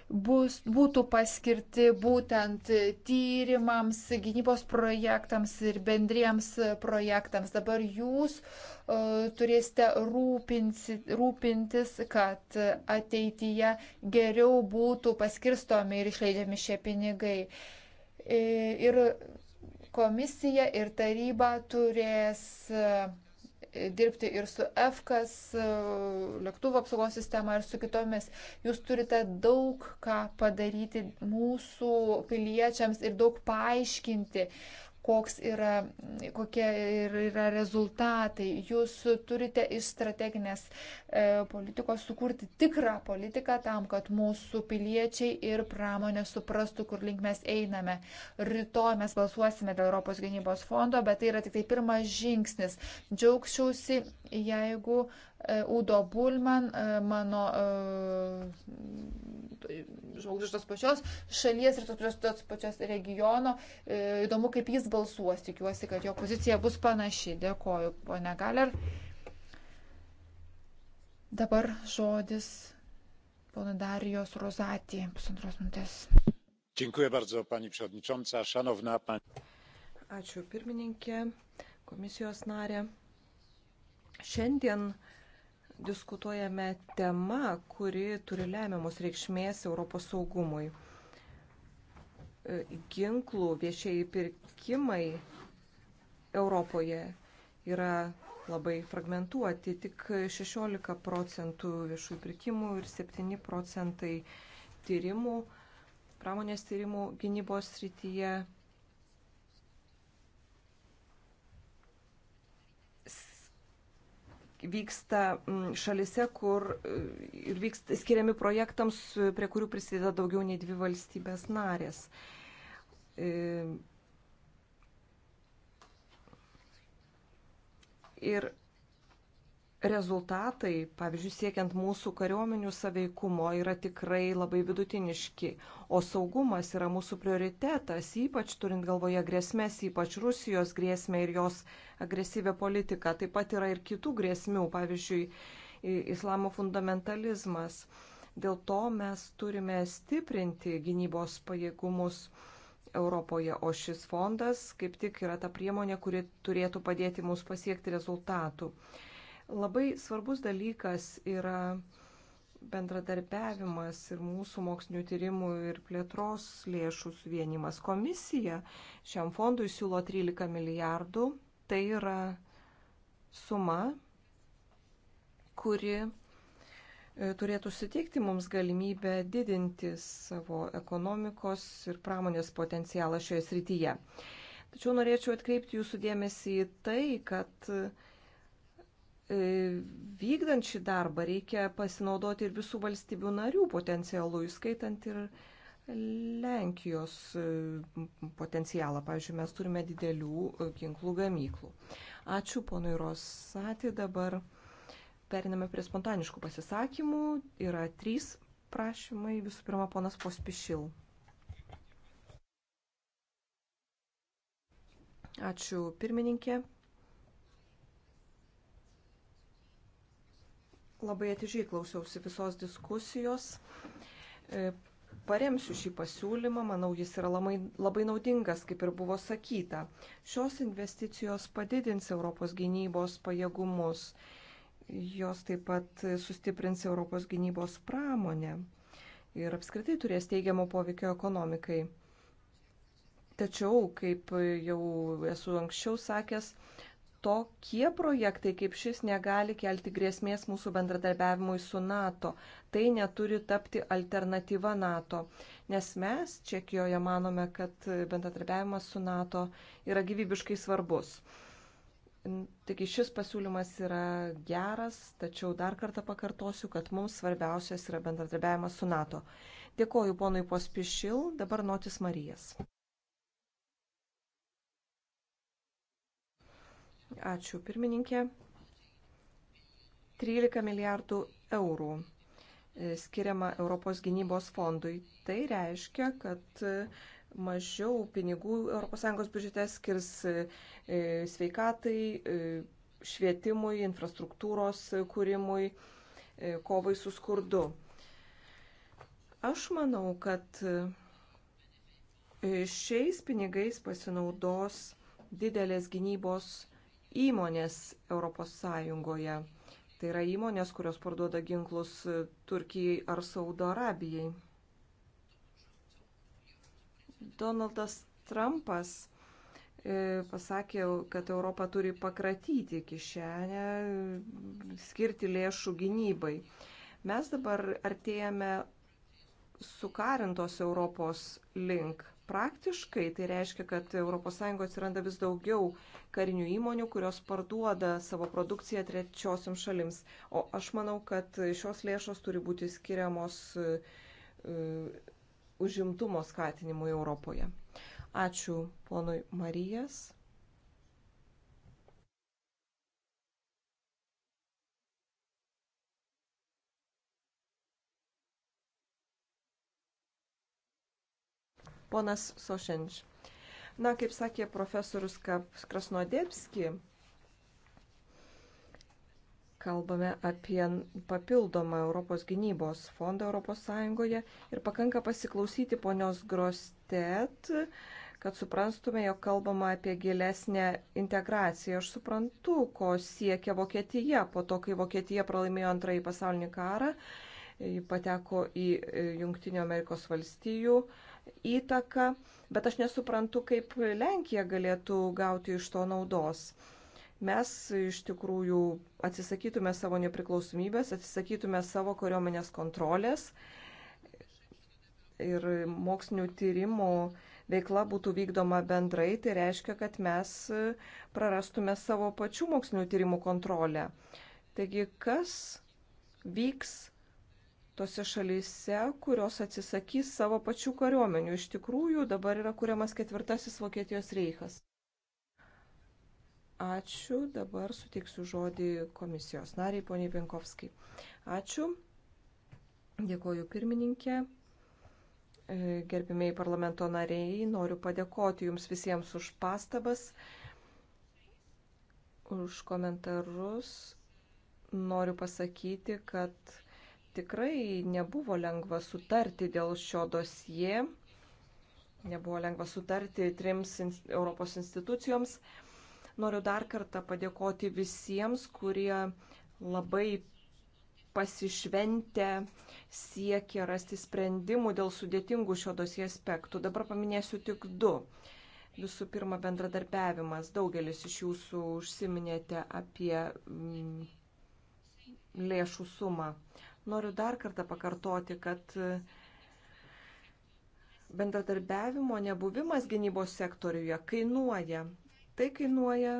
bus, būtų paskirti būtent tyrimams, gynybos projektams ir bendriems projektams. Dabar jūs uh, turėsite rūpinsi, rūpintis, kad ateityje geriau būtų paskirstomi ir išleidžiami šie pinigai. E, ir komisija ir taryba turės uh, dirbti ir su FKS, e, lėktuvo apsaugos sistema ir su kitomis. Jūs turite daug ką padaryti mūsų piliečiams ir daug paaiškinti, koks yra, kokie yra rezultatai. Jūs turite iš strateginės E, politikos, sukurti tikrą politiką tam, kad mūsų piliečiai ir pramonė suprastų, kur link mes einame. Rytoj mes balsuosime dėl Europos gynybos fondo, bet tai yra tik tai pirmas žingsnis. Džiaugčiausi, jeigu e, Udo Bulman, e, mano žmogus iš tos pačios šalies ir tos, tos pačios regiono, įdomu, kaip jis balsuos. Tikiuosi, kad jo pozicija bus panaši. Dėkoju, ponia Galer. Dabar žodis pono Darijos Rozatį, pusantros minutės. Dziękuję bardzo, pani przewodnicząca, szanowna pani. Ačiū pirmininkė, komisijos narė. Šiandien diskutuojame temą, kuri turi lemiamos reikšmės Europos saugumui. E, ginklų viešieji pirkimai Europoje yra labai fragmentuoti. Tik 16 procentų viešųjų pirkimų ir 7 procentai tyrimų, pramonės tyrimų gynybos srityje vyksta mm, šalise, kur e, ir vyksta skiriami projektams, prie kurių prisideda daugiau nei dvi valstybės narės e, Ir rezultatai, pavyzdžiui, siekiant mūsų kariuomenių saveikumo, yra tikrai labai vidutiniški, o saugumas yra mūsų prioritetas, ypač turint galvoje grėsmės, ypač Rusijos grėsmę ir jos agresyvę politiką. Taip pat yra ir kitų grėsmių, pavyzdžiui, islamo fundamentalizmas. Dėl to mes turime stiprinti gynybos pajėgumus Europoje, o šis fondas kaip tik yra ta priemonė, kuri turėtų padėti mums pasiekti rezultatų. Labai svarbus dalykas yra bendradarbiavimas ir mūsų mokslinių tyrimų ir plėtros lėšų suvienimas. Komisija šiam fondui siūlo 13 milijardų. Tai yra suma, kuri E, turėtų suteikti mums galimybę didinti savo ekonomikos ir pramonės potencialą šioje srityje. Tačiau norėčiau atkreipti jūsų dėmesį į tai, kad e, vykdant šį darbą reikia pasinaudoti ir visų valstybių narių potencialų, įskaitant ir Lenkijos e, potencialą. Pavyzdžiui, mes turime didelių ginklų gamyklų. Ačiū ponui Rosati dabar. Periname prie spontaniškų pasisakymų. Yra trys prašymai. Visų pirma, ponas Pospišil. Ačiū pirmininkė. Labai atidžiai klausiausi visos diskusijos. E, paremsiu šį pasiūlymą, manau, jis yra labai, labai naudingas, kaip ir buvo sakyta. Šios investicijos padidins Europos gynybos pajėgumus jos taip pat sustiprins Europos gynybos pramonę ir apskritai turės teigiamo poveikio ekonomikai. Tačiau, kaip jau esu anksčiau sakęs, tokie projektai kaip šis negali kelti grėsmės mūsų bendradarbiavimui su NATO. Tai neturi tapti alternatyva NATO, nes mes Čekijoje manome, kad bendradarbiavimas su NATO yra gyvybiškai svarbus. Taigi šis pasiūlymas yra geras, tačiau dar kartą pakartosiu, kad mums svarbiausias yra bendradarbiavimas su NATO. Dėkoju ponui Pospišil, dabar Notis Marijas. Ačiū pirmininkė. 13 milijardų eurų e, skiriama Europos gynybos fondui. Tai reiškia, kad mažiau pinigų ES biudžete skirs e, e, sveikatai, e, švietimui, infrastruktūros kūrimui, kovai su skurdu. Aš manau, kad šiais pinigais pasinaudos didelės gynybos įmonės ES. Tai yra įmonės, kurios parduoda ginklus Turkijai ar Saudo Arabijai. Donaldas Trumpas e, pasakė, kad Europa turi pakratyti kišenę, skirti lėšų gynybai. Mes dabar artėjame sukarintos Europos link. Praktiškai tai reiškia, kad ES atsiranda vis daugiau karinių įmonių, kurios parduoda savo produkciją trečiosiam šalims. O aš manau, kad šios lėšos turi būti skiriamos e, užimtumo skatinimui Europoje. Ačiū ponui Marijas. Ponas Sošenč. Na, kaip sakė profesorius Krasnodėpski, kalbame apie papildomą Europos gynybos fondą ES ir pakanka pasiklausyti ponios Grostet, kad suprastume, jog kalbama apie gilesnę integraciją. Aš suprantu, ko siekia Vokietija po to, kai Vokietija pralaimėjo antrąjį pasaulinį karą, pateko į e, Junktinio Amerikos valstijų įtaką, bet aš nesuprantu, kaip Lenkija galėtų gauti iš to naudos mes iš tikrųjų atsisakytume savo nepriklausomybės, atsisakytume savo kariuomenės kontrolės ir mokslinių tyrimų veikla būtų vykdoma bendrai, tai reiškia, kad mes prarastume savo pačių mokslinių tyrimų kontrolę. Taigi, kas vyks tose šalyse, kurios atsisakys savo pačių kariuomenių? Iš tikrųjų, dabar yra kuriamas ketvirtasis Vokietijos reikas. Ačiū. Dabar suteiksiu žodį komisijos nariai, poniai Vinkovskai. Ačiū. Dėkoju pirmininkė. E, Gerbimiai parlamento nariai, noriu padėkoti Jums visiems už pastabas, už komentarus. Noriu pasakyti, kad tikrai nebuvo lengva sutarti dėl šio dosie. Nebuvo lengva sutarti trims Europos institucijoms. Noriu dar kartą padėkoti visiems, kurie labai pasišventę siekia rasti sprendimų dėl sudėtingų šio dosie aspektų. Dabar paminėsiu tik du. Visų pirma, bendradarbiavimas. Daugelis iš jūsų užsiminėte apie mm, lėšų sumą. Noriu dar kartą pakartoti, kad bendradarbiavimo nebuvimas gynybos sektoriuje kainuoja. Tai kainuoja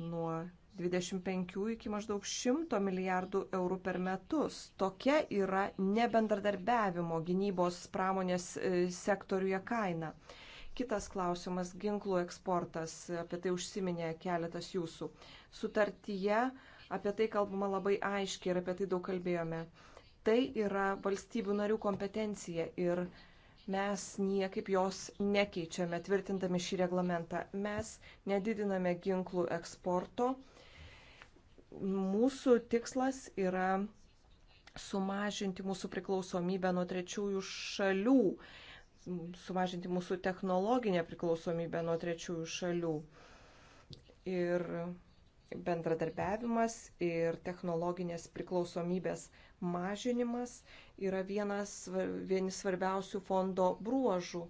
nuo 25 iki maždaug 100 milijardų eurų per metus. Tokia yra nebendradarbiavimo gynybos pramonės e, sektoriuje kaina. Kitas klausimas - ginklų eksportas. Apie tai užsiminė keletas jūsų. Sutartyje apie tai kalbama labai aiškiai ir apie tai daug kalbėjome. Tai yra valstybių narių kompetencija ir mes niekaip jos nekeičiame, tvirtindami šį reglamentą. Mes nedidiname ginklų eksporto. Mūsų tikslas yra sumažinti mūsų priklausomybę nuo trečiųjų šalių, sumažinti mūsų technologinę priklausomybę nuo trečiųjų šalių. Ir bendradarbiavimas ir technologinės priklausomybės mažinimas yra vienas, vieni svarbiausių fondo bruožų.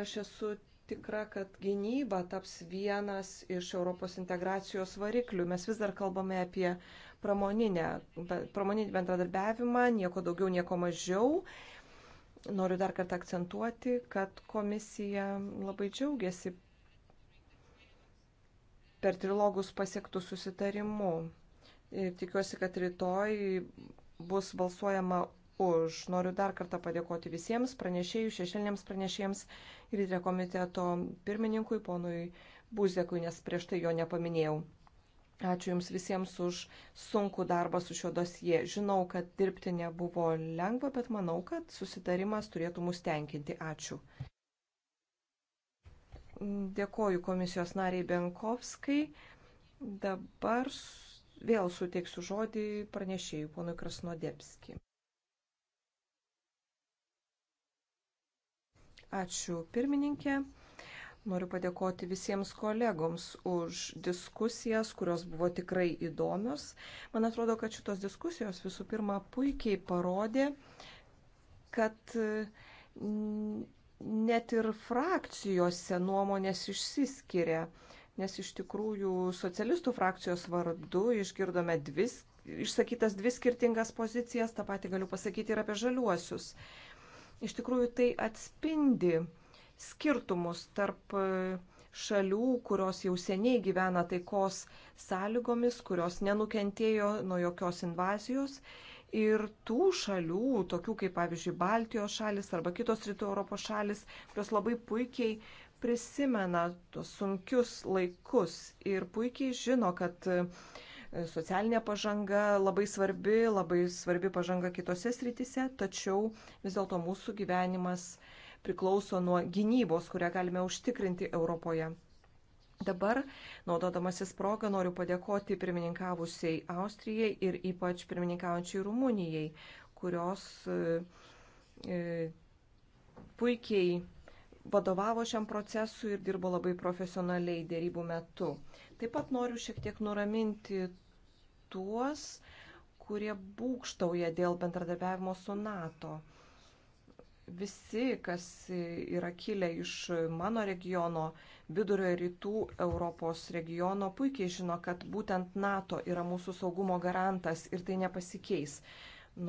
Aš esu tikra, kad gynyba taps vienas iš Europos integracijos variklių. Mes vis dar kalbame apie pramoninę, pramoninį bendradarbiavimą, nieko daugiau, nieko mažiau. Noriu dar kartą akcentuoti, kad komisija labai džiaugiasi per trilogus pasiektų susitarimu. Ir e, tikiuosi, kad rytoj bus balsuojama už. Noriu dar kartą padėkoti visiems pranešėjų, šešėlėms pranešėjams ir įtre komiteto pirmininkui, ponui Buzekui, nes prieš tai jo nepaminėjau. Ačiū Jums visiems už sunku darbą su šio dosie. Žinau, kad dirbti nebuvo lengva, bet manau, kad susitarimas turėtų mus tenkinti. Ačiū. Dėkoju komisijos nariai Benkovskai. Dabar vėl suteiksiu žodį pranešėjui, ponui Krasnodepski. Ačiū pirmininkė. Noriu padėkoti visiems kolegoms už diskusijas, kurios buvo tikrai įdomios. Man atrodo, kad šitos diskusijos visų pirma puikiai parodė, kad net ir frakcijose nuomonės išsiskiria, nes iš tikrųjų socialistų frakcijos vardu išgirdome dvi, išsakytas dvi skirtingas pozicijas, tą patį galiu pasakyti ir apie žaliuosius. Iš tikrųjų tai atspindi skirtumus tarp e, šalių, kurios jau seniai gyvena taikos sąlygomis, kurios nenukentėjo nuo jokios invazijos ir tų šalių, tokių kaip pavyzdžiui Baltijos šalis arba kitos rytų Europos šalis, kurios labai puikiai prisimena tos sunkius laikus ir puikiai žino, kad e, socialinė pažanga labai svarbi, labai svarbi pažanga kitose srityse, tačiau vis dėlto mūsų gyvenimas priklauso nuo gynybos, kurią galime užtikrinti Europoje. Dabar, naudodamasis progą, noriu padėkoti pirmininkavusiai Austrijai ir ypač pirmininkaujančiai Rumunijai, kurios e, e, puikiai vadovavo šiam procesui ir dirbo labai profesionaliai dėrybų metu. Taip pat noriu šiek tiek nuraminti tuos, kurie būkštauja dėl bendradarbiavimo su NATO. Visi, kas yra kilę iš mano regiono, vidurio ir rytų Europos regiono, puikiai žino, kad būtent NATO yra mūsų saugumo garantas ir tai nepasikeis.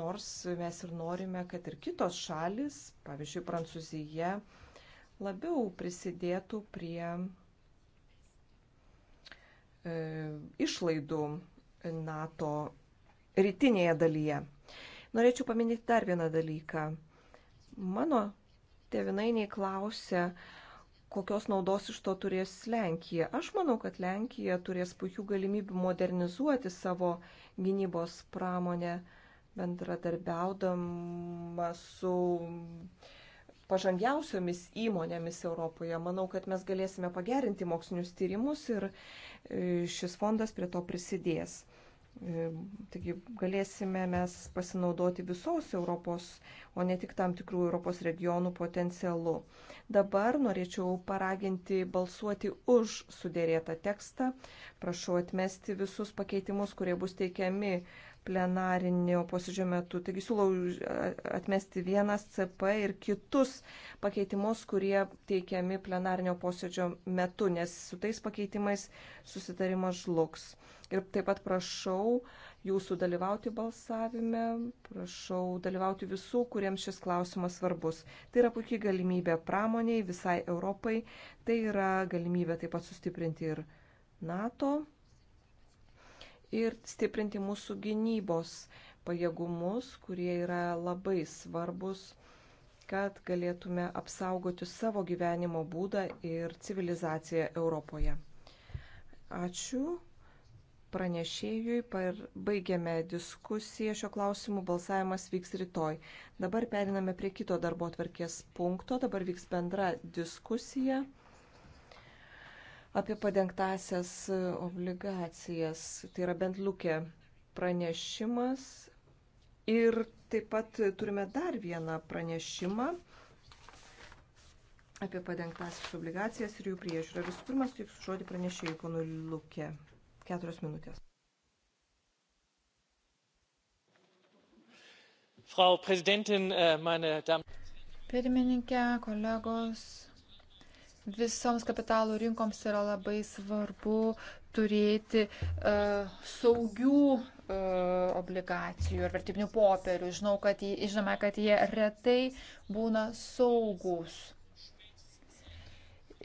Nors mes ir norime, kad ir kitos šalis, pavyzdžiui, Prancūzija, labiau prisidėtų prie e, išlaidų NATO rytinėje dalyje. Norėčiau paminėti dar vieną dalyką. Mano tevinainiai klausė, kokios naudos iš to turės Lenkija. Aš manau, kad Lenkija turės puikių galimybių modernizuoti savo gynybos pramonę, bendradarbiaudama su pažangiausiomis įmonėmis Europoje. Manau, kad mes galėsime pagerinti mokslinius tyrimus ir e, šis fondas prie to prisidės. E, taigi galėsime mes pasinaudoti visos Europos, o ne tik tam tikrų Europos regionų potencialu. Dabar norėčiau paraginti balsuoti už sudėrėtą tekstą. Prašau atmesti visus pakeitimus, kurie bus teikiami plenarinio posėdžio metu. Taigi siūlau atmesti vienas CP ir kitus pakeitimus, kurie teikiami plenarinio posėdžio metu, nes su tais pakeitimais susitarimas žlugs. Ir taip pat prašau jūsų dalyvauti balsavime, prašau dalyvauti visų, kuriems šis klausimas svarbus. Tai yra puikiai galimybė pramoniai, visai Europai, tai yra galimybė taip pat sustiprinti ir NATO ir stiprinti mūsų gynybos pajėgumus, kurie yra labai svarbus, kad galėtume apsaugoti savo gyvenimo būdą ir civilizaciją Europoje. Ačiū pranešėjui, baigėme diskusiją šio klausimu, balsavimas vyks rytoj. Dabar periname prie kito darbo tvarkės punkto, dabar vyks bendra diskusija apie padengtasias e, obligacijas. Tai yra bent lūkė pranešimas. Ir taip pat turime dar vieną pranešimą apie padengtasias obligacijas ir jų priežiūrą. Visų pirma, suteiksiu žodį pranešėjų ponui Lukė. Keturios minutės. Frau Präsidentin, äh, meine Damen. Pirmininkė, kolegos, visoms kapitalų rinkoms yra labai svarbu turėti uh, saugių uh, obligacijų ir vertybinių popierių. Žinau, kad jie, žinome, kad jie retai būna saugus.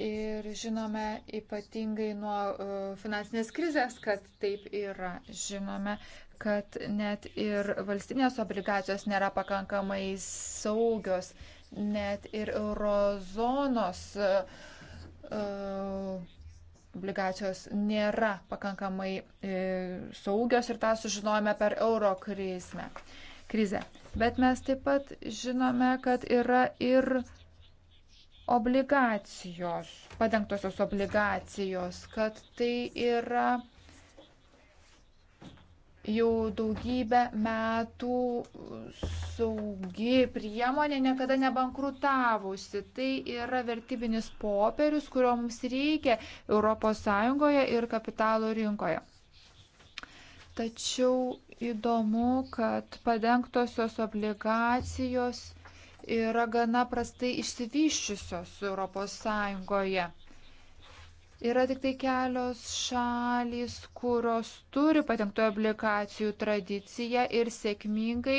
Ir žinome ypatingai nuo uh, finansinės krizės, kad taip yra. Žinome, kad net ir valstybinės obligacijos nėra pakankamai saugios, net ir eurozonos uh, E, obligacijos nėra pakankamai e, saugios ir tą sužinojome per euro krizmę, krizę. Bet mes taip pat žinome, kad yra ir obligacijos, padengtosios obligacijos, kad tai yra jau daugybę metų saugi priemonė niekada nebankrutavusi. Tai yra vertybinis popierius, kurio mums reikia ES ir kapitalo rinkoje. Tačiau įdomu, kad padengtosios obligacijos yra gana prastai išsivyščiusios ES. Yra tik tai kelios šalys, kurios turi patentųjų obligacijų tradiciją ir sėkmingai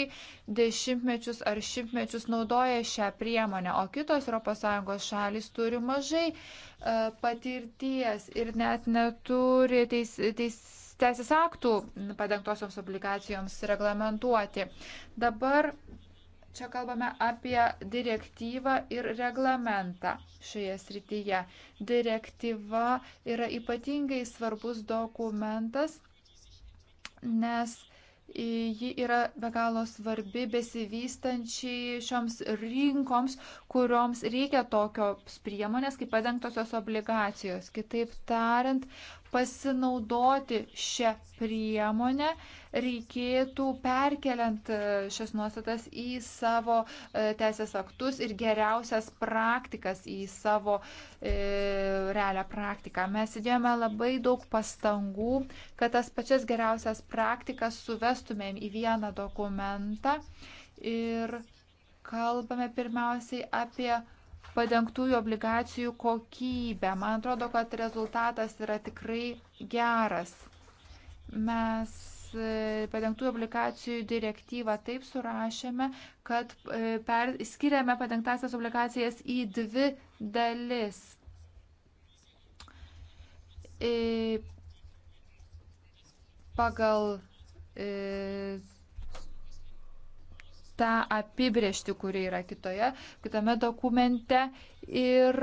dešimtmečius ar šimtmečius naudoja šią priemonę, o kitos ES šalys turi mažai uh, patirties ir net neturi teis, teis, teisės aktų padengtosioms obligacijoms reglamentuoti. Dabar Čia kalbame apie direktyvą ir reglamentą šioje srityje. Direktyva yra ypatingai svarbus dokumentas, nes ji yra be galo svarbi besivystančiai šioms rinkoms, kurioms reikia tokios priemonės kaip padengtosios obligacijos. Kitaip tariant, pasinaudoti šią priemonę reikėtų perkeliant e, šias nuostatas į savo e, teisės aktus ir geriausias praktikas į savo e, realią praktiką. Mes įdėjome labai daug pastangų, kad tas pačias geriausias praktikas suvestumėm į vieną dokumentą ir kalbame pirmiausiai apie padengtųjų obligacijų kokybę. Man atrodo, kad rezultatas yra tikrai geras. Mes e, padengtųjų obligacijų direktyvą taip surašėme, kad e, per, skiriame padengtasias obligacijas į dvi dalis. E, pagal tą apibriežtį, kuri yra kitoje, kitame dokumente ir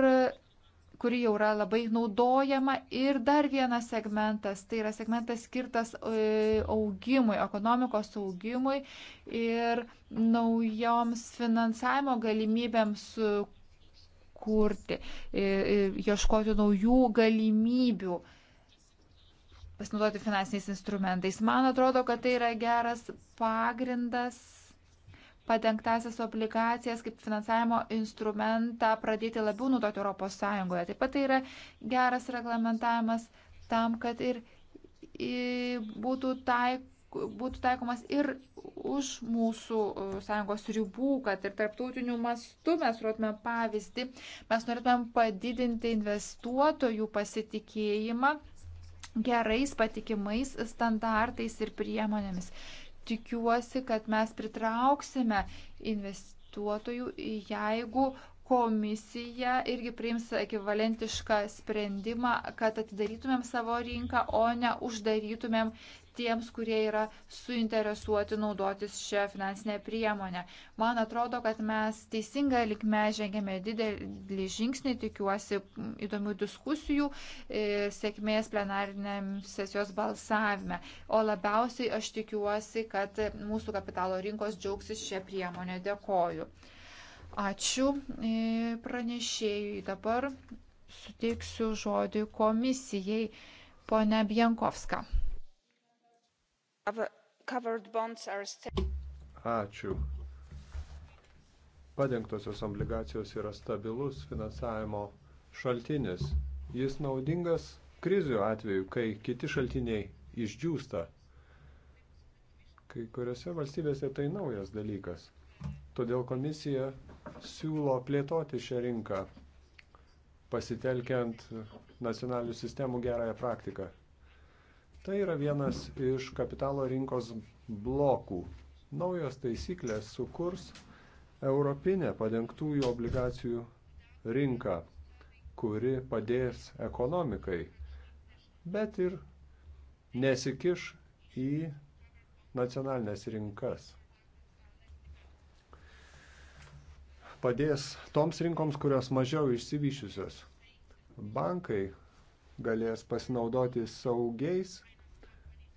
kuri jau yra labai naudojama. Ir dar vienas segmentas, tai yra segmentas skirtas e, augimui, ekonomikos augimui ir naujoms finansavimo galimybėms kurti, e, e, ieškoti naujų galimybių pasinaudoti finansiniais instrumentais. Man atrodo, kad tai yra geras pagrindas patenktasias obligacijas kaip finansavimo instrumentą pradėti labiau naudoti ES. Taip pat tai yra geras reglamentavimas tam, kad ir būtų taikomas būtų taikomas ir už mūsų e, sąjungos ribų, kad ir tarptautinių mastų mes rodotume pavyzdį, mes norėtumėm padidinti investuotojų pasitikėjimą gerais patikimais standartais ir priemonėmis tikiuosi, kad mes pritrauksime investuotojų, jeigu komisija irgi priims ekvivalentišką sprendimą, kad atidarytumėm savo rinką, o ne uždarytumėm tiems, kurie yra suinteresuoti naudotis šią finansinę priemonę. Man atrodo, kad mes teisinga likme žengėme didelį žingsnį, tikiuosi įdomių diskusijų ir e, sėkmės plenariniam sesijos balsavime. O labiausiai aš tikiuosi, kad mūsų kapitalo rinkos džiaugsis šią priemonę. Dėkoju. Ačiū e, pranešėjui. Dabar suteiksiu žodį komisijai, ponia Bienkovska. Ačiū. Padengtosios obligacijos yra stabilus finansavimo šaltinis. Jis naudingas krizių atveju, kai kiti šaltiniai išdžiūsta. Kai kuriuose valstybėse tai naujas dalykas. Todėl komisija siūlo plėtoti šią rinką, pasitelkiant nacionalinių sistemų gerąją praktiką. Tai yra vienas iš kapitalo rinkos blokų. Naujos taisyklės sukurs europinę padengtųjų obligacijų rinką, kuri padės ekonomikai, bet ir nesikiš į nacionalinės rinkas. Padės toms rinkoms, kurios mažiau išsivyšiusios. Bankai galės pasinaudoti saugiais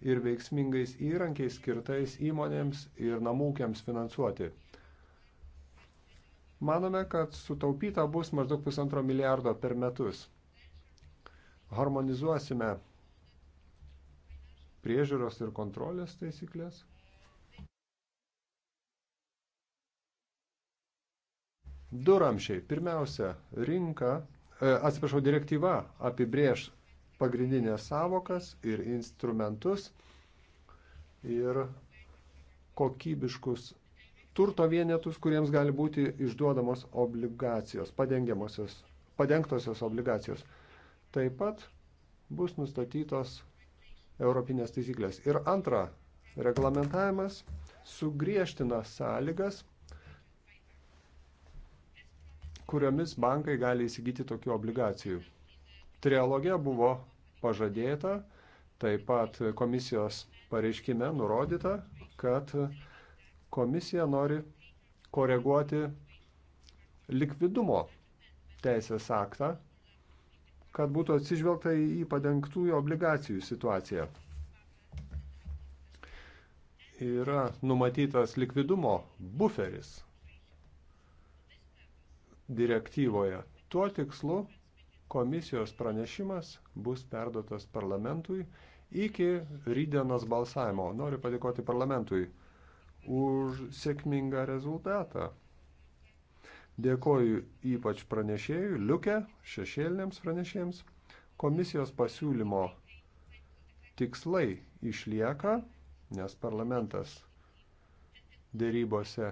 ir veiksmingais įrankiais skirtais įmonėms ir namūkiams finansuoti. Manome, kad sutaupyta bus maždaug pusantro milijardo per metus. Harmonizuosime priežiūros ir kontrolės taisyklės. Du ramšiai. Pirmiausia, rinka, e, atsiprašau, direktyva apibrieš pagrindinės savokas ir instrumentus ir kokybiškus turto vienetus, kuriems gali būti išduodamos obligacijos, padengtosios obligacijos. Taip pat bus nustatytos europinės taisyklės. Ir antra, reglamentavimas sugriežtina sąlygas, kuriomis bankai gali įsigyti tokių obligacijų. Trialoge buvo pažadėta, taip pat komisijos pareiškime nurodyta, kad komisija nori koreguoti likvidumo teisės aktą, kad būtų atsižvelgta į padengtųjų obligacijų situaciją. Yra numatytas likvidumo buferis direktyvoje. Tuo tikslu komisijos pranešimas bus perduotas parlamentui iki rydienos balsavimo. Noriu padėkoti parlamentui už sėkmingą rezultatą. Dėkoju ypač pranešėjui, liukę, šešėliniams pranešėjams. Komisijos pasiūlymo tikslai išlieka, nes parlamentas dėrybose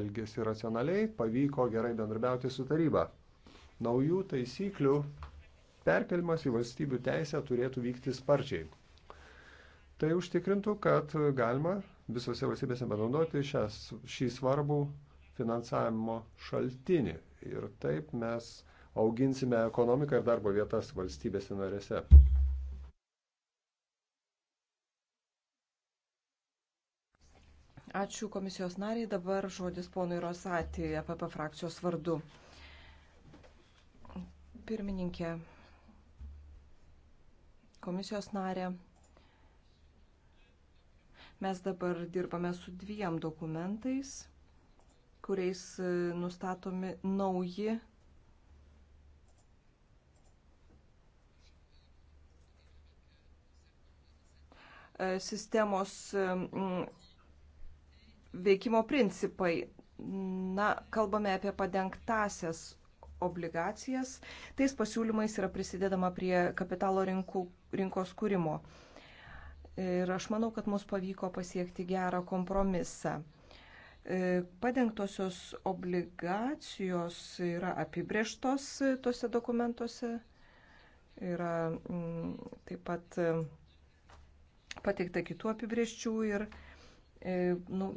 elgėsi racionaliai, pavyko gerai bendrabiauti su taryba naujų taisyklių perkelimas į valstybių teisę turėtų vykti sparčiai. Tai užtikrintų, kad galima visose valstybėse panaudoti šias, šį svarbų finansavimo šaltinį. Ir taip mes auginsime ekonomiką ir darbo vietas valstybėse narėse. Ačiū komisijos nariai. Dabar žodis ponui Rosatį, APP e frakcijos vardu. Pirmininkė, komisijos narė, mes dabar dirbame su dviem dokumentais, kuriais e, nustatomi nauji e, sistemos e, veikimo principai. Na, kalbame apie padengtasias obligacijas. Tais pasiūlymais yra prisidedama prie kapitalo rinkų, rinkos kūrimo. Ir aš manau, kad mums pavyko pasiekti gerą kompromisą. E, padengtosios obligacijos yra apibrieštos tose dokumentuose. Yra mm, taip pat e, pateikta kitų apibrieščių ir e, nu,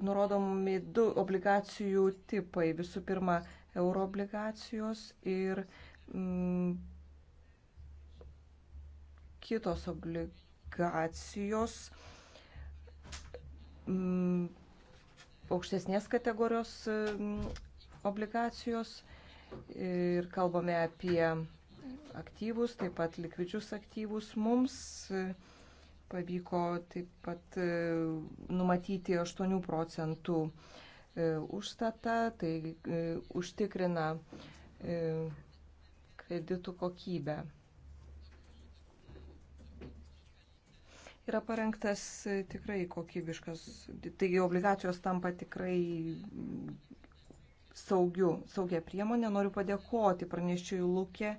nurodomi du obligacijų tipai. Visų pirma, euroobligacijos ir mm, kitos obligacijos mm, aukštesnės kategorijos mm, obligacijos ir kalbame apie aktyvus, taip pat likvidžius aktyvus mums. E, pavyko taip pat e, numatyti 8 procentų mm, E, užstatą, tai e, užtikrina e, kreditų kokybę. Yra parengtas tikrai kokybiškas, taigi obligacijos tampa tikrai saugiu, saugia priemonė. Noriu padėkoti pranešėjui Lūkė,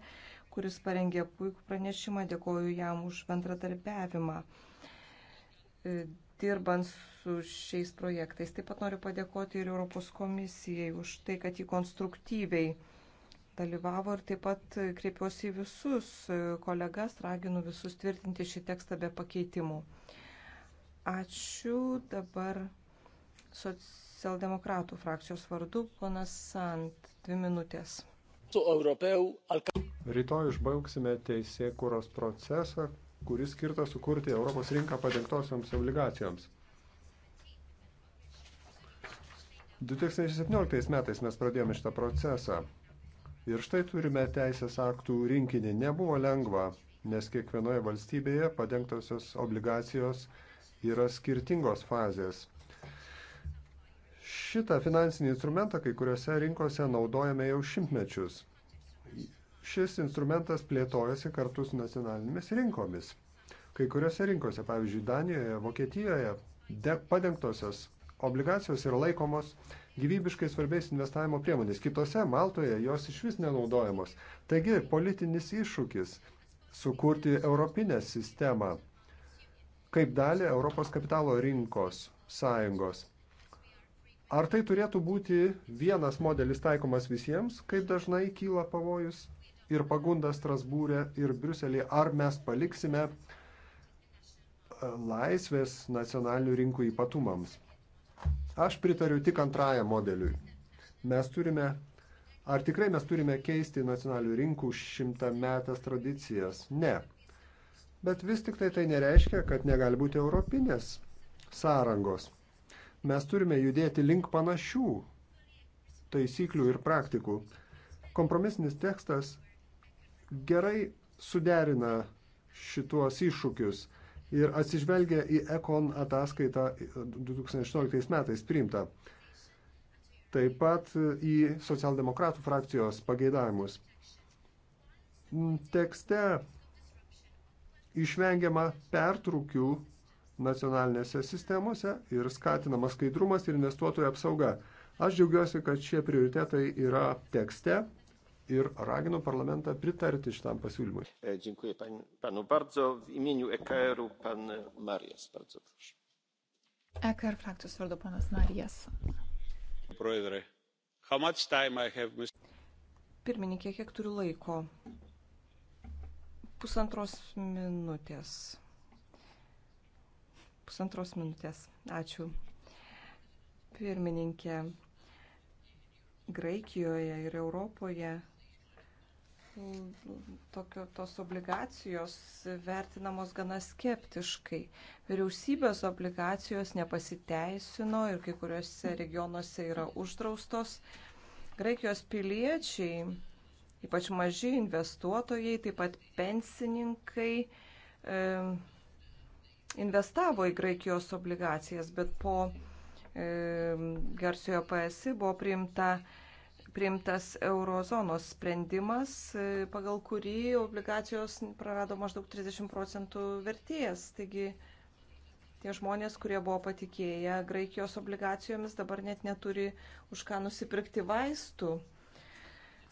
kuris parengė puikų pranešimą, dėkoju jam už bendradarbiavimą dirbant su šiais projektais. Taip pat noriu padėkoti ir Europos komisijai už tai, kad jį konstruktyviai dalyvavo ir taip pat kreipiuosi į visus kolegas, raginu visus tvirtinti šį tekstą be pakeitimų. Ačiū dabar socialdemokratų frakcijos vardu, ponas Sant, dvi minutės. Rytoj išbaigsime teisėkūros procesą, kuris skirtas sukurti Europos rinką padengtosioms obligacijoms. 2017 metais mes pradėjome šitą procesą ir štai turime teisės aktų rinkinį. Nebuvo lengva, nes kiekvienoje valstybėje padengtosios obligacijos yra skirtingos fazės. Šitą finansinį instrumentą kai kuriuose rinkose naudojame jau šimtmečius šis instrumentas plėtojasi kartu su nacionalinėmis rinkomis. Kai kuriuose rinkose, pavyzdžiui, Danijoje, Vokietijoje, padengtosios obligacijos yra laikomos gyvybiškai svarbiais investavimo priemonės. Kitose, Maltoje, jos iš vis nenaudojamos. Taigi, politinis iššūkis sukurti europinę sistemą kaip dalį Europos kapitalo rinkos sąjungos. Ar tai turėtų būti vienas modelis taikomas visiems, kaip dažnai kyla pavojus? ir pagunda Strasbūrė ir Briuselį, ar mes paliksime e, laisvės nacionalinių rinkų ypatumams. Aš pritariu tik antrajam modeliui. Mes turime, ar tikrai mes turime keisti nacionalinių rinkų šimtametės tradicijas? Ne. Bet vis tik tai tai nereiškia, kad negali būti europinės sąrangos. Mes turime judėti link panašių taisyklių ir praktikų. Kompromisinis tekstas gerai suderina šituos iššūkius ir atsižvelgia į Ekon ataskaitą 2018 metais priimtą. Taip pat į socialdemokratų frakcijos pageidavimus. Tekste išvengiama pertrūkių nacionalinėse sistemose ir skatinama skaidrumas ir investuotojų apsauga. Aš džiaugiuosi, kad šie prioritetai yra tekste ir ragino parlamentą pritarti šitam pasiūlymui. E, dziękuję panu bardzo. W imieniu EKR-u pan Marijas, bardzo proszę. EKR frakcijos vardu panas Marijas. Pirmininkė, kiek turiu laiko? Pusantros minutės. Pusantros minutės. Ačiū. Pirmininkė, Graikijoje ir Europoje tokio, tos obligacijos vertinamos gana skeptiškai. Vyriausybės obligacijos nepasiteisino ir kai kuriuose regionuose yra uždraustos. Graikijos piliečiai, ypač maži investuotojai, taip pat pensininkai e, investavo į Graikijos obligacijas, bet po e, garsiojo PSI buvo priimta e, priimtas eurozonos sprendimas, e, pagal kurį obligacijos prarado maždaug 30 procentų vertės. Taigi tie žmonės, kurie buvo patikėję Graikijos obligacijomis, dabar net neturi už ką nusipirkti vaistų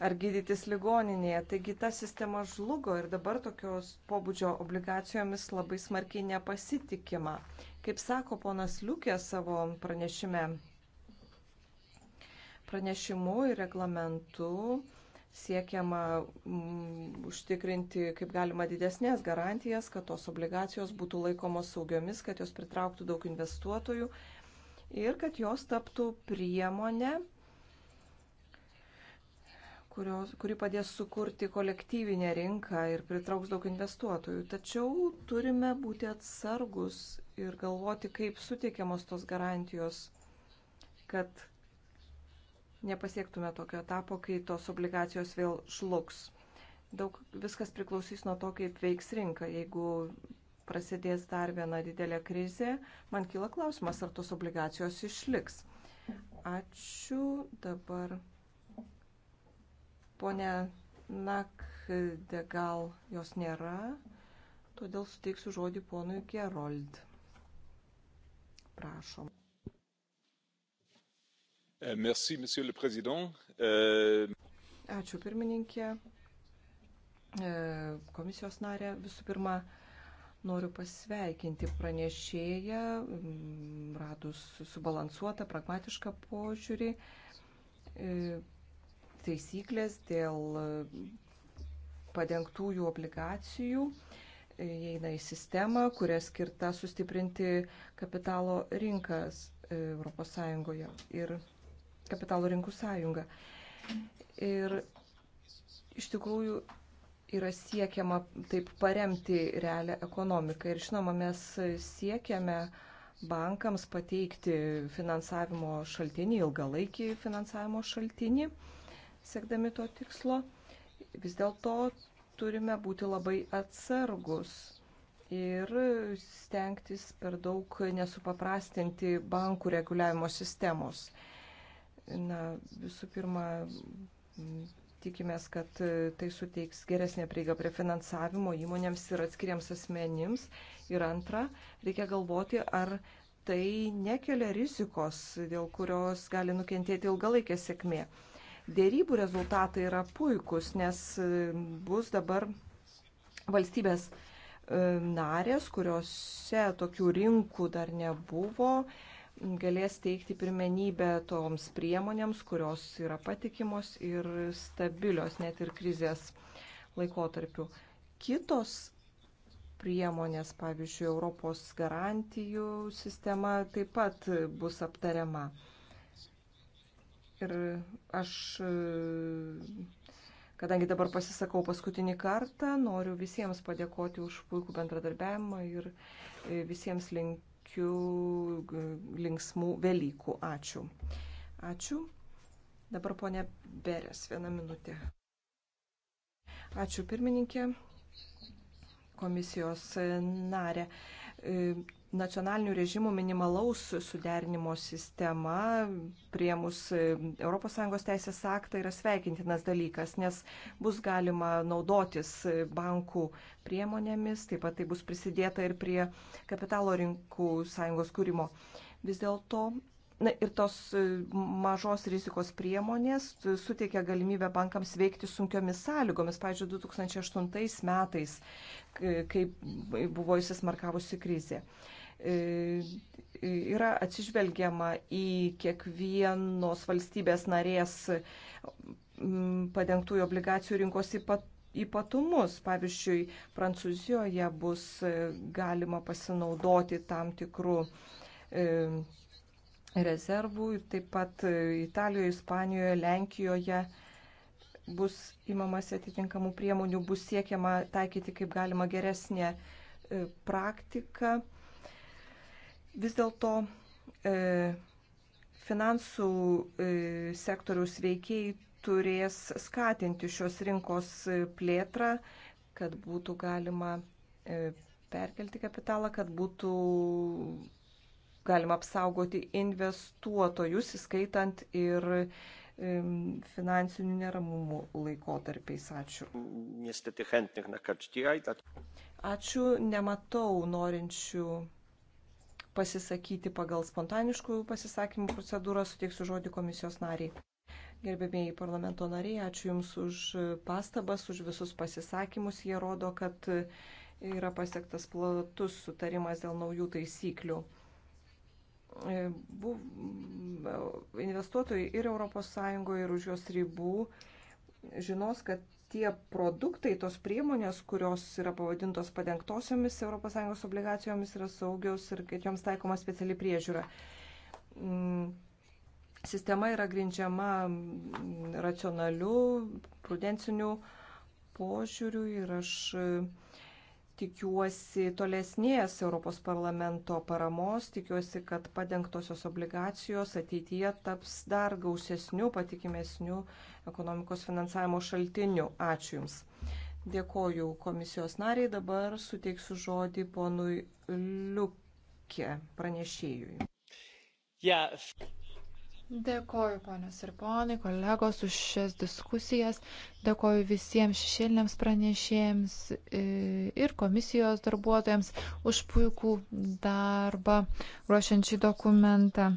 ar gydytis ligoninėje. Taigi ta sistema žlugo ir dabar tokios pobūdžio obligacijomis labai smarkiai nepasitikima. Kaip sako ponas Liukė savo pranešime, pranešimu ir reglamentu siekiama mm, užtikrinti kaip galima didesnės garantijas, kad tos obligacijos būtų laikomos saugiomis, kad jos pritrauktų daug investuotojų ir kad jos taptų priemonę, kurios, kuri padės sukurti kolektyvinę rinką ir pritrauks daug investuotojų. Tačiau turime būti atsargus ir galvoti, kaip suteikiamos tos garantijos, kad nepasiektume tokio etapo, kai tos obligacijos vėl šluks. Daug viskas priklausys nuo to, kaip veiks rinka. Jeigu prasidės dar viena didelė krizė, man kyla klausimas, ar tos obligacijos išliks. Ačiū dabar. Pone Nakde gal jos nėra, todėl suteiksiu žodį ponui Gerold. Prašom. Euh, merci, monsieur le président. Euh, Ačiū pirmininkė, euh, komisijos narė. Visų pirma, noriu pasveikinti pranešėją, mm, radus subalansuotą, pragmatišką požiūrį, e, taisyklės dėl padengtųjų obligacijų e, įeina į sistemą, kuria skirta sustiprinti kapitalo rinkas ES. Ir kapitalo rinkų sąjungą. Ir iš tikrųjų yra siekiama taip paremti realią ekonomiką. Ir žinoma, mes siekiame bankams pateikti finansavimo šaltinį, ilgalaikį finansavimo šaltinį, siekdami to tikslo. Vis dėlto turime būti labai atsargus ir stengtis per daug nesupaprastinti bankų reguliavimo sistemos. Na, visų pirma, tikimės, kad tai suteiks geresnė prieiga prie finansavimo įmonėms ir atskiriams asmenims. Ir antra, reikia galvoti, ar tai nekelia rizikos, dėl kurios gali nukentėti ilgalaikė sėkmė. Dėrybų rezultatai yra puikus, nes e, bus dabar valstybės e, narės, kuriuose tokių rinkų dar nebuvo, galės teikti pirmenybę toms priemonėms, kurios yra patikimos ir stabilios net ir krizės laikotarpiu. Kitos priemonės, pavyzdžiui, Europos garantijų sistema taip pat bus aptariama. Ir aš, kadangi dabar pasisakau paskutinį kartą, noriu visiems padėkoti už puikų bendradarbiavimą ir visiems link, linkiu linksmų Velykų. Ačiū. Ačiū. Dabar ponė Berės, vieną minutę. Ačiū pirmininkė, komisijos narė. E, nacionalinių režimų minimalaus suderinimo sistema prie mūsų ES teisės aktą yra sveikintinas dalykas, nes bus galima naudotis e, bankų priemonėmis, taip pat tai bus prisidėta ir prie kapitalo rinkų sąjungos kūrimo. Vis dėlto Na ir tos e, mažos rizikos priemonės e, suteikia galimybę bankams veikti sunkiomis sąlygomis. Pavyzdžiui, 2008 metais, kai buvo įsismarkavusi krizė. E, e, yra atsižvelgiama į kiekvienos valstybės narės padengtųjų obligacijų rinkos ypatumus. Pavyzdžiui, Prancūzijoje bus e, galima pasinaudoti tam tikrų rezervų ir taip pat Italijoje, Ispanijoje, Lenkijoje bus įmamasi atitinkamų priemonių, bus siekiama taikyti kaip galima geresnė praktika. Vis dėlto e, finansų e, sektoriaus veikėjai turės skatinti šios rinkos e, plėtrą, kad būtų galima e, perkelti kapitalą, kad būtų galima apsaugoti investuotojus, įskaitant ir e, finansinių neramumų laikotarpiais. Ačiū. Ačiū, nematau norinčių pasisakyti pagal spontaniškų pasisakymų procedūrą, suteiksiu žodį komisijos nariai. Gerbėmiai parlamento nariai, ačiū Jums už pastabas, už visus pasisakymus. Jie rodo, kad yra pasiektas platus sutarimas dėl naujų taisyklių. E, e, investuotojai ir ES ir už jos ribų žinos, kad tie produktai, tos priemonės, kurios yra pavadintos padengtosiomis ES obligacijomis, yra saugios ir kad joms taikoma speciali priežiūra. Mm, sistema yra grindžiama mm, racionaliu, prudenciniu požiūriu ir aš Tikiuosi tolesnės Europos parlamento paramos, tikiuosi, kad padengtosios obligacijos ateityje taps dar gausesnių, patikimesnių ekonomikos finansavimo šaltinių. Ačiū Jums. Dėkoju komisijos nariai, dabar suteiksiu žodį ponui Liukė pranešėjui. Yeah. Dėkoju, ponios ir ponai, kolegos, už šias diskusijas. Dėkoju visiems šešėliniams pranešėjams e, ir komisijos darbuotojams už puikų darbą ruošiant šį dokumentą.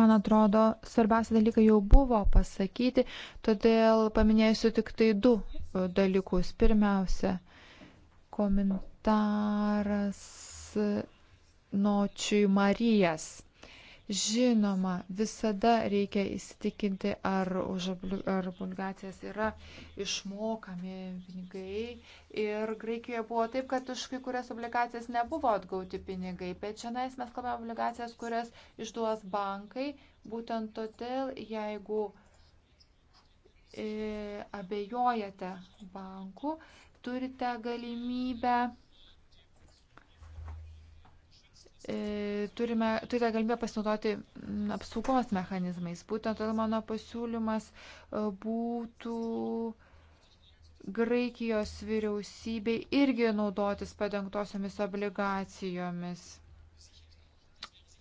Man atrodo, svarbiausia dalykai jau buvo pasakyti, todėl paminėsiu tik tai du e, dalykus. Pirmiausia, komentaras Nočiui Marijas Žinoma, visada reikia įsitikinti, ar už ar obligacijas yra išmokami pinigai. Ir Graikijoje buvo taip, kad už kai kurias obligacijas nebuvo atgauti pinigai, bet čia mes kalbame obligacijas, kurias išduos bankai. Būtent todėl, jeigu e, abejojate banku, turite galimybę E, turime, turite galimybę pasinaudoti apsaugos mechanizmais. Būtent todėl mano pasiūlymas e, būtų Graikijos vyriausybei irgi naudotis padengtosiomis obligacijomis,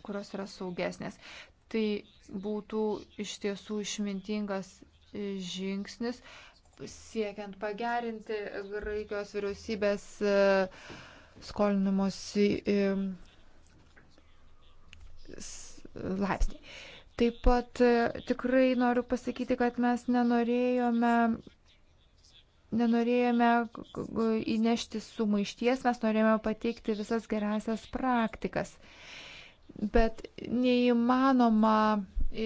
kurios yra saugesnės. Tai būtų iš tiesų išmintingas e, žingsnis siekiant pagerinti Graikijos vyriausybės skolinimus laipsniai. Taip pat e, tikrai noriu pasakyti, kad mes nenorėjome, nenorėjome įnešti sumaišties, mes norėjome pateikti visas gerasias praktikas. Bet neįmanoma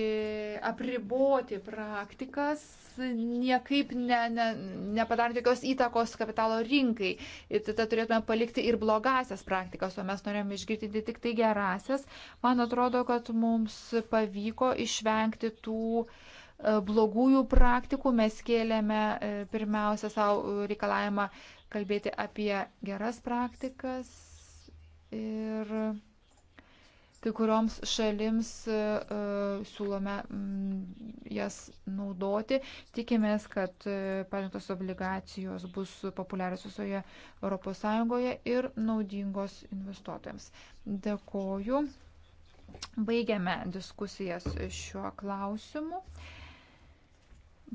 e, apriboti praktikas niekaip ne, ne, nepadarė jokios įtakos kapitalo rinkai. Ir tada turėtume palikti ir blogasias praktikas, o mes norėjome išgirti tik tai gerasias. Man atrodo, kad mums pavyko išvengti tų e, blogųjų praktikų. Mes kėlėme e, pirmiausia savo reikalavimą kalbėti apie geras praktikas. Ir Kai kurioms šalims uh, siūlome mm, jas naudoti. Tikimės, kad uh, e, parinktos obligacijos bus populiarios visoje ES ir naudingos investuotojams. Dėkoju. Baigiame diskusijas šiuo klausimu.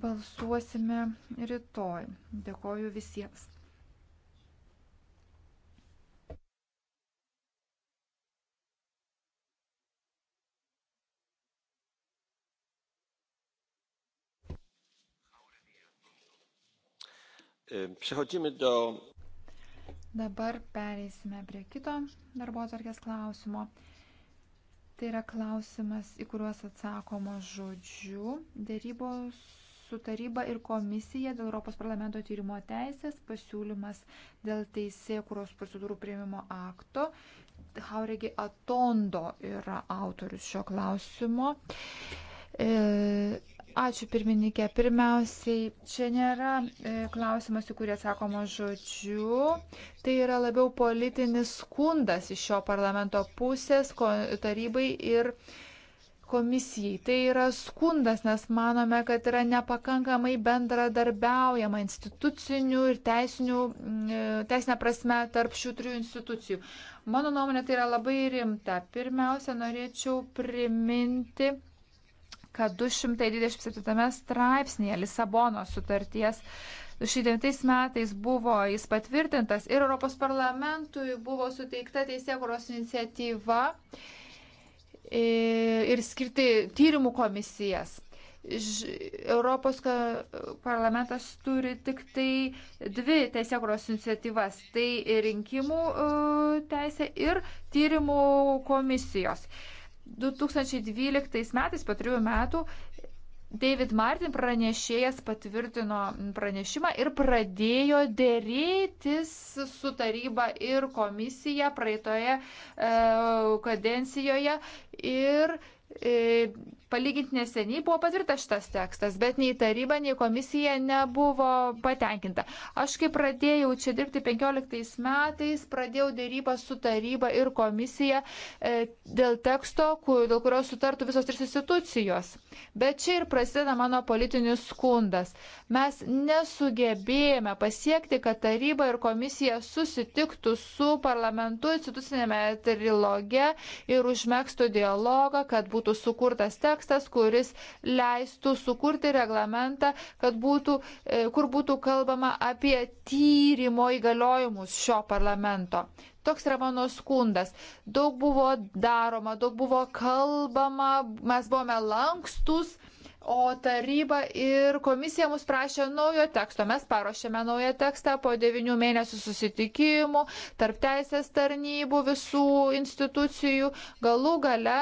Balsuosime rytoj. Dėkoju visiems. E, przechodzimy do. Dabar pereisime prie kito darbo atvarkės klausimo. Tai yra klausimas, į kuriuos atsakoma žodžiu. Dėrybos su taryba ir komisija dėl Europos parlamento tyrimo teisės pasiūlymas dėl teisėkuros procedūrų prieimimo akto. Hauregi Atondo yra autorius šio klausimo. E, Ačiū pirmininkė. Pirmiausiai, čia nėra e, klausimas, į kurį atsakoma žodžiu. Tai yra labiau politinis skundas iš šio parlamento pusės ko, tarybai ir komisijai. Tai yra skundas, nes manome, kad yra nepakankamai bendradarbiaujama institucinių ir teisinių, mm, e, teisinė prasme tarp šių trijų institucijų. Mano nuomonė tai yra labai rimta. Pirmiausia, norėčiau priminti kad 227 straipsnėje Lisabono sutarties 2009 metais buvo jis patvirtintas ir Europos parlamentui buvo suteikta teisėkuros iniciatyva e, ir skirti tyrimų komisijas. Europos parlamentas turi tik tai dvi teisėkuros iniciatyvas - tai rinkimų e, teisė ir tyrimų komisijos. 2012 metais, po trijų metų, David Martin pranešėjas patvirtino pranešimą ir pradėjo dėrėtis su taryba ir komisija praeitoje e, kadencijoje. Ir e, palyginti neseniai buvo patvirtas šitas tekstas, bet nei taryba, nei komisija nebuvo patenkinta. Aš kai pradėjau čia dirbti 15 metais, pradėjau dėrybą su taryba ir komisija e, dėl teksto, kur, dėl kurio sutartų visos tris institucijos. Bet čia ir prasideda mano politinis skundas. Mes nesugebėjome pasiekti, kad taryba ir komisija susitiktų su parlamentu institucinėme triloge ir užmėgstų dialogą, kad būtų sukurtas tekstas tekstas, kuris leistų sukurti reglamentą, būtų, e, kur būtų kalbama apie tyrimo įgaliojimus šio parlamento. Toks yra mano skundas. Daug buvo daroma, daug buvo kalbama, mes buvome lankstus. O taryba ir komisija mus prašė naujo teksto. Mes paruošėme naują tekstą po devinių mėnesių susitikimų, tarp teisės tarnybų, visų institucijų. Galų gale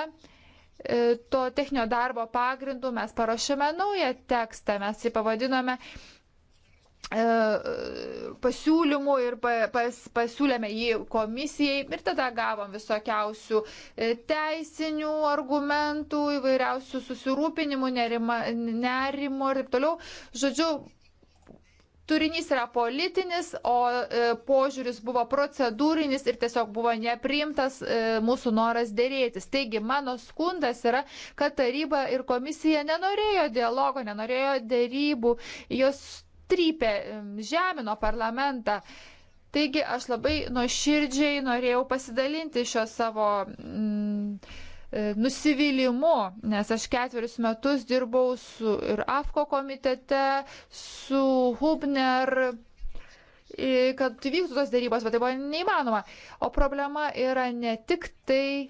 E, to techninio darbo pagrindu mes parašėme naują tekstą, mes jį pavadinome e, pasiūlymų ir pas, pasiūlėme jį komisijai ir tada gavom visokiausių e, teisinių argumentų, įvairiausių susirūpinimų, nerimo ir taip toliau. Žodžiu, turinys yra politinis, o e, požiūris buvo procedūrinis ir tiesiog buvo nepriimtas e, mūsų noras dėrėtis. Taigi mano skundas yra, kad taryba ir komisija nenorėjo dialogo, nenorėjo dėrybų, jos trypė, žemino parlamentą. Taigi aš labai nuoširdžiai norėjau pasidalinti šio savo. Mm, E, nusivylimu, nes aš ketverius metus dirbau su ir AFKO komitete, su Hubner, kad vyktų tos darybos, bet tai buvo neįmanoma. O problema yra ne tik tai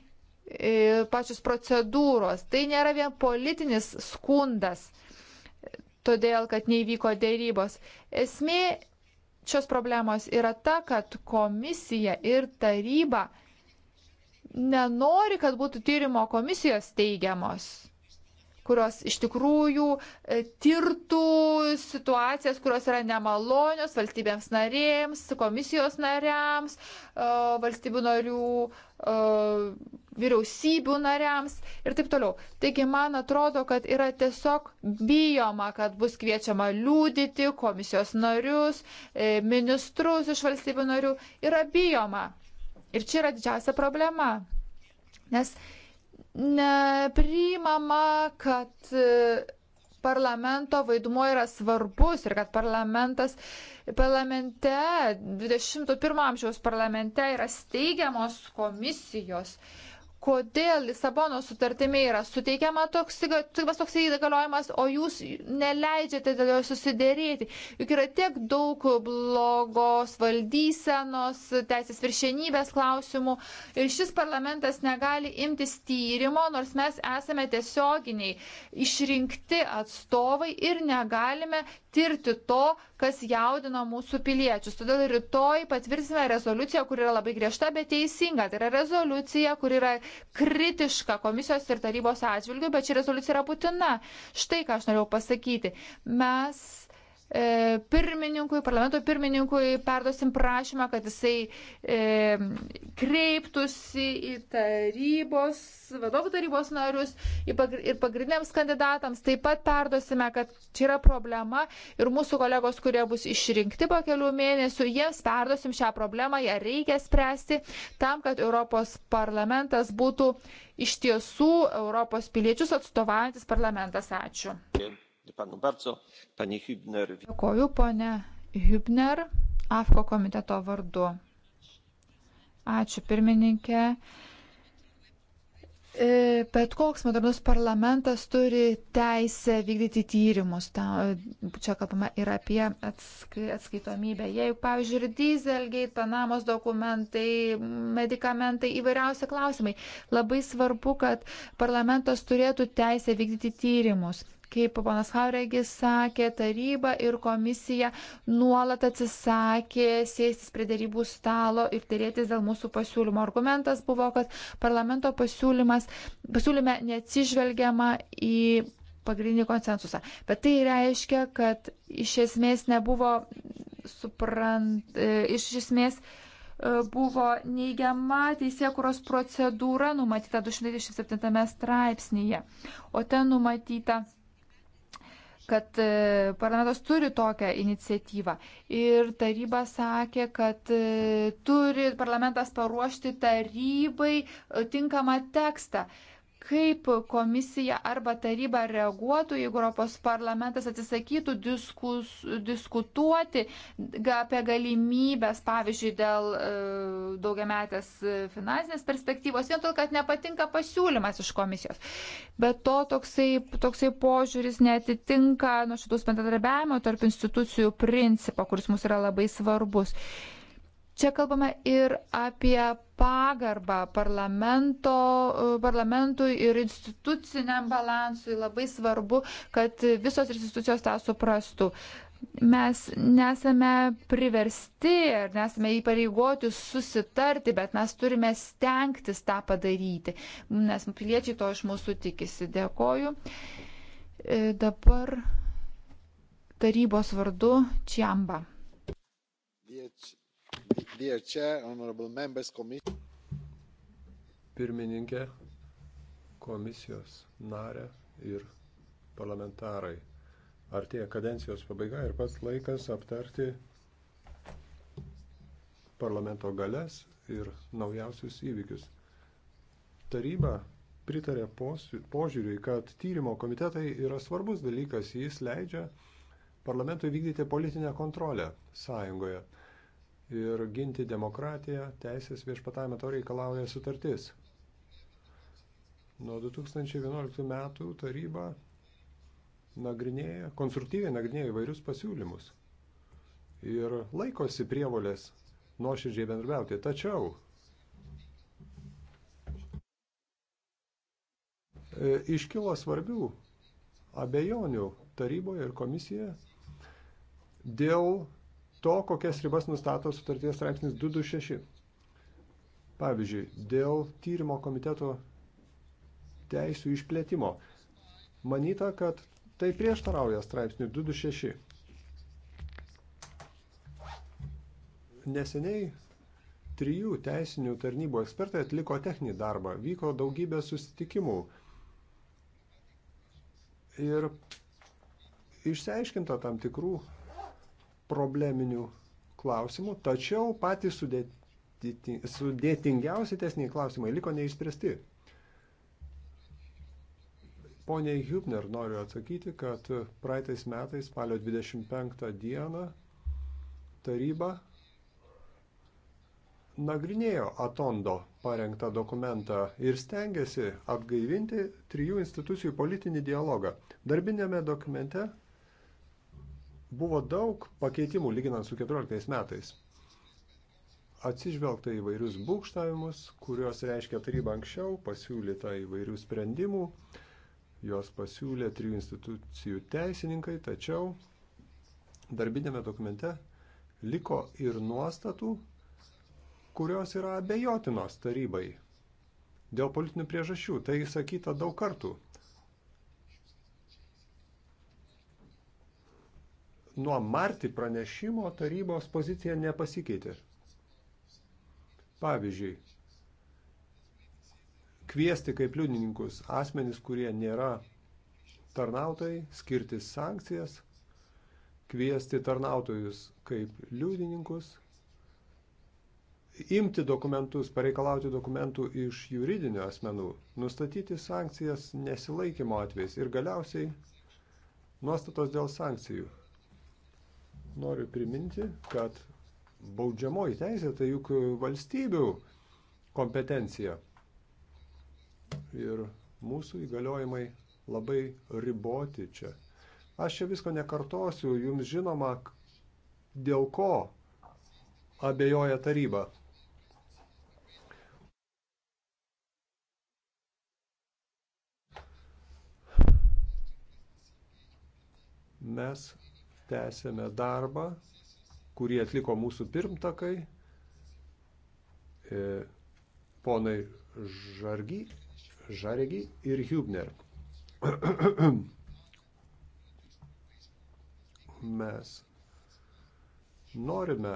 pačios procedūros, tai nėra vien politinis skundas, todėl kad neįvyko dėrybos. Esmė šios problemos yra ta, kad komisija ir taryba nenori, kad būtų tyrimo komisijos teigiamos kurios iš tikrųjų e, tirtų situacijas, kurios yra nemalonios valstybėms narėms, komisijos nariams, e, valstybių narių, e, vyriausybių nariams ir taip toliau. Taigi man atrodo, kad yra tiesiog bijoma, kad bus kviečiama liūdyti komisijos narius, ministrus iš valstybių narių. Yra bijoma. Ir čia yra didžiausia problema. Nes nepriimama, kad e, parlamento vaidmuo yra svarbus ir kad parlamentas parlamente, 21 amžiaus parlamente yra steigiamos komisijos. Uh, kodėl Lisabono sutartimi yra suteikiama toks, toks, toks įgaliojimas, o jūs neleidžiate dėl jo susidėrėti. Juk yra tiek daug blogos valdysenos, teisės viršienybės klausimų ir šis parlamentas negali imtis tyrimo, nors mes esame tiesioginiai išrinkti atstovai ir negalime tirti to, kas jaudina mūsų piliečius. Todėl rytoj patvirtinsime rezoliuciją, kur yra labai griežta, bet teisinga. Tai yra rezoliucija, kur yra kritiška komisijos ir tarybos atžvilgių, bet ši rezoliucija yra būtina. Štai ką aš norėjau pasakyti. Mes E, pirmininkui, parlamento pirmininkui perduosim prašymą, kad jisai e, kreiptųsi į tarybos, vadovų tarybos narius pagr ir pagrindiniams kandidatams. Taip pat perduosime, kad čia yra problema ir mūsų kolegos, kurie bus išrinkti po kelių mėnesių, jiems perduosim šią problemą, ją reikia spręsti tam, kad Europos parlamentas būtų iš tiesų Europos piliečius atstovaujantis parlamentas. Ačiū. Yeah. Dėkoju, ponė Hübner, AFKO komiteto vardu. Ačiū, pirmininkė. E, bet koks modernus parlamentas turi teisę vykdyti tyrimus. Ta, e, čia kalbama ir apie atskaitomybę. Jeigu, pavyzdžiui, ir dieselgate, Panamos dokumentai, medikamentai, įvairiausi klausimai, labai svarbu, kad parlamentas turėtų teisę vykdyti tyrimus. Kaip ponas Hauregis sakė, taryba ir komisija nuolat atsisakė sėstis prie darybų stalo ir dėrėtis dėl mūsų pasiūlymo. Argumentas buvo, kad parlamento pasiūlyme neatsižvelgiama į pagrindinį konsensusą. Bet tai reiškia, kad iš esmės nebuvo suprant, e, iš esmės e, buvo neigiama teisėkuros procedūra numatyta 227 straipsnėje, o ten numatyta kad e, parlamentas turi tokią iniciatyvą. Ir taryba sakė, kad e, turi parlamentas paruošti tarybai e, tinkamą tekstą kaip komisija arba taryba reaguotų, jeigu Europos parlamentas atsisakytų diskus, diskutuoti apie galimybės, pavyzdžiui, dėl e, daugiametės finansinės perspektyvos, vien todėl, kad nepatinka pasiūlymas iš komisijos. Bet to toksai, toksai požiūris netitinka nuo šitus bendradarbiavimo tarp institucijų principą, kuris mums yra labai svarbus. Čia kalbame ir apie pagarbą parlamentui ir instituciniam balansui. Labai svarbu, kad visos institucijos tą suprastų. Mes nesame priversti ar nesame įpareigoti susitarti, bet mes turime stengtis tą padaryti, nes piliečiai to iš mūsų tikisi. Dėkoju. E, dabar tarybos vardu Čiamba. Vieči Pirmininkė, komisijos narė ir parlamentarai. Artėja kadencijos pabaiga ir pats laikas aptarti parlamento galės ir naujausius įvykius. Taryba pritarė požiūriui, kad tyrimo komitetai yra svarbus dalykas, jis leidžia parlamentui vykdyti politinę kontrolę sąjungoje ir ginti demokratiją, teisės viešpatavimą to reikalauja sutartis. Nuo 2011 metų taryba nagrinėja, konstruktyviai nagrinėja įvairius pasiūlymus ir laikosi prievolės nuoširdžiai bendrauti. Tačiau e, iškilo svarbių abejonių taryboje ir komisijoje dėl to, kokias ribas nustato sutarties straipsnis 226. Pavyzdžiui, dėl tyrimo komiteto teisų išplėtimo. Manyta, kad tai prieštarauja straipsniui 226. Neseniai trijų teisinių tarnybų ekspertai atliko techninį darbą, vyko daugybė susitikimų ir išsiaiškinta tam tikrų probleminių klausimų, tačiau patys sudėtingiausi tesniai klausimai liko neišspręsti. Pone Hübner noriu atsakyti, kad praeitais metais, spalio 25 dieną, taryba nagrinėjo Atondo parengtą dokumentą ir stengiasi atgaivinti trijų institucijų politinį dialogą. Darbinėme dokumente Buvo daug pakeitimų lyginant su 14 metais. Atsižvelgta įvairius būkštavimus, kuriuos reiškia taryba anksčiau, pasiūlyta įvairių sprendimų, juos pasiūlė trijų institucijų teisininkai, tačiau darbinėme dokumente liko ir nuostatų, kurios yra abejotinos tarybai dėl politinių priežasčių. Tai sakyta daug kartų. nuo Marti pranešimo tarybos pozicija nepasikeitė. Pavyzdžiui, kviesti kaip liudininkus asmenys, kurie nėra tarnautojai, skirti sankcijas, kviesti tarnautojus kaip liudininkus, imti dokumentus, pareikalauti dokumentų iš juridinių asmenų, nustatyti sankcijas nesilaikymo atvejais ir galiausiai nuostatos dėl sankcijų noriu priminti, kad baudžiamoji teisė tai juk valstybių kompetencija. Ir mūsų įgaliojimai labai riboti čia. Aš čia visko nekartosiu, jums žinoma, dėl ko abejoja taryba. Mes tęsėme darbą, kurį atliko mūsų pirmtakai, e, ponai Žargy, Žaregi ir Hubner. Mes norime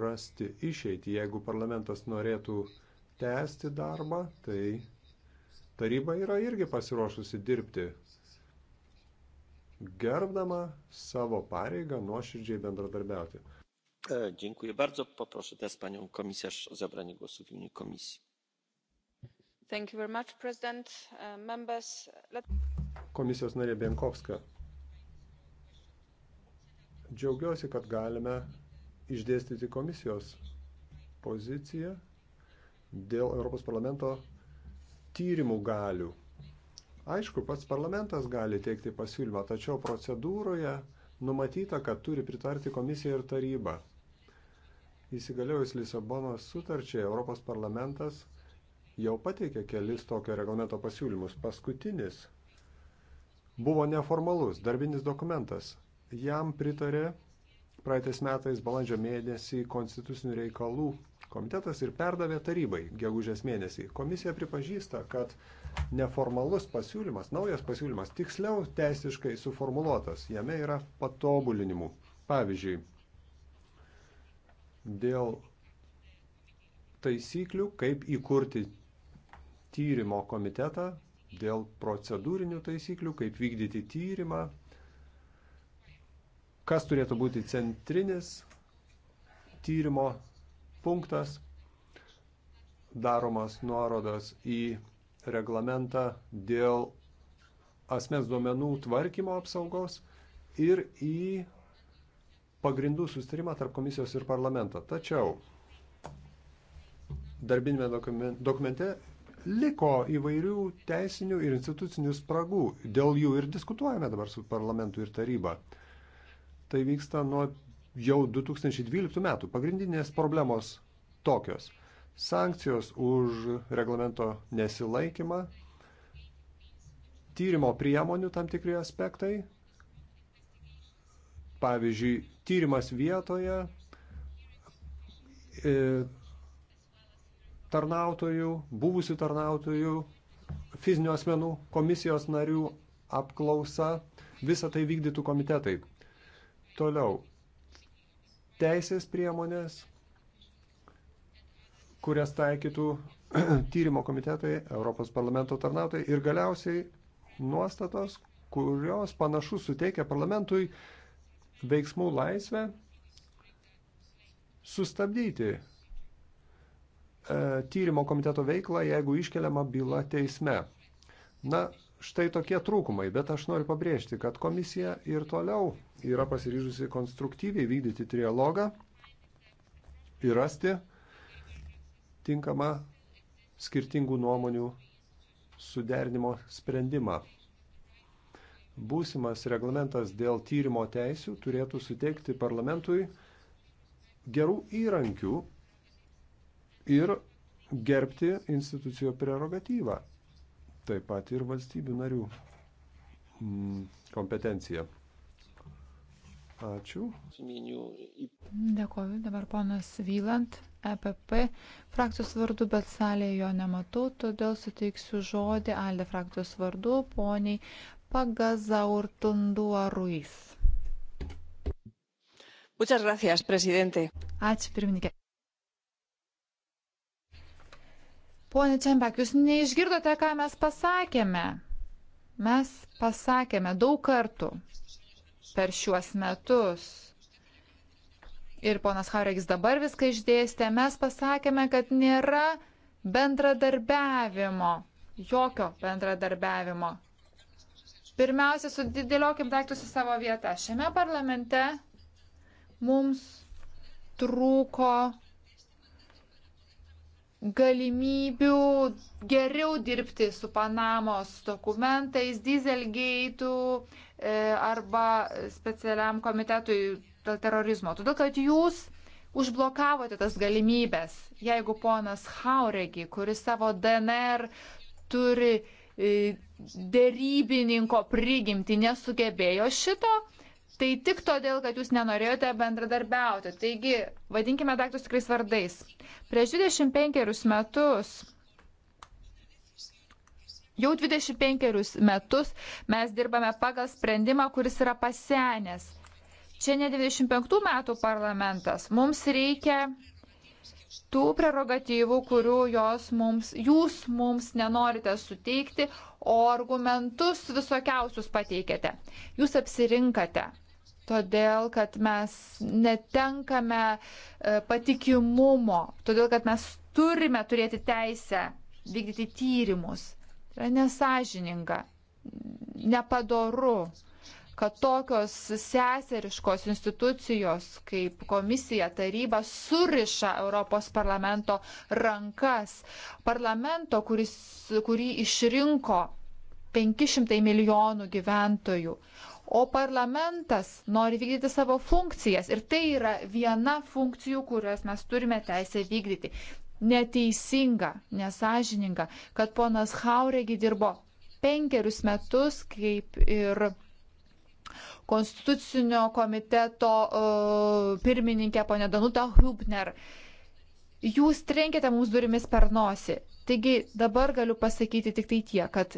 rasti išeitį. Jeigu parlamentas norėtų tęsti darbą, tai taryba yra irgi pasiruošusi dirbti gerbdama savo pareigą nuoširdžiai bendradarbiauti. E, dziękuję bardzo. Poproszę teraz panią komisarz o zabranie głosu w imieniu komisji. Thank you very much, President. Uh, members, let... Komisijos narė Bienkovska. Džiaugiuosi, kad galime išdėstyti komisijos poziciją dėl Europos parlamento tyrimų galių Aišku, pats parlamentas gali teikti pasiūlymą, tačiau procedūroje numatyta, kad turi pritarti komisija ir taryba. Įsigaliojus Lisabonos sutarčiai, Europos parlamentas jau pateikė kelis tokio reglamento pasiūlymus. Paskutinis buvo neformalus darbinis dokumentas. Jam pritarė praeitais metais balandžio mėnesį konstitucinių reikalų komitetas ir perdavė tarybai gegužės mėnesį. Komisija pripažįsta, kad neformalus pasiūlymas, naujas pasiūlymas, tiksliau teisiškai suformuluotas, jame yra patobulinimų. Pavyzdžiui, dėl taisyklių, kaip įkurti tyrimo komitetą, dėl procedūrinių taisyklių, kaip vykdyti tyrimą, kas turėtų būti centrinis tyrimo punktas daromas nuorodas į reglamentą dėl asmens duomenų tvarkymo apsaugos ir į pagrindų sustarimą tarp komisijos ir parlamento. Tačiau darbinėme dokumente liko įvairių teisinių ir institucinių spragų. Dėl jų ir diskutuojame dabar su parlamentu ir taryba. Tai vyksta nuo jau 2012 metų. Pagrindinės problemos tokios. Sankcijos už reglamento nesilaikymą, tyrimo priemonių tam tikri aspektai, pavyzdžiui, tyrimas vietoje, e, tarnautojų, buvusių tarnautojų, fizinių asmenų, komisijos narių apklausa, visą tai vykdytų komitetai. Toliau, teisės priemonės, kurias taikytų tyrimo komitetai, Europos parlamento tarnautojai ir galiausiai nuostatos, kurios panašu suteikia parlamentui veiksmų laisvę sustabdyti e, tyrimo komiteto veiklą, jeigu iškeliama byla teisme. Na, štai tokie trūkumai, bet aš noriu pabrėžti, kad komisija ir toliau yra pasiryžusi konstruktyviai vykdyti trialogą ir rasti tinkamą skirtingų nuomonių suderinimo sprendimą. Būsimas reglamentas dėl tyrimo teisių turėtų suteikti parlamentui gerų įrankių ir gerbti institucijo prerogatyvą taip pat ir valstybių narių mm, kompetencija. Ačiū. Dėkoju. Dabar ponas Vyland, EPP frakcijos vardu, bet salėje jo nematau, todėl suteiksiu žodį Alde frakcijos vardu poniai Pagazaurtundua Ruiz. Muchas gracias, presidente. Ačiū, pirmininkė. Pone Čembek, jūs neišgirdote, ką mes pasakėme. Mes pasakėme daug kartų per šiuos metus. Ir ponas Hauregis dabar viską išdėstė. Mes pasakėme, kad nėra bendradarbiavimo. Jokio bendradarbiavimo. Pirmiausia, sudėliokim daiktus į savo vietą. Šiame parlamente mums trūko galimybių geriau dirbti su Panamos dokumentais, dizelgeitų e, arba specialiam komitetui dėl terorizmo. Todėl, kad jūs užblokavote tas galimybės. Jeigu ponas Hauregi, kuris savo DNR turi e, dėrybininko prigimti, nesugebėjo šito, Tai tik todėl, kad jūs nenorėjote bendradarbiauti. Taigi, vadinkime daiktus tikrais vardais. Prieš 25 metus, jau 25 metus mes dirbame pagal sprendimą, kuris yra pasenęs. Čia ne 95 metų parlamentas. Mums reikia tų prerogatyvų, kurių mums, jūs mums nenorite suteikti, o argumentus visokiausius pateikėte. Jūs apsirinkate todėl kad mes netenkame e, patikimumo, todėl kad mes turime turėti teisę vykdyti tyrimus. Tai yra nesažininga, nepadoru, kad tokios seseriškos institucijos kaip komisija, taryba suriša Europos parlamento rankas. Parlamento, kuris, kurį išrinko 500 milijonų gyventojų, o parlamentas nori vykdyti savo funkcijas. Ir tai yra viena funkcijų, kurias mes turime teisę vykdyti. Neteisinga, nesažininga, kad ponas Hauregi dirbo penkerius metus kaip ir konstitucinio komiteto uh, pirmininkė ponė Danuta Hubner. Jūs trenkite mums durimis per nosį. Taigi dabar galiu pasakyti tik tai tie, kad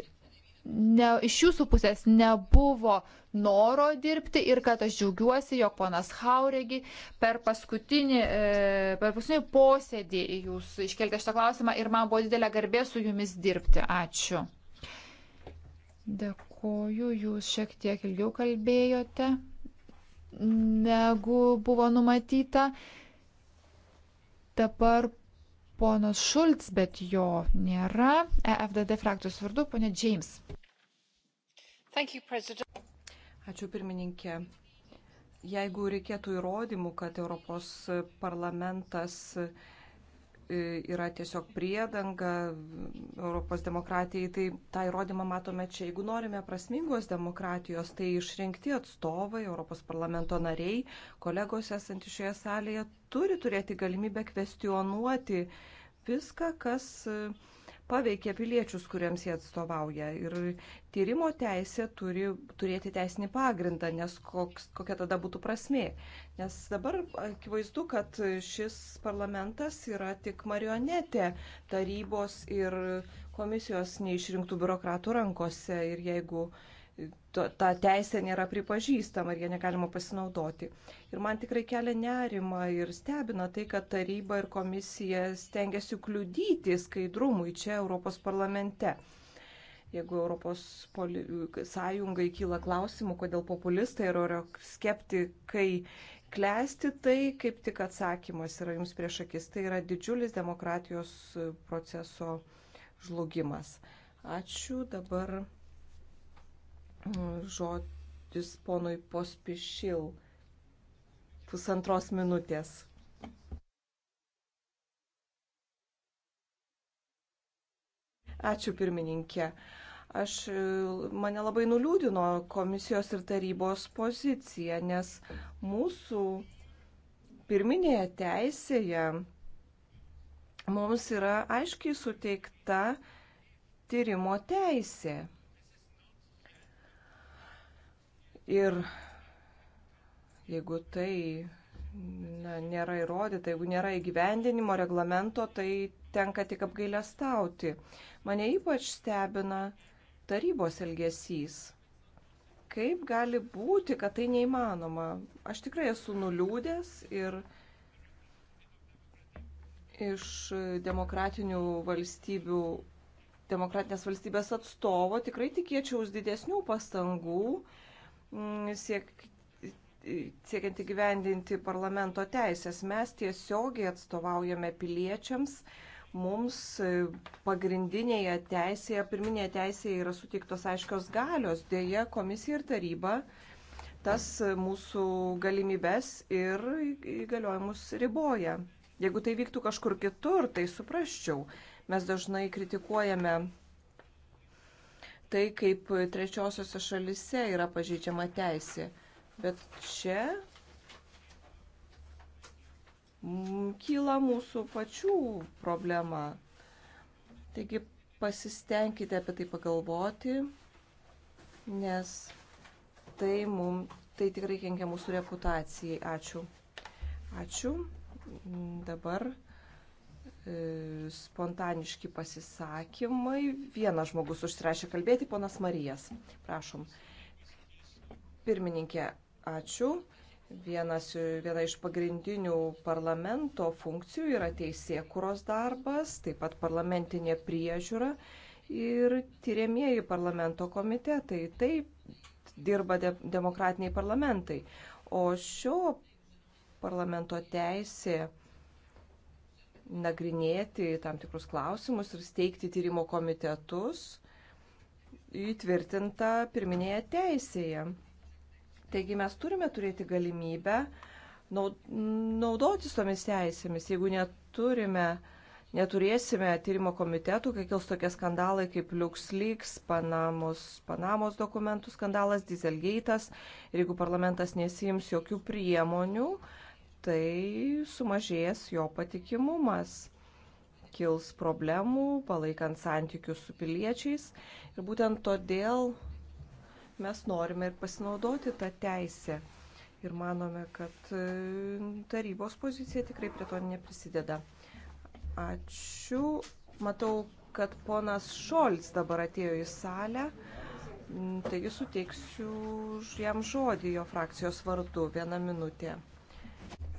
ne, iš jūsų pusės nebuvo noro dirbti ir kad aš džiaugiuosi, jog ponas Hauregi per paskutinį, e, per paskutinį posėdį jūs iškelti šitą klausimą ir man buvo didelė garbė su jumis dirbti. Ačiū. Dėkuoju, jūs šiek tiek ilgiau kalbėjote negu buvo numatyta. Dabar ponas Šulc, bet jo nėra. EFDD frakcijos vardu, ponė James. You, Ačiū pirmininkė. Jeigu reikėtų įrodymų, kad Europos parlamentas e, yra tiesiog priedanga Europos demokratijai, tai tą įrodymą matome čia. Jeigu norime prasmingos demokratijos, tai išrinkti atstovai, Europos parlamento nariai, kolegos esantys šioje salėje turi turėti galimybę kvestionuoti viską, kas uh, paveikia piliečius, kuriems jie atstovauja. Ir tyrimo teisė turi turėti teisinį pagrindą, nes koks, kokia tada būtų prasmė. Nes dabar akivaizdu, kad šis parlamentas yra tik marionetė tarybos ir komisijos neišrinktų biurokratų rankose. Ir jeigu uh, ta teisė nėra pripažįstama ir jie negalima pasinaudoti. Ir man tikrai kelia nerima ir stebina tai, kad taryba ir komisija stengiasi kliudyti skaidrumui čia Europos parlamente. Jeigu Europos poli... sąjungai kyla klausimų, kodėl populistai ir euroskeptikai klesti, tai kaip tik atsakymas yra jums prieš akis. Tai yra didžiulis demokratijos proceso žlugimas. Ačiū dabar Žodis ponui Pospišil. Pusantros minutės. Ačiū pirmininkė. Aš mane labai nuliūdino komisijos ir tarybos pozicija, nes mūsų pirminėje teisėje mums yra aiškiai suteikta tyrimo teisė. Ir jeigu tai na, nėra įrodyta, jeigu nėra įgyvendinimo reglamento, tai tenka tik apgailę stauti. Mane ypač stebina tarybos elgesys. Kaip gali būti, kad tai neįmanoma? Aš tikrai esu nuliūdęs ir iš demokratinių valstybių, demokratinės valstybės atstovo tikrai tikėčiaus didesnių pastangų, uh, Mm, siek, siekiant įgyvendinti parlamento teisės. Mes tiesiogiai atstovaujame piliečiams. Mums pagrindinėje teisėje, pirminėje teisėje yra suteiktos aiškios galios. Deja, komisija ir taryba tas mūsų galimybes ir įgaliojimus riboja. Jeigu tai vyktų kažkur kitur, tai suprasčiau. Mes dažnai kritikuojame tai, kaip trečiosiose šalise yra pažeidžiama teisė. Bet čia kyla mūsų pačių problema. Taigi pasistengkite apie tai pagalvoti, nes tai, mum, tai tikrai kenkia mūsų reputacijai. Ačiū. Ačiū. Dabar E, spontaniški pasisakymai. Vienas žmogus užsirašė kalbėti, ponas Marijas. Prašom. Pirmininkė, ačiū. Vienas, viena iš pagrindinių parlamento funkcijų yra teisėkuros darbas, taip pat parlamentinė priežiūra ir tyrėmieji parlamento komitetai. Taip dirba de demokratiniai parlamentai. O šio parlamento teisė nagrinėti tam tikrus klausimus ir steigti tyrimo komitetus įtvirtinta pirminėje teisėje. Taigi mes turime turėti galimybę naudotis tomis teisėmis. Jeigu neturime, neturėsime tyrimo komitetų, kai kils tokie skandalai kaip LuxLeaks, Panamos, Panamos dokumentų skandalas, Dieselgate'as, ir jeigu parlamentas nesijims jokių priemonių, uh, tai sumažės jo patikimumas, kils problemų, palaikant santykius su piliečiais. Ir būtent todėl mes norime ir pasinaudoti tą teisę. Ir manome, kad e, tarybos pozicija tikrai prie to neprisideda. Ačiū. Matau, kad ponas Šolts dabar atėjo į salę. Taigi suteiksiu jam žodį jo frakcijos vardu. Vieną minutę.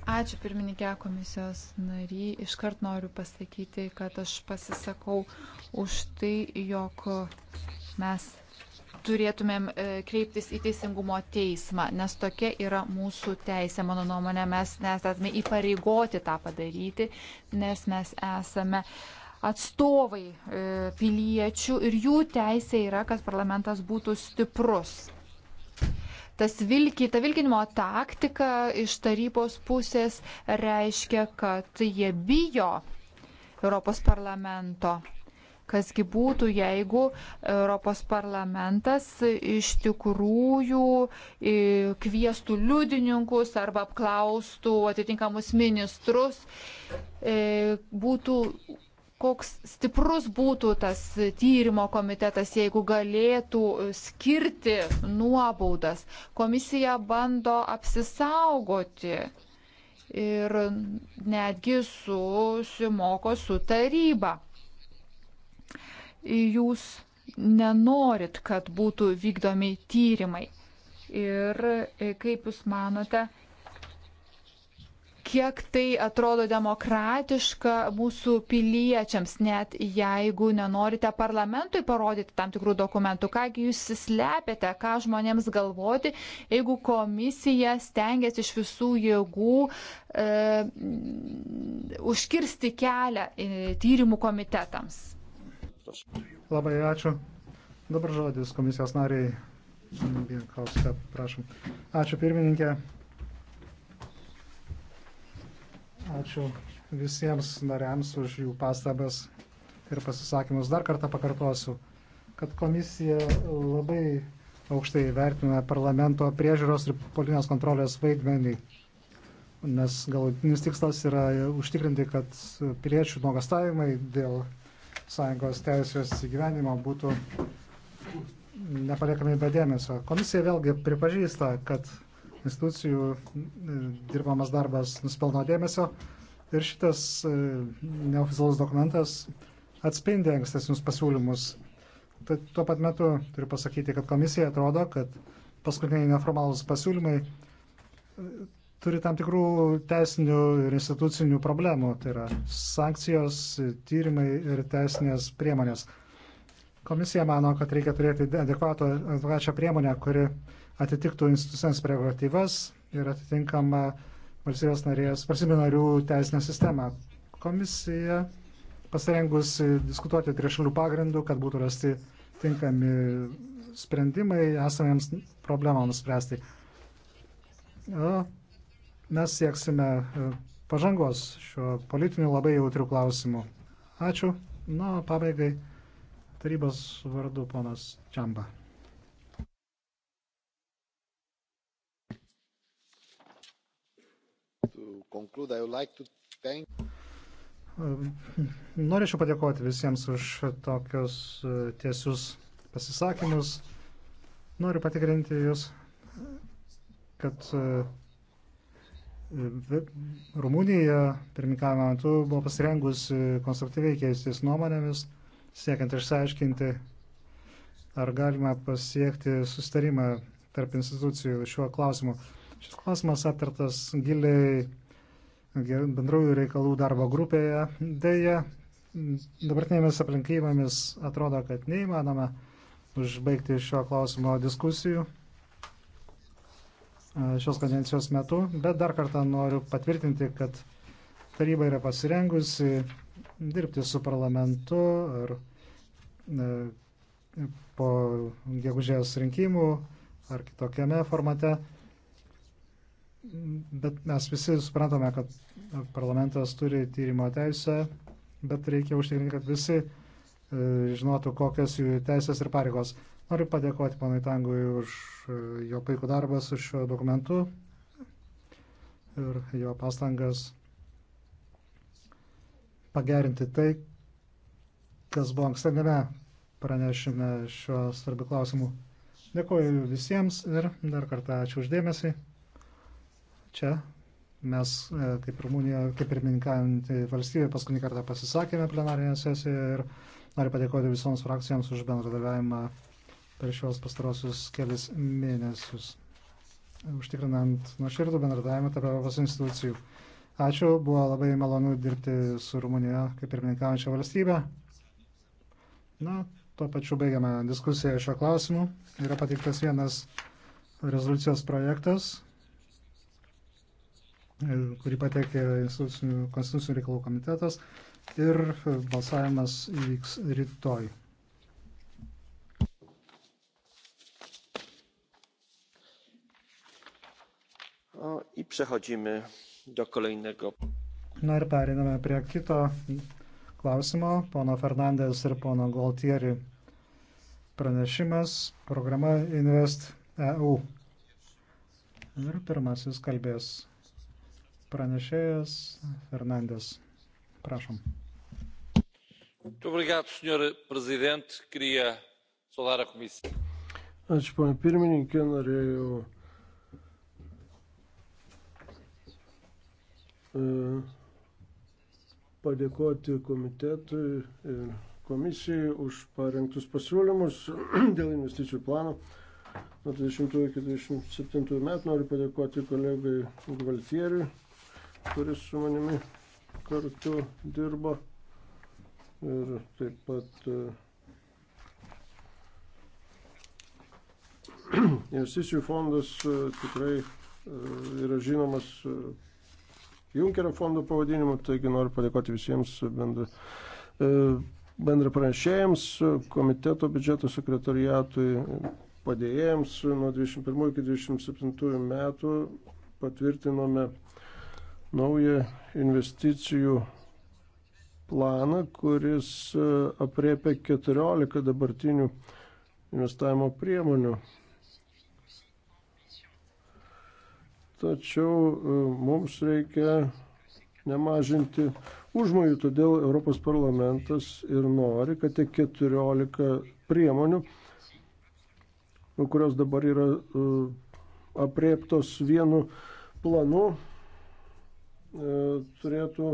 Ačiū pirmininkė komisijos nary. Iškart noriu pasakyti, kad aš pasisakau už tai, jog mes turėtumėm e, kreiptis į teisingumo teismą, nes tokia yra mūsų teisė. Mano nuomonė, mes nesame įpareigoti tą padaryti, nes mes esame atstovai e, piliečių ir jų teisė yra, kad parlamentas būtų stiprus tas vilki, ta vilkinimo taktika iš tarybos pusės reiškia, kad jie bijo Europos parlamento kasgi būtų, jeigu Europos parlamentas iš tikrųjų e, kvieštų liudininkus arba apklaustų atitinkamus ministrus, e, būtų koks stiprus būtų tas tyrimo komitetas, jeigu galėtų skirti nuobaudas. Komisija bando apsisaugoti ir netgi susimoko su taryba. Jūs nenorit, kad būtų vykdomi tyrimai. Ir kaip Jūs manote, kiek tai atrodo demokratiška mūsų piliečiams, net jeigu nenorite parlamentui parodyti tam tikrų dokumentų, kągi jūs slepiate, ką žmonėms galvoti, jeigu komisija stengiasi iš visų jėgų e, užkirsti kelią e, tyrimų komitetams. Labai ačiū. Dabar žodis komisijos nariai. Bienkauską, prašom. Ačiū pirmininkė. Ačiū visiems nariams už jų pastabas ir pasisakymus. Dar kartą pakartosiu, kad komisija labai aukštai vertina parlamento priežiūros ir politinės kontrolės vaidmenį, nes galutinis tikslas yra užtikrinti, kad piliečių nuogastavimai dėl sąjungos teisės įgyvenimo būtų nepaliekami be dėmesio. Komisija vėlgi pripažįsta, kad institucijų e, dirbamas darbas nuspelno dėmesio. Ir šitas e, neoficialus dokumentas atspindi ankstesnius pasiūlymus. Tad tuo pat metu turiu pasakyti, kad komisija atrodo, kad paskutiniai neformalūs pasiūlymai e, turi tam tikrų teisinių ir institucinių problemų, tai yra sankcijos, tyrimai ir teisinės priemonės. Komisija mano, kad reikia turėti adekvačią priemonę, kuri uh, atitiktų institucijos prerogatyvas ir atitinkamą valstybės narės, valstybės narių teisinę sistemą. Komisija pasirengusi diskutuoti trišalių pagrindų, kad būtų rasti tinkami sprendimai esamiems problemams spręsti. Mes sieksime e, pažangos šiuo politiniu labai jautriu klausimu. Ačiū. Na, pabaigai tarybos vardu ponas Čiamba. conclude, I would like to thank. Norėčiau padėkoti visiems už tokius e, tiesius pasisakymus. Noriu patikrinti Jūs, kad e, e, Rumunija pirmininkavimo metu buvo pasirengusi konstruktyviai keistis nuomonėmis, siekiant išsiaiškinti, ar galima pasiekti sustarimą tarp institucijų šiuo klausimu. Šis klausimas aptartas giliai bendraujų reikalų darbo grupėje. Deja, dabartinėmis aplinkybėmis atrodo, kad neįmanoma užbaigti šio klausimo diskusijų e, šios kadencijos metu, bet dar kartą noriu patvirtinti, kad taryba yra pasirengusi dirbti su parlamentu ar e, po gegužės rinkimų ar kitokiame formate bet mes visi suprantame, kad parlamentas turi tyrimo teisę, bet reikia užtikrinti, kad visi e, žinotų, kokios jų teisės ir pareigos. Noriu padėkoti panai Tangui už e, jo puikų darbą su šiuo dokumentu ir jo pastangas pagerinti tai, kas buvo ankstame pranešime šiuo svarbiu klausimu. Dėkuoju visiems ir dar kartą ačiū uždėmesį. Čia mes, e, kaip Rumunija, kaip pirmininkavinti valstybė, paskutinį kartą pasisakėme plenarinėje sesijoje ir noriu padėkoti visoms frakcijoms už bendradarbiavimą per šios pastarosius kelis mėnesius, užtikrinant nuoširdų bendradarbiavimą tarp Europos institucijų. Ačiū, buvo labai malonu dirbti su Rumunija kaip pirmininkaujančia valstybė. Na, tuo pačiu baigiame diskusiją šio klausimu. Yra pateiktas vienas rezoliucijos projektas kurį patekė Konstitucijų reikalų komitetas ir balsavimas vyks rytoj. O, I przechodzimy do kolejnego. Na ir periname prie kito klausimo, pono Fernandės ir pono Galtieri pranešimas, programa Invest EU. Ir pirmasis kalbės Pranešėjas Fernandes. Prašom. Ačiū, pana pirmininkė, norėjau e, padėkoti komitetui ir komisijai už parengtus pasiūlymus dėl investicijų plano. Nuo 20 iki 27 metų noriu padėkoti kolegai Gvaltieriui kuris su manimi kartu dirbo. Ir taip pat e, investicijų fondas e, tikrai e, yra žinomas Junkerio fondo pavadinimu, taigi noriu padėkoti visiems bendra, bendra pranešėjams, komiteto biudžeto sekretariatui, padėjėjams nuo 21 iki 27 metų patvirtinome naują investicijų planą, kuris e, apriepia 14 dabartinių investavimo priemonių. Tačiau e, mums reikia nemažinti užmojų, todėl Europos parlamentas ir nori, kad tie 14 priemonių, kurios dabar yra e, apriektos vienu planu, E, turėtų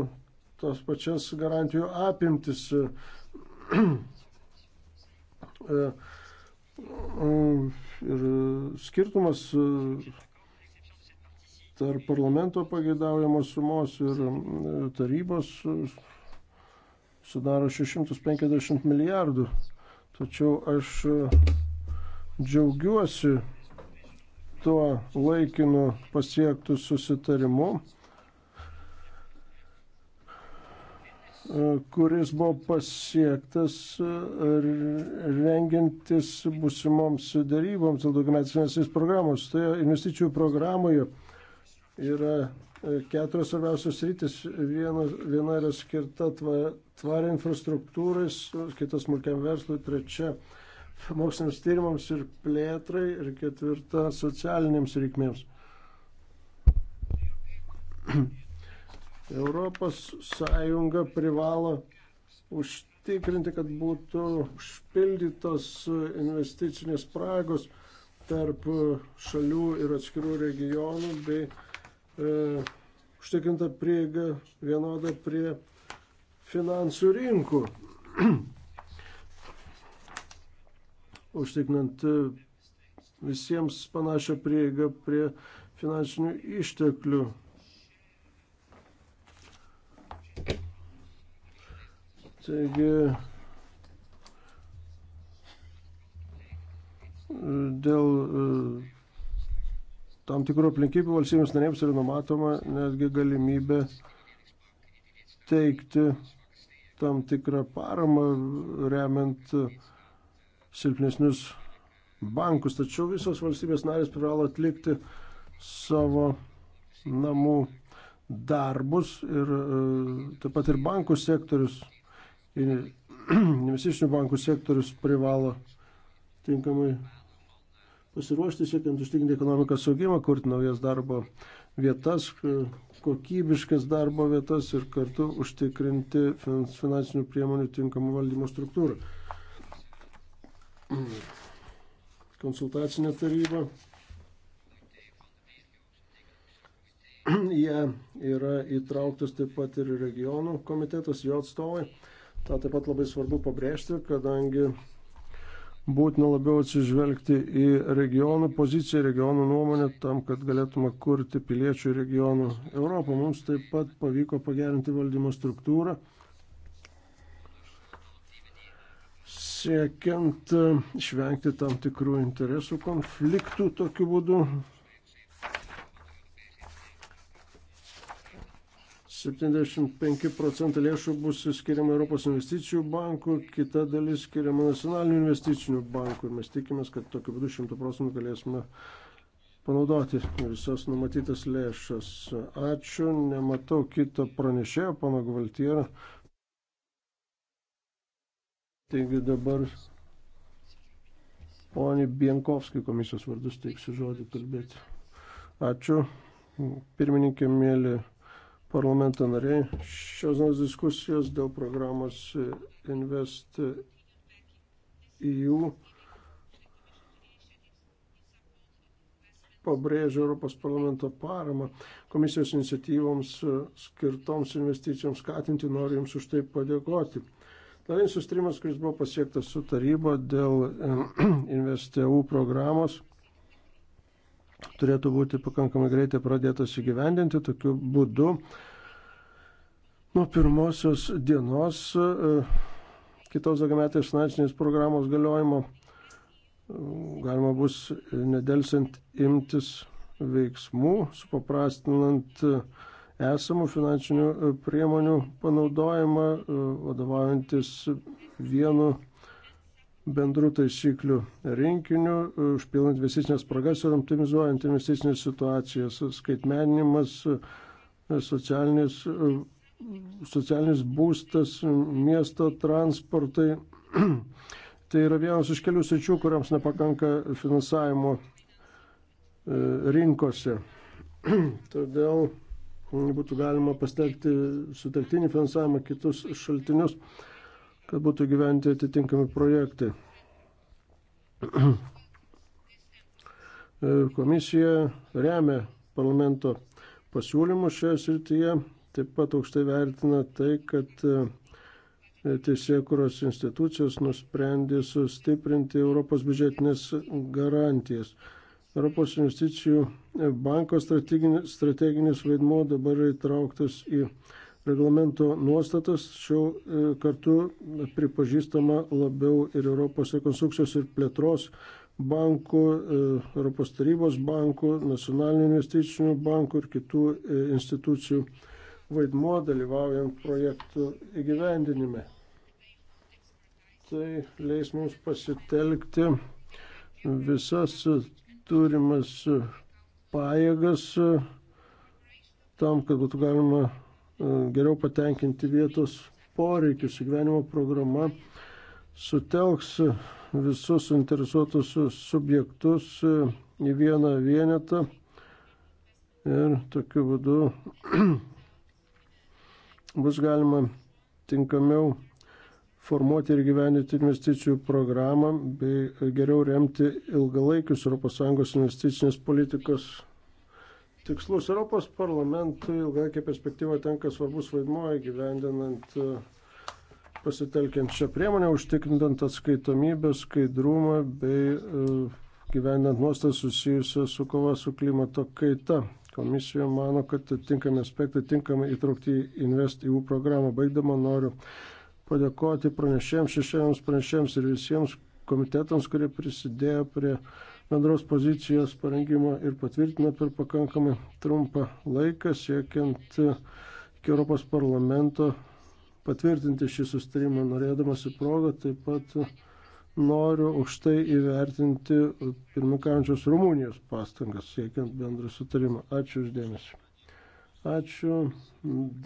tas pačias garantijų apimtis e, e, ir skirtumas tarp parlamento pageidaujamos sumos ir tarybos sudaro 650 milijardų. Tačiau aš džiaugiuosi tuo laikinu pasiektų susitarimu E, kuris buvo pasiektas e, rengiantis būsimoms daryboms dėl daugiametės finansinės programos. Toje tai investicijų programoje yra e, keturios svarbiausios rytis. Viena, viena yra skirta tvariai infrastruktūrai, kitas smulkiam verslui, trečia moksliniams tyrimams ir plėtrai ir ketvirta socialinėms reikmėms. Europos Sąjunga privalo užtikrinti, kad būtų užpildytos investicinės spragos tarp šalių ir atskirų regionų bei e, užtikrinta prieiga vienoda prie finansų rinkų. Užtikrinant e, visiems panašią prieigą prie finansinių išteklių Taigi, dėl e, tam tikrų aplinkybių valstybės narėms yra numatoma netgi galimybė teikti tam tikrą paramą remiant silpnesnius bankus, tačiau visos valstybės narės privalo atlikti savo namų darbus ir e, taip pat ir bankų sektorius investicinių bankų sektorius privalo tinkamai pasiruošti, siekiant užtikrinti ekonomikos saugimą, kurti naujas darbo vietas, kokybiškas darbo vietas ir kartu užtikrinti finansinių priemonių tinkamą valdymo struktūrą. Konsultacinė taryba. Jie yra įtrauktas taip pat ir regionų komitetas, jo atstovai. Ta taip pat labai svarbu pabrėžti, kadangi būtina labiau atsižvelgti į regionų poziciją, regionų nuomonę tam, kad galėtume kurti piliečių regionų Europą. Mums taip pat pavyko pagerinti valdymo struktūrą, siekiant išvengti tam tikrų interesų konfliktų tokiu būdu 75 procentai lėšų bus skiriama Europos investicijų bankų, kita dalis skiriama nacionalinių investicinių bankų ir mes tikimės, kad tokiu būdu 100 procentų galėsime panaudoti visas numatytas lėšas. Ačiū, nematau kito pranešėjo, pana Gvaltiera. Taigi dabar poniai Bienkovskai komisijos vardus teiksiu žodį kalbėti. Ačiū, pirmininkė mėly parlamento nariai. Šios dienos diskusijos dėl programos Invest EU pabrėžia Europos parlamento paramą komisijos iniciatyvoms skirtoms investicijoms skatinti, noriu Jums už tai padėkoti. Dar vienas sustrimas, kuris buvo pasiektas su taryba dėl InvestEU programos turėtų būti pakankamai greitai pradėtas įgyvendinti. Tokiu būdu nuo pirmosios dienos e, kitos daugiametės finansinės programos galiojimo e, galima bus nedelsiant imtis veiksmų, supaprastinant e, esamų finansinių priemonių panaudojimą, vadovaujantis vienu bendrų taisyklių rinkiniu, užpilant investicinės spragas ir optimizuojant investicinės situacijas, skaitmeninimas, socialinis, socialinis būstas, miesto transportai. tai yra vienas iš kelių sričių, kuriams nepakanka finansavimo e, rinkose. Todėl būtų galima pastelgti sutartinį finansavimą, kitus šaltinius kad būtų gyventi atitinkami projektai. Komisija remia parlamento pasiūlymus šioje srityje, taip pat aukštai vertina tai, kad e, teisėkuros institucijos nusprendė sustiprinti Europos biudžetinės garantijas. Europos investicijų banko strateginis vaidmo dabar įtrauktas į reglamento nuostatas, tačiau e, kartu pripažįstama labiau ir Europos rekonstrukcijos ir plėtros bankų, e, Europos tarybos bankų, nacionalinių investicinių bankų ir kitų e, institucijų vaidmuo dalyvaujant projektų įgyvendinime. Tai leis mums pasitelkti visas turimas pajėgas tam, kad būtų galima geriau patenkinti vietos poreikius. Gyvenimo programa sutelks visus interesuotus subjektus į vieną vienetą ir tokiu būdu bus galima tinkamiau formuoti ir gyveninti investicijų programą bei geriau remti ilgalaikius ES investicinės politikos tikslus. Europos parlamentui ilgalaikė perspektyva tenka svarbus vaidmuo įgyvendinant e, pasitelkiant šią priemonę, užtikrinant atskaitomybę, skaidrumą bei e, gyvenant nuostą susijusią su kova su klimato kaita. Komisija mano, kad tinkami aspektai tinkamai įtraukti į InvestEU programą. Baigdama noriu padėkoti pranešėjams, šešėjams pranešėjams ir visiems komitetams, kurie prisidėjo prie uh, bendros pozicijos parengimo ir patvirtino per pakankamai trumpą laiką, siekiant e, iki Europos parlamento patvirtinti šį sustarimą. Norėdamas į progą taip pat noriu aukštai įvertinti pirmikančios Rumunijos pastangas siekiant bendrą sutarimą. Ačiū uždėmesi. Ačiū.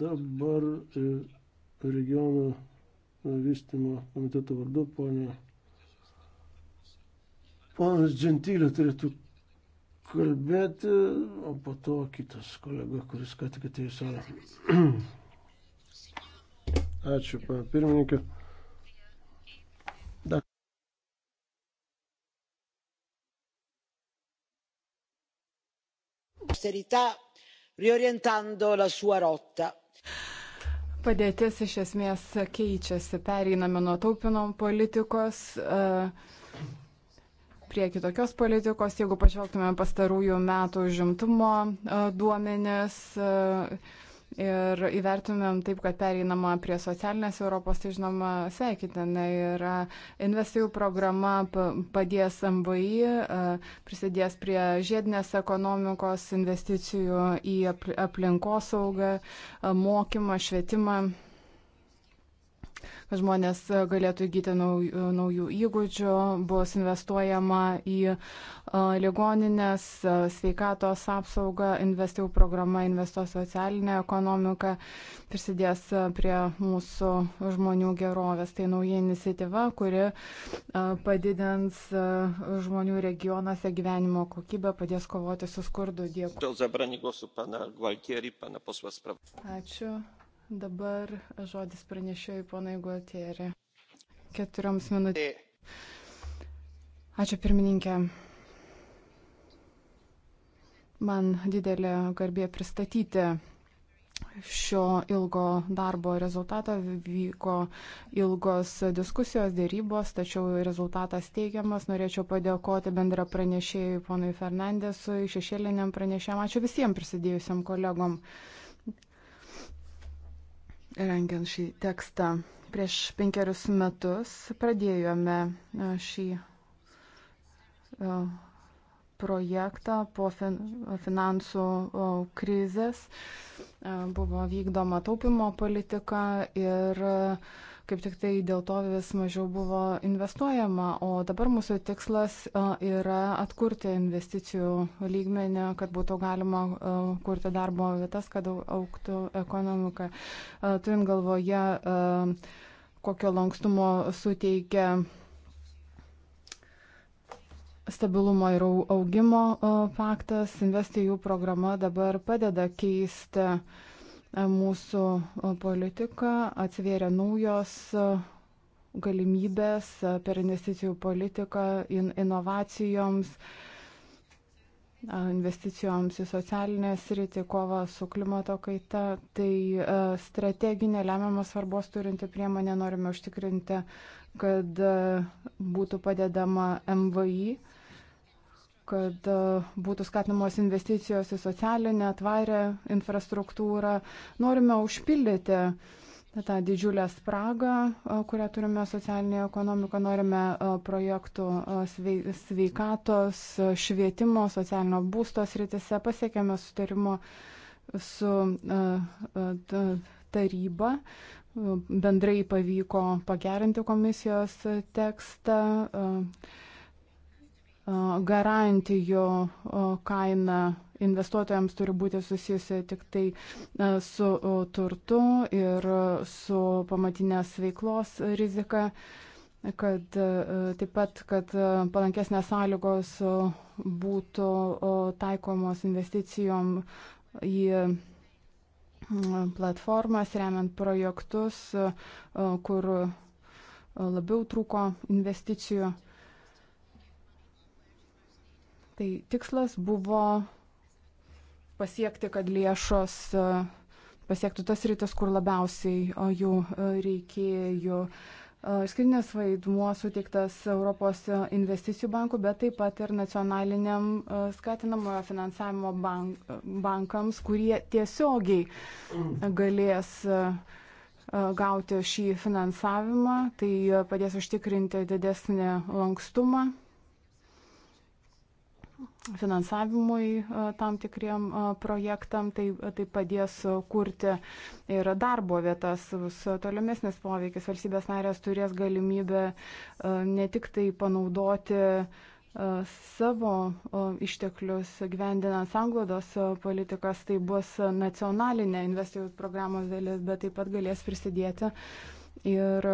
Dabar e, regionų vystimo komiteto vardu, ponė Ponas Džentilė turėtų kalbėti, o po to kitas kolega, kuris ką tik atėjo į salę. Ačiū, pana pirmininkė. austerità riorientando la sua rotta. Padėtis iš esmės keičiasi, pereiname nuo taupino politikos. Uh, prie kitokios politikos. Jeigu pažvelgtume pastarųjų metų žimtumo e, duomenis e, ir įvertumėm taip, kad pereinama prie socialinės Europos, tai žinoma, sveikitina. Ir investijų programa padės MVI, e, prisidės prie žiedinės ekonomikos, investicijų į aplinkosaugą, mokymą, švietimą kad žmonės e, galėtų įgyti naujų, e, naujų įgūdžių, bus investuojama į e, ligoninės, sveikatos apsaugą, investijų programa investuo socialinę ekonomiką, prisidės prie mūsų žmonių gerovės. Tai nauja iniciatyva, kuri padidins žmonių regionuose gyvenimo kokybę, padės kovoti su skurdu. Dėkui. Ačiū. Dabar žodis pranešėjai ponai Gualtieri. Keturioms minutėms. Ačiū pirmininkė. Man didelė garbė pristatyti šio ilgo darbo rezultatą. Vyko ilgos diskusijos, dėrybos, tačiau rezultatas teigiamas. Norėčiau padėkoti bendra pranešėjui ponui Fernandesui, šešėliniam pranešėjam. Ačiū visiems prisidėjusiam kolegom. Uh, rengiant šį tekstą. Prieš penkerius metus pradėjome e, šį e, projektą po finansų krizės. E, buvo vykdoma taupimo politika ir uh, kaip tik tai dėl to vis mažiau buvo investuojama, o dabar mūsų tikslas yra atkurti investicijų lygmenį, kad būtų galima kurti darbo vietas, kad auktų ekonomika. Turint galvoje, kokio lankstumo suteikia stabilumo ir augimo paktas, investijų programa dabar padeda keisti uh, mūsų politiką, atsvėrė naujos galimybės per investicijų politiką in, inovacijoms, investicijoms į socialinę sritį, kovą su klimato kaita. Tai e, strateginė lemiamas svarbos turinti priemonė norime užtikrinti, kad e, būtų padedama MVI kad e, būtų skatinamos investicijos į socialinę, tvarę infrastruktūrą. Norime užpildyti tą didžiulę spragą, e, kurią turime socialinėje ekonomikoje. Norime e, projektų sveikatos, švietimo, socialinio būsto sritise. Pasiekėme sutarimo su taryba, bendrai pavyko pagerinti komisijos tekstą, garantijų kaina investuotojams turi būti susijusi tik tai su turtu ir su pamatinės veiklos rizika, kad taip pat, kad palankesnės sąlygos būtų taikomos investicijom į platformas, remiant projektus, kur labiau trūko investicijų. Tai tikslas buvo pasiekti, kad lėšos e, pasiektų tas rytis, kur labiausiai e, jų e, reikėjo. Išskirtinis vaidmuo suteiktas Europos investicijų bankų, bet taip pat ir nacionaliniam skatinamojo finansavimo bank, bankams, kurie tiesiogiai galės gauti šį finansavimą. Tai padės užtikrinti didesnį lankstumą finansavimui e, tam tikriem e, projektam, tai, tai padės kurti ir darbo vietas, tolimesnis poveikis. Valstybės narės turės galimybę e, ne tik tai panaudoti savo išteklius gyvendinant sanglodos politikas, tai bus nacionalinė investicijų programos dalis, bet taip pat galės prisidėti ir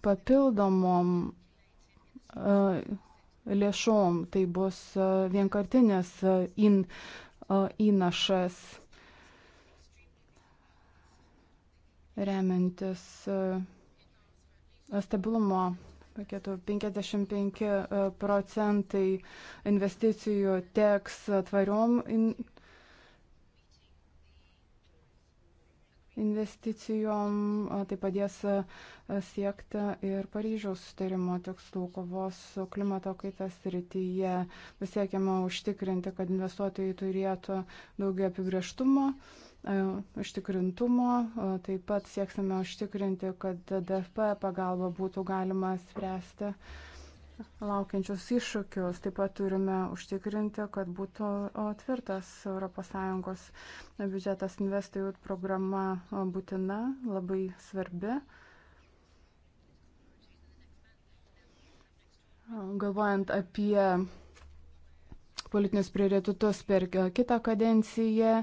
papildomom lėšom. Tai bus e, vienkartinis e, in, e, įnašas remiantis stabilumo paketų 55 procentai investicijų teks tvariom investicijom, tai padės e, siekti ir Paryžiaus sutarimo tikslų kovos su klimato kaitas rytyje. Siekiama užtikrinti, kad investuotojai turėtų daugiau apibrieštumo e, užtikrintumo, taip pat sieksime užtikrinti, kad DFP pagalba būtų galima spręsti uh, laukiančius iššūkius. Taip pat turime užtikrinti, kad būtų tvirtas ES biudžetas investijų programa būtina, labai svarbi. Galvojant apie politinius prioritetus per kitą kadenciją,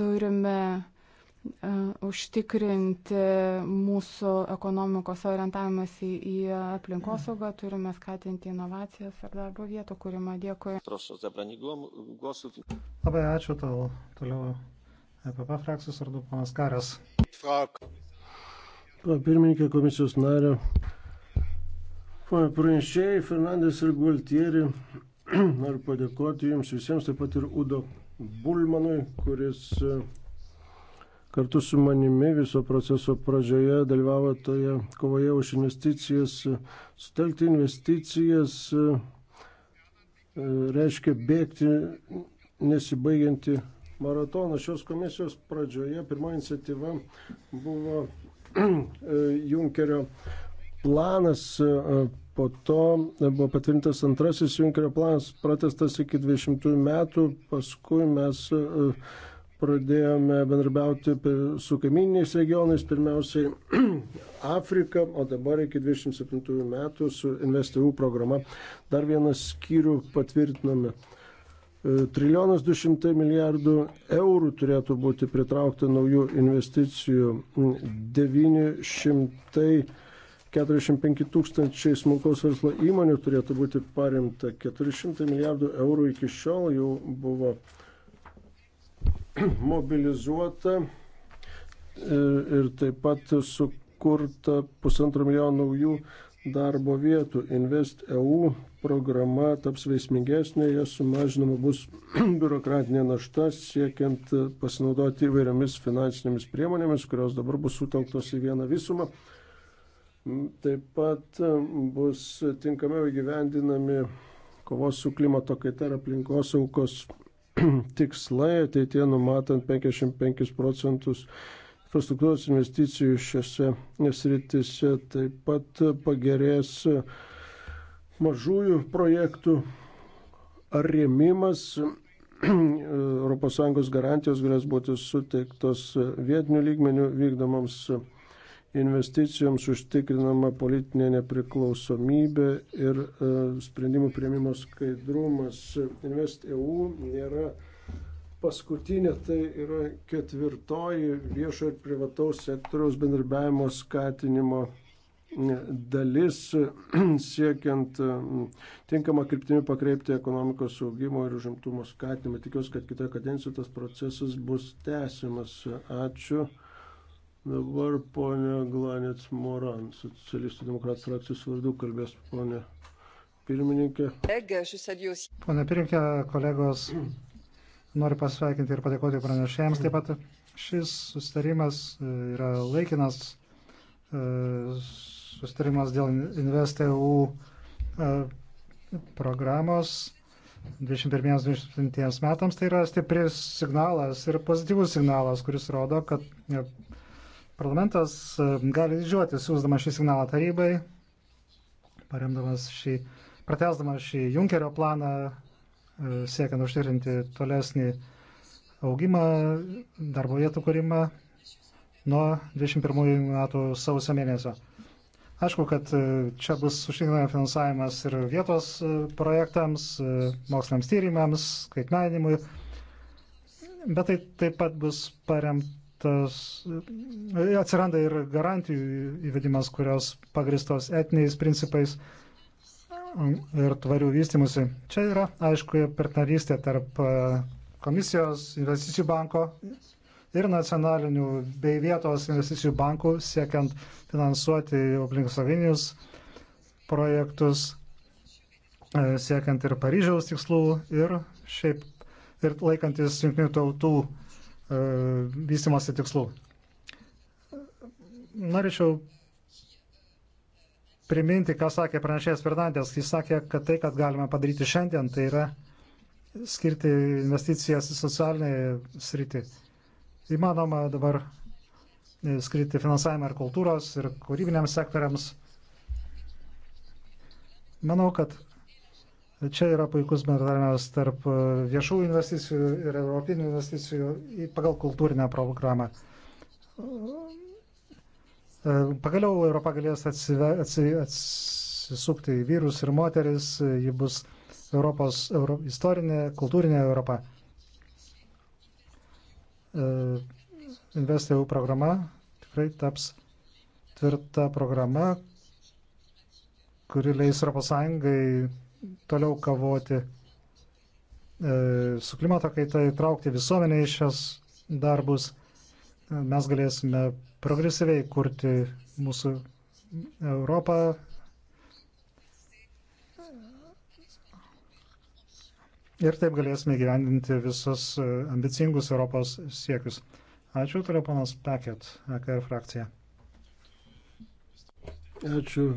turime E, užtikrinti mūsų ekonomikos orientavimas į, į aplinkosaugą, turime skatinti inovacijas ir darbo vietų kūrimą. Dėkui. Labai ačiū tau. Toliau EPP frakcijos vardu panas Karas. Pirmininkė komisijos nario. Pane pranešėjai, Fernandes ir Gualtieri, noriu padėkoti jums visiems, taip pat ir Udo Bulmanui, kuris e, kartu su manimi viso proceso pradžioje dalyvavo toje kovoje už investicijas. Sutelkti investicijas reiškia bėgti nesibaigianti maratoną. Šios komisijos pradžioje pirma iniciatyva buvo Junkerio planas, po to buvo patvirtintas antrasis Junkerio planas, pratestas iki 20 metų, paskui mes uh, pradėjome bendrabiauti su kaiminiais regionais, pirmiausiai Afrika, o dabar iki 27 metų su InvestEU programa dar vieną skyrių patvirtiname. E, trilijonas 200 milijardų eurų turėtų būti pritraukta naujų investicijų, 945 tūkstančiai smulkaus verslo įmonių turėtų būti paremta, 400 milijardų eurų iki šiol jau buvo uh, mobilizuota ir, e, ir taip pat sukurta pusantro milijono naujų darbo vietų. Invest EU programa taps veiksmingesnė, jas sumažinama bus biurokratinė našta, siekiant pasinaudoti įvairiamis finansinėmis priemonėmis, kurios dabar bus sutelktos į vieną visumą. Taip pat e, bus tinkamiau įgyvendinami kovos su klimato kaita ir aplinkosaugos tikslai ateitie numatant 55 procentus infrastruktūros investicijų šiose sritise. Taip pat pagerės mažųjų projektų rėmimas. ES garantijos galės būti suteiktos vietinių lygmenių vykdomams investicijoms užtikrinama politinė nepriklausomybė ir e, sprendimų prieimimo skaidrumas. InvestEU nėra paskutinė, tai yra ketvirtoji viešo ir privataus sektoriaus bendarbiavimo skatinimo e, dalis siekiant e, tinkamą kryptimį pakreipti ekonomikos saugimo ir užimtumo skatinimą. Tikiuosi, kad kitą kadenciją tas procesas bus tęsiamas. Ačiū. Dabar ponė Glanets Moran, socialistų demokratų frakcijos vardu kalbės ponė pirmininkė. Pone pirmininkė, kolegos, noriu pasveikinti ir padėkoti pranešėjams. Taip pat šis sustarimas e, yra laikinas e, sustarimas dėl InvestEU e, programos 21-27 metams. Tai yra stipris signalas ir pozityvus signalas, kuris rodo, kad Parlamentas e, gali didžiuoti siūsdama šį signalą tarybai, paremdamas šį, pratesdamas šį Junkerio planą, e, siekiant užtikrinti tolesnį augimą, darbo vietų kūrimą nuo 21 metų sausio mėnesio. Aišku, kad e, čia bus užtikrinama finansavimas ir vietos projektams, moksliniams tyrimams, skaitmeninimui, bet tai taip pat bus paremta tas atsiranda ir garantijų įvedimas, kurios pagristos etiniais principais ir tvarių vystimusi. Čia yra, aišku, partnerystė tarp e, komisijos investicijų banko ir nacionalinių bei vietos investicijų bankų siekiant finansuoti aplinkosavinius projektus, e, siekiant ir Paryžiaus tikslų ir šiaip ir laikantis jungtinių tautų E, vystimosi tikslų. Norėčiau priminti, ką sakė pranešėjas Fernandės. Jis sakė, kad tai, kad galime padaryti šiandien, tai yra skirti investicijas į socialinį sritį. Įmanoma dabar e, skirti finansavimą ir kultūros, ir kūrybiniams sektoriams. Manau, kad Čia yra puikus bendradarbiavimas tarp e, viešų investicijų ir europinių investicijų pagal kultūrinę programą. E, pagaliau Europa galės atsive, atsi, atsisukti į vyrus ir moteris, ji bus Europos euro, istorinė, kultūrinė Europa. E, InvestEU programa tikrai taps tvirta programa, kuri leis Europos Sąjungai toliau kavoti e, su klimato kaita, įtraukti visuomenę į šias darbus, e, mes galėsime progresyviai kurti mūsų Europą. Ir taip galėsime gyvendinti visus e, ambicingus Europos siekius. Ačiū, toliau panas Peket, AKR frakcija. Ačiū,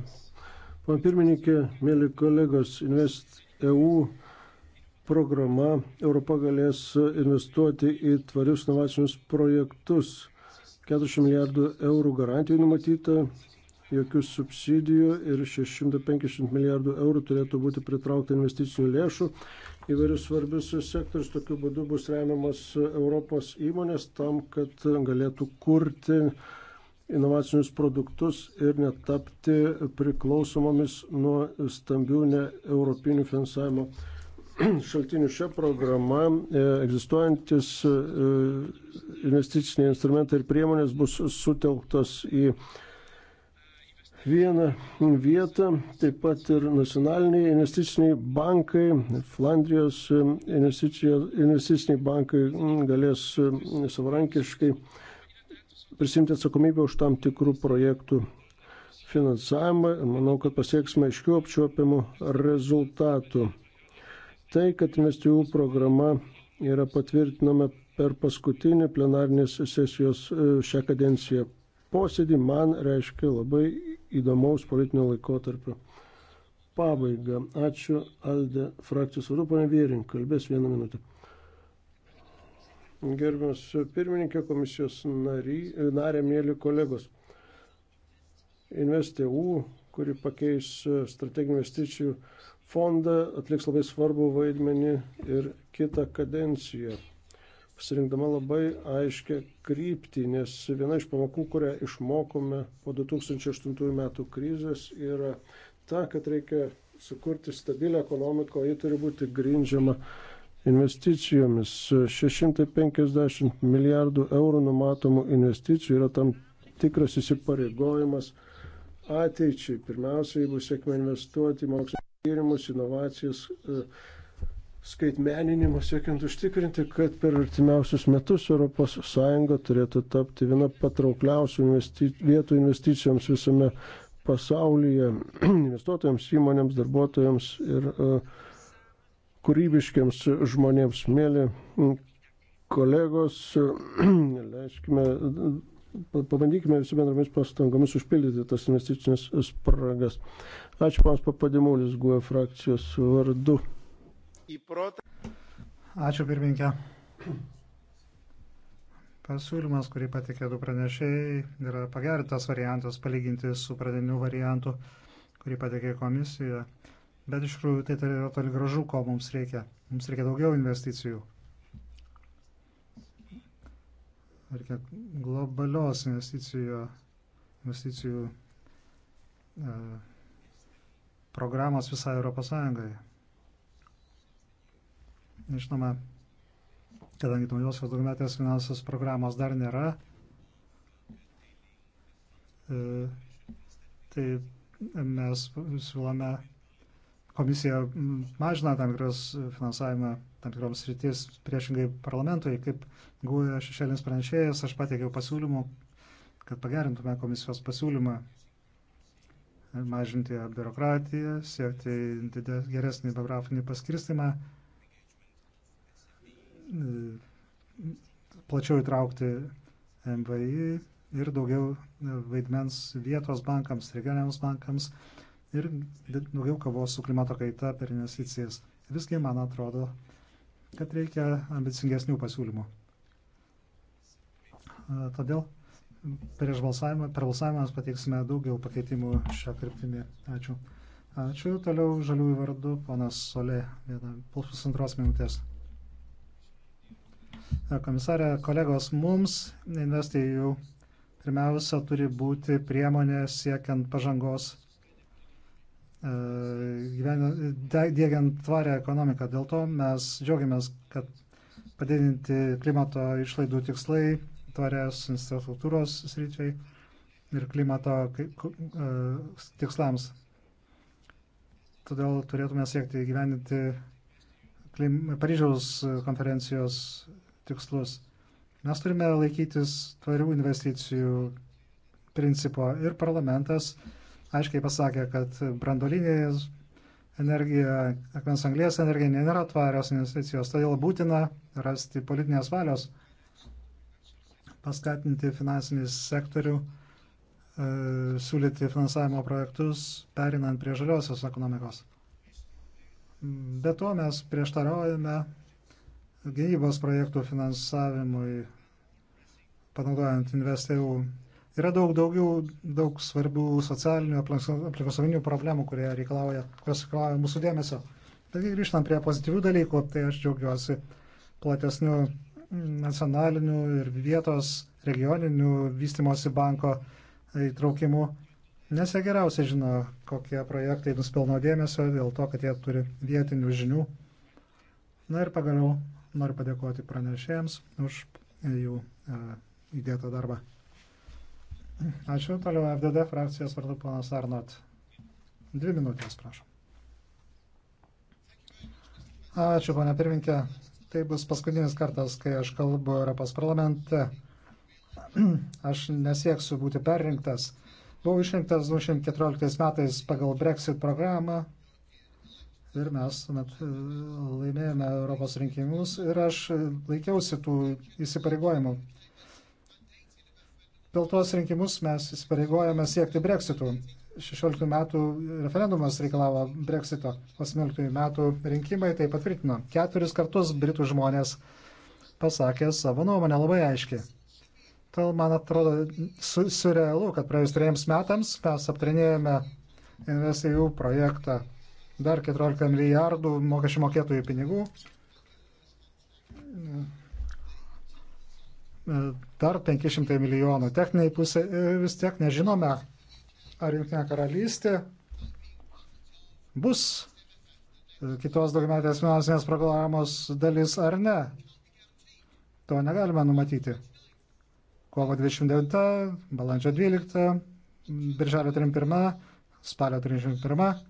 Pana pirmininkė, mėly kolegos, Invest EU programa Europa galės investuoti į tvarius inovacinius projektus. 40 milijardų eurų garantijų numatyta, jokių subsidijų ir 650 milijardų eurų turėtų būti pritraukta investicinių lėšų įvairius svarbius sektorius. Tokiu būdu bus remiamas Europos įmonės tam, kad galėtų kurti inovacinius produktus ir netapti priklausomomis nuo stambių ne europinių finansavimo šaltinių. Šią programą e, egzistuojantis e, investiciniai instrumentai ir priemonės bus sutelktos į vieną vietą, taip pat ir nacionaliniai investiciniai bankai, Flandrijos e, investiciniai bankai galės savarankiškai prisimti atsakomybę už tam tikrų projektų finansavimą ir manau, kad pasieksime aiškių apčiuopiamų rezultatų. Tai, kad investijų programa yra patvirtinama per paskutinį plenarnės sesijos e, šią kadenciją posėdį, man reiškia labai įdomaus politinio laikotarpio pabaigą. Ačiū Alde frakcijos vadovui, ponė Vėrin, kalbės vieną minutę. Gerbiamas pirmininkė, komisijos nary, narė, mėly kolegos. InvestEU, kuri pakeis strateginių investicijų fondą, atliks labai svarbu vaidmenį ir kitą kadenciją, pasirinkdama labai aiškę kryptį, nes viena iš pamokų, kurią išmokome po 2008 metų krizės, yra ta, kad reikia sukurti stabilę ekonomiką, o ji turi būti grindžiama investicijomis. 650 milijardų eurų numatomų investicijų yra tam tikras įsipareigojimas ateičiai. Pirmiausia, jeigu sėkmė investuoti į mokslo tyrimus, inovacijas, e, skaitmeninimo siekiant užtikrinti, kad per artimiausius metus ES turėtų tapti viena patraukliausių investi vietų investicijoms visame pasaulyje, investuotojams, įmonėms, darbuotojams ir uh, kūrybiškiams žmonėms. Mėly kolegos, leiskime, pabandykime visi bendromis pastangomis užpildyti tas investicinės spragas. Ačiū pams papadimulis GUE frakcijos vardu. Ačiū pirmininkė. Pasiūlymas, kurį patikė du pranešėjai, yra pagerintas variantas palyginti su pradiniu variantu, kurį patikė komisija. Bet iš tikrųjų tai yra toli gražu, ko mums reikia. Mums reikia daugiau investicijų. Reikia globalios investicijų, investicijų e, programos visai Europos Sąjungai. Žinoma, kadangi naujosios daugmetės finansinės programos dar nėra, e, tai mes siūlome komisija mm, mažina tam tikras finansavimą tam tikroms rytis priešingai parlamentui. Kaip guoja šešėlinis pranešėjas, aš pateikiau pasiūlymų, kad pagerintume komisijos pasiūlymą mažinti biurokratiją, siekti didės, geresnį geografinį paskirstimą, e, plačiau įtraukti MVI ir daugiau e, vaidmens vietos bankams, regioniams bankams, ir daugiau kavos su klimato kaita per investicijas. Visgi man atrodo, kad reikia ambicingesnių pasiūlymų. Todėl prieš balsavimą, per balsavimą mes pateiksime daugiau pakeitimų šią kryptimį. Ačiū. Ačiū. Toliau žaliųjų vardu ponas Solė, viena pusantros minutės. Komisarė, kolegos, mums investijų pirmiausia turi būti priemonė siekiant pažangos E, dėgiant tvarę ekonomiką. Dėl to mes džiaugiamės, kad padidinti klimato išlaidų tikslai tvarios infrastruktūros sričiai ir klimato e, tikslams. Todėl turėtume siekti gyveninti klim, Paryžiaus konferencijos tikslus. Mes turime laikytis tvarių investicijų principo ir parlamentas uh, aiškiai pasakė, kad brandolinės energija, akmens anglės energija nėra tvarios investicijos, todėl būtina rasti politinės valios, paskatinti finansinį sektorių, e, siūlyti finansavimo projektus, perinant prie žaliosios ekonomikos. Be to mes prieštaraujame gynybos projektų finansavimui, panaudojant investėjų Yra daug daugiau, daug svarbių socialinių, aplinkosauginių problemų, kurie reikalauja, kurios reikalauja mūsų dėmesio. Taigi grįžtant prie pozityvių dalykų, tai aš džiaugiuosi platesnių nacionalinių ir vietos regioninių vystimosi banko įtraukimų, nes jie geriausiai žino, kokie projektai nuspelno dėmesio dėl to, kad jie turi vietinių žinių. Na ir pagaliau noriu padėkoti pranešėjams už jų e, įdėtą darbą. Ačiū. Toliau FDD frakcijos vardu ponas Arnot. Dvi minutės, prašom. Ačiū, ponia pirminkė. Tai bus paskutinis kartas, kai aš kalbu Europos parlamente. Aš nesieksiu būti perrinktas. Buvau išrinktas 2014 metais pagal Brexit programą ir mes tuomet e, laimėjome Europos rinkimus ir aš laikiausi tų įsipareigojimų. Per tuos rinkimus mes įsipareigojame siekti breksitų. 16 metų referendumas reikalavo breksito, 18 metų rinkimai tai patvirtino. Keturis kartus britų žmonės pasakė savo nuomonę labai aiškiai. Tal man atrodo su, surrealu, kad praėjus trejams metams mes aptarinėjome investijų projektą dar 14 milijardų mokesčių mokėtojų pinigų. E, dar 500 milijonų. Techniniai pusė e, vis tiek nežinome, ar Junktinė karalystė bus e, kitos daugiametės finansinės programos dalis ar ne. To negalime numatyti. Kovo 29, balandžio 12, birželio 31, spalio 31.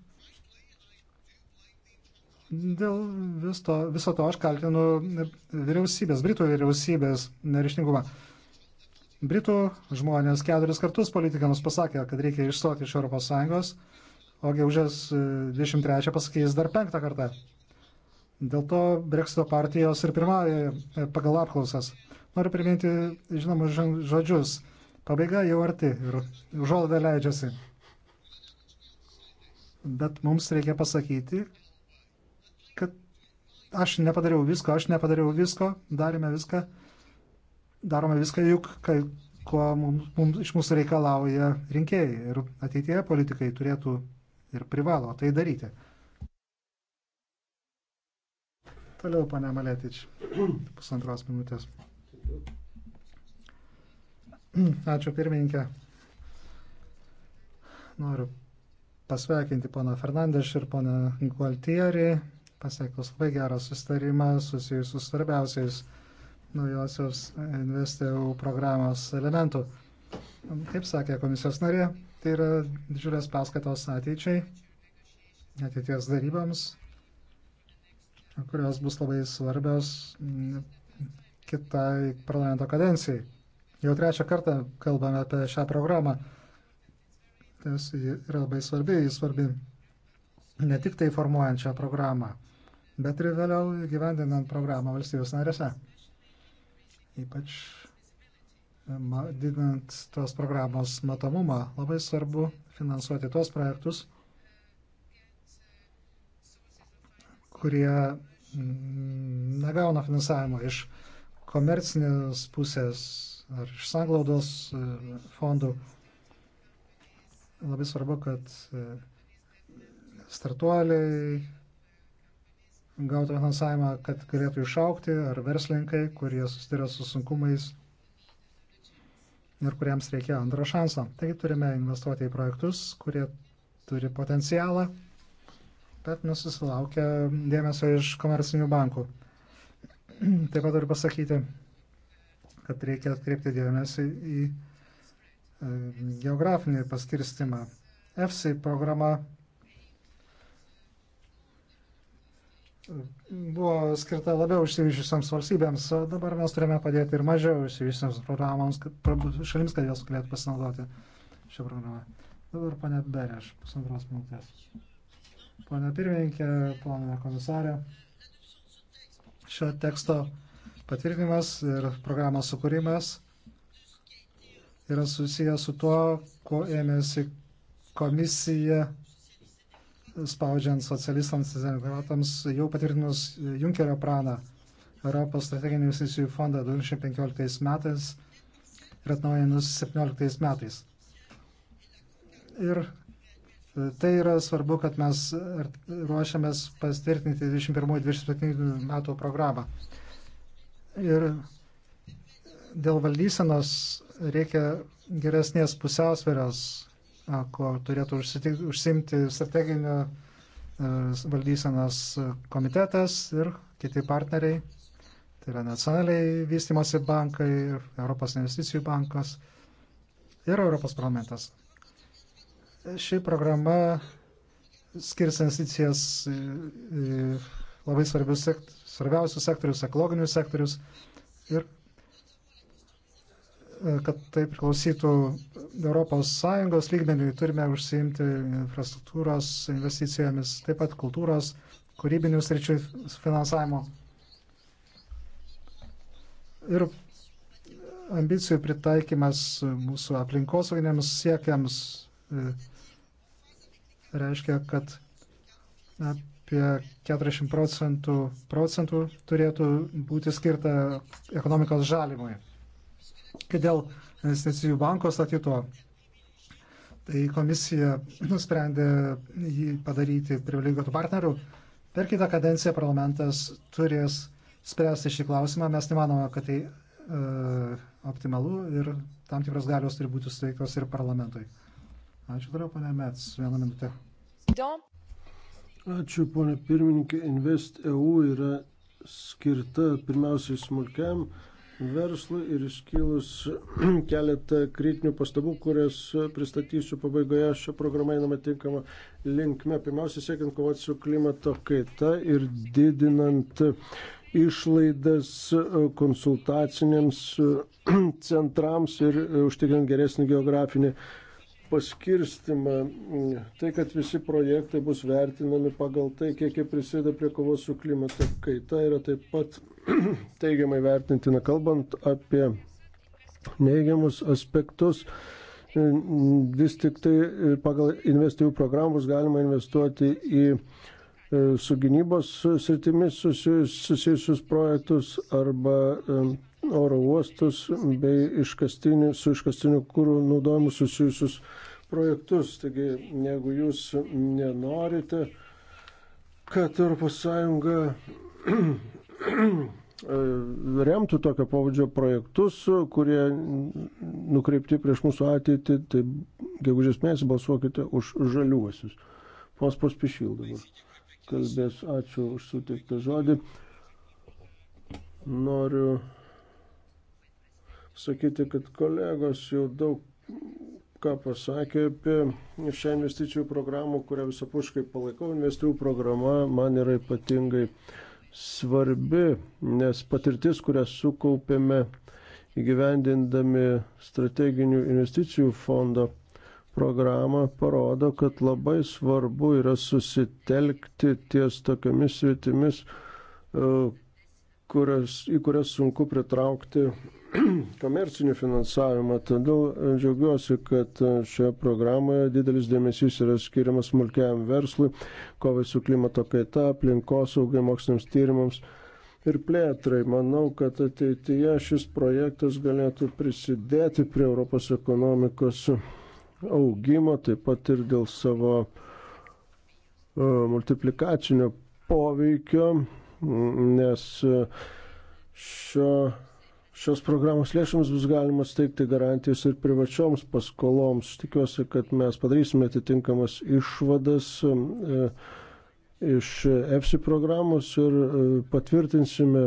Dėl viso, viso to aš kaltinu vyriausybės, Britų vyriausybės nereištingumą. Britų žmonės keturis kartus politikams pasakė, kad reikia išstoti iš ES, o gegužės 23 pasakys dar penktą kartą. Dėl to Brexito partijos ir pirmąją e, pagal apklausas. Noriu priminti žinomus žodžius. Pabaiga jau arti ir užuolada leidžiasi. Bet mums reikia pasakyti, kad aš nepadariau visko, aš nepadariau visko, darėme viską, darome viską juk, kai, ko mums, mums, iš mūsų reikalauja rinkėjai. Ir ateitie politikai turėtų ir privalo tai daryti. Toliau, pane Maletič, pusantros minutės. Ačiū pirmininkė. Noriu pasveikinti poną Fernandes ir poną Gualtierį pasiekus labai gerą sustarimą susijusius su svarbiausiais naujosios investijų programos elementų. Kaip sakė komisijos narė, tai yra didžiulės paskatos ateičiai, ateities darybams, kurios bus labai svarbios mm, kitai parlamento kadencijai. Jau trečią kartą kalbame apie šią programą, nes ji yra labai svarbi, ji svarbi ne tik tai formuojant šią programą, bet ir vėliau gyvendinant programą valstybės narėse. Ypač e, didinant tos programos matomumą, labai svarbu finansuoti tuos projektus, kurie mm, negauna finansavimo iš komercinės pusės ar iš sanglaudos e, fondų. Labai svarbu, kad e, startuoliai, gauti finansavimą, kad galėtų išaukti, ar verslininkai, kurie susiduria su sunkumais ir kuriems reikia antrą šansą. Taigi turime investuoti į projektus, kurie turi potencialą, bet nesusilaukia dėmesio iš komercinių bankų. Taip pat turiu pasakyti, kad reikia atkreipti dėmesį į e, geografinį paskirstimą. EFSI programa buvo skirta labiau išsivyščiusiams valstybėms, o dabar mes turime padėti ir mažiau išsivyščiusiams programams, kad, šalims, kad jos galėtų pasinaudoti šią programą. Dabar pane Bereš, pusantros minutės. Pane pirmininkė, pane komisarė, šio teksto patvirtinimas ir programos sukūrimas yra susijęs su tuo, ko ėmėsi komisija spaudžiant socialistams ir demokratams jau patvirtinus Junkerio praną Europos strateginių investicijų fondą 2015 metais ir atnaujinus 2017 metais. Ir e, Tai yra svarbu, kad mes ruošiamės pastvirtinti 21-27 metų programą. Ir dėl valdysenos reikia geresnės pusiausvėros, ko turėtų užsimti strateginio e, valdysenos komitetas ir kiti partneriai, tai yra nacionaliai vystimosi bankai, Europos investicijų bankas ir Europos parlamentas. Ši programa skirs investicijas labai svarbius, svarbiausius sektorius, ekologinius sektorius ir kad tai priklausytų ES lygmeniui, turime užsiimti infrastruktūros investicijomis, taip pat kultūros, kūrybinių sričių finansavimo. Ir ambicijų pritaikymas mūsų aplinkosauginėms siekiams e, reiškia, kad apie 40 procentų, procentų turėtų būti skirta ekonomikos žalimui. Kai dėl investicijų banko statuto, tai komisija nusprendė jį padaryti privilegijuotų partnerių. Per kitą kadenciją parlamentas turės spręsti šį klausimą. Mes nemanome, kad tai e, optimalu ir tam tikras galios turi būti suteiktos ir parlamentui. Ačiū toliau, ponė Mets, vieną minutę. Ačiū, ponė pirmininkė. Invest EU yra skirta pirmiausiai smulkiam verslui ir iškilus keletą kritinių pastabų, kurias pristatysiu pabaigoje, šio programa einama tinkama linkme. Pirmiausia, siekiant kovoti su klimato kaita ir didinant išlaidas konsultaciniams centrams ir užtikrinant geresnį geografinį paskirstimą. Tai, kad visi projektai bus vertinami pagal tai, kiek jie prisideda prie kovos su klimato kaita, yra taip pat teigiamai vertintina. Kalbant apie neigiamus aspektus, vis tik tai e, pagal investijų programus galima investuoti į e, su gynybos sritimis susijusius projektus arba e, oro uostus bei iškastinių, su iškastiniu kūrų naudojimu susijusius projektus. Taigi, jeigu jūs nenorite, kad ES remtų tokio pavadžio projektus, kurie nukreipti prieš mūsų ateitį, tai gegužės mėnesį balsuokite už žaliuosius. Pons Pospišildas kalbės, ačiū už suteiktą žodį. Noriu sakyti, kad kolegos jau daug ką pasakė apie šią investicijų programą, kurią visapuškai palaikau. Investicijų programa man yra ypatingai uh, svarbi, nes patirtis, kurią sukaupėme įgyvendindami strateginių investicijų fondo programą, parodo, kad labai svarbu yra susitelkti ties tokiamis svetimis, e, kurias, į kurias sunku pritraukti komercinį finansavimą. Todėl e, džiaugiuosi, kad e, šioje programoje didelis dėmesys yra skiriamas smulkiajam verslui, kovai su klimato kaita, aplinkosaugai, moksliniams tyrimams ir plėtrai. Manau, kad ateityje šis projektas galėtų prisidėti prie Europos ekonomikos augimo, taip pat ir dėl savo e, multiplikacinio poveikio nes e, šio, šios programos lėšoms bus galima steigti garantijos ir privačioms paskoloms. Tikiuosi, kad mes padarysime atitinkamas išvadas e, iš EFSI programos ir e, patvirtinsime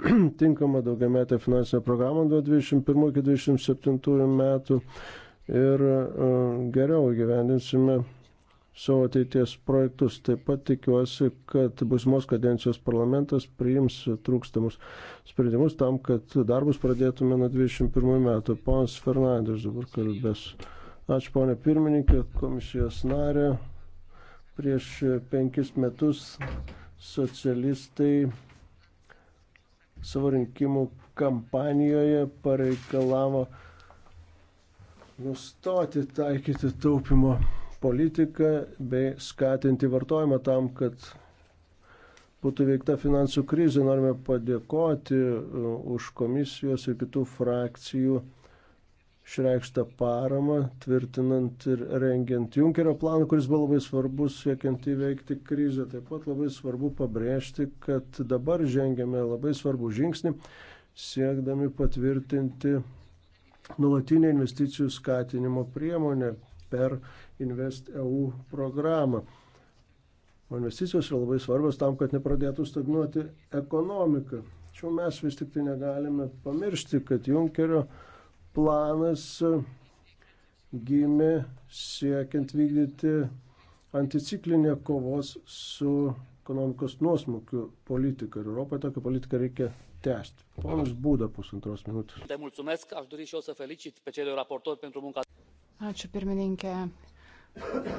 tinkamą daugiametę finansinę programą 2021-2027 metų ir geriau gyvendinsime savo ateities projektus. Taip pat tikiuosi, kad būsimos kadencijos parlamentas priims trūkstamus sprendimus tam, kad darbus pradėtume nuo 21 metų. Ponas Fernandes dabar kalbės. Ačiū, ponė pirmininkė, komisijos narė. Prieš penkis metus socialistai savo rinkimų kampanijoje pareikalavo nustoti taikyti taupimo politiką bei skatinti vartojimą tam, kad būtų veikta finansų krizė. Norime padėkoti uh, už komisijos ir kitų frakcijų išreikštą paramą, tvirtinant ir rengiant Junkerio planą, kuris buvo labai svarbus siekiant įveikti krizę. Taip pat labai svarbu pabrėžti, kad dabar žengėme labai svarbų žingsnį, siekdami patvirtinti nulatinę investicijų skatinimo priemonę per Invest EU programą. O investicijos yra labai svarbios tam, kad nepradėtų stagnuoti ekonomika. Tačiau mes vis tik tai negalime pamiršti, kad Junkerio planas gimė siekiant vykdyti anticiklinę kovos su ekonomikos nuosmukiu politiką. Ir Europoje tokią politiką reikia tęsti. Ponas Būda pusantros minutės. Ačiū pirmininkė.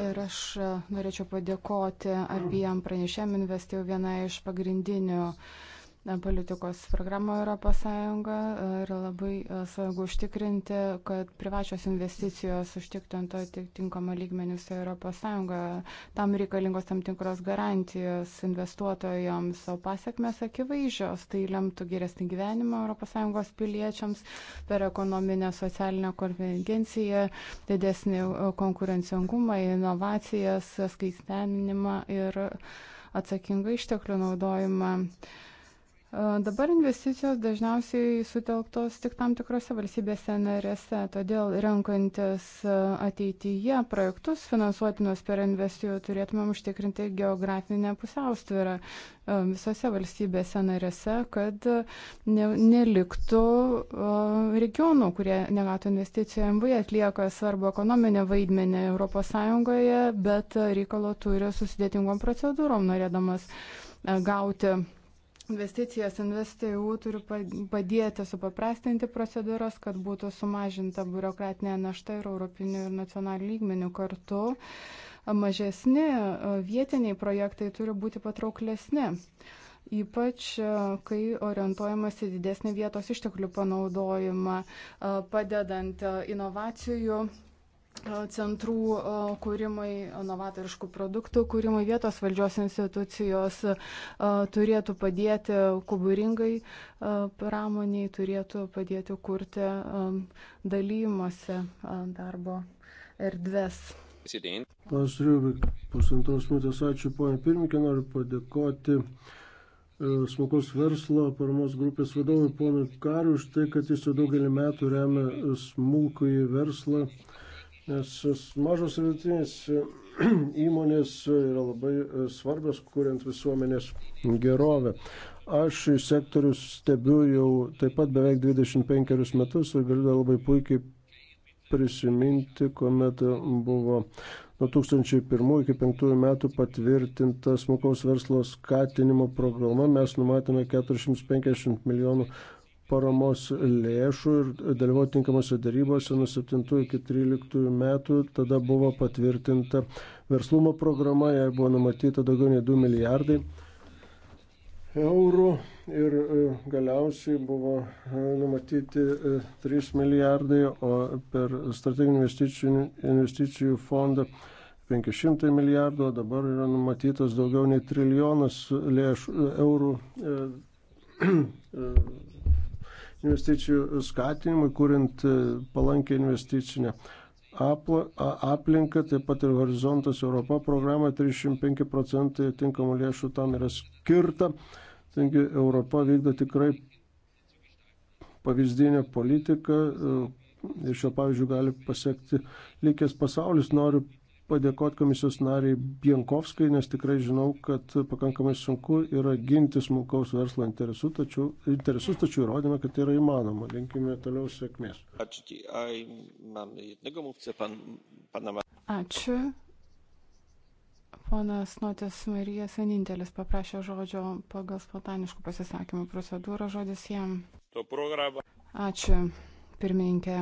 Ir aš e, norėčiau padėkoti abiem pranešėm, investėjau vieną iš pagrindinių uh, politikos programą ES e, yra labai e, svarbu užtikrinti, kad privačios investicijos užtikrintų atitinkamą lygmenį visoje ES. Tam reikalingos tam tikros garantijos investuotojams, o pasiekmes akivaizdžios, tai lemtų geresnį gyvenimą ES piliečiams per ekonominę socialinę konvergenciją, didesnį e, konkurencingumą, inovacijas, skaitmeninimą ir atsakingą išteklių naudojimą. Uh, Dabar investicijos dažniausiai sutelktos tik tam tikrose valstybėse narėse, todėl renkantis ateityje projektus finansuotinos per investijų turėtumėm užtikrinti geografinę pusiausvyrą e, visose valstybėse narėse, kad ne, neliktų e, regionų, kurie negato investicijų MV atlieka svarbu ekonominę vaidmenį ES, bet reikalo turi susidėtingom procedūrom norėdamas e, gauti investicijas InvestEU turi padėti supaprastinti procedūras, kad būtų sumažinta biurokratinė našta ir europinių ir nacionalinių lygmenių kartu. Mažesni e, vietiniai projektai turi būti patrauklesni, ypač e, kai orientuojamas į didesnį vietos išteklių panaudojimą, e, padedant inovacijų centrų kūrimai, novatoriškų produktų kūrimai, vietos valdžios institucijos turėtų padėti kuburingai pramoniai, turėtų padėti kurti dalymuose darbo erdves. Aš turiu pusantros minutės, ačiū poje pirmininkė, noriu padėkoti e, smulkaus verslo paramos grupės vadovui ponui Kariu už tai, kad jis jau daugelį metų remia smulkųjį verslą Nes mažos ir vidutinės įmonės yra labai e, svarbios, kuriant visuomenės gerovę. Aš į sektorius stebiu jau taip pat beveik 25 metus ir galiu labai puikiai prisiminti, kuomet buvo nuo 2001 iki 2005 metų patvirtinta smulkaus verslo skatinimo programa. Mes numatėme 450 milijonų paramos lėšų ir dalyvau tinkamose darybose nuo 7 iki 13 metų. Tada buvo patvirtinta verslumo programa, jai buvo numatyta daugiau nei 2 milijardai eurų ir e, galiausiai buvo e, numatyti 3 e, milijardai, o per strateginių investicijų, investicijų fondą 500 milijardų, o dabar yra numatytas daugiau nei trilijonas lėšų eurų investicijų skatinimui, kuriant e, palankę investicinę aplinką, taip pat ir Horizontas Europa programą 35 procentai tinkamų lėšų tam yra skirta. Taigi Europa vykdo tikrai pavyzdinę politiką e, ir šio pavyzdžių gali pasiekti likęs pasaulis. Noriu padėkoti komisijos nariai Bienkovskai, nes tikrai žinau, kad pakankamai sunku yra ginti smulkaus verslo interesų, tačiau, interesus, tačiau įrodėme, kad tai yra įmanoma. Linkime toliau sėkmės. Ačiū. Ponas Notės Marijas vienintelis paprašė žodžio pagal spontaniškų pasisakymų procedūrą. Žodis jam. Ačiū, pirmininkė.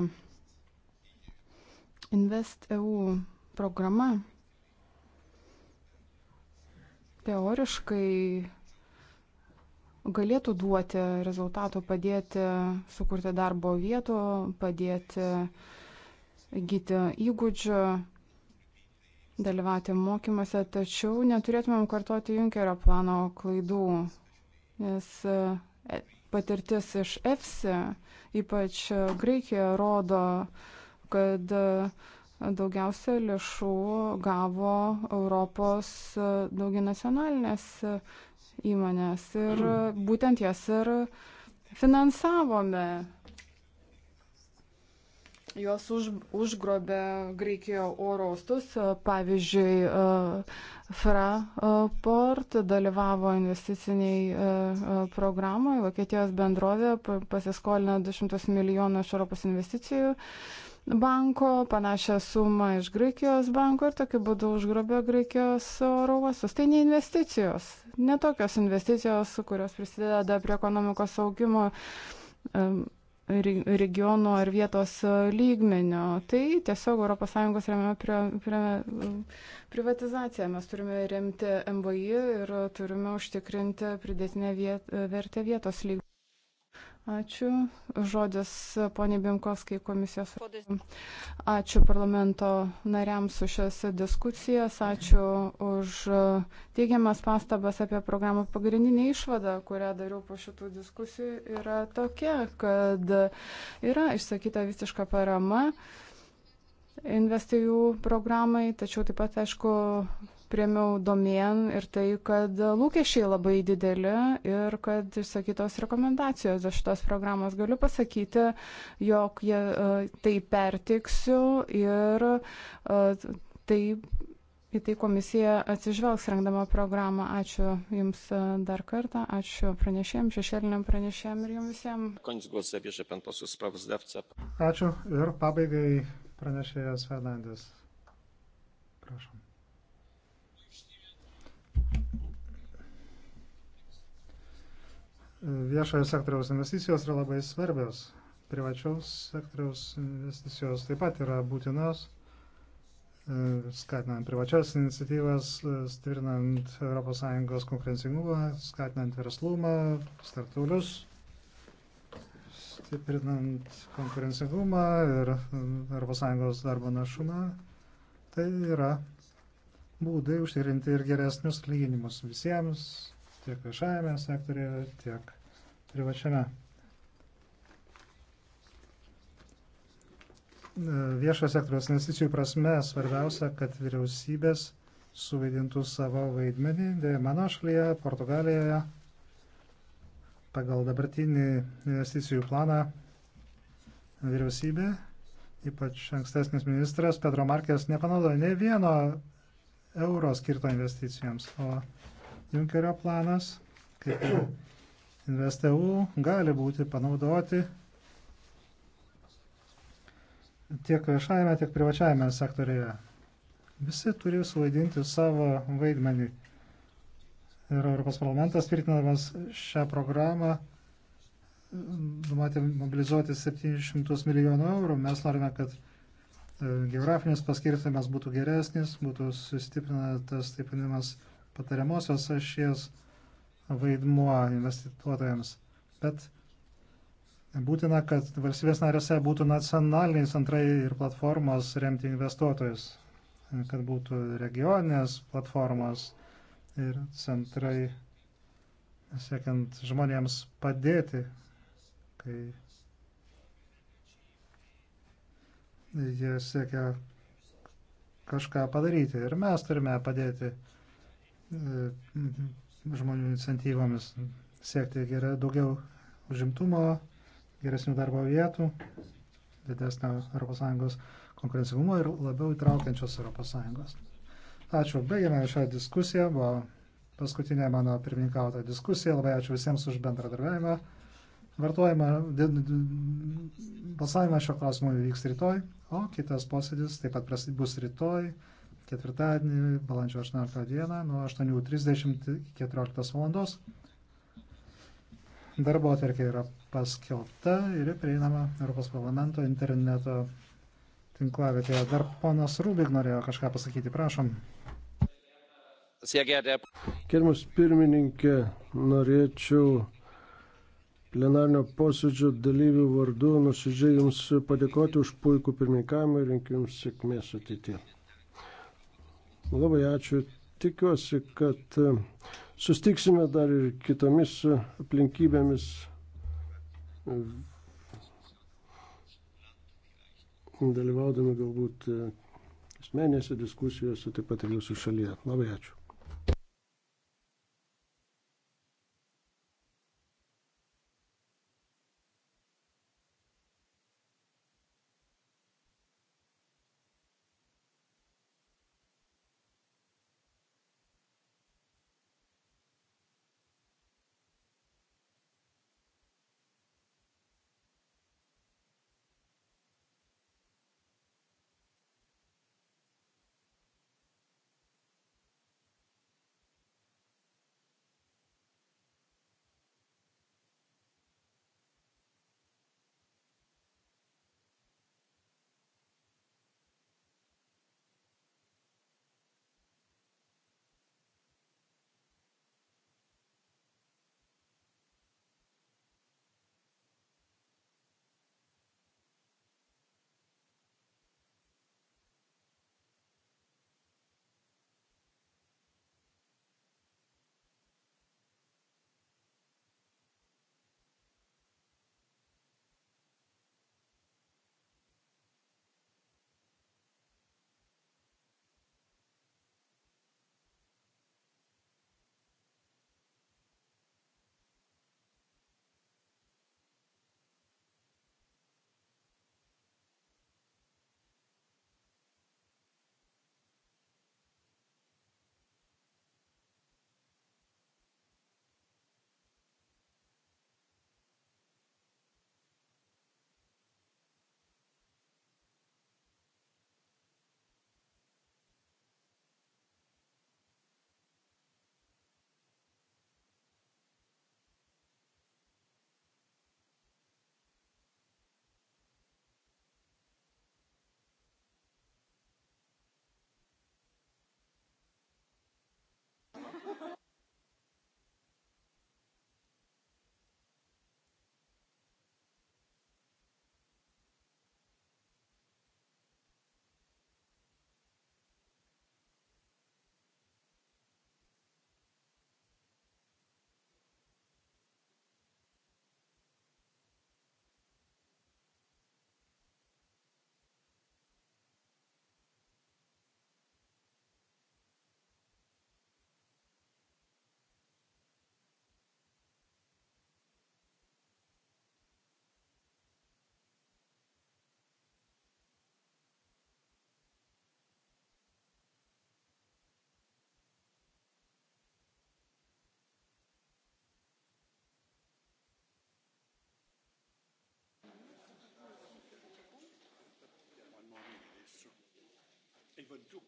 Invest EU programa teoriškai galėtų duoti rezultatų, padėti sukurti darbo vietų, padėti įgyti įgūdžių, dalyvauti mokymuose, tačiau neturėtumėm kartoti Junkerio plano klaidų, nes e, patirtis iš EFSI, ypač Graikijoje, rodo, kad uh, daugiausia lėšų gavo Europos dauginacionalinės įmonės ir būtent jas ir finansavome. Jos už, užgrobė Graikijoje oro uostus, pavyzdžiui, e, Fraport dalyvavo investiciniai e, e, programoje, Vokietijos bendrovė pasiskolino 200 milijonų iš Europos investicijų banko, panašią sumą iš Graikijos banko ir tokiu būdu užgrobė Graikijos oro uostus. Tai ne investicijos, ne tokios investicijos, kurios prisideda prie ekonomikos augimo regiono ar vietos lygmenio. Tai tiesiog ES remia prie, prie privatizaciją. Mes turime remti MVI ir turime užtikrinti pridėtinę viet, vertę vietos lygmenio. Ačiū. Žodis ponė Bimkovskai komisijos. Ačiū parlamento nariams už šias diskusijas. Ačiū už teigiamas pastabas apie programą. Pagrindinė išvada, kurią dariau po šitų diskusijų, yra tokia, kad yra išsakyta visiška parama investijų programai, tačiau taip pat, aišku, priemiau domėn ir tai, kad lūkesčiai labai dideli ir kad išsakytos rekomendacijos dėl šitos programos galiu pasakyti, jog jie, e, tai pertiksiu ir e, tai, į tai komisija atsižvelgs rengdama programą. Ačiū Jums e, dar kartą, ačiū pranešėjim, šešėliniam pranešėjim ir Jums visiems. Ačiū ir pabaigai pranešėjas Fernandes. Prašom. Viešojo sektoriaus investicijos yra labai svarbios. Privačiaus sektoriaus investicijos taip pat yra būtinos, e, skatinant privačias iniciatyvas, e, stiprinant ES konkurencingumą, skatinant verslumą, startuolius stiprinant konkurencingumą ir ES darbo našumą, tai yra būdai užtikrinti ir geresnius atlyginimus visiems tiek viešajame sektorėje, tiek privačiame. Viešo sektoriaus investicijų prasme svarbiausia, kad vyriausybės suvaidintų savo vaidmenį. Dėja, mano šalyje, Portugalijoje, pagal dabartinį investicijų planą vyriausybė, ypač ankstesnis ministras Pedro Markės, nepanaudojo ne vieno euro skirto investicijoms, o Junkerio planas, kaip ir InvestEU, gali būti panaudoti tiek viešajame, tiek privačiajame sektorėje. Visi turi suvaidinti savo vaidmenį. Ir Europos parlamentas, tvirtinamas šią programą, numatė mobilizuoti 700 milijonų eurų. Mes norime, kad e, geografinis paskirtimas būtų geresnis, būtų sustiprinamas tas taip vadinamas patariamosios ašies vaidmuo investuotojams, bet būtina, kad valstybės narėse būtų nacionaliniai centrai ir platformos remti investuotojus, kad būtų regioninės platformos ir centrai siekiant žmonėms padėti, kai jie siekia kažką padaryti. Ir mes turime padėti E, žmonių iniciatyvomis siekti yra daugiau užimtumo, geresnių darbo vietų, didesnio ES konkurencingumo ir labiau įtraukiančios ES. Ačiū, baigėme šią diskusiją, buvo paskutinė mano pirmininkauta diskusija, labai ačiū visiems už bendradarbiavimą. Vartojimą, balsavimą šio klausimo vyks rytoj, o kitas posėdis taip pat bus rytoj ketvirtadienį, balandžio 18 dieną, nuo 8.30 iki 14 val. Darbo atverkė yra paskelbta ir prieinama Europos parlamento interneto tinklavietėje. Dar ponas Rubik norėjo kažką pasakyti, prašom. Gerbiamas pirmininkė, norėčiau plenarnio posėdžio dalyvių vardu nuoširdžiai Jums padėkoti už puikų pirmininkavimą ir linkiu Jums sėkmės ateityje. Labai ačiū. Tikiuosi, kad e, sustiksime dar ir kitomis e, aplinkybėmis. Dalyvaudami galbūt e, asmenėse diskusijose, taip pat ir jūsų šalyje. Labai ačiū. bonne tour.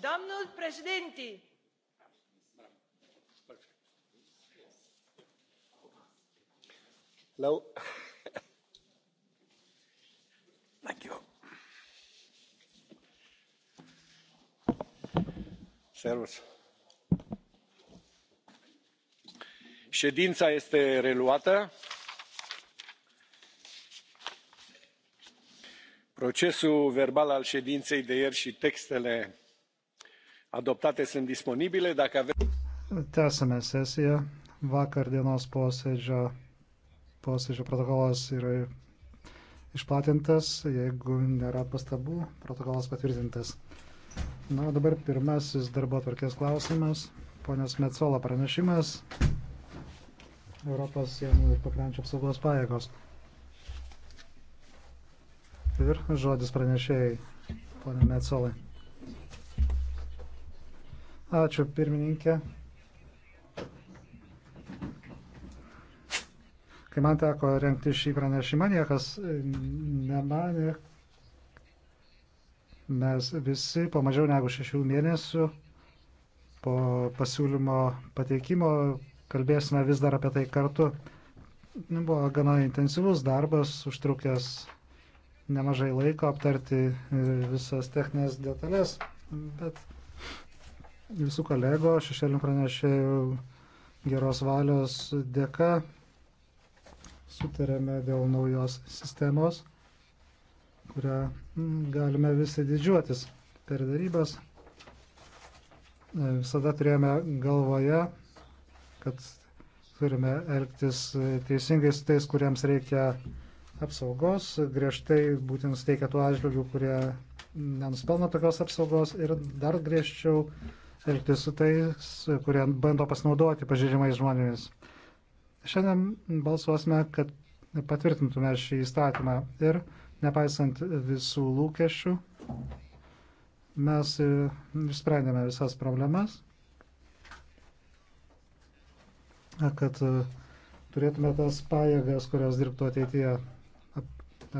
Domnul președinte! No. Thank you. Servus. Ședința este reluată. Procesul verbal al ședinței de ieri și textele adoptate sunt disponibile. Dacă ave... Tęsame sesiją. Vakar dienos posėdžio, posėdžio protokolas yra išplatintas. Jeigu nėra pastabų, protokolas patvirtintas. Na, dabar pirmasis darbo tvarkės klausimas. Ponios Metsola pranešimas. Europos sienų ir pakrančio apsaugos pajėgos. Ir žodis pranešėjai, ponė Metsolai. Ačiū pirmininkė. Kai man teko renkti šį pranešimą, niekas e, nemanė, mes visi po mažiau negu šešių mėnesių po pasiūlymo pateikimo kalbėsime vis dar apie tai kartu. Nu, buvo gana intensyvus darbas, užtrukęs nemažai laiko aptarti e, visas techninės detalės, bet visų kolego šešėlių pranešėjų geros valios dėka sutarėme dėl naujos sistemos, kurią mm, galime visi didžiuotis per darybas. E, visada turėjome galvoje, kad turime elgtis teisingai su tais, kuriems reikia apsaugos, griežtai būtent steikia tuo atžvilgiu, kurie nenuspelno tokios apsaugos ir dar griežčiau elgtis su tais, kurie bando pasinaudoti pažiūrimais žmonėmis. Šiandien balsuosime, kad patvirtintume šį įstatymą ir nepaisant visų lūkesčių, mes e, išsprendėme visas problemas, kad e, turėtume tas pajėgas, kurios dirbtų ateityje,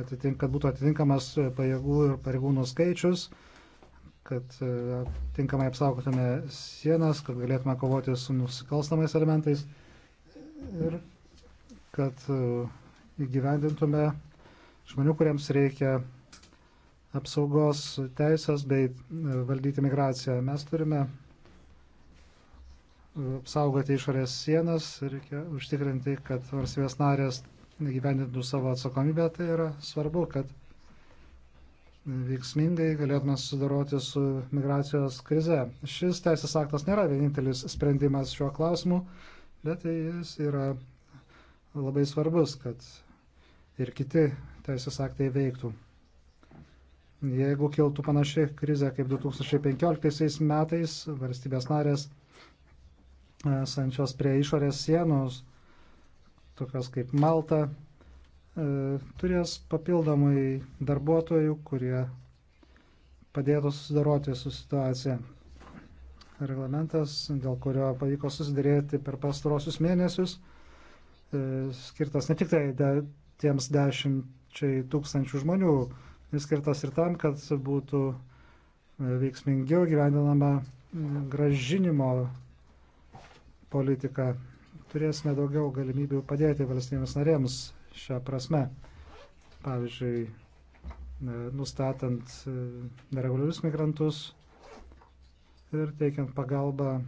atitink, kad būtų atitinkamas pajėgų ir pareigūnų skaičius kad e, tinkamai apsaugotume sienas, kad galėtume kovoti su nusikalstamais elementais ir kad e, įgyvendintume žmonių, kuriems reikia apsaugos teisės bei e, valdyti migraciją. Mes turime apsaugoti išorės sienas, reikia užtikrinti, kad valstybės narės gyvendintų savo atsakomybę. Tai yra svarbu, kad veiksmingai galėtume sudaroti su migracijos krize. Šis teisės aktas nėra vienintelis sprendimas šiuo klausimu, bet jis yra labai svarbus, kad ir kiti teisės aktai veiktų. Jeigu kiltų panašiai krizė kaip 2015 metais, valstybės narės esančios prie išorės sienos, tokios kaip Malta, E, turės papildomai darbuotojų, kurie padėtų susidaroti su situacija. Reglamentas, dėl kurio pavyko susidarėti per pastarosius mėnesius, e, skirtas ne tik tai de, tiems dešimčiai tūkstančių žmonių, jis skirtas ir tam, kad būtų e, veiksmingiau gyvendinama gražinimo politika. Turėsime daugiau galimybių padėti valstybėms narėms šią prasme. Pavyzdžiui, e, nustatant e, nereguliarius migrantus ir teikiant pagalbą,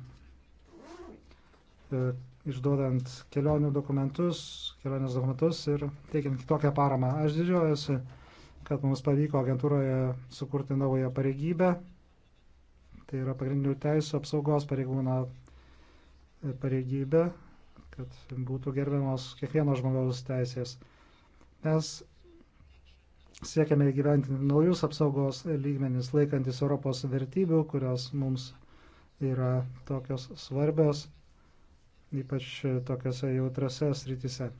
e, išduodant kelionių dokumentus, kelionės dokumentus ir teikiant kitokią paramą. Aš didžiuojuosi, kad mums pavyko agentūroje sukurti naują pareigybę. Tai yra pagrindinių teisų apsaugos pareigūno pareigybė kad būtų gerbiamos kiekvieno žmogaus teisės. Mes siekiame įgyventinti naujus apsaugos lygmenis, laikantis Europos vertybių, kurios mums yra tokios svarbios, ypač tokiose jautrose srityse.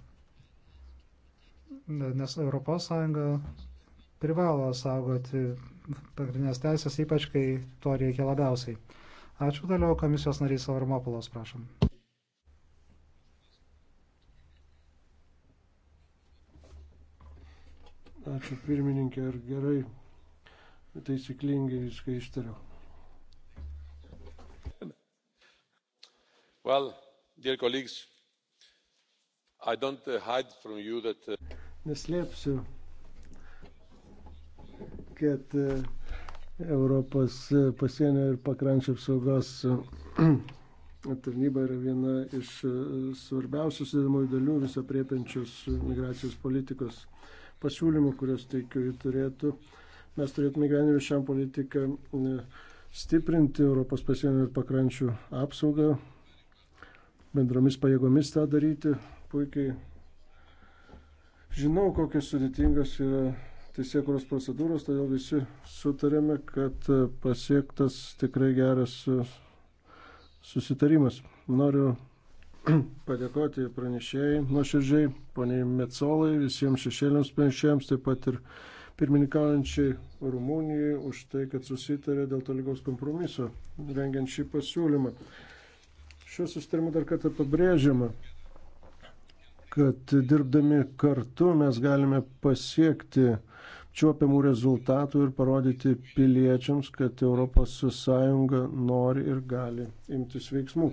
Nes ES privalo saugoti pagrindinės teisės, ypač kai to reikia labiausiai. Ačiū toliau komisijos narys Savarmopolos, prašom. Ačiū pirmininkė ir gerai taisyklingai viską ištariau. Well, dear colleagues, I don't hide from you that. Uh, Neslėpsiu, kad uh, Europos pasienio ir pakrančio apsaugos uh, tarnyba yra viena iš svarbiausių sudėdamųjų dalių visapriepiančios migracijos politikos pasiūlymų, kuriuos teikiu, turėtų, mes turėtume gyvenime šiam politiką e, stiprinti Europos pasienio ir pakrančių apsaugą, bendromis pajėgomis tą daryti. Puikiai žinau, kokios sudėtingos yra teisėkuros procedūros, todėl visi sutarėme, kad e, pasiektas tikrai geras e, susitarimas. Noriu padėkoti pranešėjai nuoširdžiai, poniai Metsolai, visiems šešėliams pranešėjams, taip pat ir pirmininkaujančiai Rumunijai už tai, kad susitarė dėl tolygaus kompromiso, rengiant šį pasiūlymą. Šiuo sustarimu dar kartą pabrėžiama, kad dirbdami kartu mes galime pasiekti čiuopiamų rezultatų ir parodyti piliečiams, kad ES nori ir gali imtis veiksmų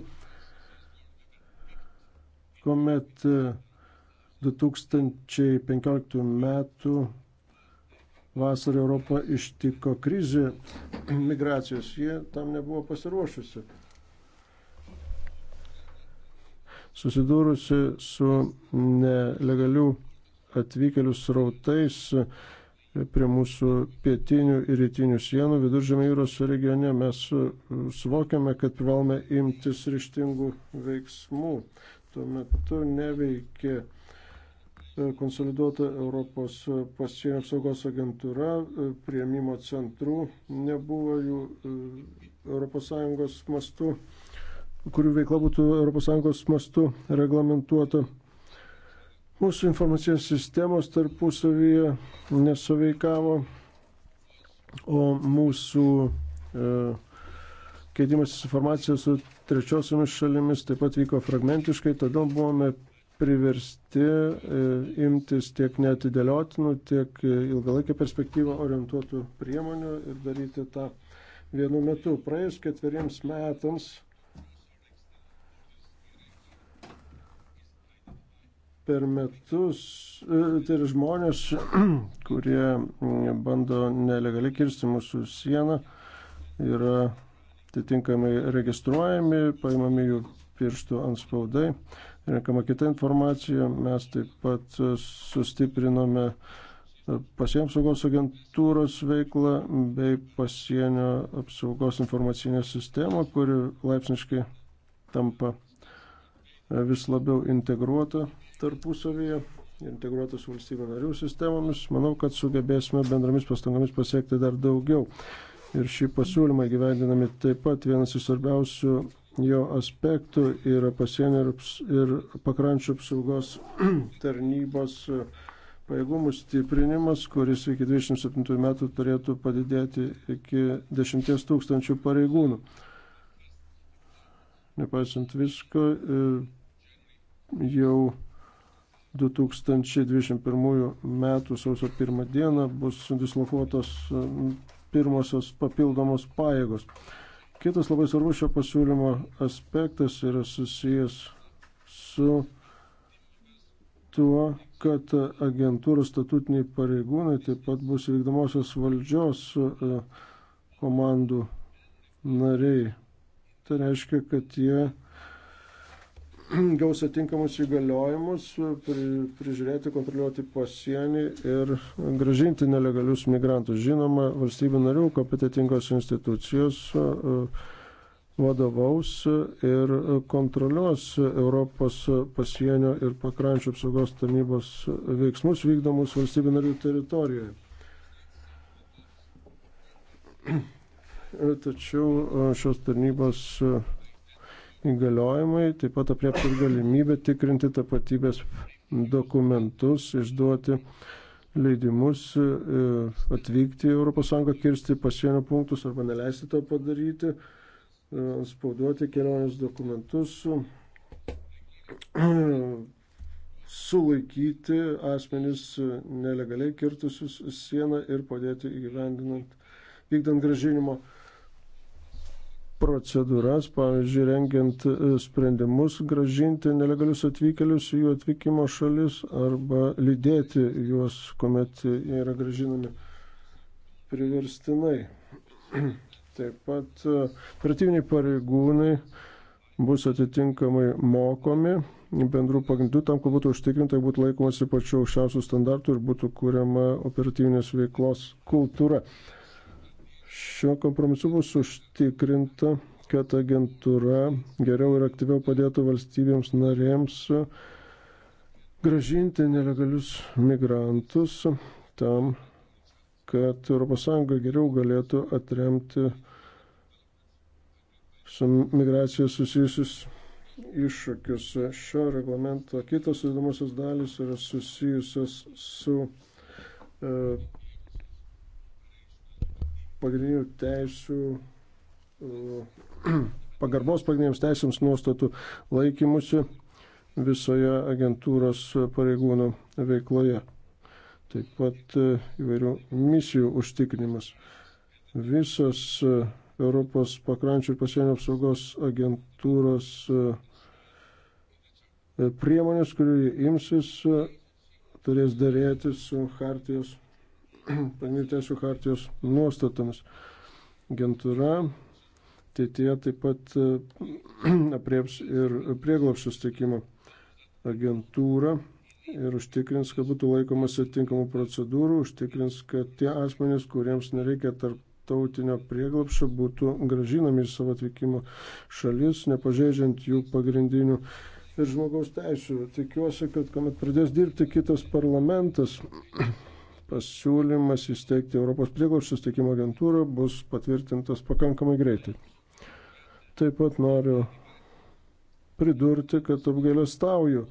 kuomet 2015 e, metų vasarą Europą ištiko krizė migracijos. Jie tam nebuvo pasiruošusi. Susidūrusi su nelegalių atvykėlių srautais prie mūsų pietinių ir rytinių sienų viduržėmio jūros regione mes suvokiame, kad privalome imtis ryštingų veiksmų tuo metu neveikė e, konsoliduota Europos pasienio apsaugos agentūra, e, prieimimo centrų nebuvo jų ES mastu, kurių veikla būtų ES mastu reglamentuota. Mūsų informacinės sistemos tarpusavyje nesuveikavo, o mūsų e, keitimasis informacija su trečiosiomis šalimis taip pat vyko fragmentiškai, todėl buvome priversti e, imtis tiek netidėliotinų, tiek e, ilgalaikį perspektyvą orientuotų priemonių ir daryti tą vienu metu. Praėjus ketveriems metams per metus, e, tai yra žmonės, kurie bando nelegaliai kirsti mūsų sieną, yra atitinkamai registruojami, paimami jų pirštų ant spaudai, renkama kita informacija. Mes taip pat sustiprinome pasienio apsaugos agentūros veiklą bei pasienio apsaugos informacinę sistemą, kuri laipsniškai tampa vis labiau integruota tarpusavyje, integruotas valstybių narių sistemomis. Manau, kad sugebėsime bendromis pastangomis pasiekti dar daugiau ir šį pasiūlymą gyvendinami taip pat vienas iš svarbiausių jo aspektų yra pasienio ir pakrančių apsaugos tarnybos e, pajėgumų stiprinimas, kuris iki 27 metų turėtų padidėti iki 10 tūkstančių pareigūnų. Nepaisant visko, e, jau 2021 m. sausio 1 dieną bus dislokuotos pirmosios papildomos pajėgos. Kitas labai svarbus šio pasiūlymo aspektas yra susijęs su tuo, kad agentūrų statutiniai pareigūnai taip pat bus vykdomosios valdžios e, komandų nariai. Tai reiškia, kad jie gaus atinkamus įgaliojimus pri, prižiūrėti, kontroliuoti pasienį ir gražinti nelegalius migrantus. Žinoma, valstybių narių kompetitingos institucijos uh, vadovaus ir kontroliuos Europos pasienio ir pakrančių apsaugos tarnybos veiksmus vykdomus valstybių narių teritorijoje. Tačiau uh, šios tarnybos uh, įgaliojimai, taip pat apriepti ir galimybę tikrinti tapatybės dokumentus, išduoti leidimus e, atvykti į ES, kirsti pasienio punktus arba neleisti to padaryti, e, spauduoti kelionės dokumentus, e, sulaikyti asmenys nelegaliai kirtusius sieną ir padėti įgyvendinant, vykdant gražinimo procedūras, pavyzdžiui, rengiant e, sprendimus gražinti nelegalius atvykėlius į jų atvykimo šalis arba lydėti juos, kuomet jie yra gražinami priverstinai. Taip pat e, operatyviniai pareigūnai bus atitinkamai mokomi bendrų pagrindų tam, kad būtų užtikrinta, būtų laikomasi pačių aukščiausių standartų ir būtų kuriama operatyvinės veiklos kultūra. Šiuo kompromisu bus užtikrinta, kad agentūra geriau ir aktyviau padėtų valstybėms narėms gražinti nelegalius migrantus tam, kad ES geriau galėtų atremti su migracija susijusius iššūkius. Šio reglamento kitos įdomusios dalys yra susijusios su e, pagrindinių teisų, pagarbos pagrindiniams teisėms nuostatų laikymusi visoje agentūros pareigūnų veikloje. Taip pat e, įvairių misijų užtikrinimas. Visos e, Europos pakrančių ir pasienio apsaugos agentūros e, priemonės, kurių imsis, turės dėrėti su Hartijos pagrindinių teisų hartijos nuostatomis. Agentūra ateityje taip pat aprieps ir prieglopšio steikimo agentūrą ir užtikrins, kad būtų laikomas atitinkamų procedūrų, užtikrins, kad tie asmenys, kuriems nereikia tarptautinio prieglopšio, būtų gražinami į savo atvykimo šalis, nepažeidžiant jų pagrindinių ir žmogaus teisų. Tikiuosi, kad kuomet pradės dirbti kitas parlamentas, pasiūlymas įsteigti Europos prieglobščių steigimo agentūrą bus patvirtintas pakankamai greitai. Taip pat noriu pridurti, kad apgailestauju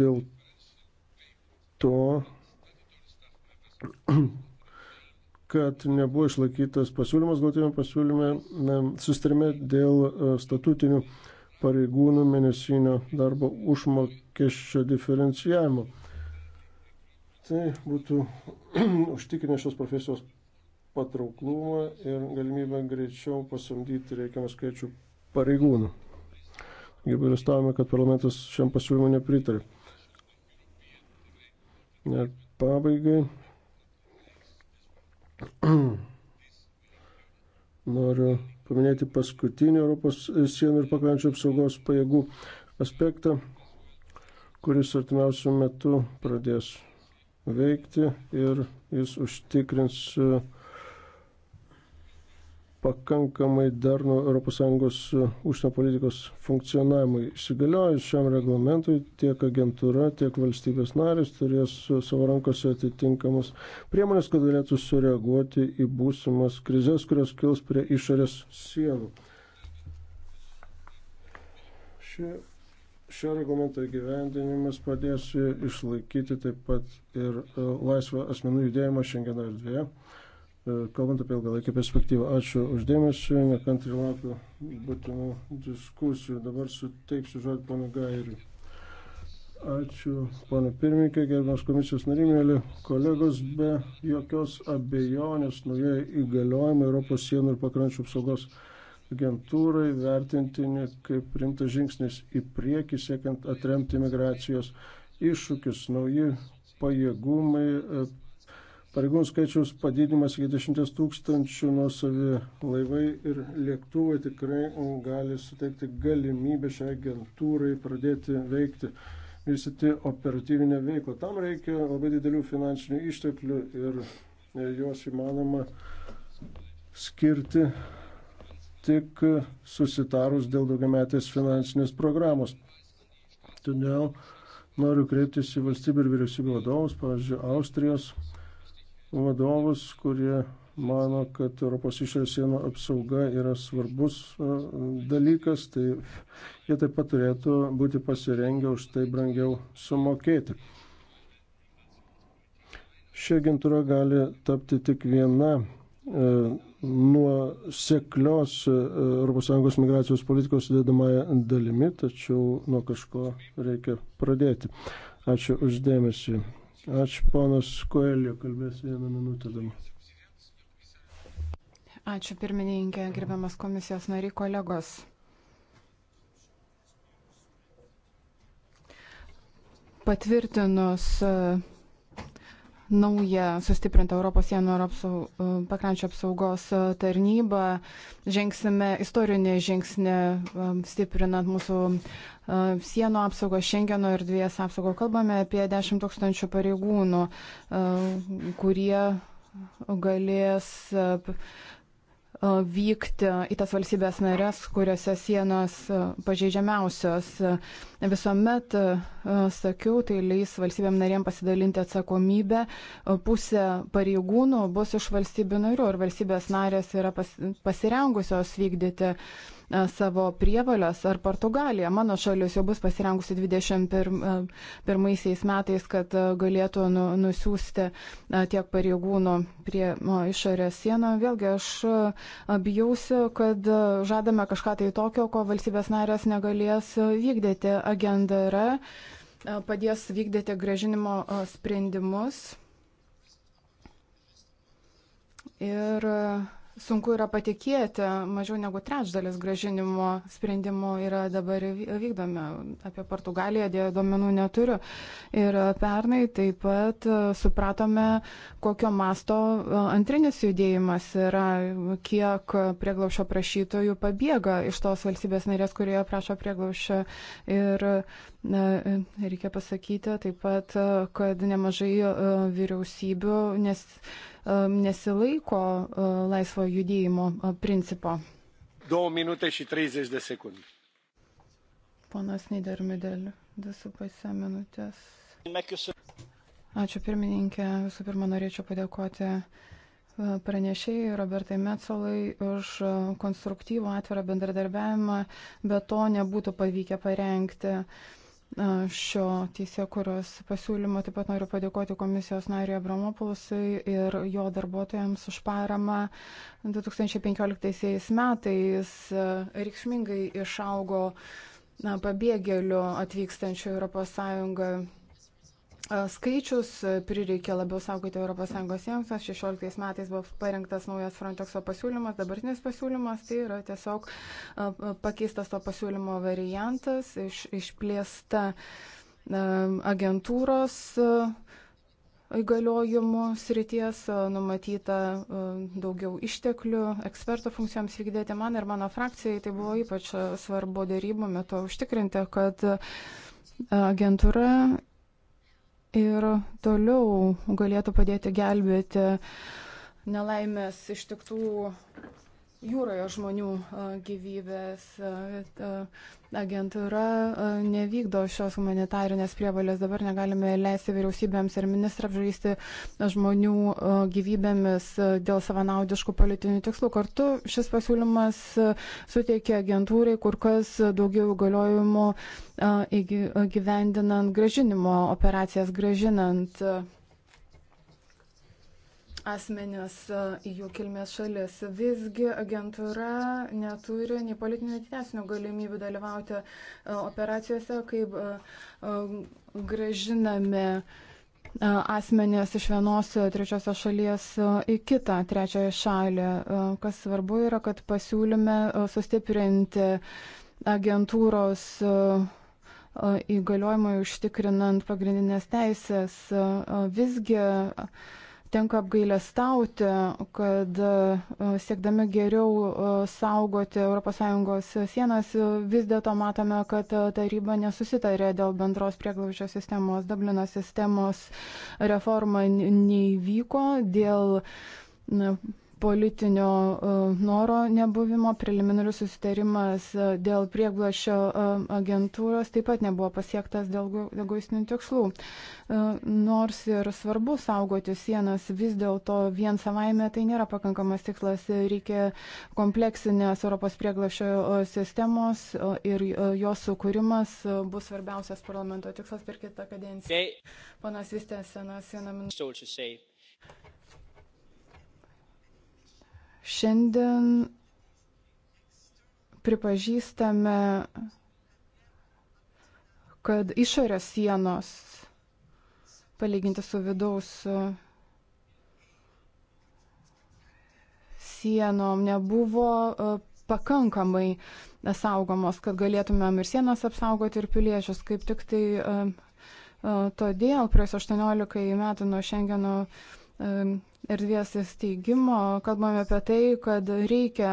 dėl to, kad nebuvo išlaikytas pasiūlymas, gautame pasiūlyme sustarime dėl e, statutinių pareigūnų mėnesinio darbo užmokesčio diferencijavimo Tai būtų užtikrinę šios profesijos patrauklumą ir galimybę greičiau pasamdyti reikiamą skaičių pareigūnų. Gibalistavome, kad parlamentas šiam pasiūlymui nepritarė. Ir pabaigai noriu paminėti paskutinį Europos sienų ir pakrančių apsaugos pajėgų aspektą, kuris artimiausių metų pradės veikti ir jis užtikrins e, pakankamai darno ES e, užsienio politikos funkcionavimui. Įsigaliojus šiam reglamentui tiek agentūra, tiek valstybės narės turės e, savo rankose atitinkamas priemonės, kad galėtų sureaguoti į būsimas krizės, kurios kils prie išorės sienų. Ši šio reglamento įgyvendinimas padės išlaikyti taip pat ir e, laisvą asmenų judėjimą šiandieną erdvėje. E, kalbant apie ilgalaikį perspektyvą, ačiū uždėmesi, nekantri laukiu būtinų diskusijų. Dabar suteiksiu žodį pana Gairiui. Ačiū, pana pirmininkė, gerbiamas komisijos narimėlį, kolegos, be jokios abejonės naujoje įgaliojama Europos sienų ir pakrančių apsaugos agentūrai vertintini kaip rimtas žingsnis į priekį, siekiant atremti migracijos iššūkius, nauji pajėgumai, e, pareigūnų skaičiaus padidinimas iki 10 tūkstančių nuosavi laivai ir lėktuvai tikrai gali suteikti galimybę šiai agentūrai pradėti veikti vystyti operatyvinę veiklą. Tam reikia labai didelių finansinių išteklių ir e, juos įmanoma skirti tik susitarus dėl daugiametės finansinės programos. Todėl noriu kreiptis į valstybių ir vyriausybių vadovus, pavyzdžiui, Austrijos vadovus, kurie mano, kad Europos išorės sienų apsauga yra svarbus e, dalykas, tai jie taip pat turėtų būti pasirengę už tai brangiau sumokėti. Ši agentūra gali tapti tik viena E, nuo seklios e, ES migracijos politikos sudėdamąją dalimi, tačiau nuo kažko reikia pradėti. Ačiū uždėmesi. Ačiū ponas Koelio, kalbės vieną minutę dabar. Ačiū pirmininkė, gerbiamas komisijos nariai kolegos. Patvirtinus uh, nauja sustiprinta Europos sienų ir apsau, e, pakrančio apsaugos e, tarnyba. Žengsime istorinį žingsnį, e, stiprinant mūsų sienų apsaugos, Šengeno ir dvies apsaugos. Kalbame apie 10 tūkstančių pareigūnų, kurie galės vykti į tas valstybės narės, kuriuose sienos pažeidžiamiausios. Visuomet sakiau, tai leis valstybėm narėm pasidalinti atsakomybę. Pusė pareigūnų bus iš valstybių narių ir valstybės narės yra pasirengusios vykdyti E, savo prievalės, ar Portugalija, mano šalis jau bus pasirengusi 21 e, metais, kad e, galėtų nu, nusiųsti tiek pareigūnų prie išorės sieną. Vėlgi aš bijausi, kad žadame kažką tai tokio, ko valstybės narės negalės vykdyti. Agenda yra, padės vykdyti gražinimo sprendimus. Ir sunku yra patikėti, mažiau negu trečdalis gražinimo sprendimų yra dabar vykdomi. Apie Portugaliją dėja duomenų neturiu. Ir pernai taip pat e, supratome, kokio masto e, antrinis judėjimas yra, kiek prieglaušio prašytojų pabėga iš tos valstybės narės, kurioje prašo prieglaušio. Ir na, reikia pasakyti taip pat, kad nemažai e, vyriausybių, nes Um, nesilaiko uh, laisvo judėjimo uh, principo. 2 minutės ir 30 sekundžių. Ponas Nidermidėl, 2,5 minutės. Ačiū pirmininkė. Visų pirma, norėčiau padėkoti uh, pranešėjai Robertai Metsolai už konstruktyvų atvirą bendradarbiavimą, bet to nebūtų pavykę parengti uh, šio teisėkuros pasiūlymo. Taip pat noriu padėkoti komisijos nariui Abramopulusui ir jo darbuotojams už paramą. 2015 metais e, reikšmingai išaugo na, pabėgėlių atvykstančių ES skaičius prireikė labiau saugoti ES sienas. 16 metais buvo parengtas naujas Frontexo pasiūlymas, dabartinis pasiūlymas tai yra tiesiog pakeistas to pasiūlymo variantas, iš, išplėsta agentūros įgaliojimų srities, numatyta daugiau išteklių ekspertų funkcijoms vykdyti man ir mano frakcijai. Tai buvo ypač svarbu darybų metu užtikrinti, kad agentūra ir toliau galėtų padėti gelbėti nelaimės ištiktų jūroje žmonių gyvybės. Agentūra nevykdo šios humanitarinės prievalės. Dabar negalime leisti vyriausybėms ir ministrams žaisti žmonių gyvybėmis dėl savanaudiškų politinių tikslų. Kartu šis pasiūlymas suteikia agentūrai kur kas daugiau įgaliojimų gyvendinant gražinimo operacijas, gražinant asmenis e, į jų kilmės šalis. Visgi agentūra neturi nei politinių, nei teisinių galimybių dalyvauti e, operacijose, kaip e, gražiname asmenės iš vienos trečiosios šalies į kitą trečiąją šalį. Kas svarbu yra, kad pasiūlyme sustiprinti agentūros įgaliojimai užtikrinant pagrindinės teisės. Visgi tenka apgailestauti, kad e, siekdami geriau e, saugoti ES sienas, vis dėlto matome, kad e, taryba nesusitarė dėl bendros prieglaužio sistemos, Dublino sistemos reforma neįvyko dėl politinio e, noro nebuvimo, preliminarius susitarimas e, dėl prieglašio e, agentūros taip pat nebuvo pasiektas dėl egoistinių tikslų. Nors ir svarbu saugoti sienas, vis dėlto vien savaime tai nėra pakankamas tikslas, reikia kompleksinės Europos prieglašio sistemos ir jos sukūrimas bus svarbiausias parlamento tikslas per kitą kadenciją. Panas Vistėsenas, viena minutė. Šiandien pripažįstame, kad išorės sienos, palyginti su vidaus sienom, nebuvo e, pakankamai saugomos, kad galėtumėm ir sienas apsaugoti, ir piliečius. Kaip tik tai e, e, todėl prieš 18 metų nuo Šengeno. Šengeno erdvės įsteigimo, kalbame apie tai, kad reikia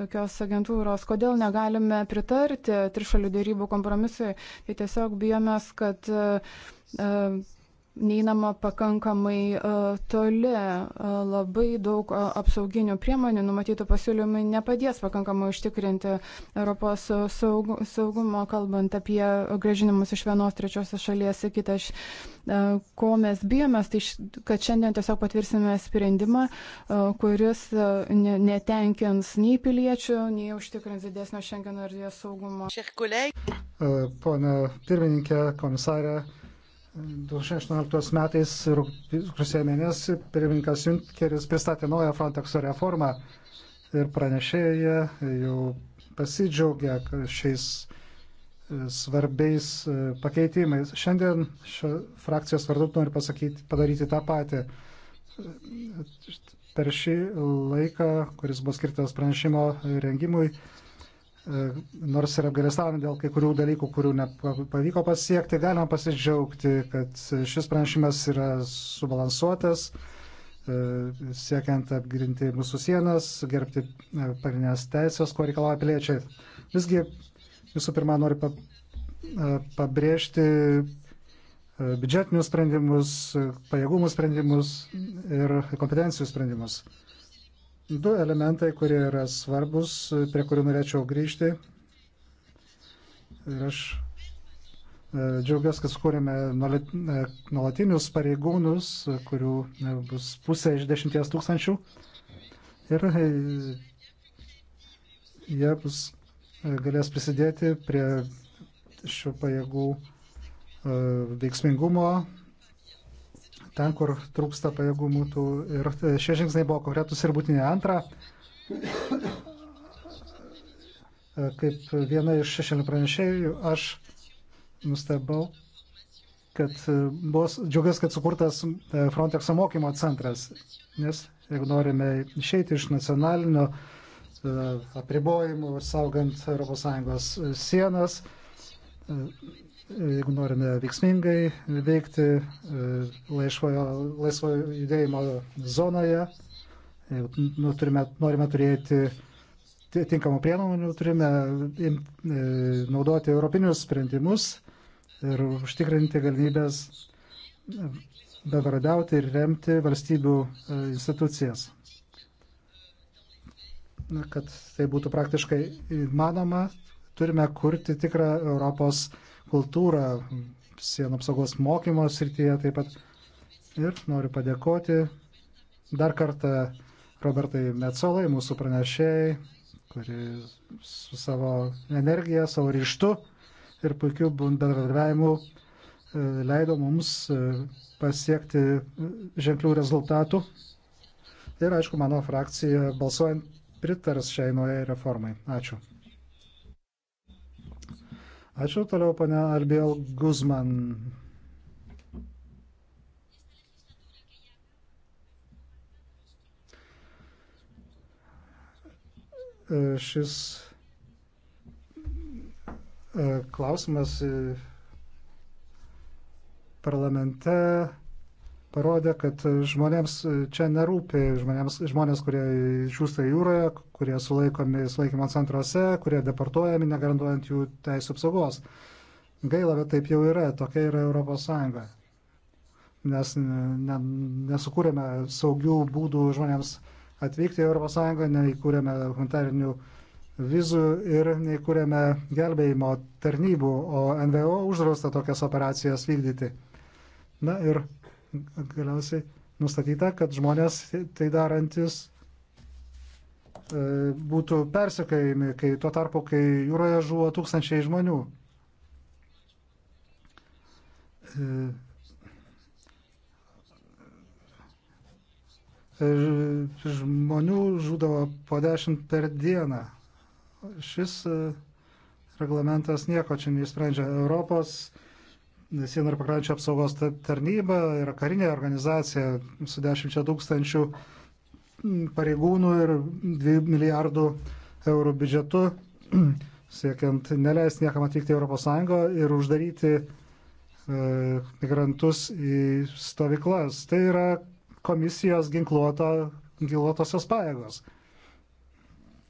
tokios agentūros, kodėl negalime pritarti trišalių dėrybų kompromisui, tai tiesiog bijomės, kad neinama pakankamai e, toli, e, labai daug e, apsauginių priemonių numatytų pasiūlymai nepadės pakankamai užtikrinti Europos saug, saugumo, kalbant apie gražinimus iš vienos trečiosios šalies į kitą. Ko mes bijomės, tai kad šiandien tiesiog patvirsime sprendimą, kuris netenkins nei piliečių, nei užtikrins didesnio šiandien erdvės saugumo. Pone pirmininkė, komisarė. 2018 metais rugsėjo mėnesį pirmininkas Junkeris pristatė naują Frontexo reformą ir pranešėja jau pasidžiaugia šiais e, svarbiais e, pakeitimais. Šiandien šio frakcijos vardu noriu pasakyti, padaryti tą patį. E, per šį laiką, kuris bus skirtas pranešimo rengimui, E, nors ir apgalėstavome dėl kai kurių dalykų, kurių nepavyko pasiekti, galima pasidžiaugti, kad šis pranešimas yra subalansuotas, e, siekiant apgrinti mūsų sienas, gerbti e, pagrindinės teisės, ko reikalauja piliečiai. Visgi, visų pirma, noriu pabrėžti biudžetinius sprendimus, pajėgumų sprendimus ir kompetencijų sprendimus. Du elementai, kurie yra svarbus, prie kurių norėčiau grįžti. Ir aš e, džiaugiuosi, kad skūrėme e, nuolatinius pareigūnus, kurių e, bus pusė iš dešimties tūkstančių. Ir jie bus, galės prisidėti prie šių pajėgų veiksmingumo ten, kur trūksta pajėgumų. Tų, ir e, šie žingsniai buvo konkretus ir būtinė antra. E, kaip viena iš šešėlių pranešėjų, aš nustebau, kad e, buvo džiugas, kad sukurtas Frontexo mokymo centras, nes jeigu norime išeiti iš nacionalinio apribojimų, saugant ES sienas, jeigu norime veiksmingai veikti e, laisvojo, laisvojo judėjimo zonoje, jeigu nu, turime, norime turėti tinkamų priemonių, turime im, e, naudoti europinius sprendimus ir užtikrinti galimybės bevardauti ir remti valstybių e, institucijas. Kad tai būtų praktiškai įmanoma, turime kurti tikrą Europos uh, kultūrą, sienų apsaugos mokymo srityje taip pat. Ir noriu padėkoti dar kartą Robertai Metsolai, mūsų pranešėjai, kuri su savo energija, savo ryštu ir puikiu bendradarbiavimu e, leido mums e, pasiekti e, ženklių rezultatų. Ir aišku, mano frakcija balsuojant pritars šiai naujai reformai. Ačiū. Ačiū toliau, pane Albėl Guzman. E, šis e, klausimas e, parlamente parodė, kad žmonėms čia nerūpi, žmonėms, žmonės, kurie žūsta jūroje, kurie sulaikomi sulaikymo centruose, kurie deportuojami, negarantuojant jų teisų apsaugos. Gaila, bet taip jau yra, tokia yra Europos Sąjunga. Nes ne, nesukūrėme saugių būdų žmonėms atvykti į Europos Sąjungą, neįkūrėme humanitarinių vizų ir neįkūrėme gelbėjimo tarnybų, o NVO uždrausta tokias operacijas vykdyti. Na ir galiausiai nustatyta, kad žmonės tai darantis e, būtų persekėjami, kai tuo tarpu, kai jūroje žuvo tūkstančiai žmonių. E, e, žmonių žudavo po dešimt per dieną. Šis reglamentas nieko čia neįsprendžia. Europos sienų ir pakrančio apsaugos tarnyba yra karinė organizacija su dešimčia tūkstančių pareigūnų ir 2 milijardų eurų biudžetu, siekiant neleisti niekam atvykti į ES ir uždaryti e, migrantus į stovyklas. Tai yra komisijos ginkluoto, ginkluotosios pajėgos.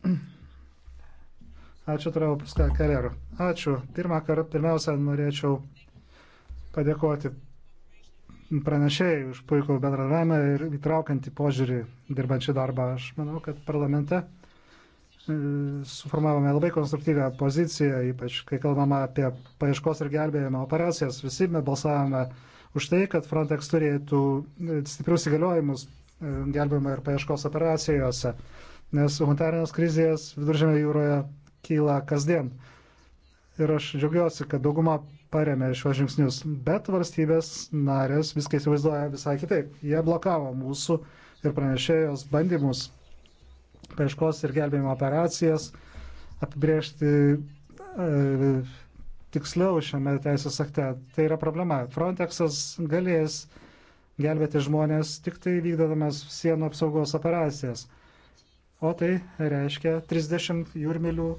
Ačiū, turėjau paską, Keller. Ačiū. Pirmą kartą, pirmiausia, norėčiau padėkoti pranešėjai už puikų bendradarbiavimą ir įtraukiantį požiūrį dirbančią darbą. Aš manau, kad parlamente e, suformavome labai konstruktyvę poziciją, ypač kai kalbama apie paieškos ir gelbėjimo operacijas. Visi mes balsavome už tai, kad Frontex turėtų e, stiprius įgaliojimus e, gelbėjimo ir paieškos operacijose, nes humanitarinės krizės viduržėme jūroje kyla kasdien. Ir aš džiaugiuosi, kad dauguma paremė šios žingsnius, bet valstybės narės viską įsivaizduoja visai kitaip. Jie blokavo mūsų ir pranešėjos bandymus, paieškos ir gelbėjimo operacijas apibriežti e, tiksliau šiame teisės akte. Tai yra problema. Frontexas galės gelbėti žmonės tik tai vykdodamas sienų apsaugos operacijas. O tai reiškia 30 jūrmilių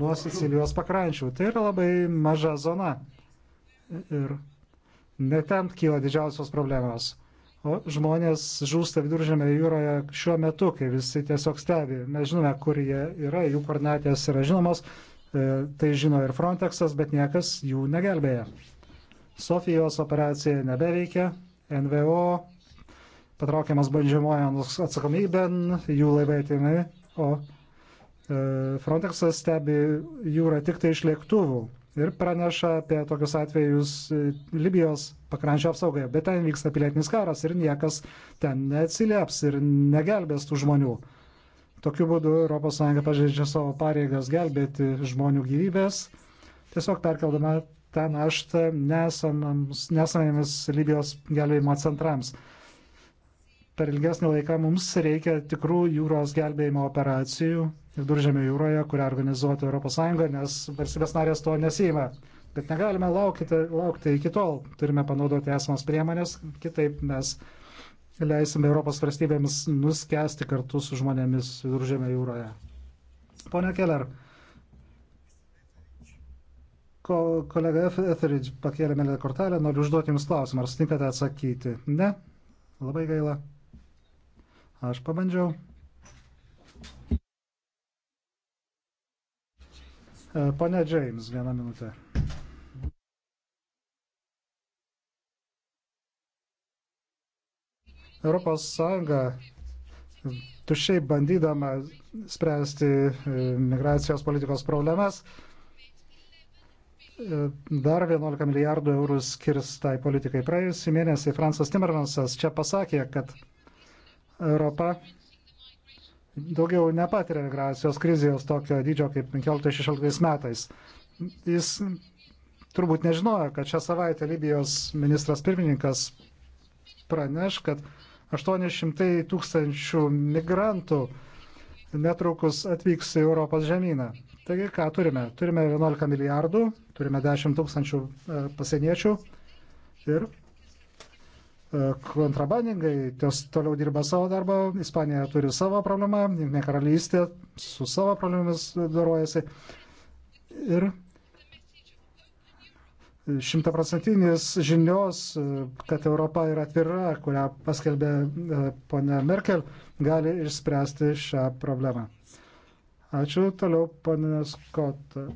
nuo Sicilijos pakrančių. Tai yra labai maža zona ir netent kyla didžiausios problemos. O žmonės žūsta viduržėme jūroje šiuo metu, kai visi tiesiog stebi. Mes žinome, kur jie yra, jų koordinatės yra žinomos, e, tai žino ir Frontexas, bet niekas jų negelbėja. Sofijos operacija nebeveikia, NVO patraukiamas bandžiamojan atsakomybėn, jų laivai atimami, o e, Frontexas stebi jūrą tik tai iš lėktuvų ir praneša apie tokius atvejus e, Libijos pakrančio apsaugai. Bet ten vyksta pilietinis karas ir niekas ten neatsilieps ir negelbės tų žmonių. Tokiu būdu ES pažeidžia savo pareigas gelbėti žmonių gyvybės, tiesiog perkeldama tą naštą nesamiems Libijos gelbėjimo centrams. Per ilgesnį laiką mums reikia tikrų jūros gelbėjimo operacijų viduržėmio jūroje, kurią organizuotų ES, nes valstybės narės to nesima. Bet negalime laukti, laukti iki tol. Turime panaudoti esamas priemonės, kitaip mes leisime Europos valstybėms nuskesti kartu su žmonėmis viduržėmio jūroje. Pone Keller, ko, kolega Etheridge pakėlė mėlyną kortelę, noriu užduoti Jums klausimą, ar sutinkate atsakyti? Ne? Labai gaila. Aš pabandžiau. E, Pane James, vieną minutę. Europos Sąjunga tušiai bandydama spręsti e, migracijos politikos problemas, e, dar 11 milijardų eurų skirs tai politikai. Praėjusį mėnesį Fransas Timmermansas čia pasakė, kad Europa daugiau nepatiria migracijos krizijos tokio dydžio kaip 15-16 metais. Jis turbūt nežinojo, kad šią savaitę Libijos ministras pirmininkas praneš, kad 800 tūkstančių migrantų netrukus atvyks į Europos žemyną. Taigi ką turime? Turime 11 milijardų, turime 10 tūkstančių e, pasieniečių ir kontrabandingai ties toliau dirba savo darbą, Ispanija turi savo problemą, Junktinė karalystė su savo problemomis darojasi. Ir šimtaprocentinis žinios, kad Europa yra atvira, kurią paskelbė e, ponia Merkel, gali išspręsti šią problemą. Ačiū toliau, ponia Skota.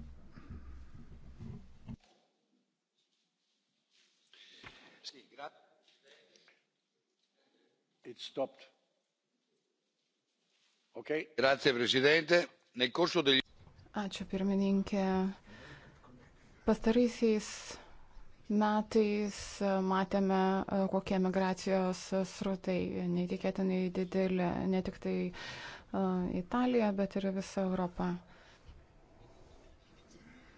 Okay. Grazie, Presidente. Nel corso degli... Ačiū pirmininkė. Pastaraisiais metais e, matėme, e, kokie migracijos srautai neįtikėtinai dideli, ne tik tai e, Italija, bet ir visa Europa.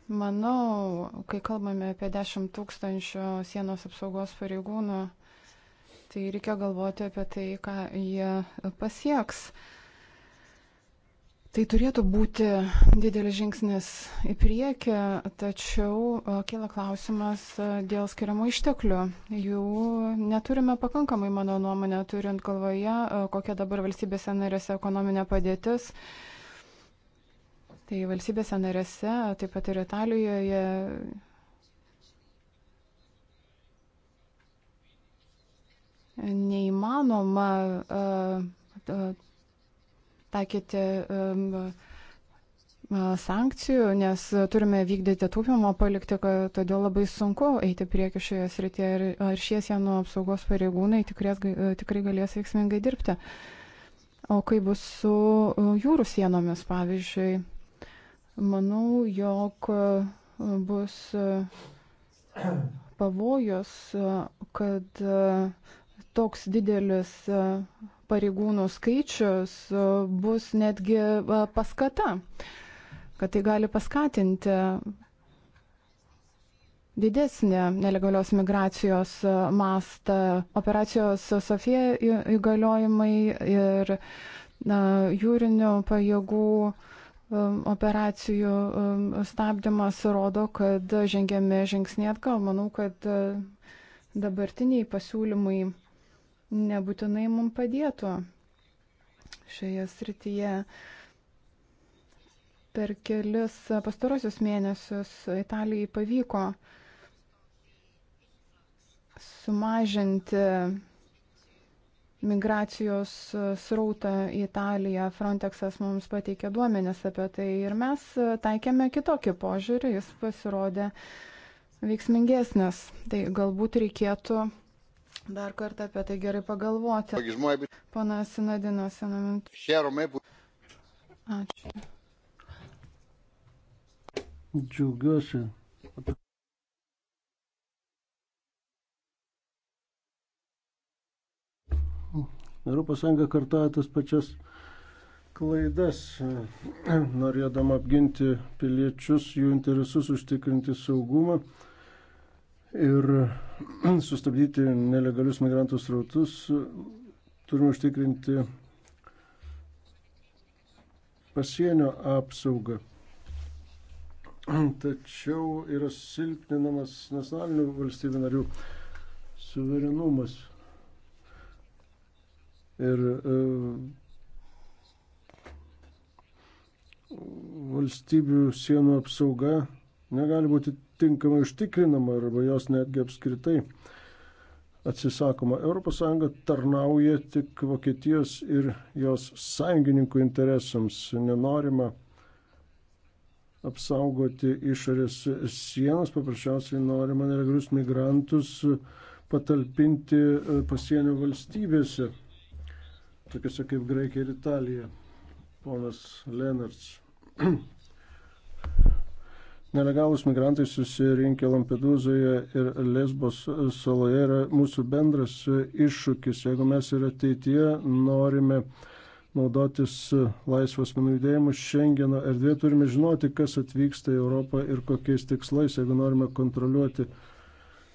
Manau, kai kalbame apie 10 tūkstančių sienos apsaugos pareigūnų, nu, tai reikia galvoti apie tai, ką jie pasieks. Tai turėtų būti didelis žingsnis į priekį, tačiau e, kyla klausimas e, dėl skiriamų išteklių. Jų neturime pakankamai, mano nuomonė, turint galvoje, e, kokia dabar valstybėse narėse ekonominė padėtis. Tai valstybėse narėse, taip pat ir Italijoje neįmanoma e, e, taikyti e, sankcijų, nes turime vykdyti taupimo politiką, todėl labai sunku eiti prieki šioje srityje ir ar šie sienų apsaugos pareigūnai tikrės, tikrai galės veiksmingai dirbti. O kaip bus su jūrų sienomis, pavyzdžiui, manau, jog bus pavojus, kad uh, toks didelis e, pareigūnų skaičius e, bus netgi e, paskata, kad tai gali paskatinti didesnį nelegalios migracijos mastą. Operacijos Sofija įgaliojimai ir na, jūrinių pajėgų operacijų stabdymas rodo, kad žengiame žingsnį atgal. Manau, kad dabartiniai pasiūlymai nebūtinai mums padėtų šioje srityje. Per kelius pastarosius mėnesius Italijai pavyko sumažinti migracijos srautą į Italiją. Frontexas mums pateikė duomenis apie tai ir mes taikėme kitokį požiūrį, jis pasirodė veiksmingesnis. Tai galbūt reikėtų Dar kartą apie tai gerai pagalvoti. Pana Sinadino, senamint. Ačiū. Džiaugiuosi. Europos Sąjunga kartoja tas pačias klaidas, norėdama apginti piliečius, jų interesus, užtikrinti saugumą ir sustabdyti nelegalius migrantų srautus, turime užtikrinti pasienio apsaugą. Tačiau yra silpninamas nacionalinių valstybių narių suverenumas. Ir e, valstybių sienų apsauga negali būti tinkamai užtikrinama arba jos netgi apskritai atsisakoma. ES tarnauja tik Vokietijos ir jos sąjungininkų interesams. Nenorima apsaugoti išorės sienos, paprasčiausiai norima nelegalius migrantus patalpinti e, pasienio valstybėse, tokiuose kaip Graikija ir Italija. Ponas Lenarts. Nelegalus migrantai susirinkę Lampedūzoje ir Lesbos saloje yra mūsų bendras iššūkis. Jeigu mes ir ateityje norime naudotis laisvos menų judėjimu Schengeno erdvė, turime žinoti, kas atvyksta į Europą ir kokiais tikslais. Jeigu norime kontroliuoti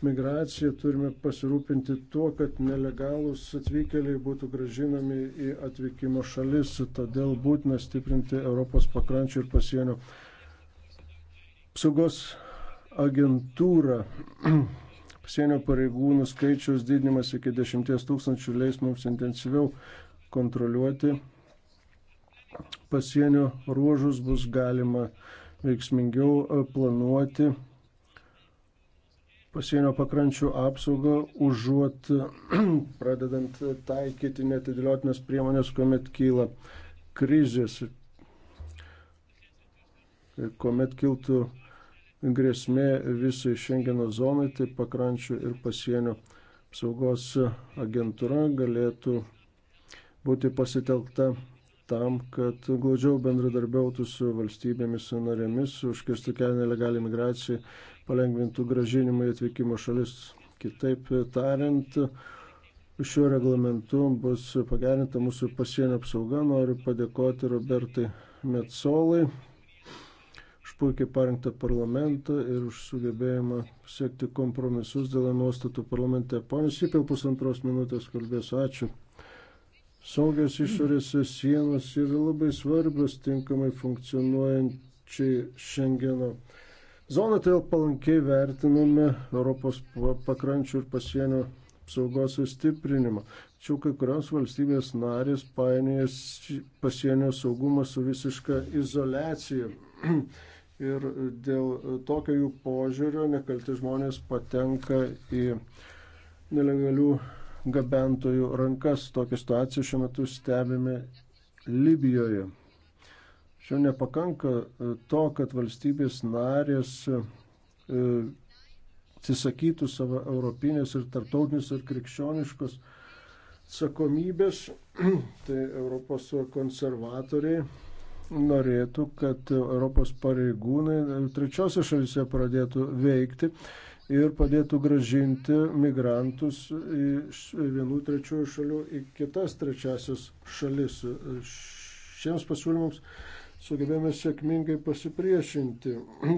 migraciją, turime pasirūpinti tuo, kad nelegalus atvykėliai būtų gražinami į atvykimo šalis. Todėl būtina stiprinti Europos pakrančių ir pasienio apsaugos agentūrą. Pasienio pareigūnų skaičiaus didinimas iki 10 tūkstančių leis mums intensyviau kontroliuoti pasienio ruožus, bus galima veiksmingiau e, planuoti pasienio pakrančių apsaugą, užuot pradedant taikyti netidėliotinės priemonės, kuomet kyla krizės, kuomet kiltų grėsmė visai Šengeno zonai, tai pakrančių ir pasienio apsaugos agentūra galėtų būti pasitelkta tam, kad glaudžiau bendradarbiautų su valstybėmis narėmis, užkirstų kelią nelegalį migraciją, palengvintų gražinimą į atvykimo šalis. Kitaip tariant, šiuo reglamentu bus pagerinta mūsų pasienio apsauga. Noriu padėkoti Robertai Metsolai už puikiai parengtą parlamentą ir už sugebėjimą siekti kompromisus dėl nuostatų parlamente. Ponas Sipil pusantros minutės kalbės. Ačiū. Saugios išorės sienos yra labai svarbios tinkamai funkcionuojančiai Šengeno zoną, todėl palankiai vertiname Europos pakrančių ir pasienio apsaugos sustiprinimą. Tačiau kai kurios valstybės narės painiojas pasienio saugumą su visiška izolacija ir dėl tokio jų požiūrio nekalti žmonės patenka į nelegalių gabentojų rankas. Tokią situaciją šiuo metu stebime Libijoje. Šiuo nepakanka e, to, kad valstybės narės e, atsisakytų savo europinės ir tartautinės ir krikščioniškos atsakomybės, tai Europos konservatoriai norėtų, kad Europos pareigūnai trečiosios šalise pradėtų veikti ir padėtų gražinti migrantus iš vienų trečiųjų šalių į kitas trečiasios šalis. Šiems pasiūlymams sugebėjome sėkmingai pasipriešinti,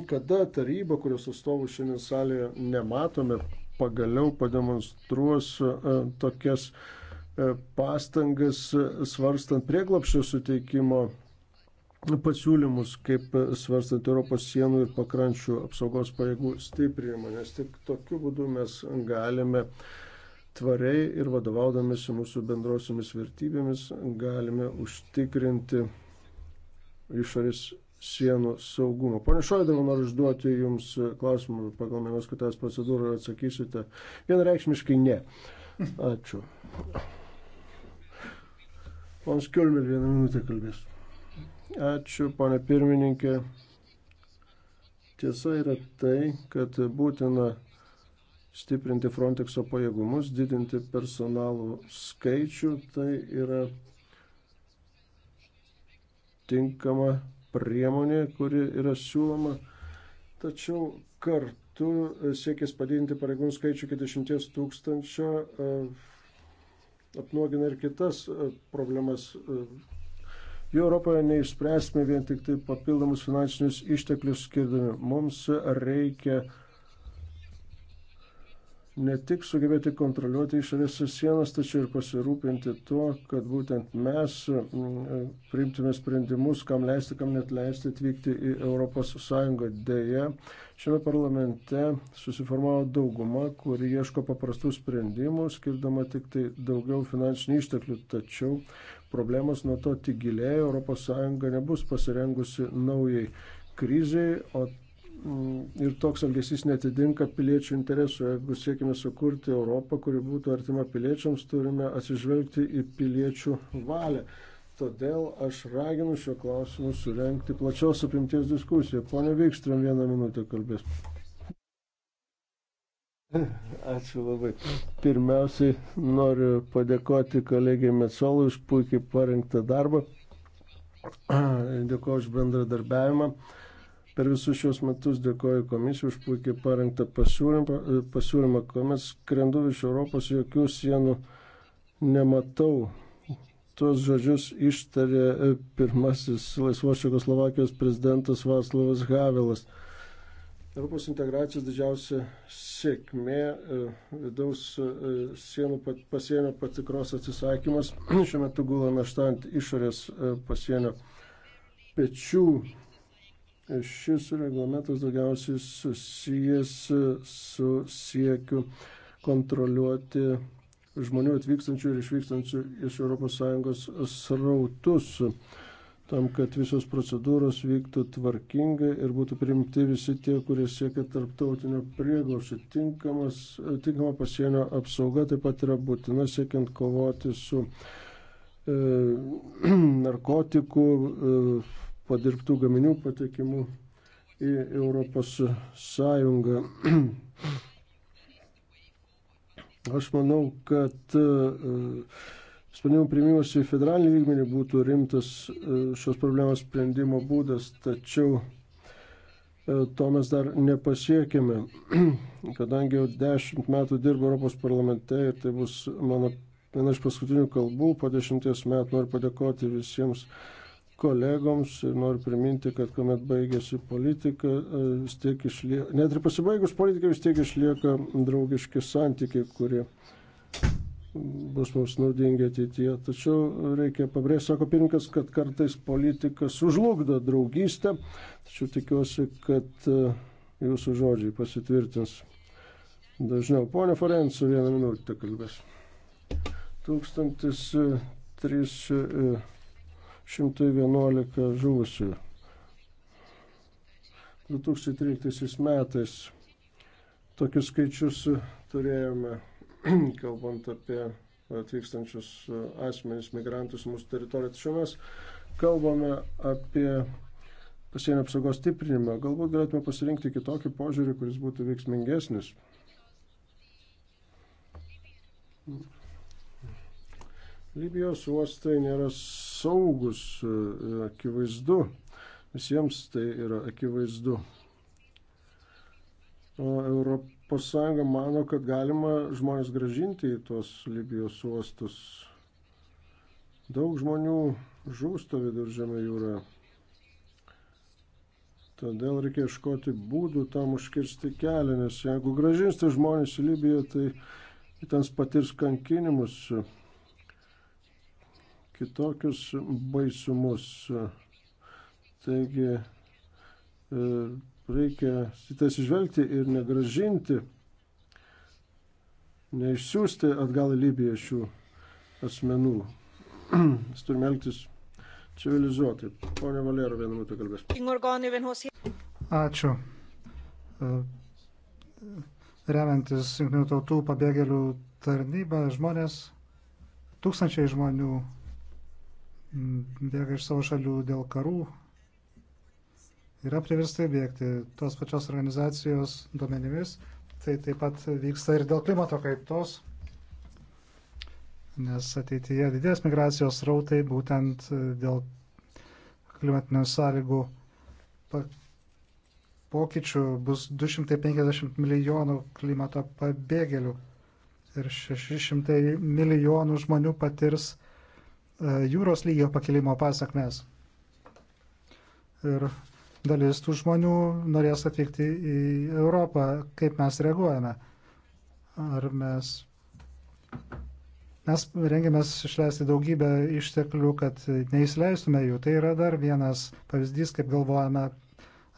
kada taryba, kurios atstovų šiandien salėje nematome, pagaliau pademonstruos e, tokias e, pastangas svarstant prieglapščio suteikimo pasiūlymus, kaip svarstant Europos sienų ir pakrančių apsaugos pajėgų stiprinimą, nes tik tokiu būdu mes galime tvariai ir vadovaudamėsi mūsų bendrosiomis vertybėmis galime užtikrinti išorės sienų saugumą. Pone Šoidavau, noriu užduoti Jums klausimą, pagal vienos kitas procedūrą atsakysite. Vienareikšmiškai ne. Ačiū. Pons Kiulmel vieną minutę kalbės. Ačiū, ponė pirmininkė. Tiesa yra tai, kad būtina stiprinti Frontexo pajėgumus, didinti personalų skaičių. Tai yra tinkama priemonė, kuri yra siūloma. Tačiau kartu siekis padidinti pareigūnų skaičių iki 10 tūkstančio e, apnuogina ir kitas e, problemas e, jų Europoje neišspręsime vien tik tai papildomus finansinius išteklius skirdami. Mums reikia ne tik sugebėti kontroliuoti išorės sienas, tačiau ir pasirūpinti tuo, kad būtent mes mm, priimtume sprendimus, kam leisti, kam net leisti atvykti į ES. Deja, šiame parlamente susiformavo dauguma, kuri ieško paprastų sprendimų, skirdama tik tai daugiau finansinių išteklių, tačiau problemos nuo to tik gilėja, ES nebus pasirengusi naujai kriziai, o mm, ir toks elgesys netitinka piliečių interesų. Jeigu siekime sukurti Europą, kuri būtų artima piliečiams, turime atsižvelgti į piliečių valią. Todėl aš raginu šiuo klausimu surenkti plačios apimties diskusiją. Pone Vykstram, vieną minutę kalbės. Ačiū labai. Pirmiausiai noriu padėkoti kolegijai Metsolui už puikiai parengtą darbą. Dėkuoju už bendradarbiavimą. Per visus šios metus dėkoju komisijai už puikiai parengtą pasiūlymą, pasiūlymą kuomet skrendu iš Europos, jokių sienų nematau. Tuos žodžius ištarė e, pirmasis laisvos Čekoslovakijos prezidentas Vaslavas Havelas. Europos integracijos didžiausia sėkmė e, vidaus e, sienų pasienio patikros atsisakymas šiuo metu gula našta ant išorės e, pasienio pečių. Šis reglamentas daugiausiai susijęs su siekiu kontroliuoti žmonių atvykstančių ir išvykstančių iš ES srautus tam, kad visos procedūros vyktų tvarkingai ir būtų priimti visi tie, kurie siekia tarptautinio prieglaušio. Tinkama pasienio apsauga taip pat yra būtina siekiant kovoti su e, narkotikų e, padirbtų gaminių patekimu į Europos Sąjungą. Aš manau, kad e, sprendimų priimimas į federalinį lygmenį būtų rimtas e, šios problemos sprendimo būdas, tačiau e, to mes dar nepasiekėme, kadangi jau dešimt metų dirbu Europos parlamente ir tai bus mano viena iš paskutinių kalbų, po dešimties metų noriu padėkoti visiems kolegoms ir noriu priminti, kad kuomet baigėsi politika, e, vis tiek išlieka, net ir pasibaigus politika vis tiek išlieka draugiški santykiai, kurie bus mums naudingi ateityje. Tačiau reikia pabrėžti, sako pirmininkas, kad kartais politika sužlugdo draugystę, tačiau tikiuosi, kad e, jūsų žodžiai pasitvirtins dažniau. Pone Forensu, vieną minutę kalbės. 1311 e, e, žuvusių. 2013 metais tokius skaičius turėjome kalbant apie atvykstančius e, asmenys, migrantus mūsų teritorijoje. Tačiau mes kalbame apie pasienio apsaugos stiprinimą. Galbūt galėtume pasirinkti kitokį požiūrį, kuris būtų veiksmingesnis. Libijos uostai nėra saugus, e, akivaizdu. Visiems tai yra akivaizdu. O Europa ES mano, kad galima žmonės gražinti į tuos Libijos uostus. Daug žmonių žūsta viduržėme jūroje. Todėl reikia iškoti būdų tam užkirsti kelią, nes jeigu gražinsite žmonės į Libiją, tai ten patirs kankinimus, kitokius baisumus. Taigi e, reikia tai atsižvelgti ir negražinti, neišsiųsti atgal į Libiją šių asmenų. Mes turime elgtis civilizuotai. Pone Valero, vieną minutę kalbės. Ačiū. E, remiantis Junktinių tautų pabėgėlių tarnybą, žmonės, tūkstančiai žmonių bėga iš savo šalių dėl karų, yra priversti bėgti. Tos pačios organizacijos duomenimis tai taip pat vyksta ir dėl klimato kaitos, nes ateityje didės migracijos rautai būtent dėl klimatinių sąlygų pokyčių bus 250 milijonų klimato pabėgėlių ir 600 milijonų žmonių patirs e, jūros lygio pakilimo pasakmes. Ir dalis tų žmonių norės atvykti į Europą. Kaip mes reaguojame? Ar mes. Mes rengiamės išleisti daugybę išteklių, kad neįsileistume jų. Tai yra dar vienas pavyzdys, kaip galvojame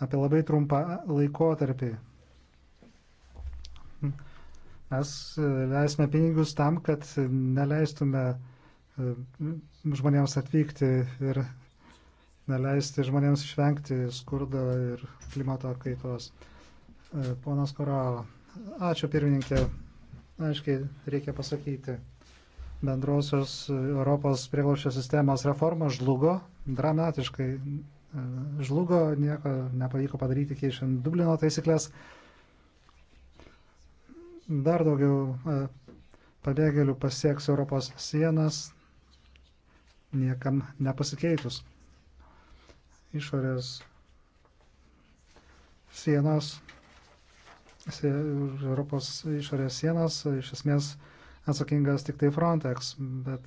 apie labai trumpą laikotarpį. Mes leisime pinigus tam, kad neleistume žmonėms atvykti ir neleisti žmonėms išvengti skurdo ir klimato kaitos. E, ponas Koralo, ačiū pirmininkė, aiškiai reikia pasakyti. Bendrosios Europos prieglaušio sistemos reforma žlugo dramatiškai. E, žlugo, nieko nepavyko padaryti keičiant Dublino taisyklės. Dar daugiau e, pabėgėlių pasieks Europos sienas, niekam nepasikeitus išorės sienos, Europos išorės sienos, iš esmės atsakingas tik tai Frontex, bet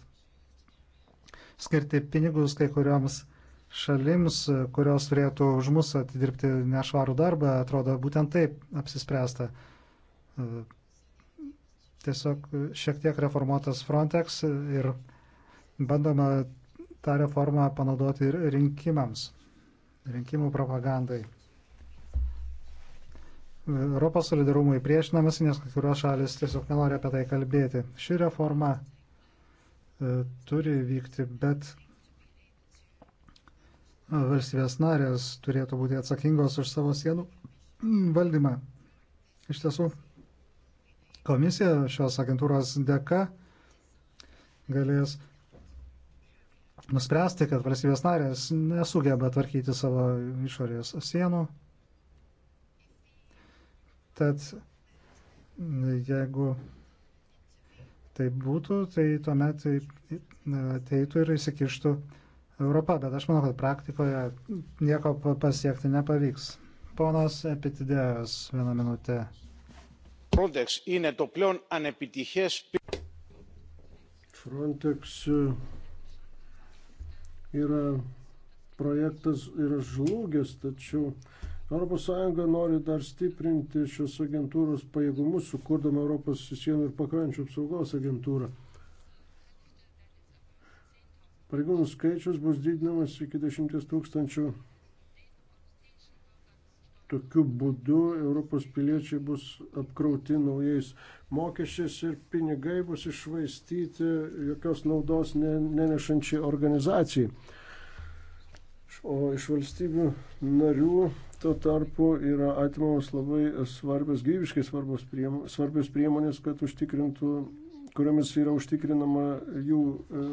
skirti pinigus kai kurioms šalims, kurios turėtų už mus atidirbti nešvarų darbą, atrodo būtent taip apsispręsta. Tiesiog šiek tiek reformuotas Frontex ir bandoma tą reformą panaudoti ir rinkimams rinkimų propagandai. Europos solidarumui priešinamas, nes kai kurios šalis tiesiog nenori apie tai kalbėti. Ši reforma e, turi vykti, bet valstybės narės turėtų būti atsakingos už savo sienų valdymą. Iš tiesų, komisija šios agentūros dėka galės nuspręsti, kad valstybės narės nesugeba tvarkyti savo išorės sienų. Tad jeigu tai būtų, tai tuomet tai ateitų ir įsikištų Europa, bet aš manau, kad praktikoje nieko pasiekti nepavyks. Ponas Epitidėjas, vieną minutę. Frontex είναι το πλέον ανεπιτυχές... Frontex yra projektas yra žlugęs, tačiau ES nori dar stiprinti šios agentūros pajėgumus, sukurdama Europos sienų ir pakrančių apsaugos agentūrą. Pareigūnų skaičius bus didinamas iki 10 tūkstančių Tokiu būdu Europos piliečiai bus apkrauti naujais mokesčiais ir pinigai bus išvaistyti jokios naudos nenešančiai organizacijai. O iš valstybių narių tuo tarpu yra atimamos labai svarbios, gyviškai svarbios, priem, svarbios priemonės, kad užtikrintų, kuriamis yra užtikrinama jų e,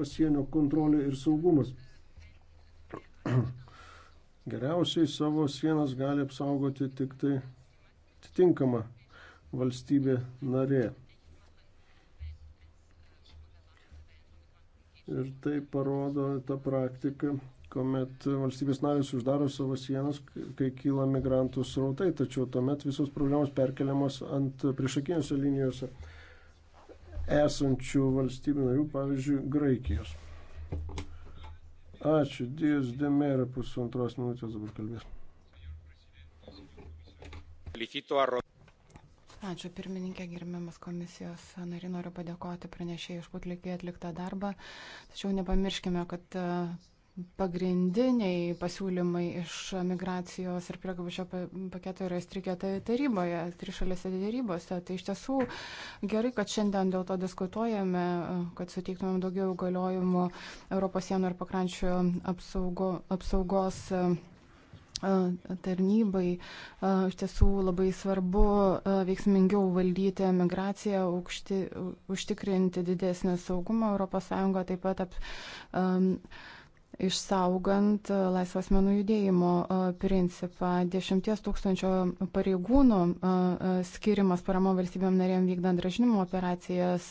pasienio kontrolė ir saugumas. Geriausiai savo sienas gali apsaugoti tik tai atitinkama valstybė narė. Ir tai parodo tą praktiką, kuomet valstybės narės uždaro savo sienas, kai kyla migrantų srautai, tačiau tuomet visos problemos perkeliamos ant priešakinėse linijose esančių valstybių narių, pavyzdžiui, Graikijos. Ačiū, Dijas Demera, pusantros minutės dabar kalbės. Ačiū pirmininkė, gerbiamas komisijos nariai, noriu padėkoti pranešėjai už putlikį atliktą darbą. Tačiau nepamirškime, kad pagrindiniai pasiūlymai iš migracijos ir prieglaudžio paketo yra įstrigę taryboje, trišalėse darybose. Tai iš tiesų gerai, kad šiandien dėl to diskutuojame, kad suteiktumėm daugiau galiojimų Europos sienų ir pakrančių apsaugo, apsaugos e, tarnybai. E, iš tiesų labai svarbu e, veiksmingiau valdyti migraciją, aukšti, užtikrinti didesnį saugumą ES, taip pat ap, um, išsaugant e, laisvą asmenų judėjimo e, principą. Dešimties tūkstančio pareigūnų e, skirimas paramo valstybėm narėm vykdant dražinimo operacijas,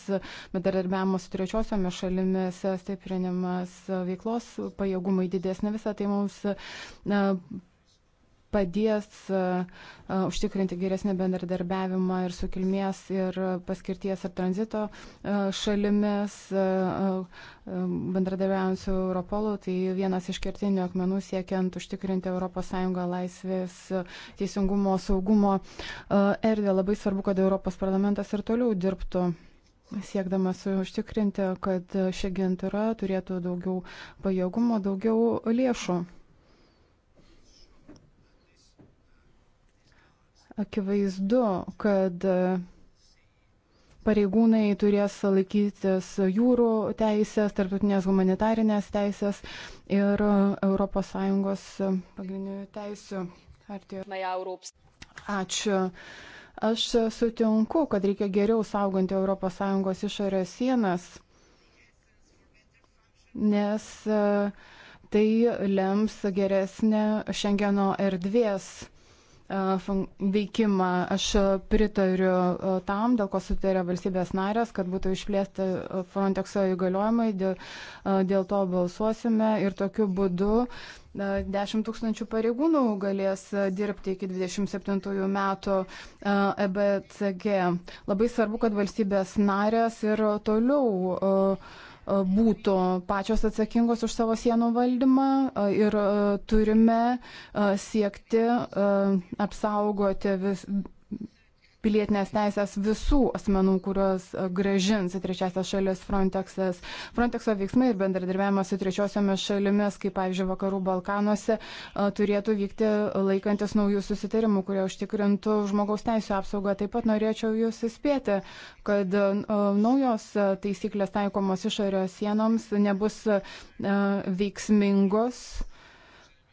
bedarbiavimas su trečiosiomis šalimis, stiprinimas veiklos pajėgumai didesnė, visą tai mums padės e, e, užtikrinti geresnį bendradarbiavimą ir su kilmės, ir paskirties, ir tranzito e, šalimis, bendradarbiavant su Europolu. Tai vienas iš kertinių akmenų siekiant užtikrinti ES laisvės, teisingumo, saugumo erdvę. Labai svarbu, kad Europos parlamentas ir toliau dirbtų siekdamas užtikrinti, kad ši agentūra turėtų daugiau pajėgumo, daugiau lėšų. Akivaizdu, kad e, pareigūnai turės laikytis jūrų teisės, tarptautinės humanitarinės teisės ir ES pagrindinių teisų. Ačiū. Aš sutinku, kad reikia geriau sauganti ES išorės sienas, nes e, tai lems geresnę Šengeno erdvės E, veikimą. Aš pritariu e, tam, dėl ko sutarė valstybės narės, kad būtų išplėsti e, Frontexo įgaliojimai, dėl, dėl to balsuosime ir tokiu būdu 10 tūkstančių pareigūnų galės dirbti iki 27 metų EBCG. Labai svarbu, kad valstybės narės ir toliau E, būtų pačios atsakingos už savo sienų valdymą e, ir e, turime siekti apsaugoti vis, pilietinės teisės visų asmenų, kuriuos e, gražins į trečiasias šalis Frontexas. Frontexo veiksmai ir bendradarbiavimas su trečiosiomis šalimis, kaip pavyzdžiui Vakarų Balkanuose, e, turėtų vykti laikantis naujų susitarimų, kurie užtikrintų žmogaus teisų apsaugą. Taip pat norėčiau jūs įspėti, kad e, naujos taisyklės taikomos išorės sienoms nebus veiksmingos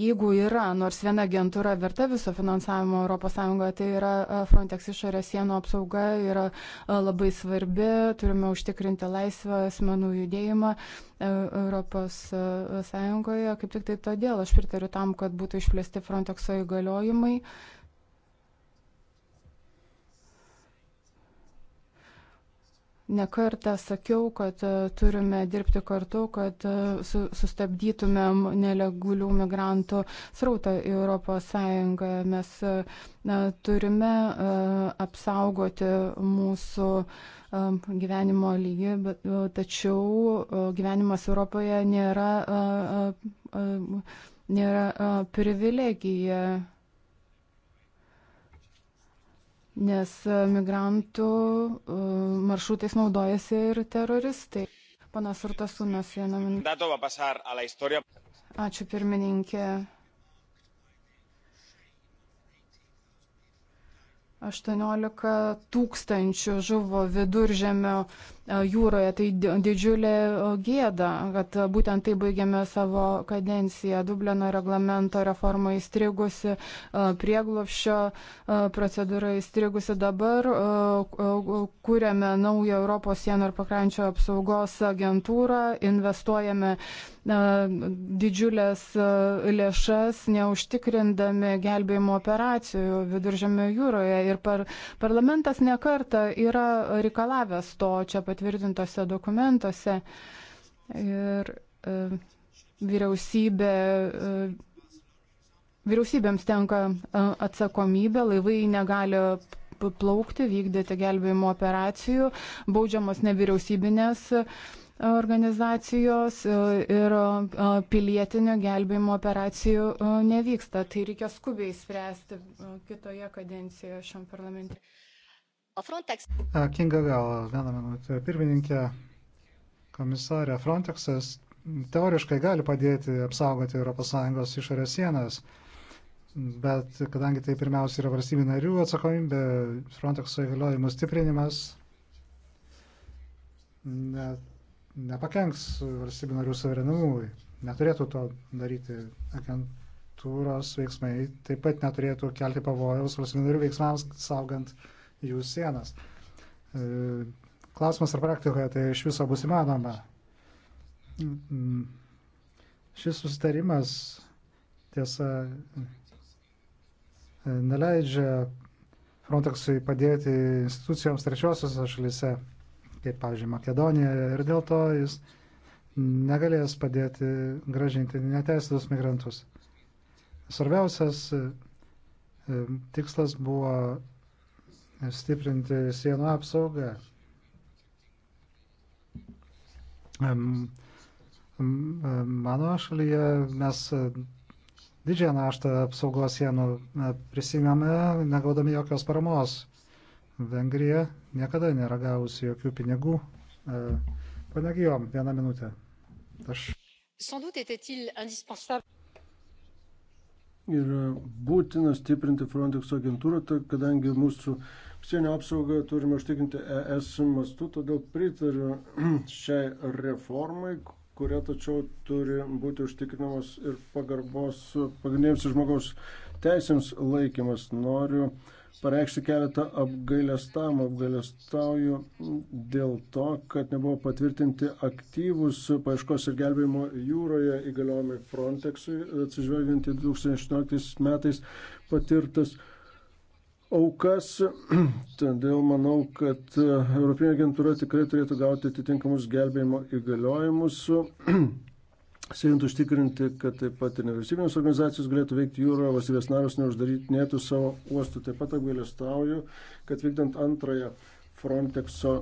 Jeigu yra nors viena agentūra verta viso finansavimo ES, tai yra e, Frontex išorės sienų apsauga yra e, labai svarbi, turime užtikrinti laisvą asmenų judėjimą ES, e, kaip tik tai todėl aš pritariu tam, kad būtų išplėsti Frontexo įgaliojimai Nekartą sakiau, kad e, turime dirbti kartu, kad e, sustabdytumėm nelegalių migrantų srautą į ES. Mes na, e, turime apsaugoti mūsų gyvenimo lygį, bet, tačiau gyvenimas Europoje nėra, nėra privilegija nes e, migrantų e, maršrutais naudojasi ir teroristai. Panas Urtasunas vieną minutę. Ačiū pirmininkė. 18 tūkstančių žuvo viduržėmio e, jūroje. Tai didžiulė e, gėda, kad būtent tai baigėme savo kadenciją. Dublino reglamento reforma įstrigusi, e, prieglopščio procedūra įstrigusi. Dabar kūrėme naują Europos sienų ir pakrančio apsaugos agentūrą, investuojame didžiulės e, lėšas, neužtikrindami gelbėjimo operacijų viduržėmio jūroje. Ir par, parlamentas nekarta yra reikalavęs to čia patvirtintose dokumentuose. Ir e, vyriausybė. E, Vyriausybėms tenka e, atsakomybė, laivai negali plaukti, vykdyti gelbėjimo operacijų, baudžiamos nevyriausybinės organizacijos e, ir e, pilietinio gelbėjimo operacijų e, nevyksta. Tai reikia skubiai spręsti kitoje kadencijoje šiam parlamente. Frontex. Kinga gal, vieną minutę. Pirmininkė, komisarė, Frontexas teoriškai gali padėti apsaugoti ES išorės sienas, bet kadangi tai pirmiausia yra valstybių narių atsakomybė, Frontexo įgaliojimų stiprinimas, net nepakenks valstybių narių suverenumui. Neturėtų to daryti. Agentūros veiksmai taip pat neturėtų kelti pavojaus valstybių narių veiksmams saugant jų sienas. E, klausimas ar praktikoje tai iš viso bus įmanoma. Mm. Šis susitarimas tiesa e, neleidžia Frontexui padėti institucijoms trečiosiose šalise kaip pavyzdžiui Makedonijoje, ir dėl to jis negalės padėti gražinti neteisėtus migrantus. Svarbiausias e, e, tikslas buvo stiprinti sienų apsaugą. Mano šalyje mes e, didžiąją naštą apsaugos sienų prisimėme, negaudami jokios paramos. Vengrija niekada nėra gavusi jokių pinigų. E, Pane Gijom, vieną minutę. Aš. Yra būtina stiprinti Frontex agentūrą, kadangi mūsų sienio apsaugą turime užtikrinti ES mastu, todėl pritariu šiai reformai, kuria tačiau turi būti užtikrinamos ir pagarbos pagrindiniams žmogaus teisėms laikymas. Noriu uh, pareikšti keletą apgailestavimų. Apgailestauju dėl to, kad nebuvo patvirtinti aktyvus paieškos ir gelbėjimo jūroje įgaliojimai Frontexui, atsižvelgiant į 2018 metais patirtas aukas. Todėl manau, kad Europinė agentūra tikrai turėtų gauti atitinkamus gelbėjimo įgaliojimus. siekiant užtikrinti, kad taip pat ir nevyriausybinės organizacijos galėtų veikti jūroje, valstybės naros neuždarytinėtų savo uostų. Taip pat apgailestauju, kad vykdant antrąją Frontexo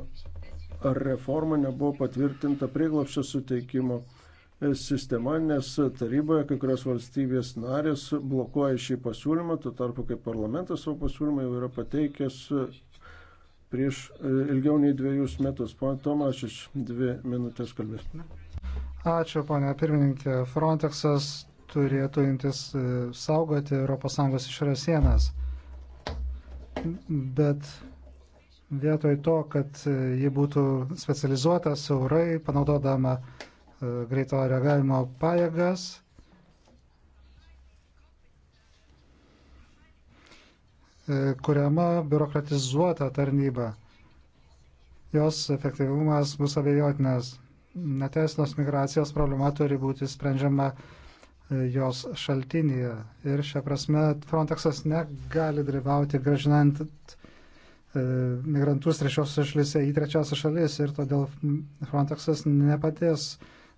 reformą nebuvo patvirtinta prieglopščio suteikimo e, sistema, nes taryboje kai kurios valstybės narės blokuoja šį pasiūlymą, tuo tarpu kaip parlamentas savo pasiūlymą jau yra pateikęs e, prieš e, ilgiau nei dviejus metus. Pane Tomašič, dvi minutės kalbės. Na. Ačiū, ponia pirmininkė. Frontexas turėtų imtis e, saugoti ES išorės sienas. Bet vietoj to, kad e, ji būtų specializuota saurai, panaudodama e, greito reagavimo pajėgas, kuriama biurokratizuota tarnyba. Jos efektyvumas bus abejotinas neteisnos migracijos problema turi būti sprendžiama e, jos šaltinėje. Ir šią prasme Frontexas negali dalyvauti gražinant e, migrantus trečiosios šalyse į trečiosios šalis ir todėl Frontexas nepadės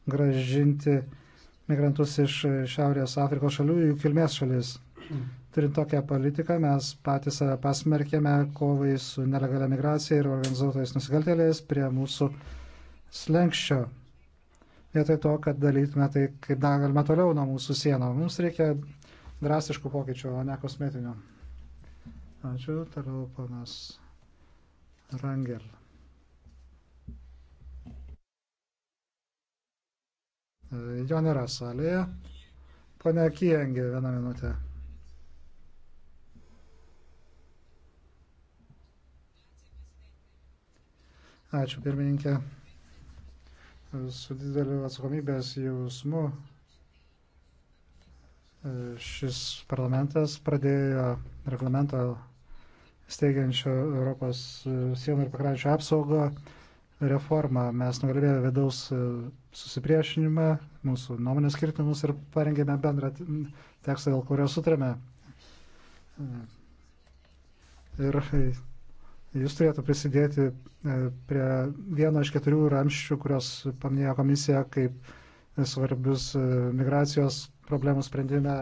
gražinti migrantus iš Šiaurės Afrikos šalių į jų kilmės šalis. Turint tokią politiką, mes patys save pasmerkėme kovai su nelegalia migracija ir organizuotais nusikaltėliais prie mūsų uh, slengščio, vietoj to, kad dalytume tai, kaip galime toliau nuo mūsų sienų. Mums reikia drastiškų pokyčių, o ne kosmetinių. Ačiū, toliau panas Rangel. Jo nėra salėje. Pane Kijengė, vieną minutę. Ačiū, pirmininkė su dideliu atsakomybės jausmu e, šis parlamentas pradėjo reglamentą steigiančio Europos e, sienų ir pakrančio apsaugą reformą. Mes nugalėjome vidaus e, susipriešinimą, mūsų nuomonės skirtumus ir parengėme bendrą tekstą, dėl kurio sutrėme. Ir Jis turėtų prisidėti e, prie vieno iš keturių ramščių, kurios paminėjo komisija kaip svarbius e, migracijos problemų sprendime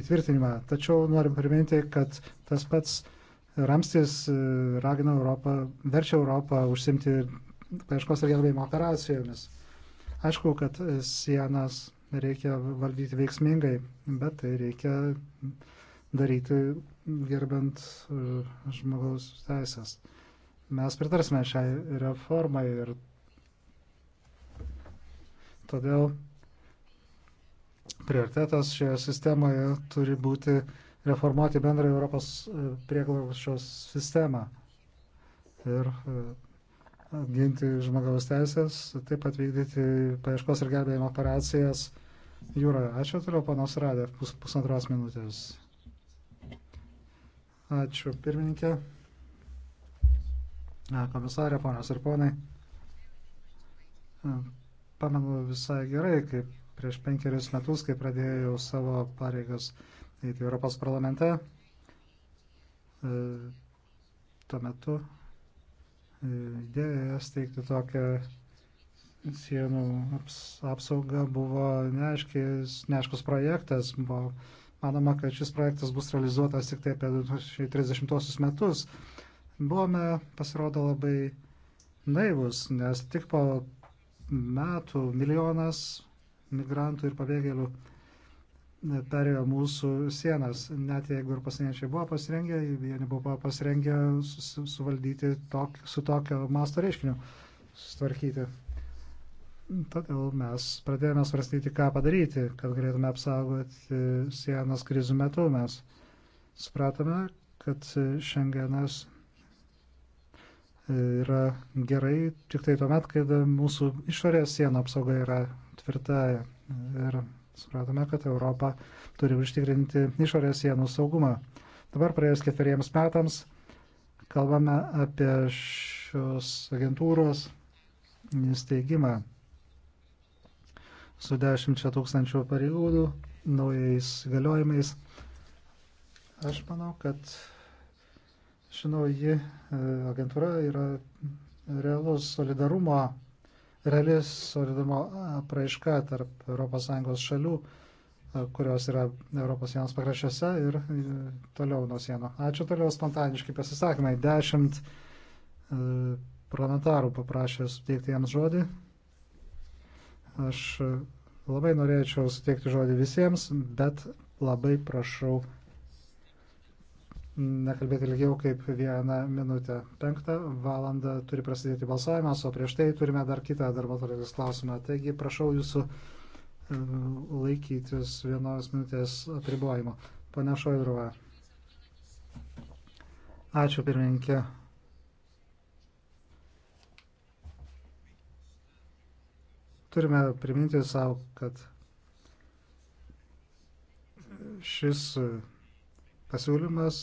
įtvirtinimą. Tačiau norim priminti, kad tas pats ramstis e, ragina Europą, verčia Europą užsimti paieškos ir gelbėjimo operacijomis. Aišku, kad sienas reikia valdyti veiksmingai, bet tai reikia daryti gerbent e, žmogaus teisės. Mes pritarsime šiai reformai ir todėl prioritetas šioje sistemoje turi būti reformuoti bendrą Europos e, prieglaušos sistemą ir e, ginti žmogaus teisės, taip pat vykdyti paieškos ir gelbėjimo operacijas jūroje. Ačiū toliau, panos Radė, pus, pusantros minutės. Ačiū pirmininkė. Komisarė, ponios ir ponai. Pamenu visai gerai, kaip prieš penkerius metus, kai pradėjau savo pareigas eiti Europos parlamente. E, tuo metu e, idėja steigti tokią sienų aps, apsauga buvo neaiškis, neaiškus projektas, buvo Manoma, kad šis projektas bus realizuotas tik tai apie 2030 metus. Buvome, pasirodo, labai naivus, nes tik po metų milijonas migrantų ir pabėgėlių perėjo mūsų sienas. Net jeigu ir pasieniečiai buvo pasirengę, jie nebuvo pasirengę suvaldyti tok, su tokio masto reiškiniu, sutvarkyti. Todėl mes pradėjome svarstyti, ką padaryti, kad galėtume apsaugoti sienos krizių metu. Mes supratome, kad šiandienas yra gerai tik tai tuomet, kai mūsų išorės sienų apsauga yra tvirta ir supratome, kad Europa turi užtikrinti išorės sienų saugumą. Dabar praėjus ketveriems metams kalbame apie šios agentūros įsteigimą su 10 tūkstančių pareigūnų, naujais galiojimais. Aš manau, kad ši nauji e, agentūra yra realus solidarumo, realis solidarumo apraiška tarp ES šalių, e, kurios yra Europos sienos pakraščiuose ir e, toliau nuo sienų. Ačiū toliau spontaniškai pasisakymai. Dešimt parlamentarų paprašė suteikti jiems žodį. Aš labai norėčiau suteikti žodį visiems, bet labai prašau nekalbėti ilgiau kaip vieną minutę. Penktą valandą turi prasidėti balsavimas, o prieš tai turime dar kitą darbo tvarkos klausimą. Taigi prašau jūsų e, laikytis vienos minutės apribojimo. Pane Šoidrova. Ačiū pirmininkė. Turime priminti savo, kad šis pasiūlymas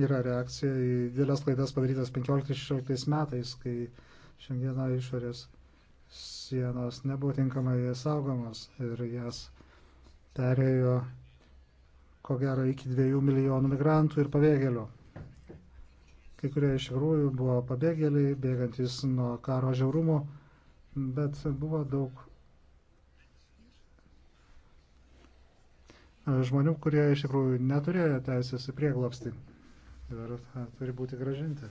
yra reakcija į didelės klaidas padarytas 15-16 metais, kai šiandieną išorės sienos nebuvo tinkamai saugomos ir jas perėjo ko gero iki 2 milijonų migrantų ir pabėgėlių. Kai kurie iš tikrųjų buvo pabėgėliai, bėgantis nuo karo žiaurumų bet buvo daug e, žmonių, kurie iš tikrųjų neturėjo teisės į prieglopstį ir e, turi būti gražinti.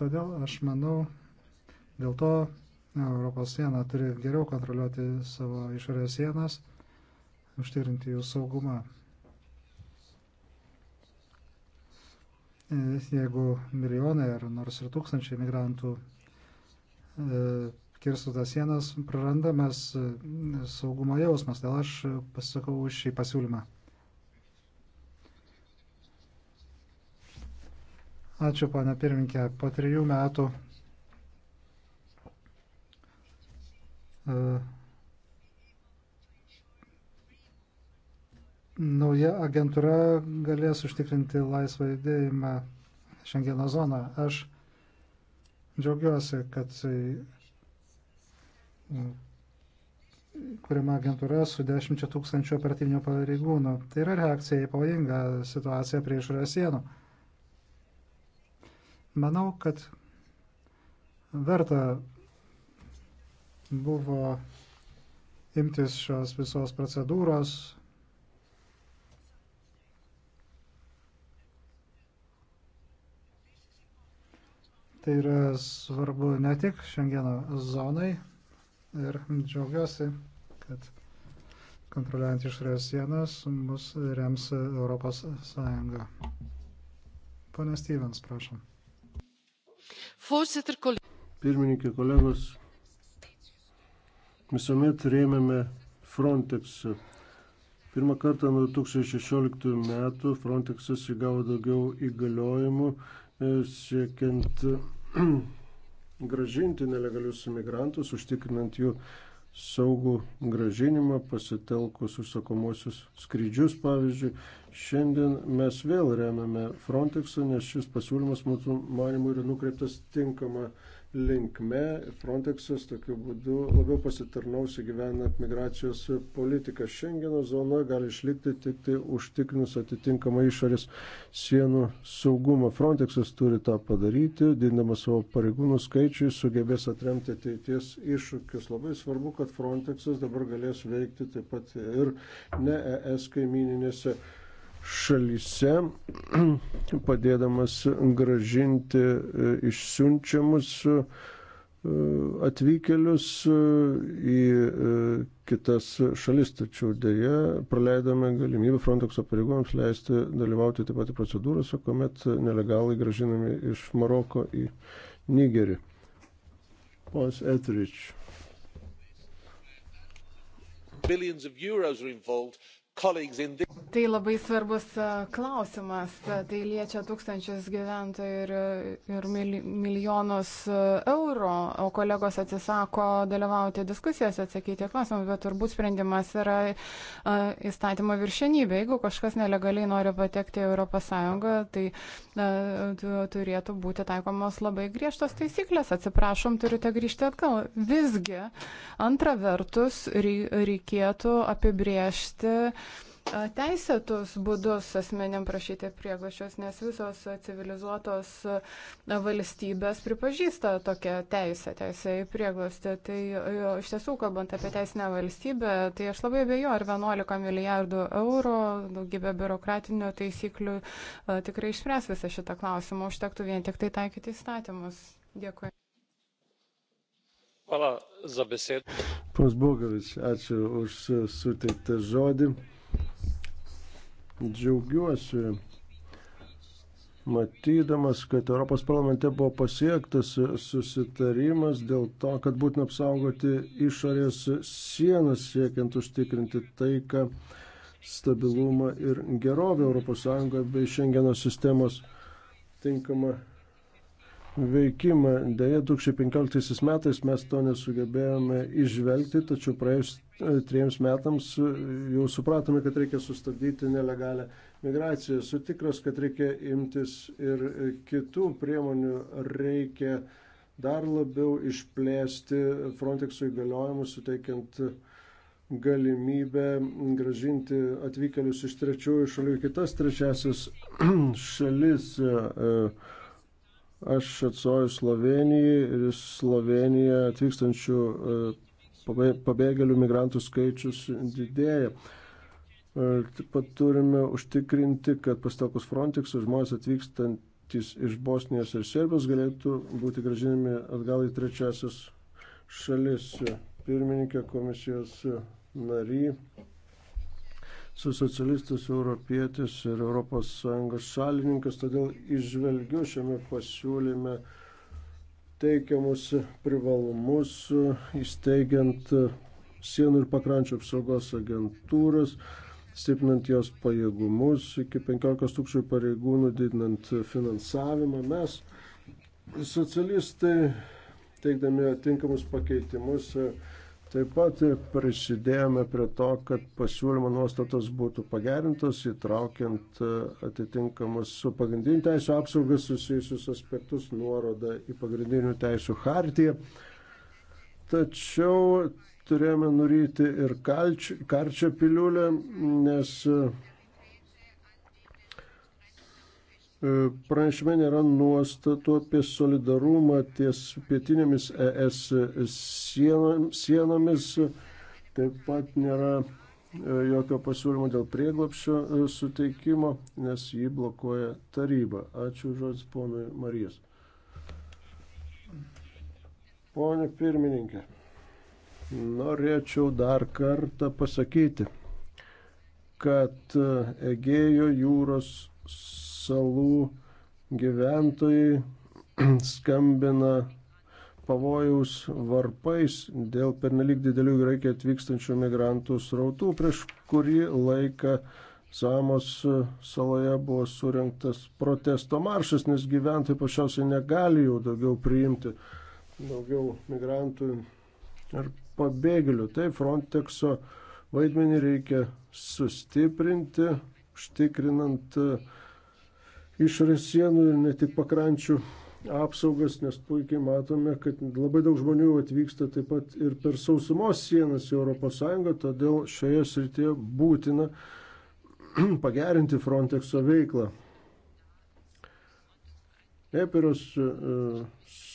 Todėl aš manau, dėl to e, Europos siena turi geriau kontroliuoti savo išorės sienas, užtikrinti jų saugumą. Jeigu milijonai ar nors ir tūkstančiai migrantų E, kirstų tas sienas, prarandamas e, saugumo jausmas. Dėl aš pasisakau už šį pasiūlymą. Ačiū, pana pirminkė. Po trijų metų e, nauja agentūra galės užtikrinti laisvą judėjimą Šengeno zoną. Aš Džiaugiuosi, kad tai, mm, kuriama agentūra su 10 tūkstančių operatyvinių pareigūnų. Tai yra reakcija į pavojingą situaciją prie išorės sienų. Manau, kad verta buvo imtis šios visos procedūros Tai yra svarbu ne tik šiandieno zonai ir džiaugiuosi, kad kontroliuojant išorės sienas mus rems Europos Sąjunga. Pone Stevens, prašom. Pirmininkė kolegos, visuomet rėmėme Frontex. Pirmą kartą nuo 2016 metų Frontexas įgavo daugiau įgaliojimų siekiant gražinti nelegalius imigrantus, užtikrinant jų saugų gražinimą, pasitelkus užsakomosius skrydžius, pavyzdžiui. Šiandien mes vėl remiame Frontexą, nes šis pasiūlymas mūsų manimų yra nukreiptas tinkama linkme Frontexas tokiu būdu labiau pasitarnaus įgyvenant migracijos politiką. Šengeno zona gali išlikti tik tai užtikrinus atitinkamą išorės sienų saugumą. Frontexas turi tą padaryti, didinamas savo pareigūnų skaičiui, sugebės atremti ateities iššūkius. Labai svarbu, kad Frontexas dabar galės veikti taip pat ir ne ES kaimininėse šalyse, padėdamas gražinti e, išsiunčiamus e, atvykėlius e, į kitas šalis, tačiau dėja praleidome galimybę Frontex pareigūnams leisti dalyvauti taip pat procedūrose, kuomet nelegalai gražinami iš Maroko į Nigerį. Ponas Etrič. Billions of euros are involved Tai labai svarbus e, klausimas. Tai liečia tūkstančius gyventojų ir, ir milijonus e, eurų, o kolegos atsisako dalyvauti diskusijose, atsakyti klausimus, bet turbūt sprendimas yra e, įstatymo viršenybė. Jeigu kažkas nelegaliai nori patekti į ES, tai turėtų būti taikomos labai griežtos taisyklės. Atsiprašom, turite grįžti atgal. Visgi, antra vertus, reikėtų apibriežti, teisėtus būdus asmeniam prašyti prieglašios, nes visos civilizuotos valstybės pripažįsta tokią teisę, teisę į prieglostį. Tai iš tiesų, kalbant apie teisinę valstybę, tai aš labai abejoju, ar 11 milijardų eurų, daugybė biurokratinių taisyklių tikrai išspręs visą šitą klausimą, užtektų vien tik tai taikyti įstatymus. Dėkui. Hvala za besedo. Pons Bogovič, ačiū už suteiktą žodį. Džiaugiuosi matydamas, kad Europos parlamente buvo pasiektas susitarimas dėl to, kad būtina apsaugoti išorės sienas siekiant užtikrinti taiką, stabilumą ir gerovę ES bei Šengeno sistemos tinkamą veikimą. Deja, 2015 metais mes to nesugebėjome išvelgti, tačiau praėjus e, triems metams e, jau supratome, kad reikia sustabdyti nelegalę migraciją. Sutikras, kad reikia imtis ir kitų priemonių, reikia dar labiau išplėsti Frontex įgaliojimus, suteikiant galimybę gražinti atvykėlius iš trečiųjų šalių į kitas trečiasis šalis. E, e, Aš atsoju Slovenijai ir į Sloveniją atvykstančių e, pabėgėlių migrantų skaičius didėja. E, taip pat turime užtikrinti, kad pastokus Frontex žmonės atvykstantis iš Bosnijos ir Serbijos galėtų būti gražinami atgal į trečiasis šalis. Pirmininkė komisijos nary su socialistas europietis ir ES šalininkas, todėl išvelgiu šiame pasiūlyme teikiamus privalumus įsteigiant sienų ir pakrančių apsaugos agentūras, stiprinant jos pajėgumus, iki 15 tūkstančių pareigūnų didinant finansavimą. Mes, socialistai, teikdami atinkamus pakeitimus, Taip pat prisidėjome prie to, kad pasiūlymo nuostatos būtų pagerintos, įtraukiant e, atitinkamas su pagrindiniu teisų apsaugas susijusius aspektus nuorodą į pagrindinių teisų hartiją. Tačiau turėjome nuryti ir kalč, karčią piliulę, nes E, pranešime nėra nuostatų apie solidarumą ties pietinėmis ES sienomis, taip pat nėra e, jokio pasiūlymo dėl prieglapščio e, suteikimo, nes jį blokuoja taryba. Ačiū žodis ponui Marijas. Pone pirmininkė, norėčiau dar kartą pasakyti, kad Egėjo jūros salų gyventojai skambina pavojaus varpais dėl pernelyg didelių į Graikiją atvykstančių migrantų srautų. Prieš kurį laiką Samos saloje buvo surinktas protesto maršas, nes gyventojai pašiausiai negali jau daugiau priimti daugiau migrantų ar pabėgėlių. Tai Frontexo vaidmenį reikia sustiprinti, užtikrinant uh, išorės sienų ir ne tik pakrančių apsaugas, nes puikiai matome, kad labai daug žmonių atvyksta taip pat ir per sausumos sienas į ES, todėl šioje srityje būtina pagerinti Frontexo veiklą. Epiros e,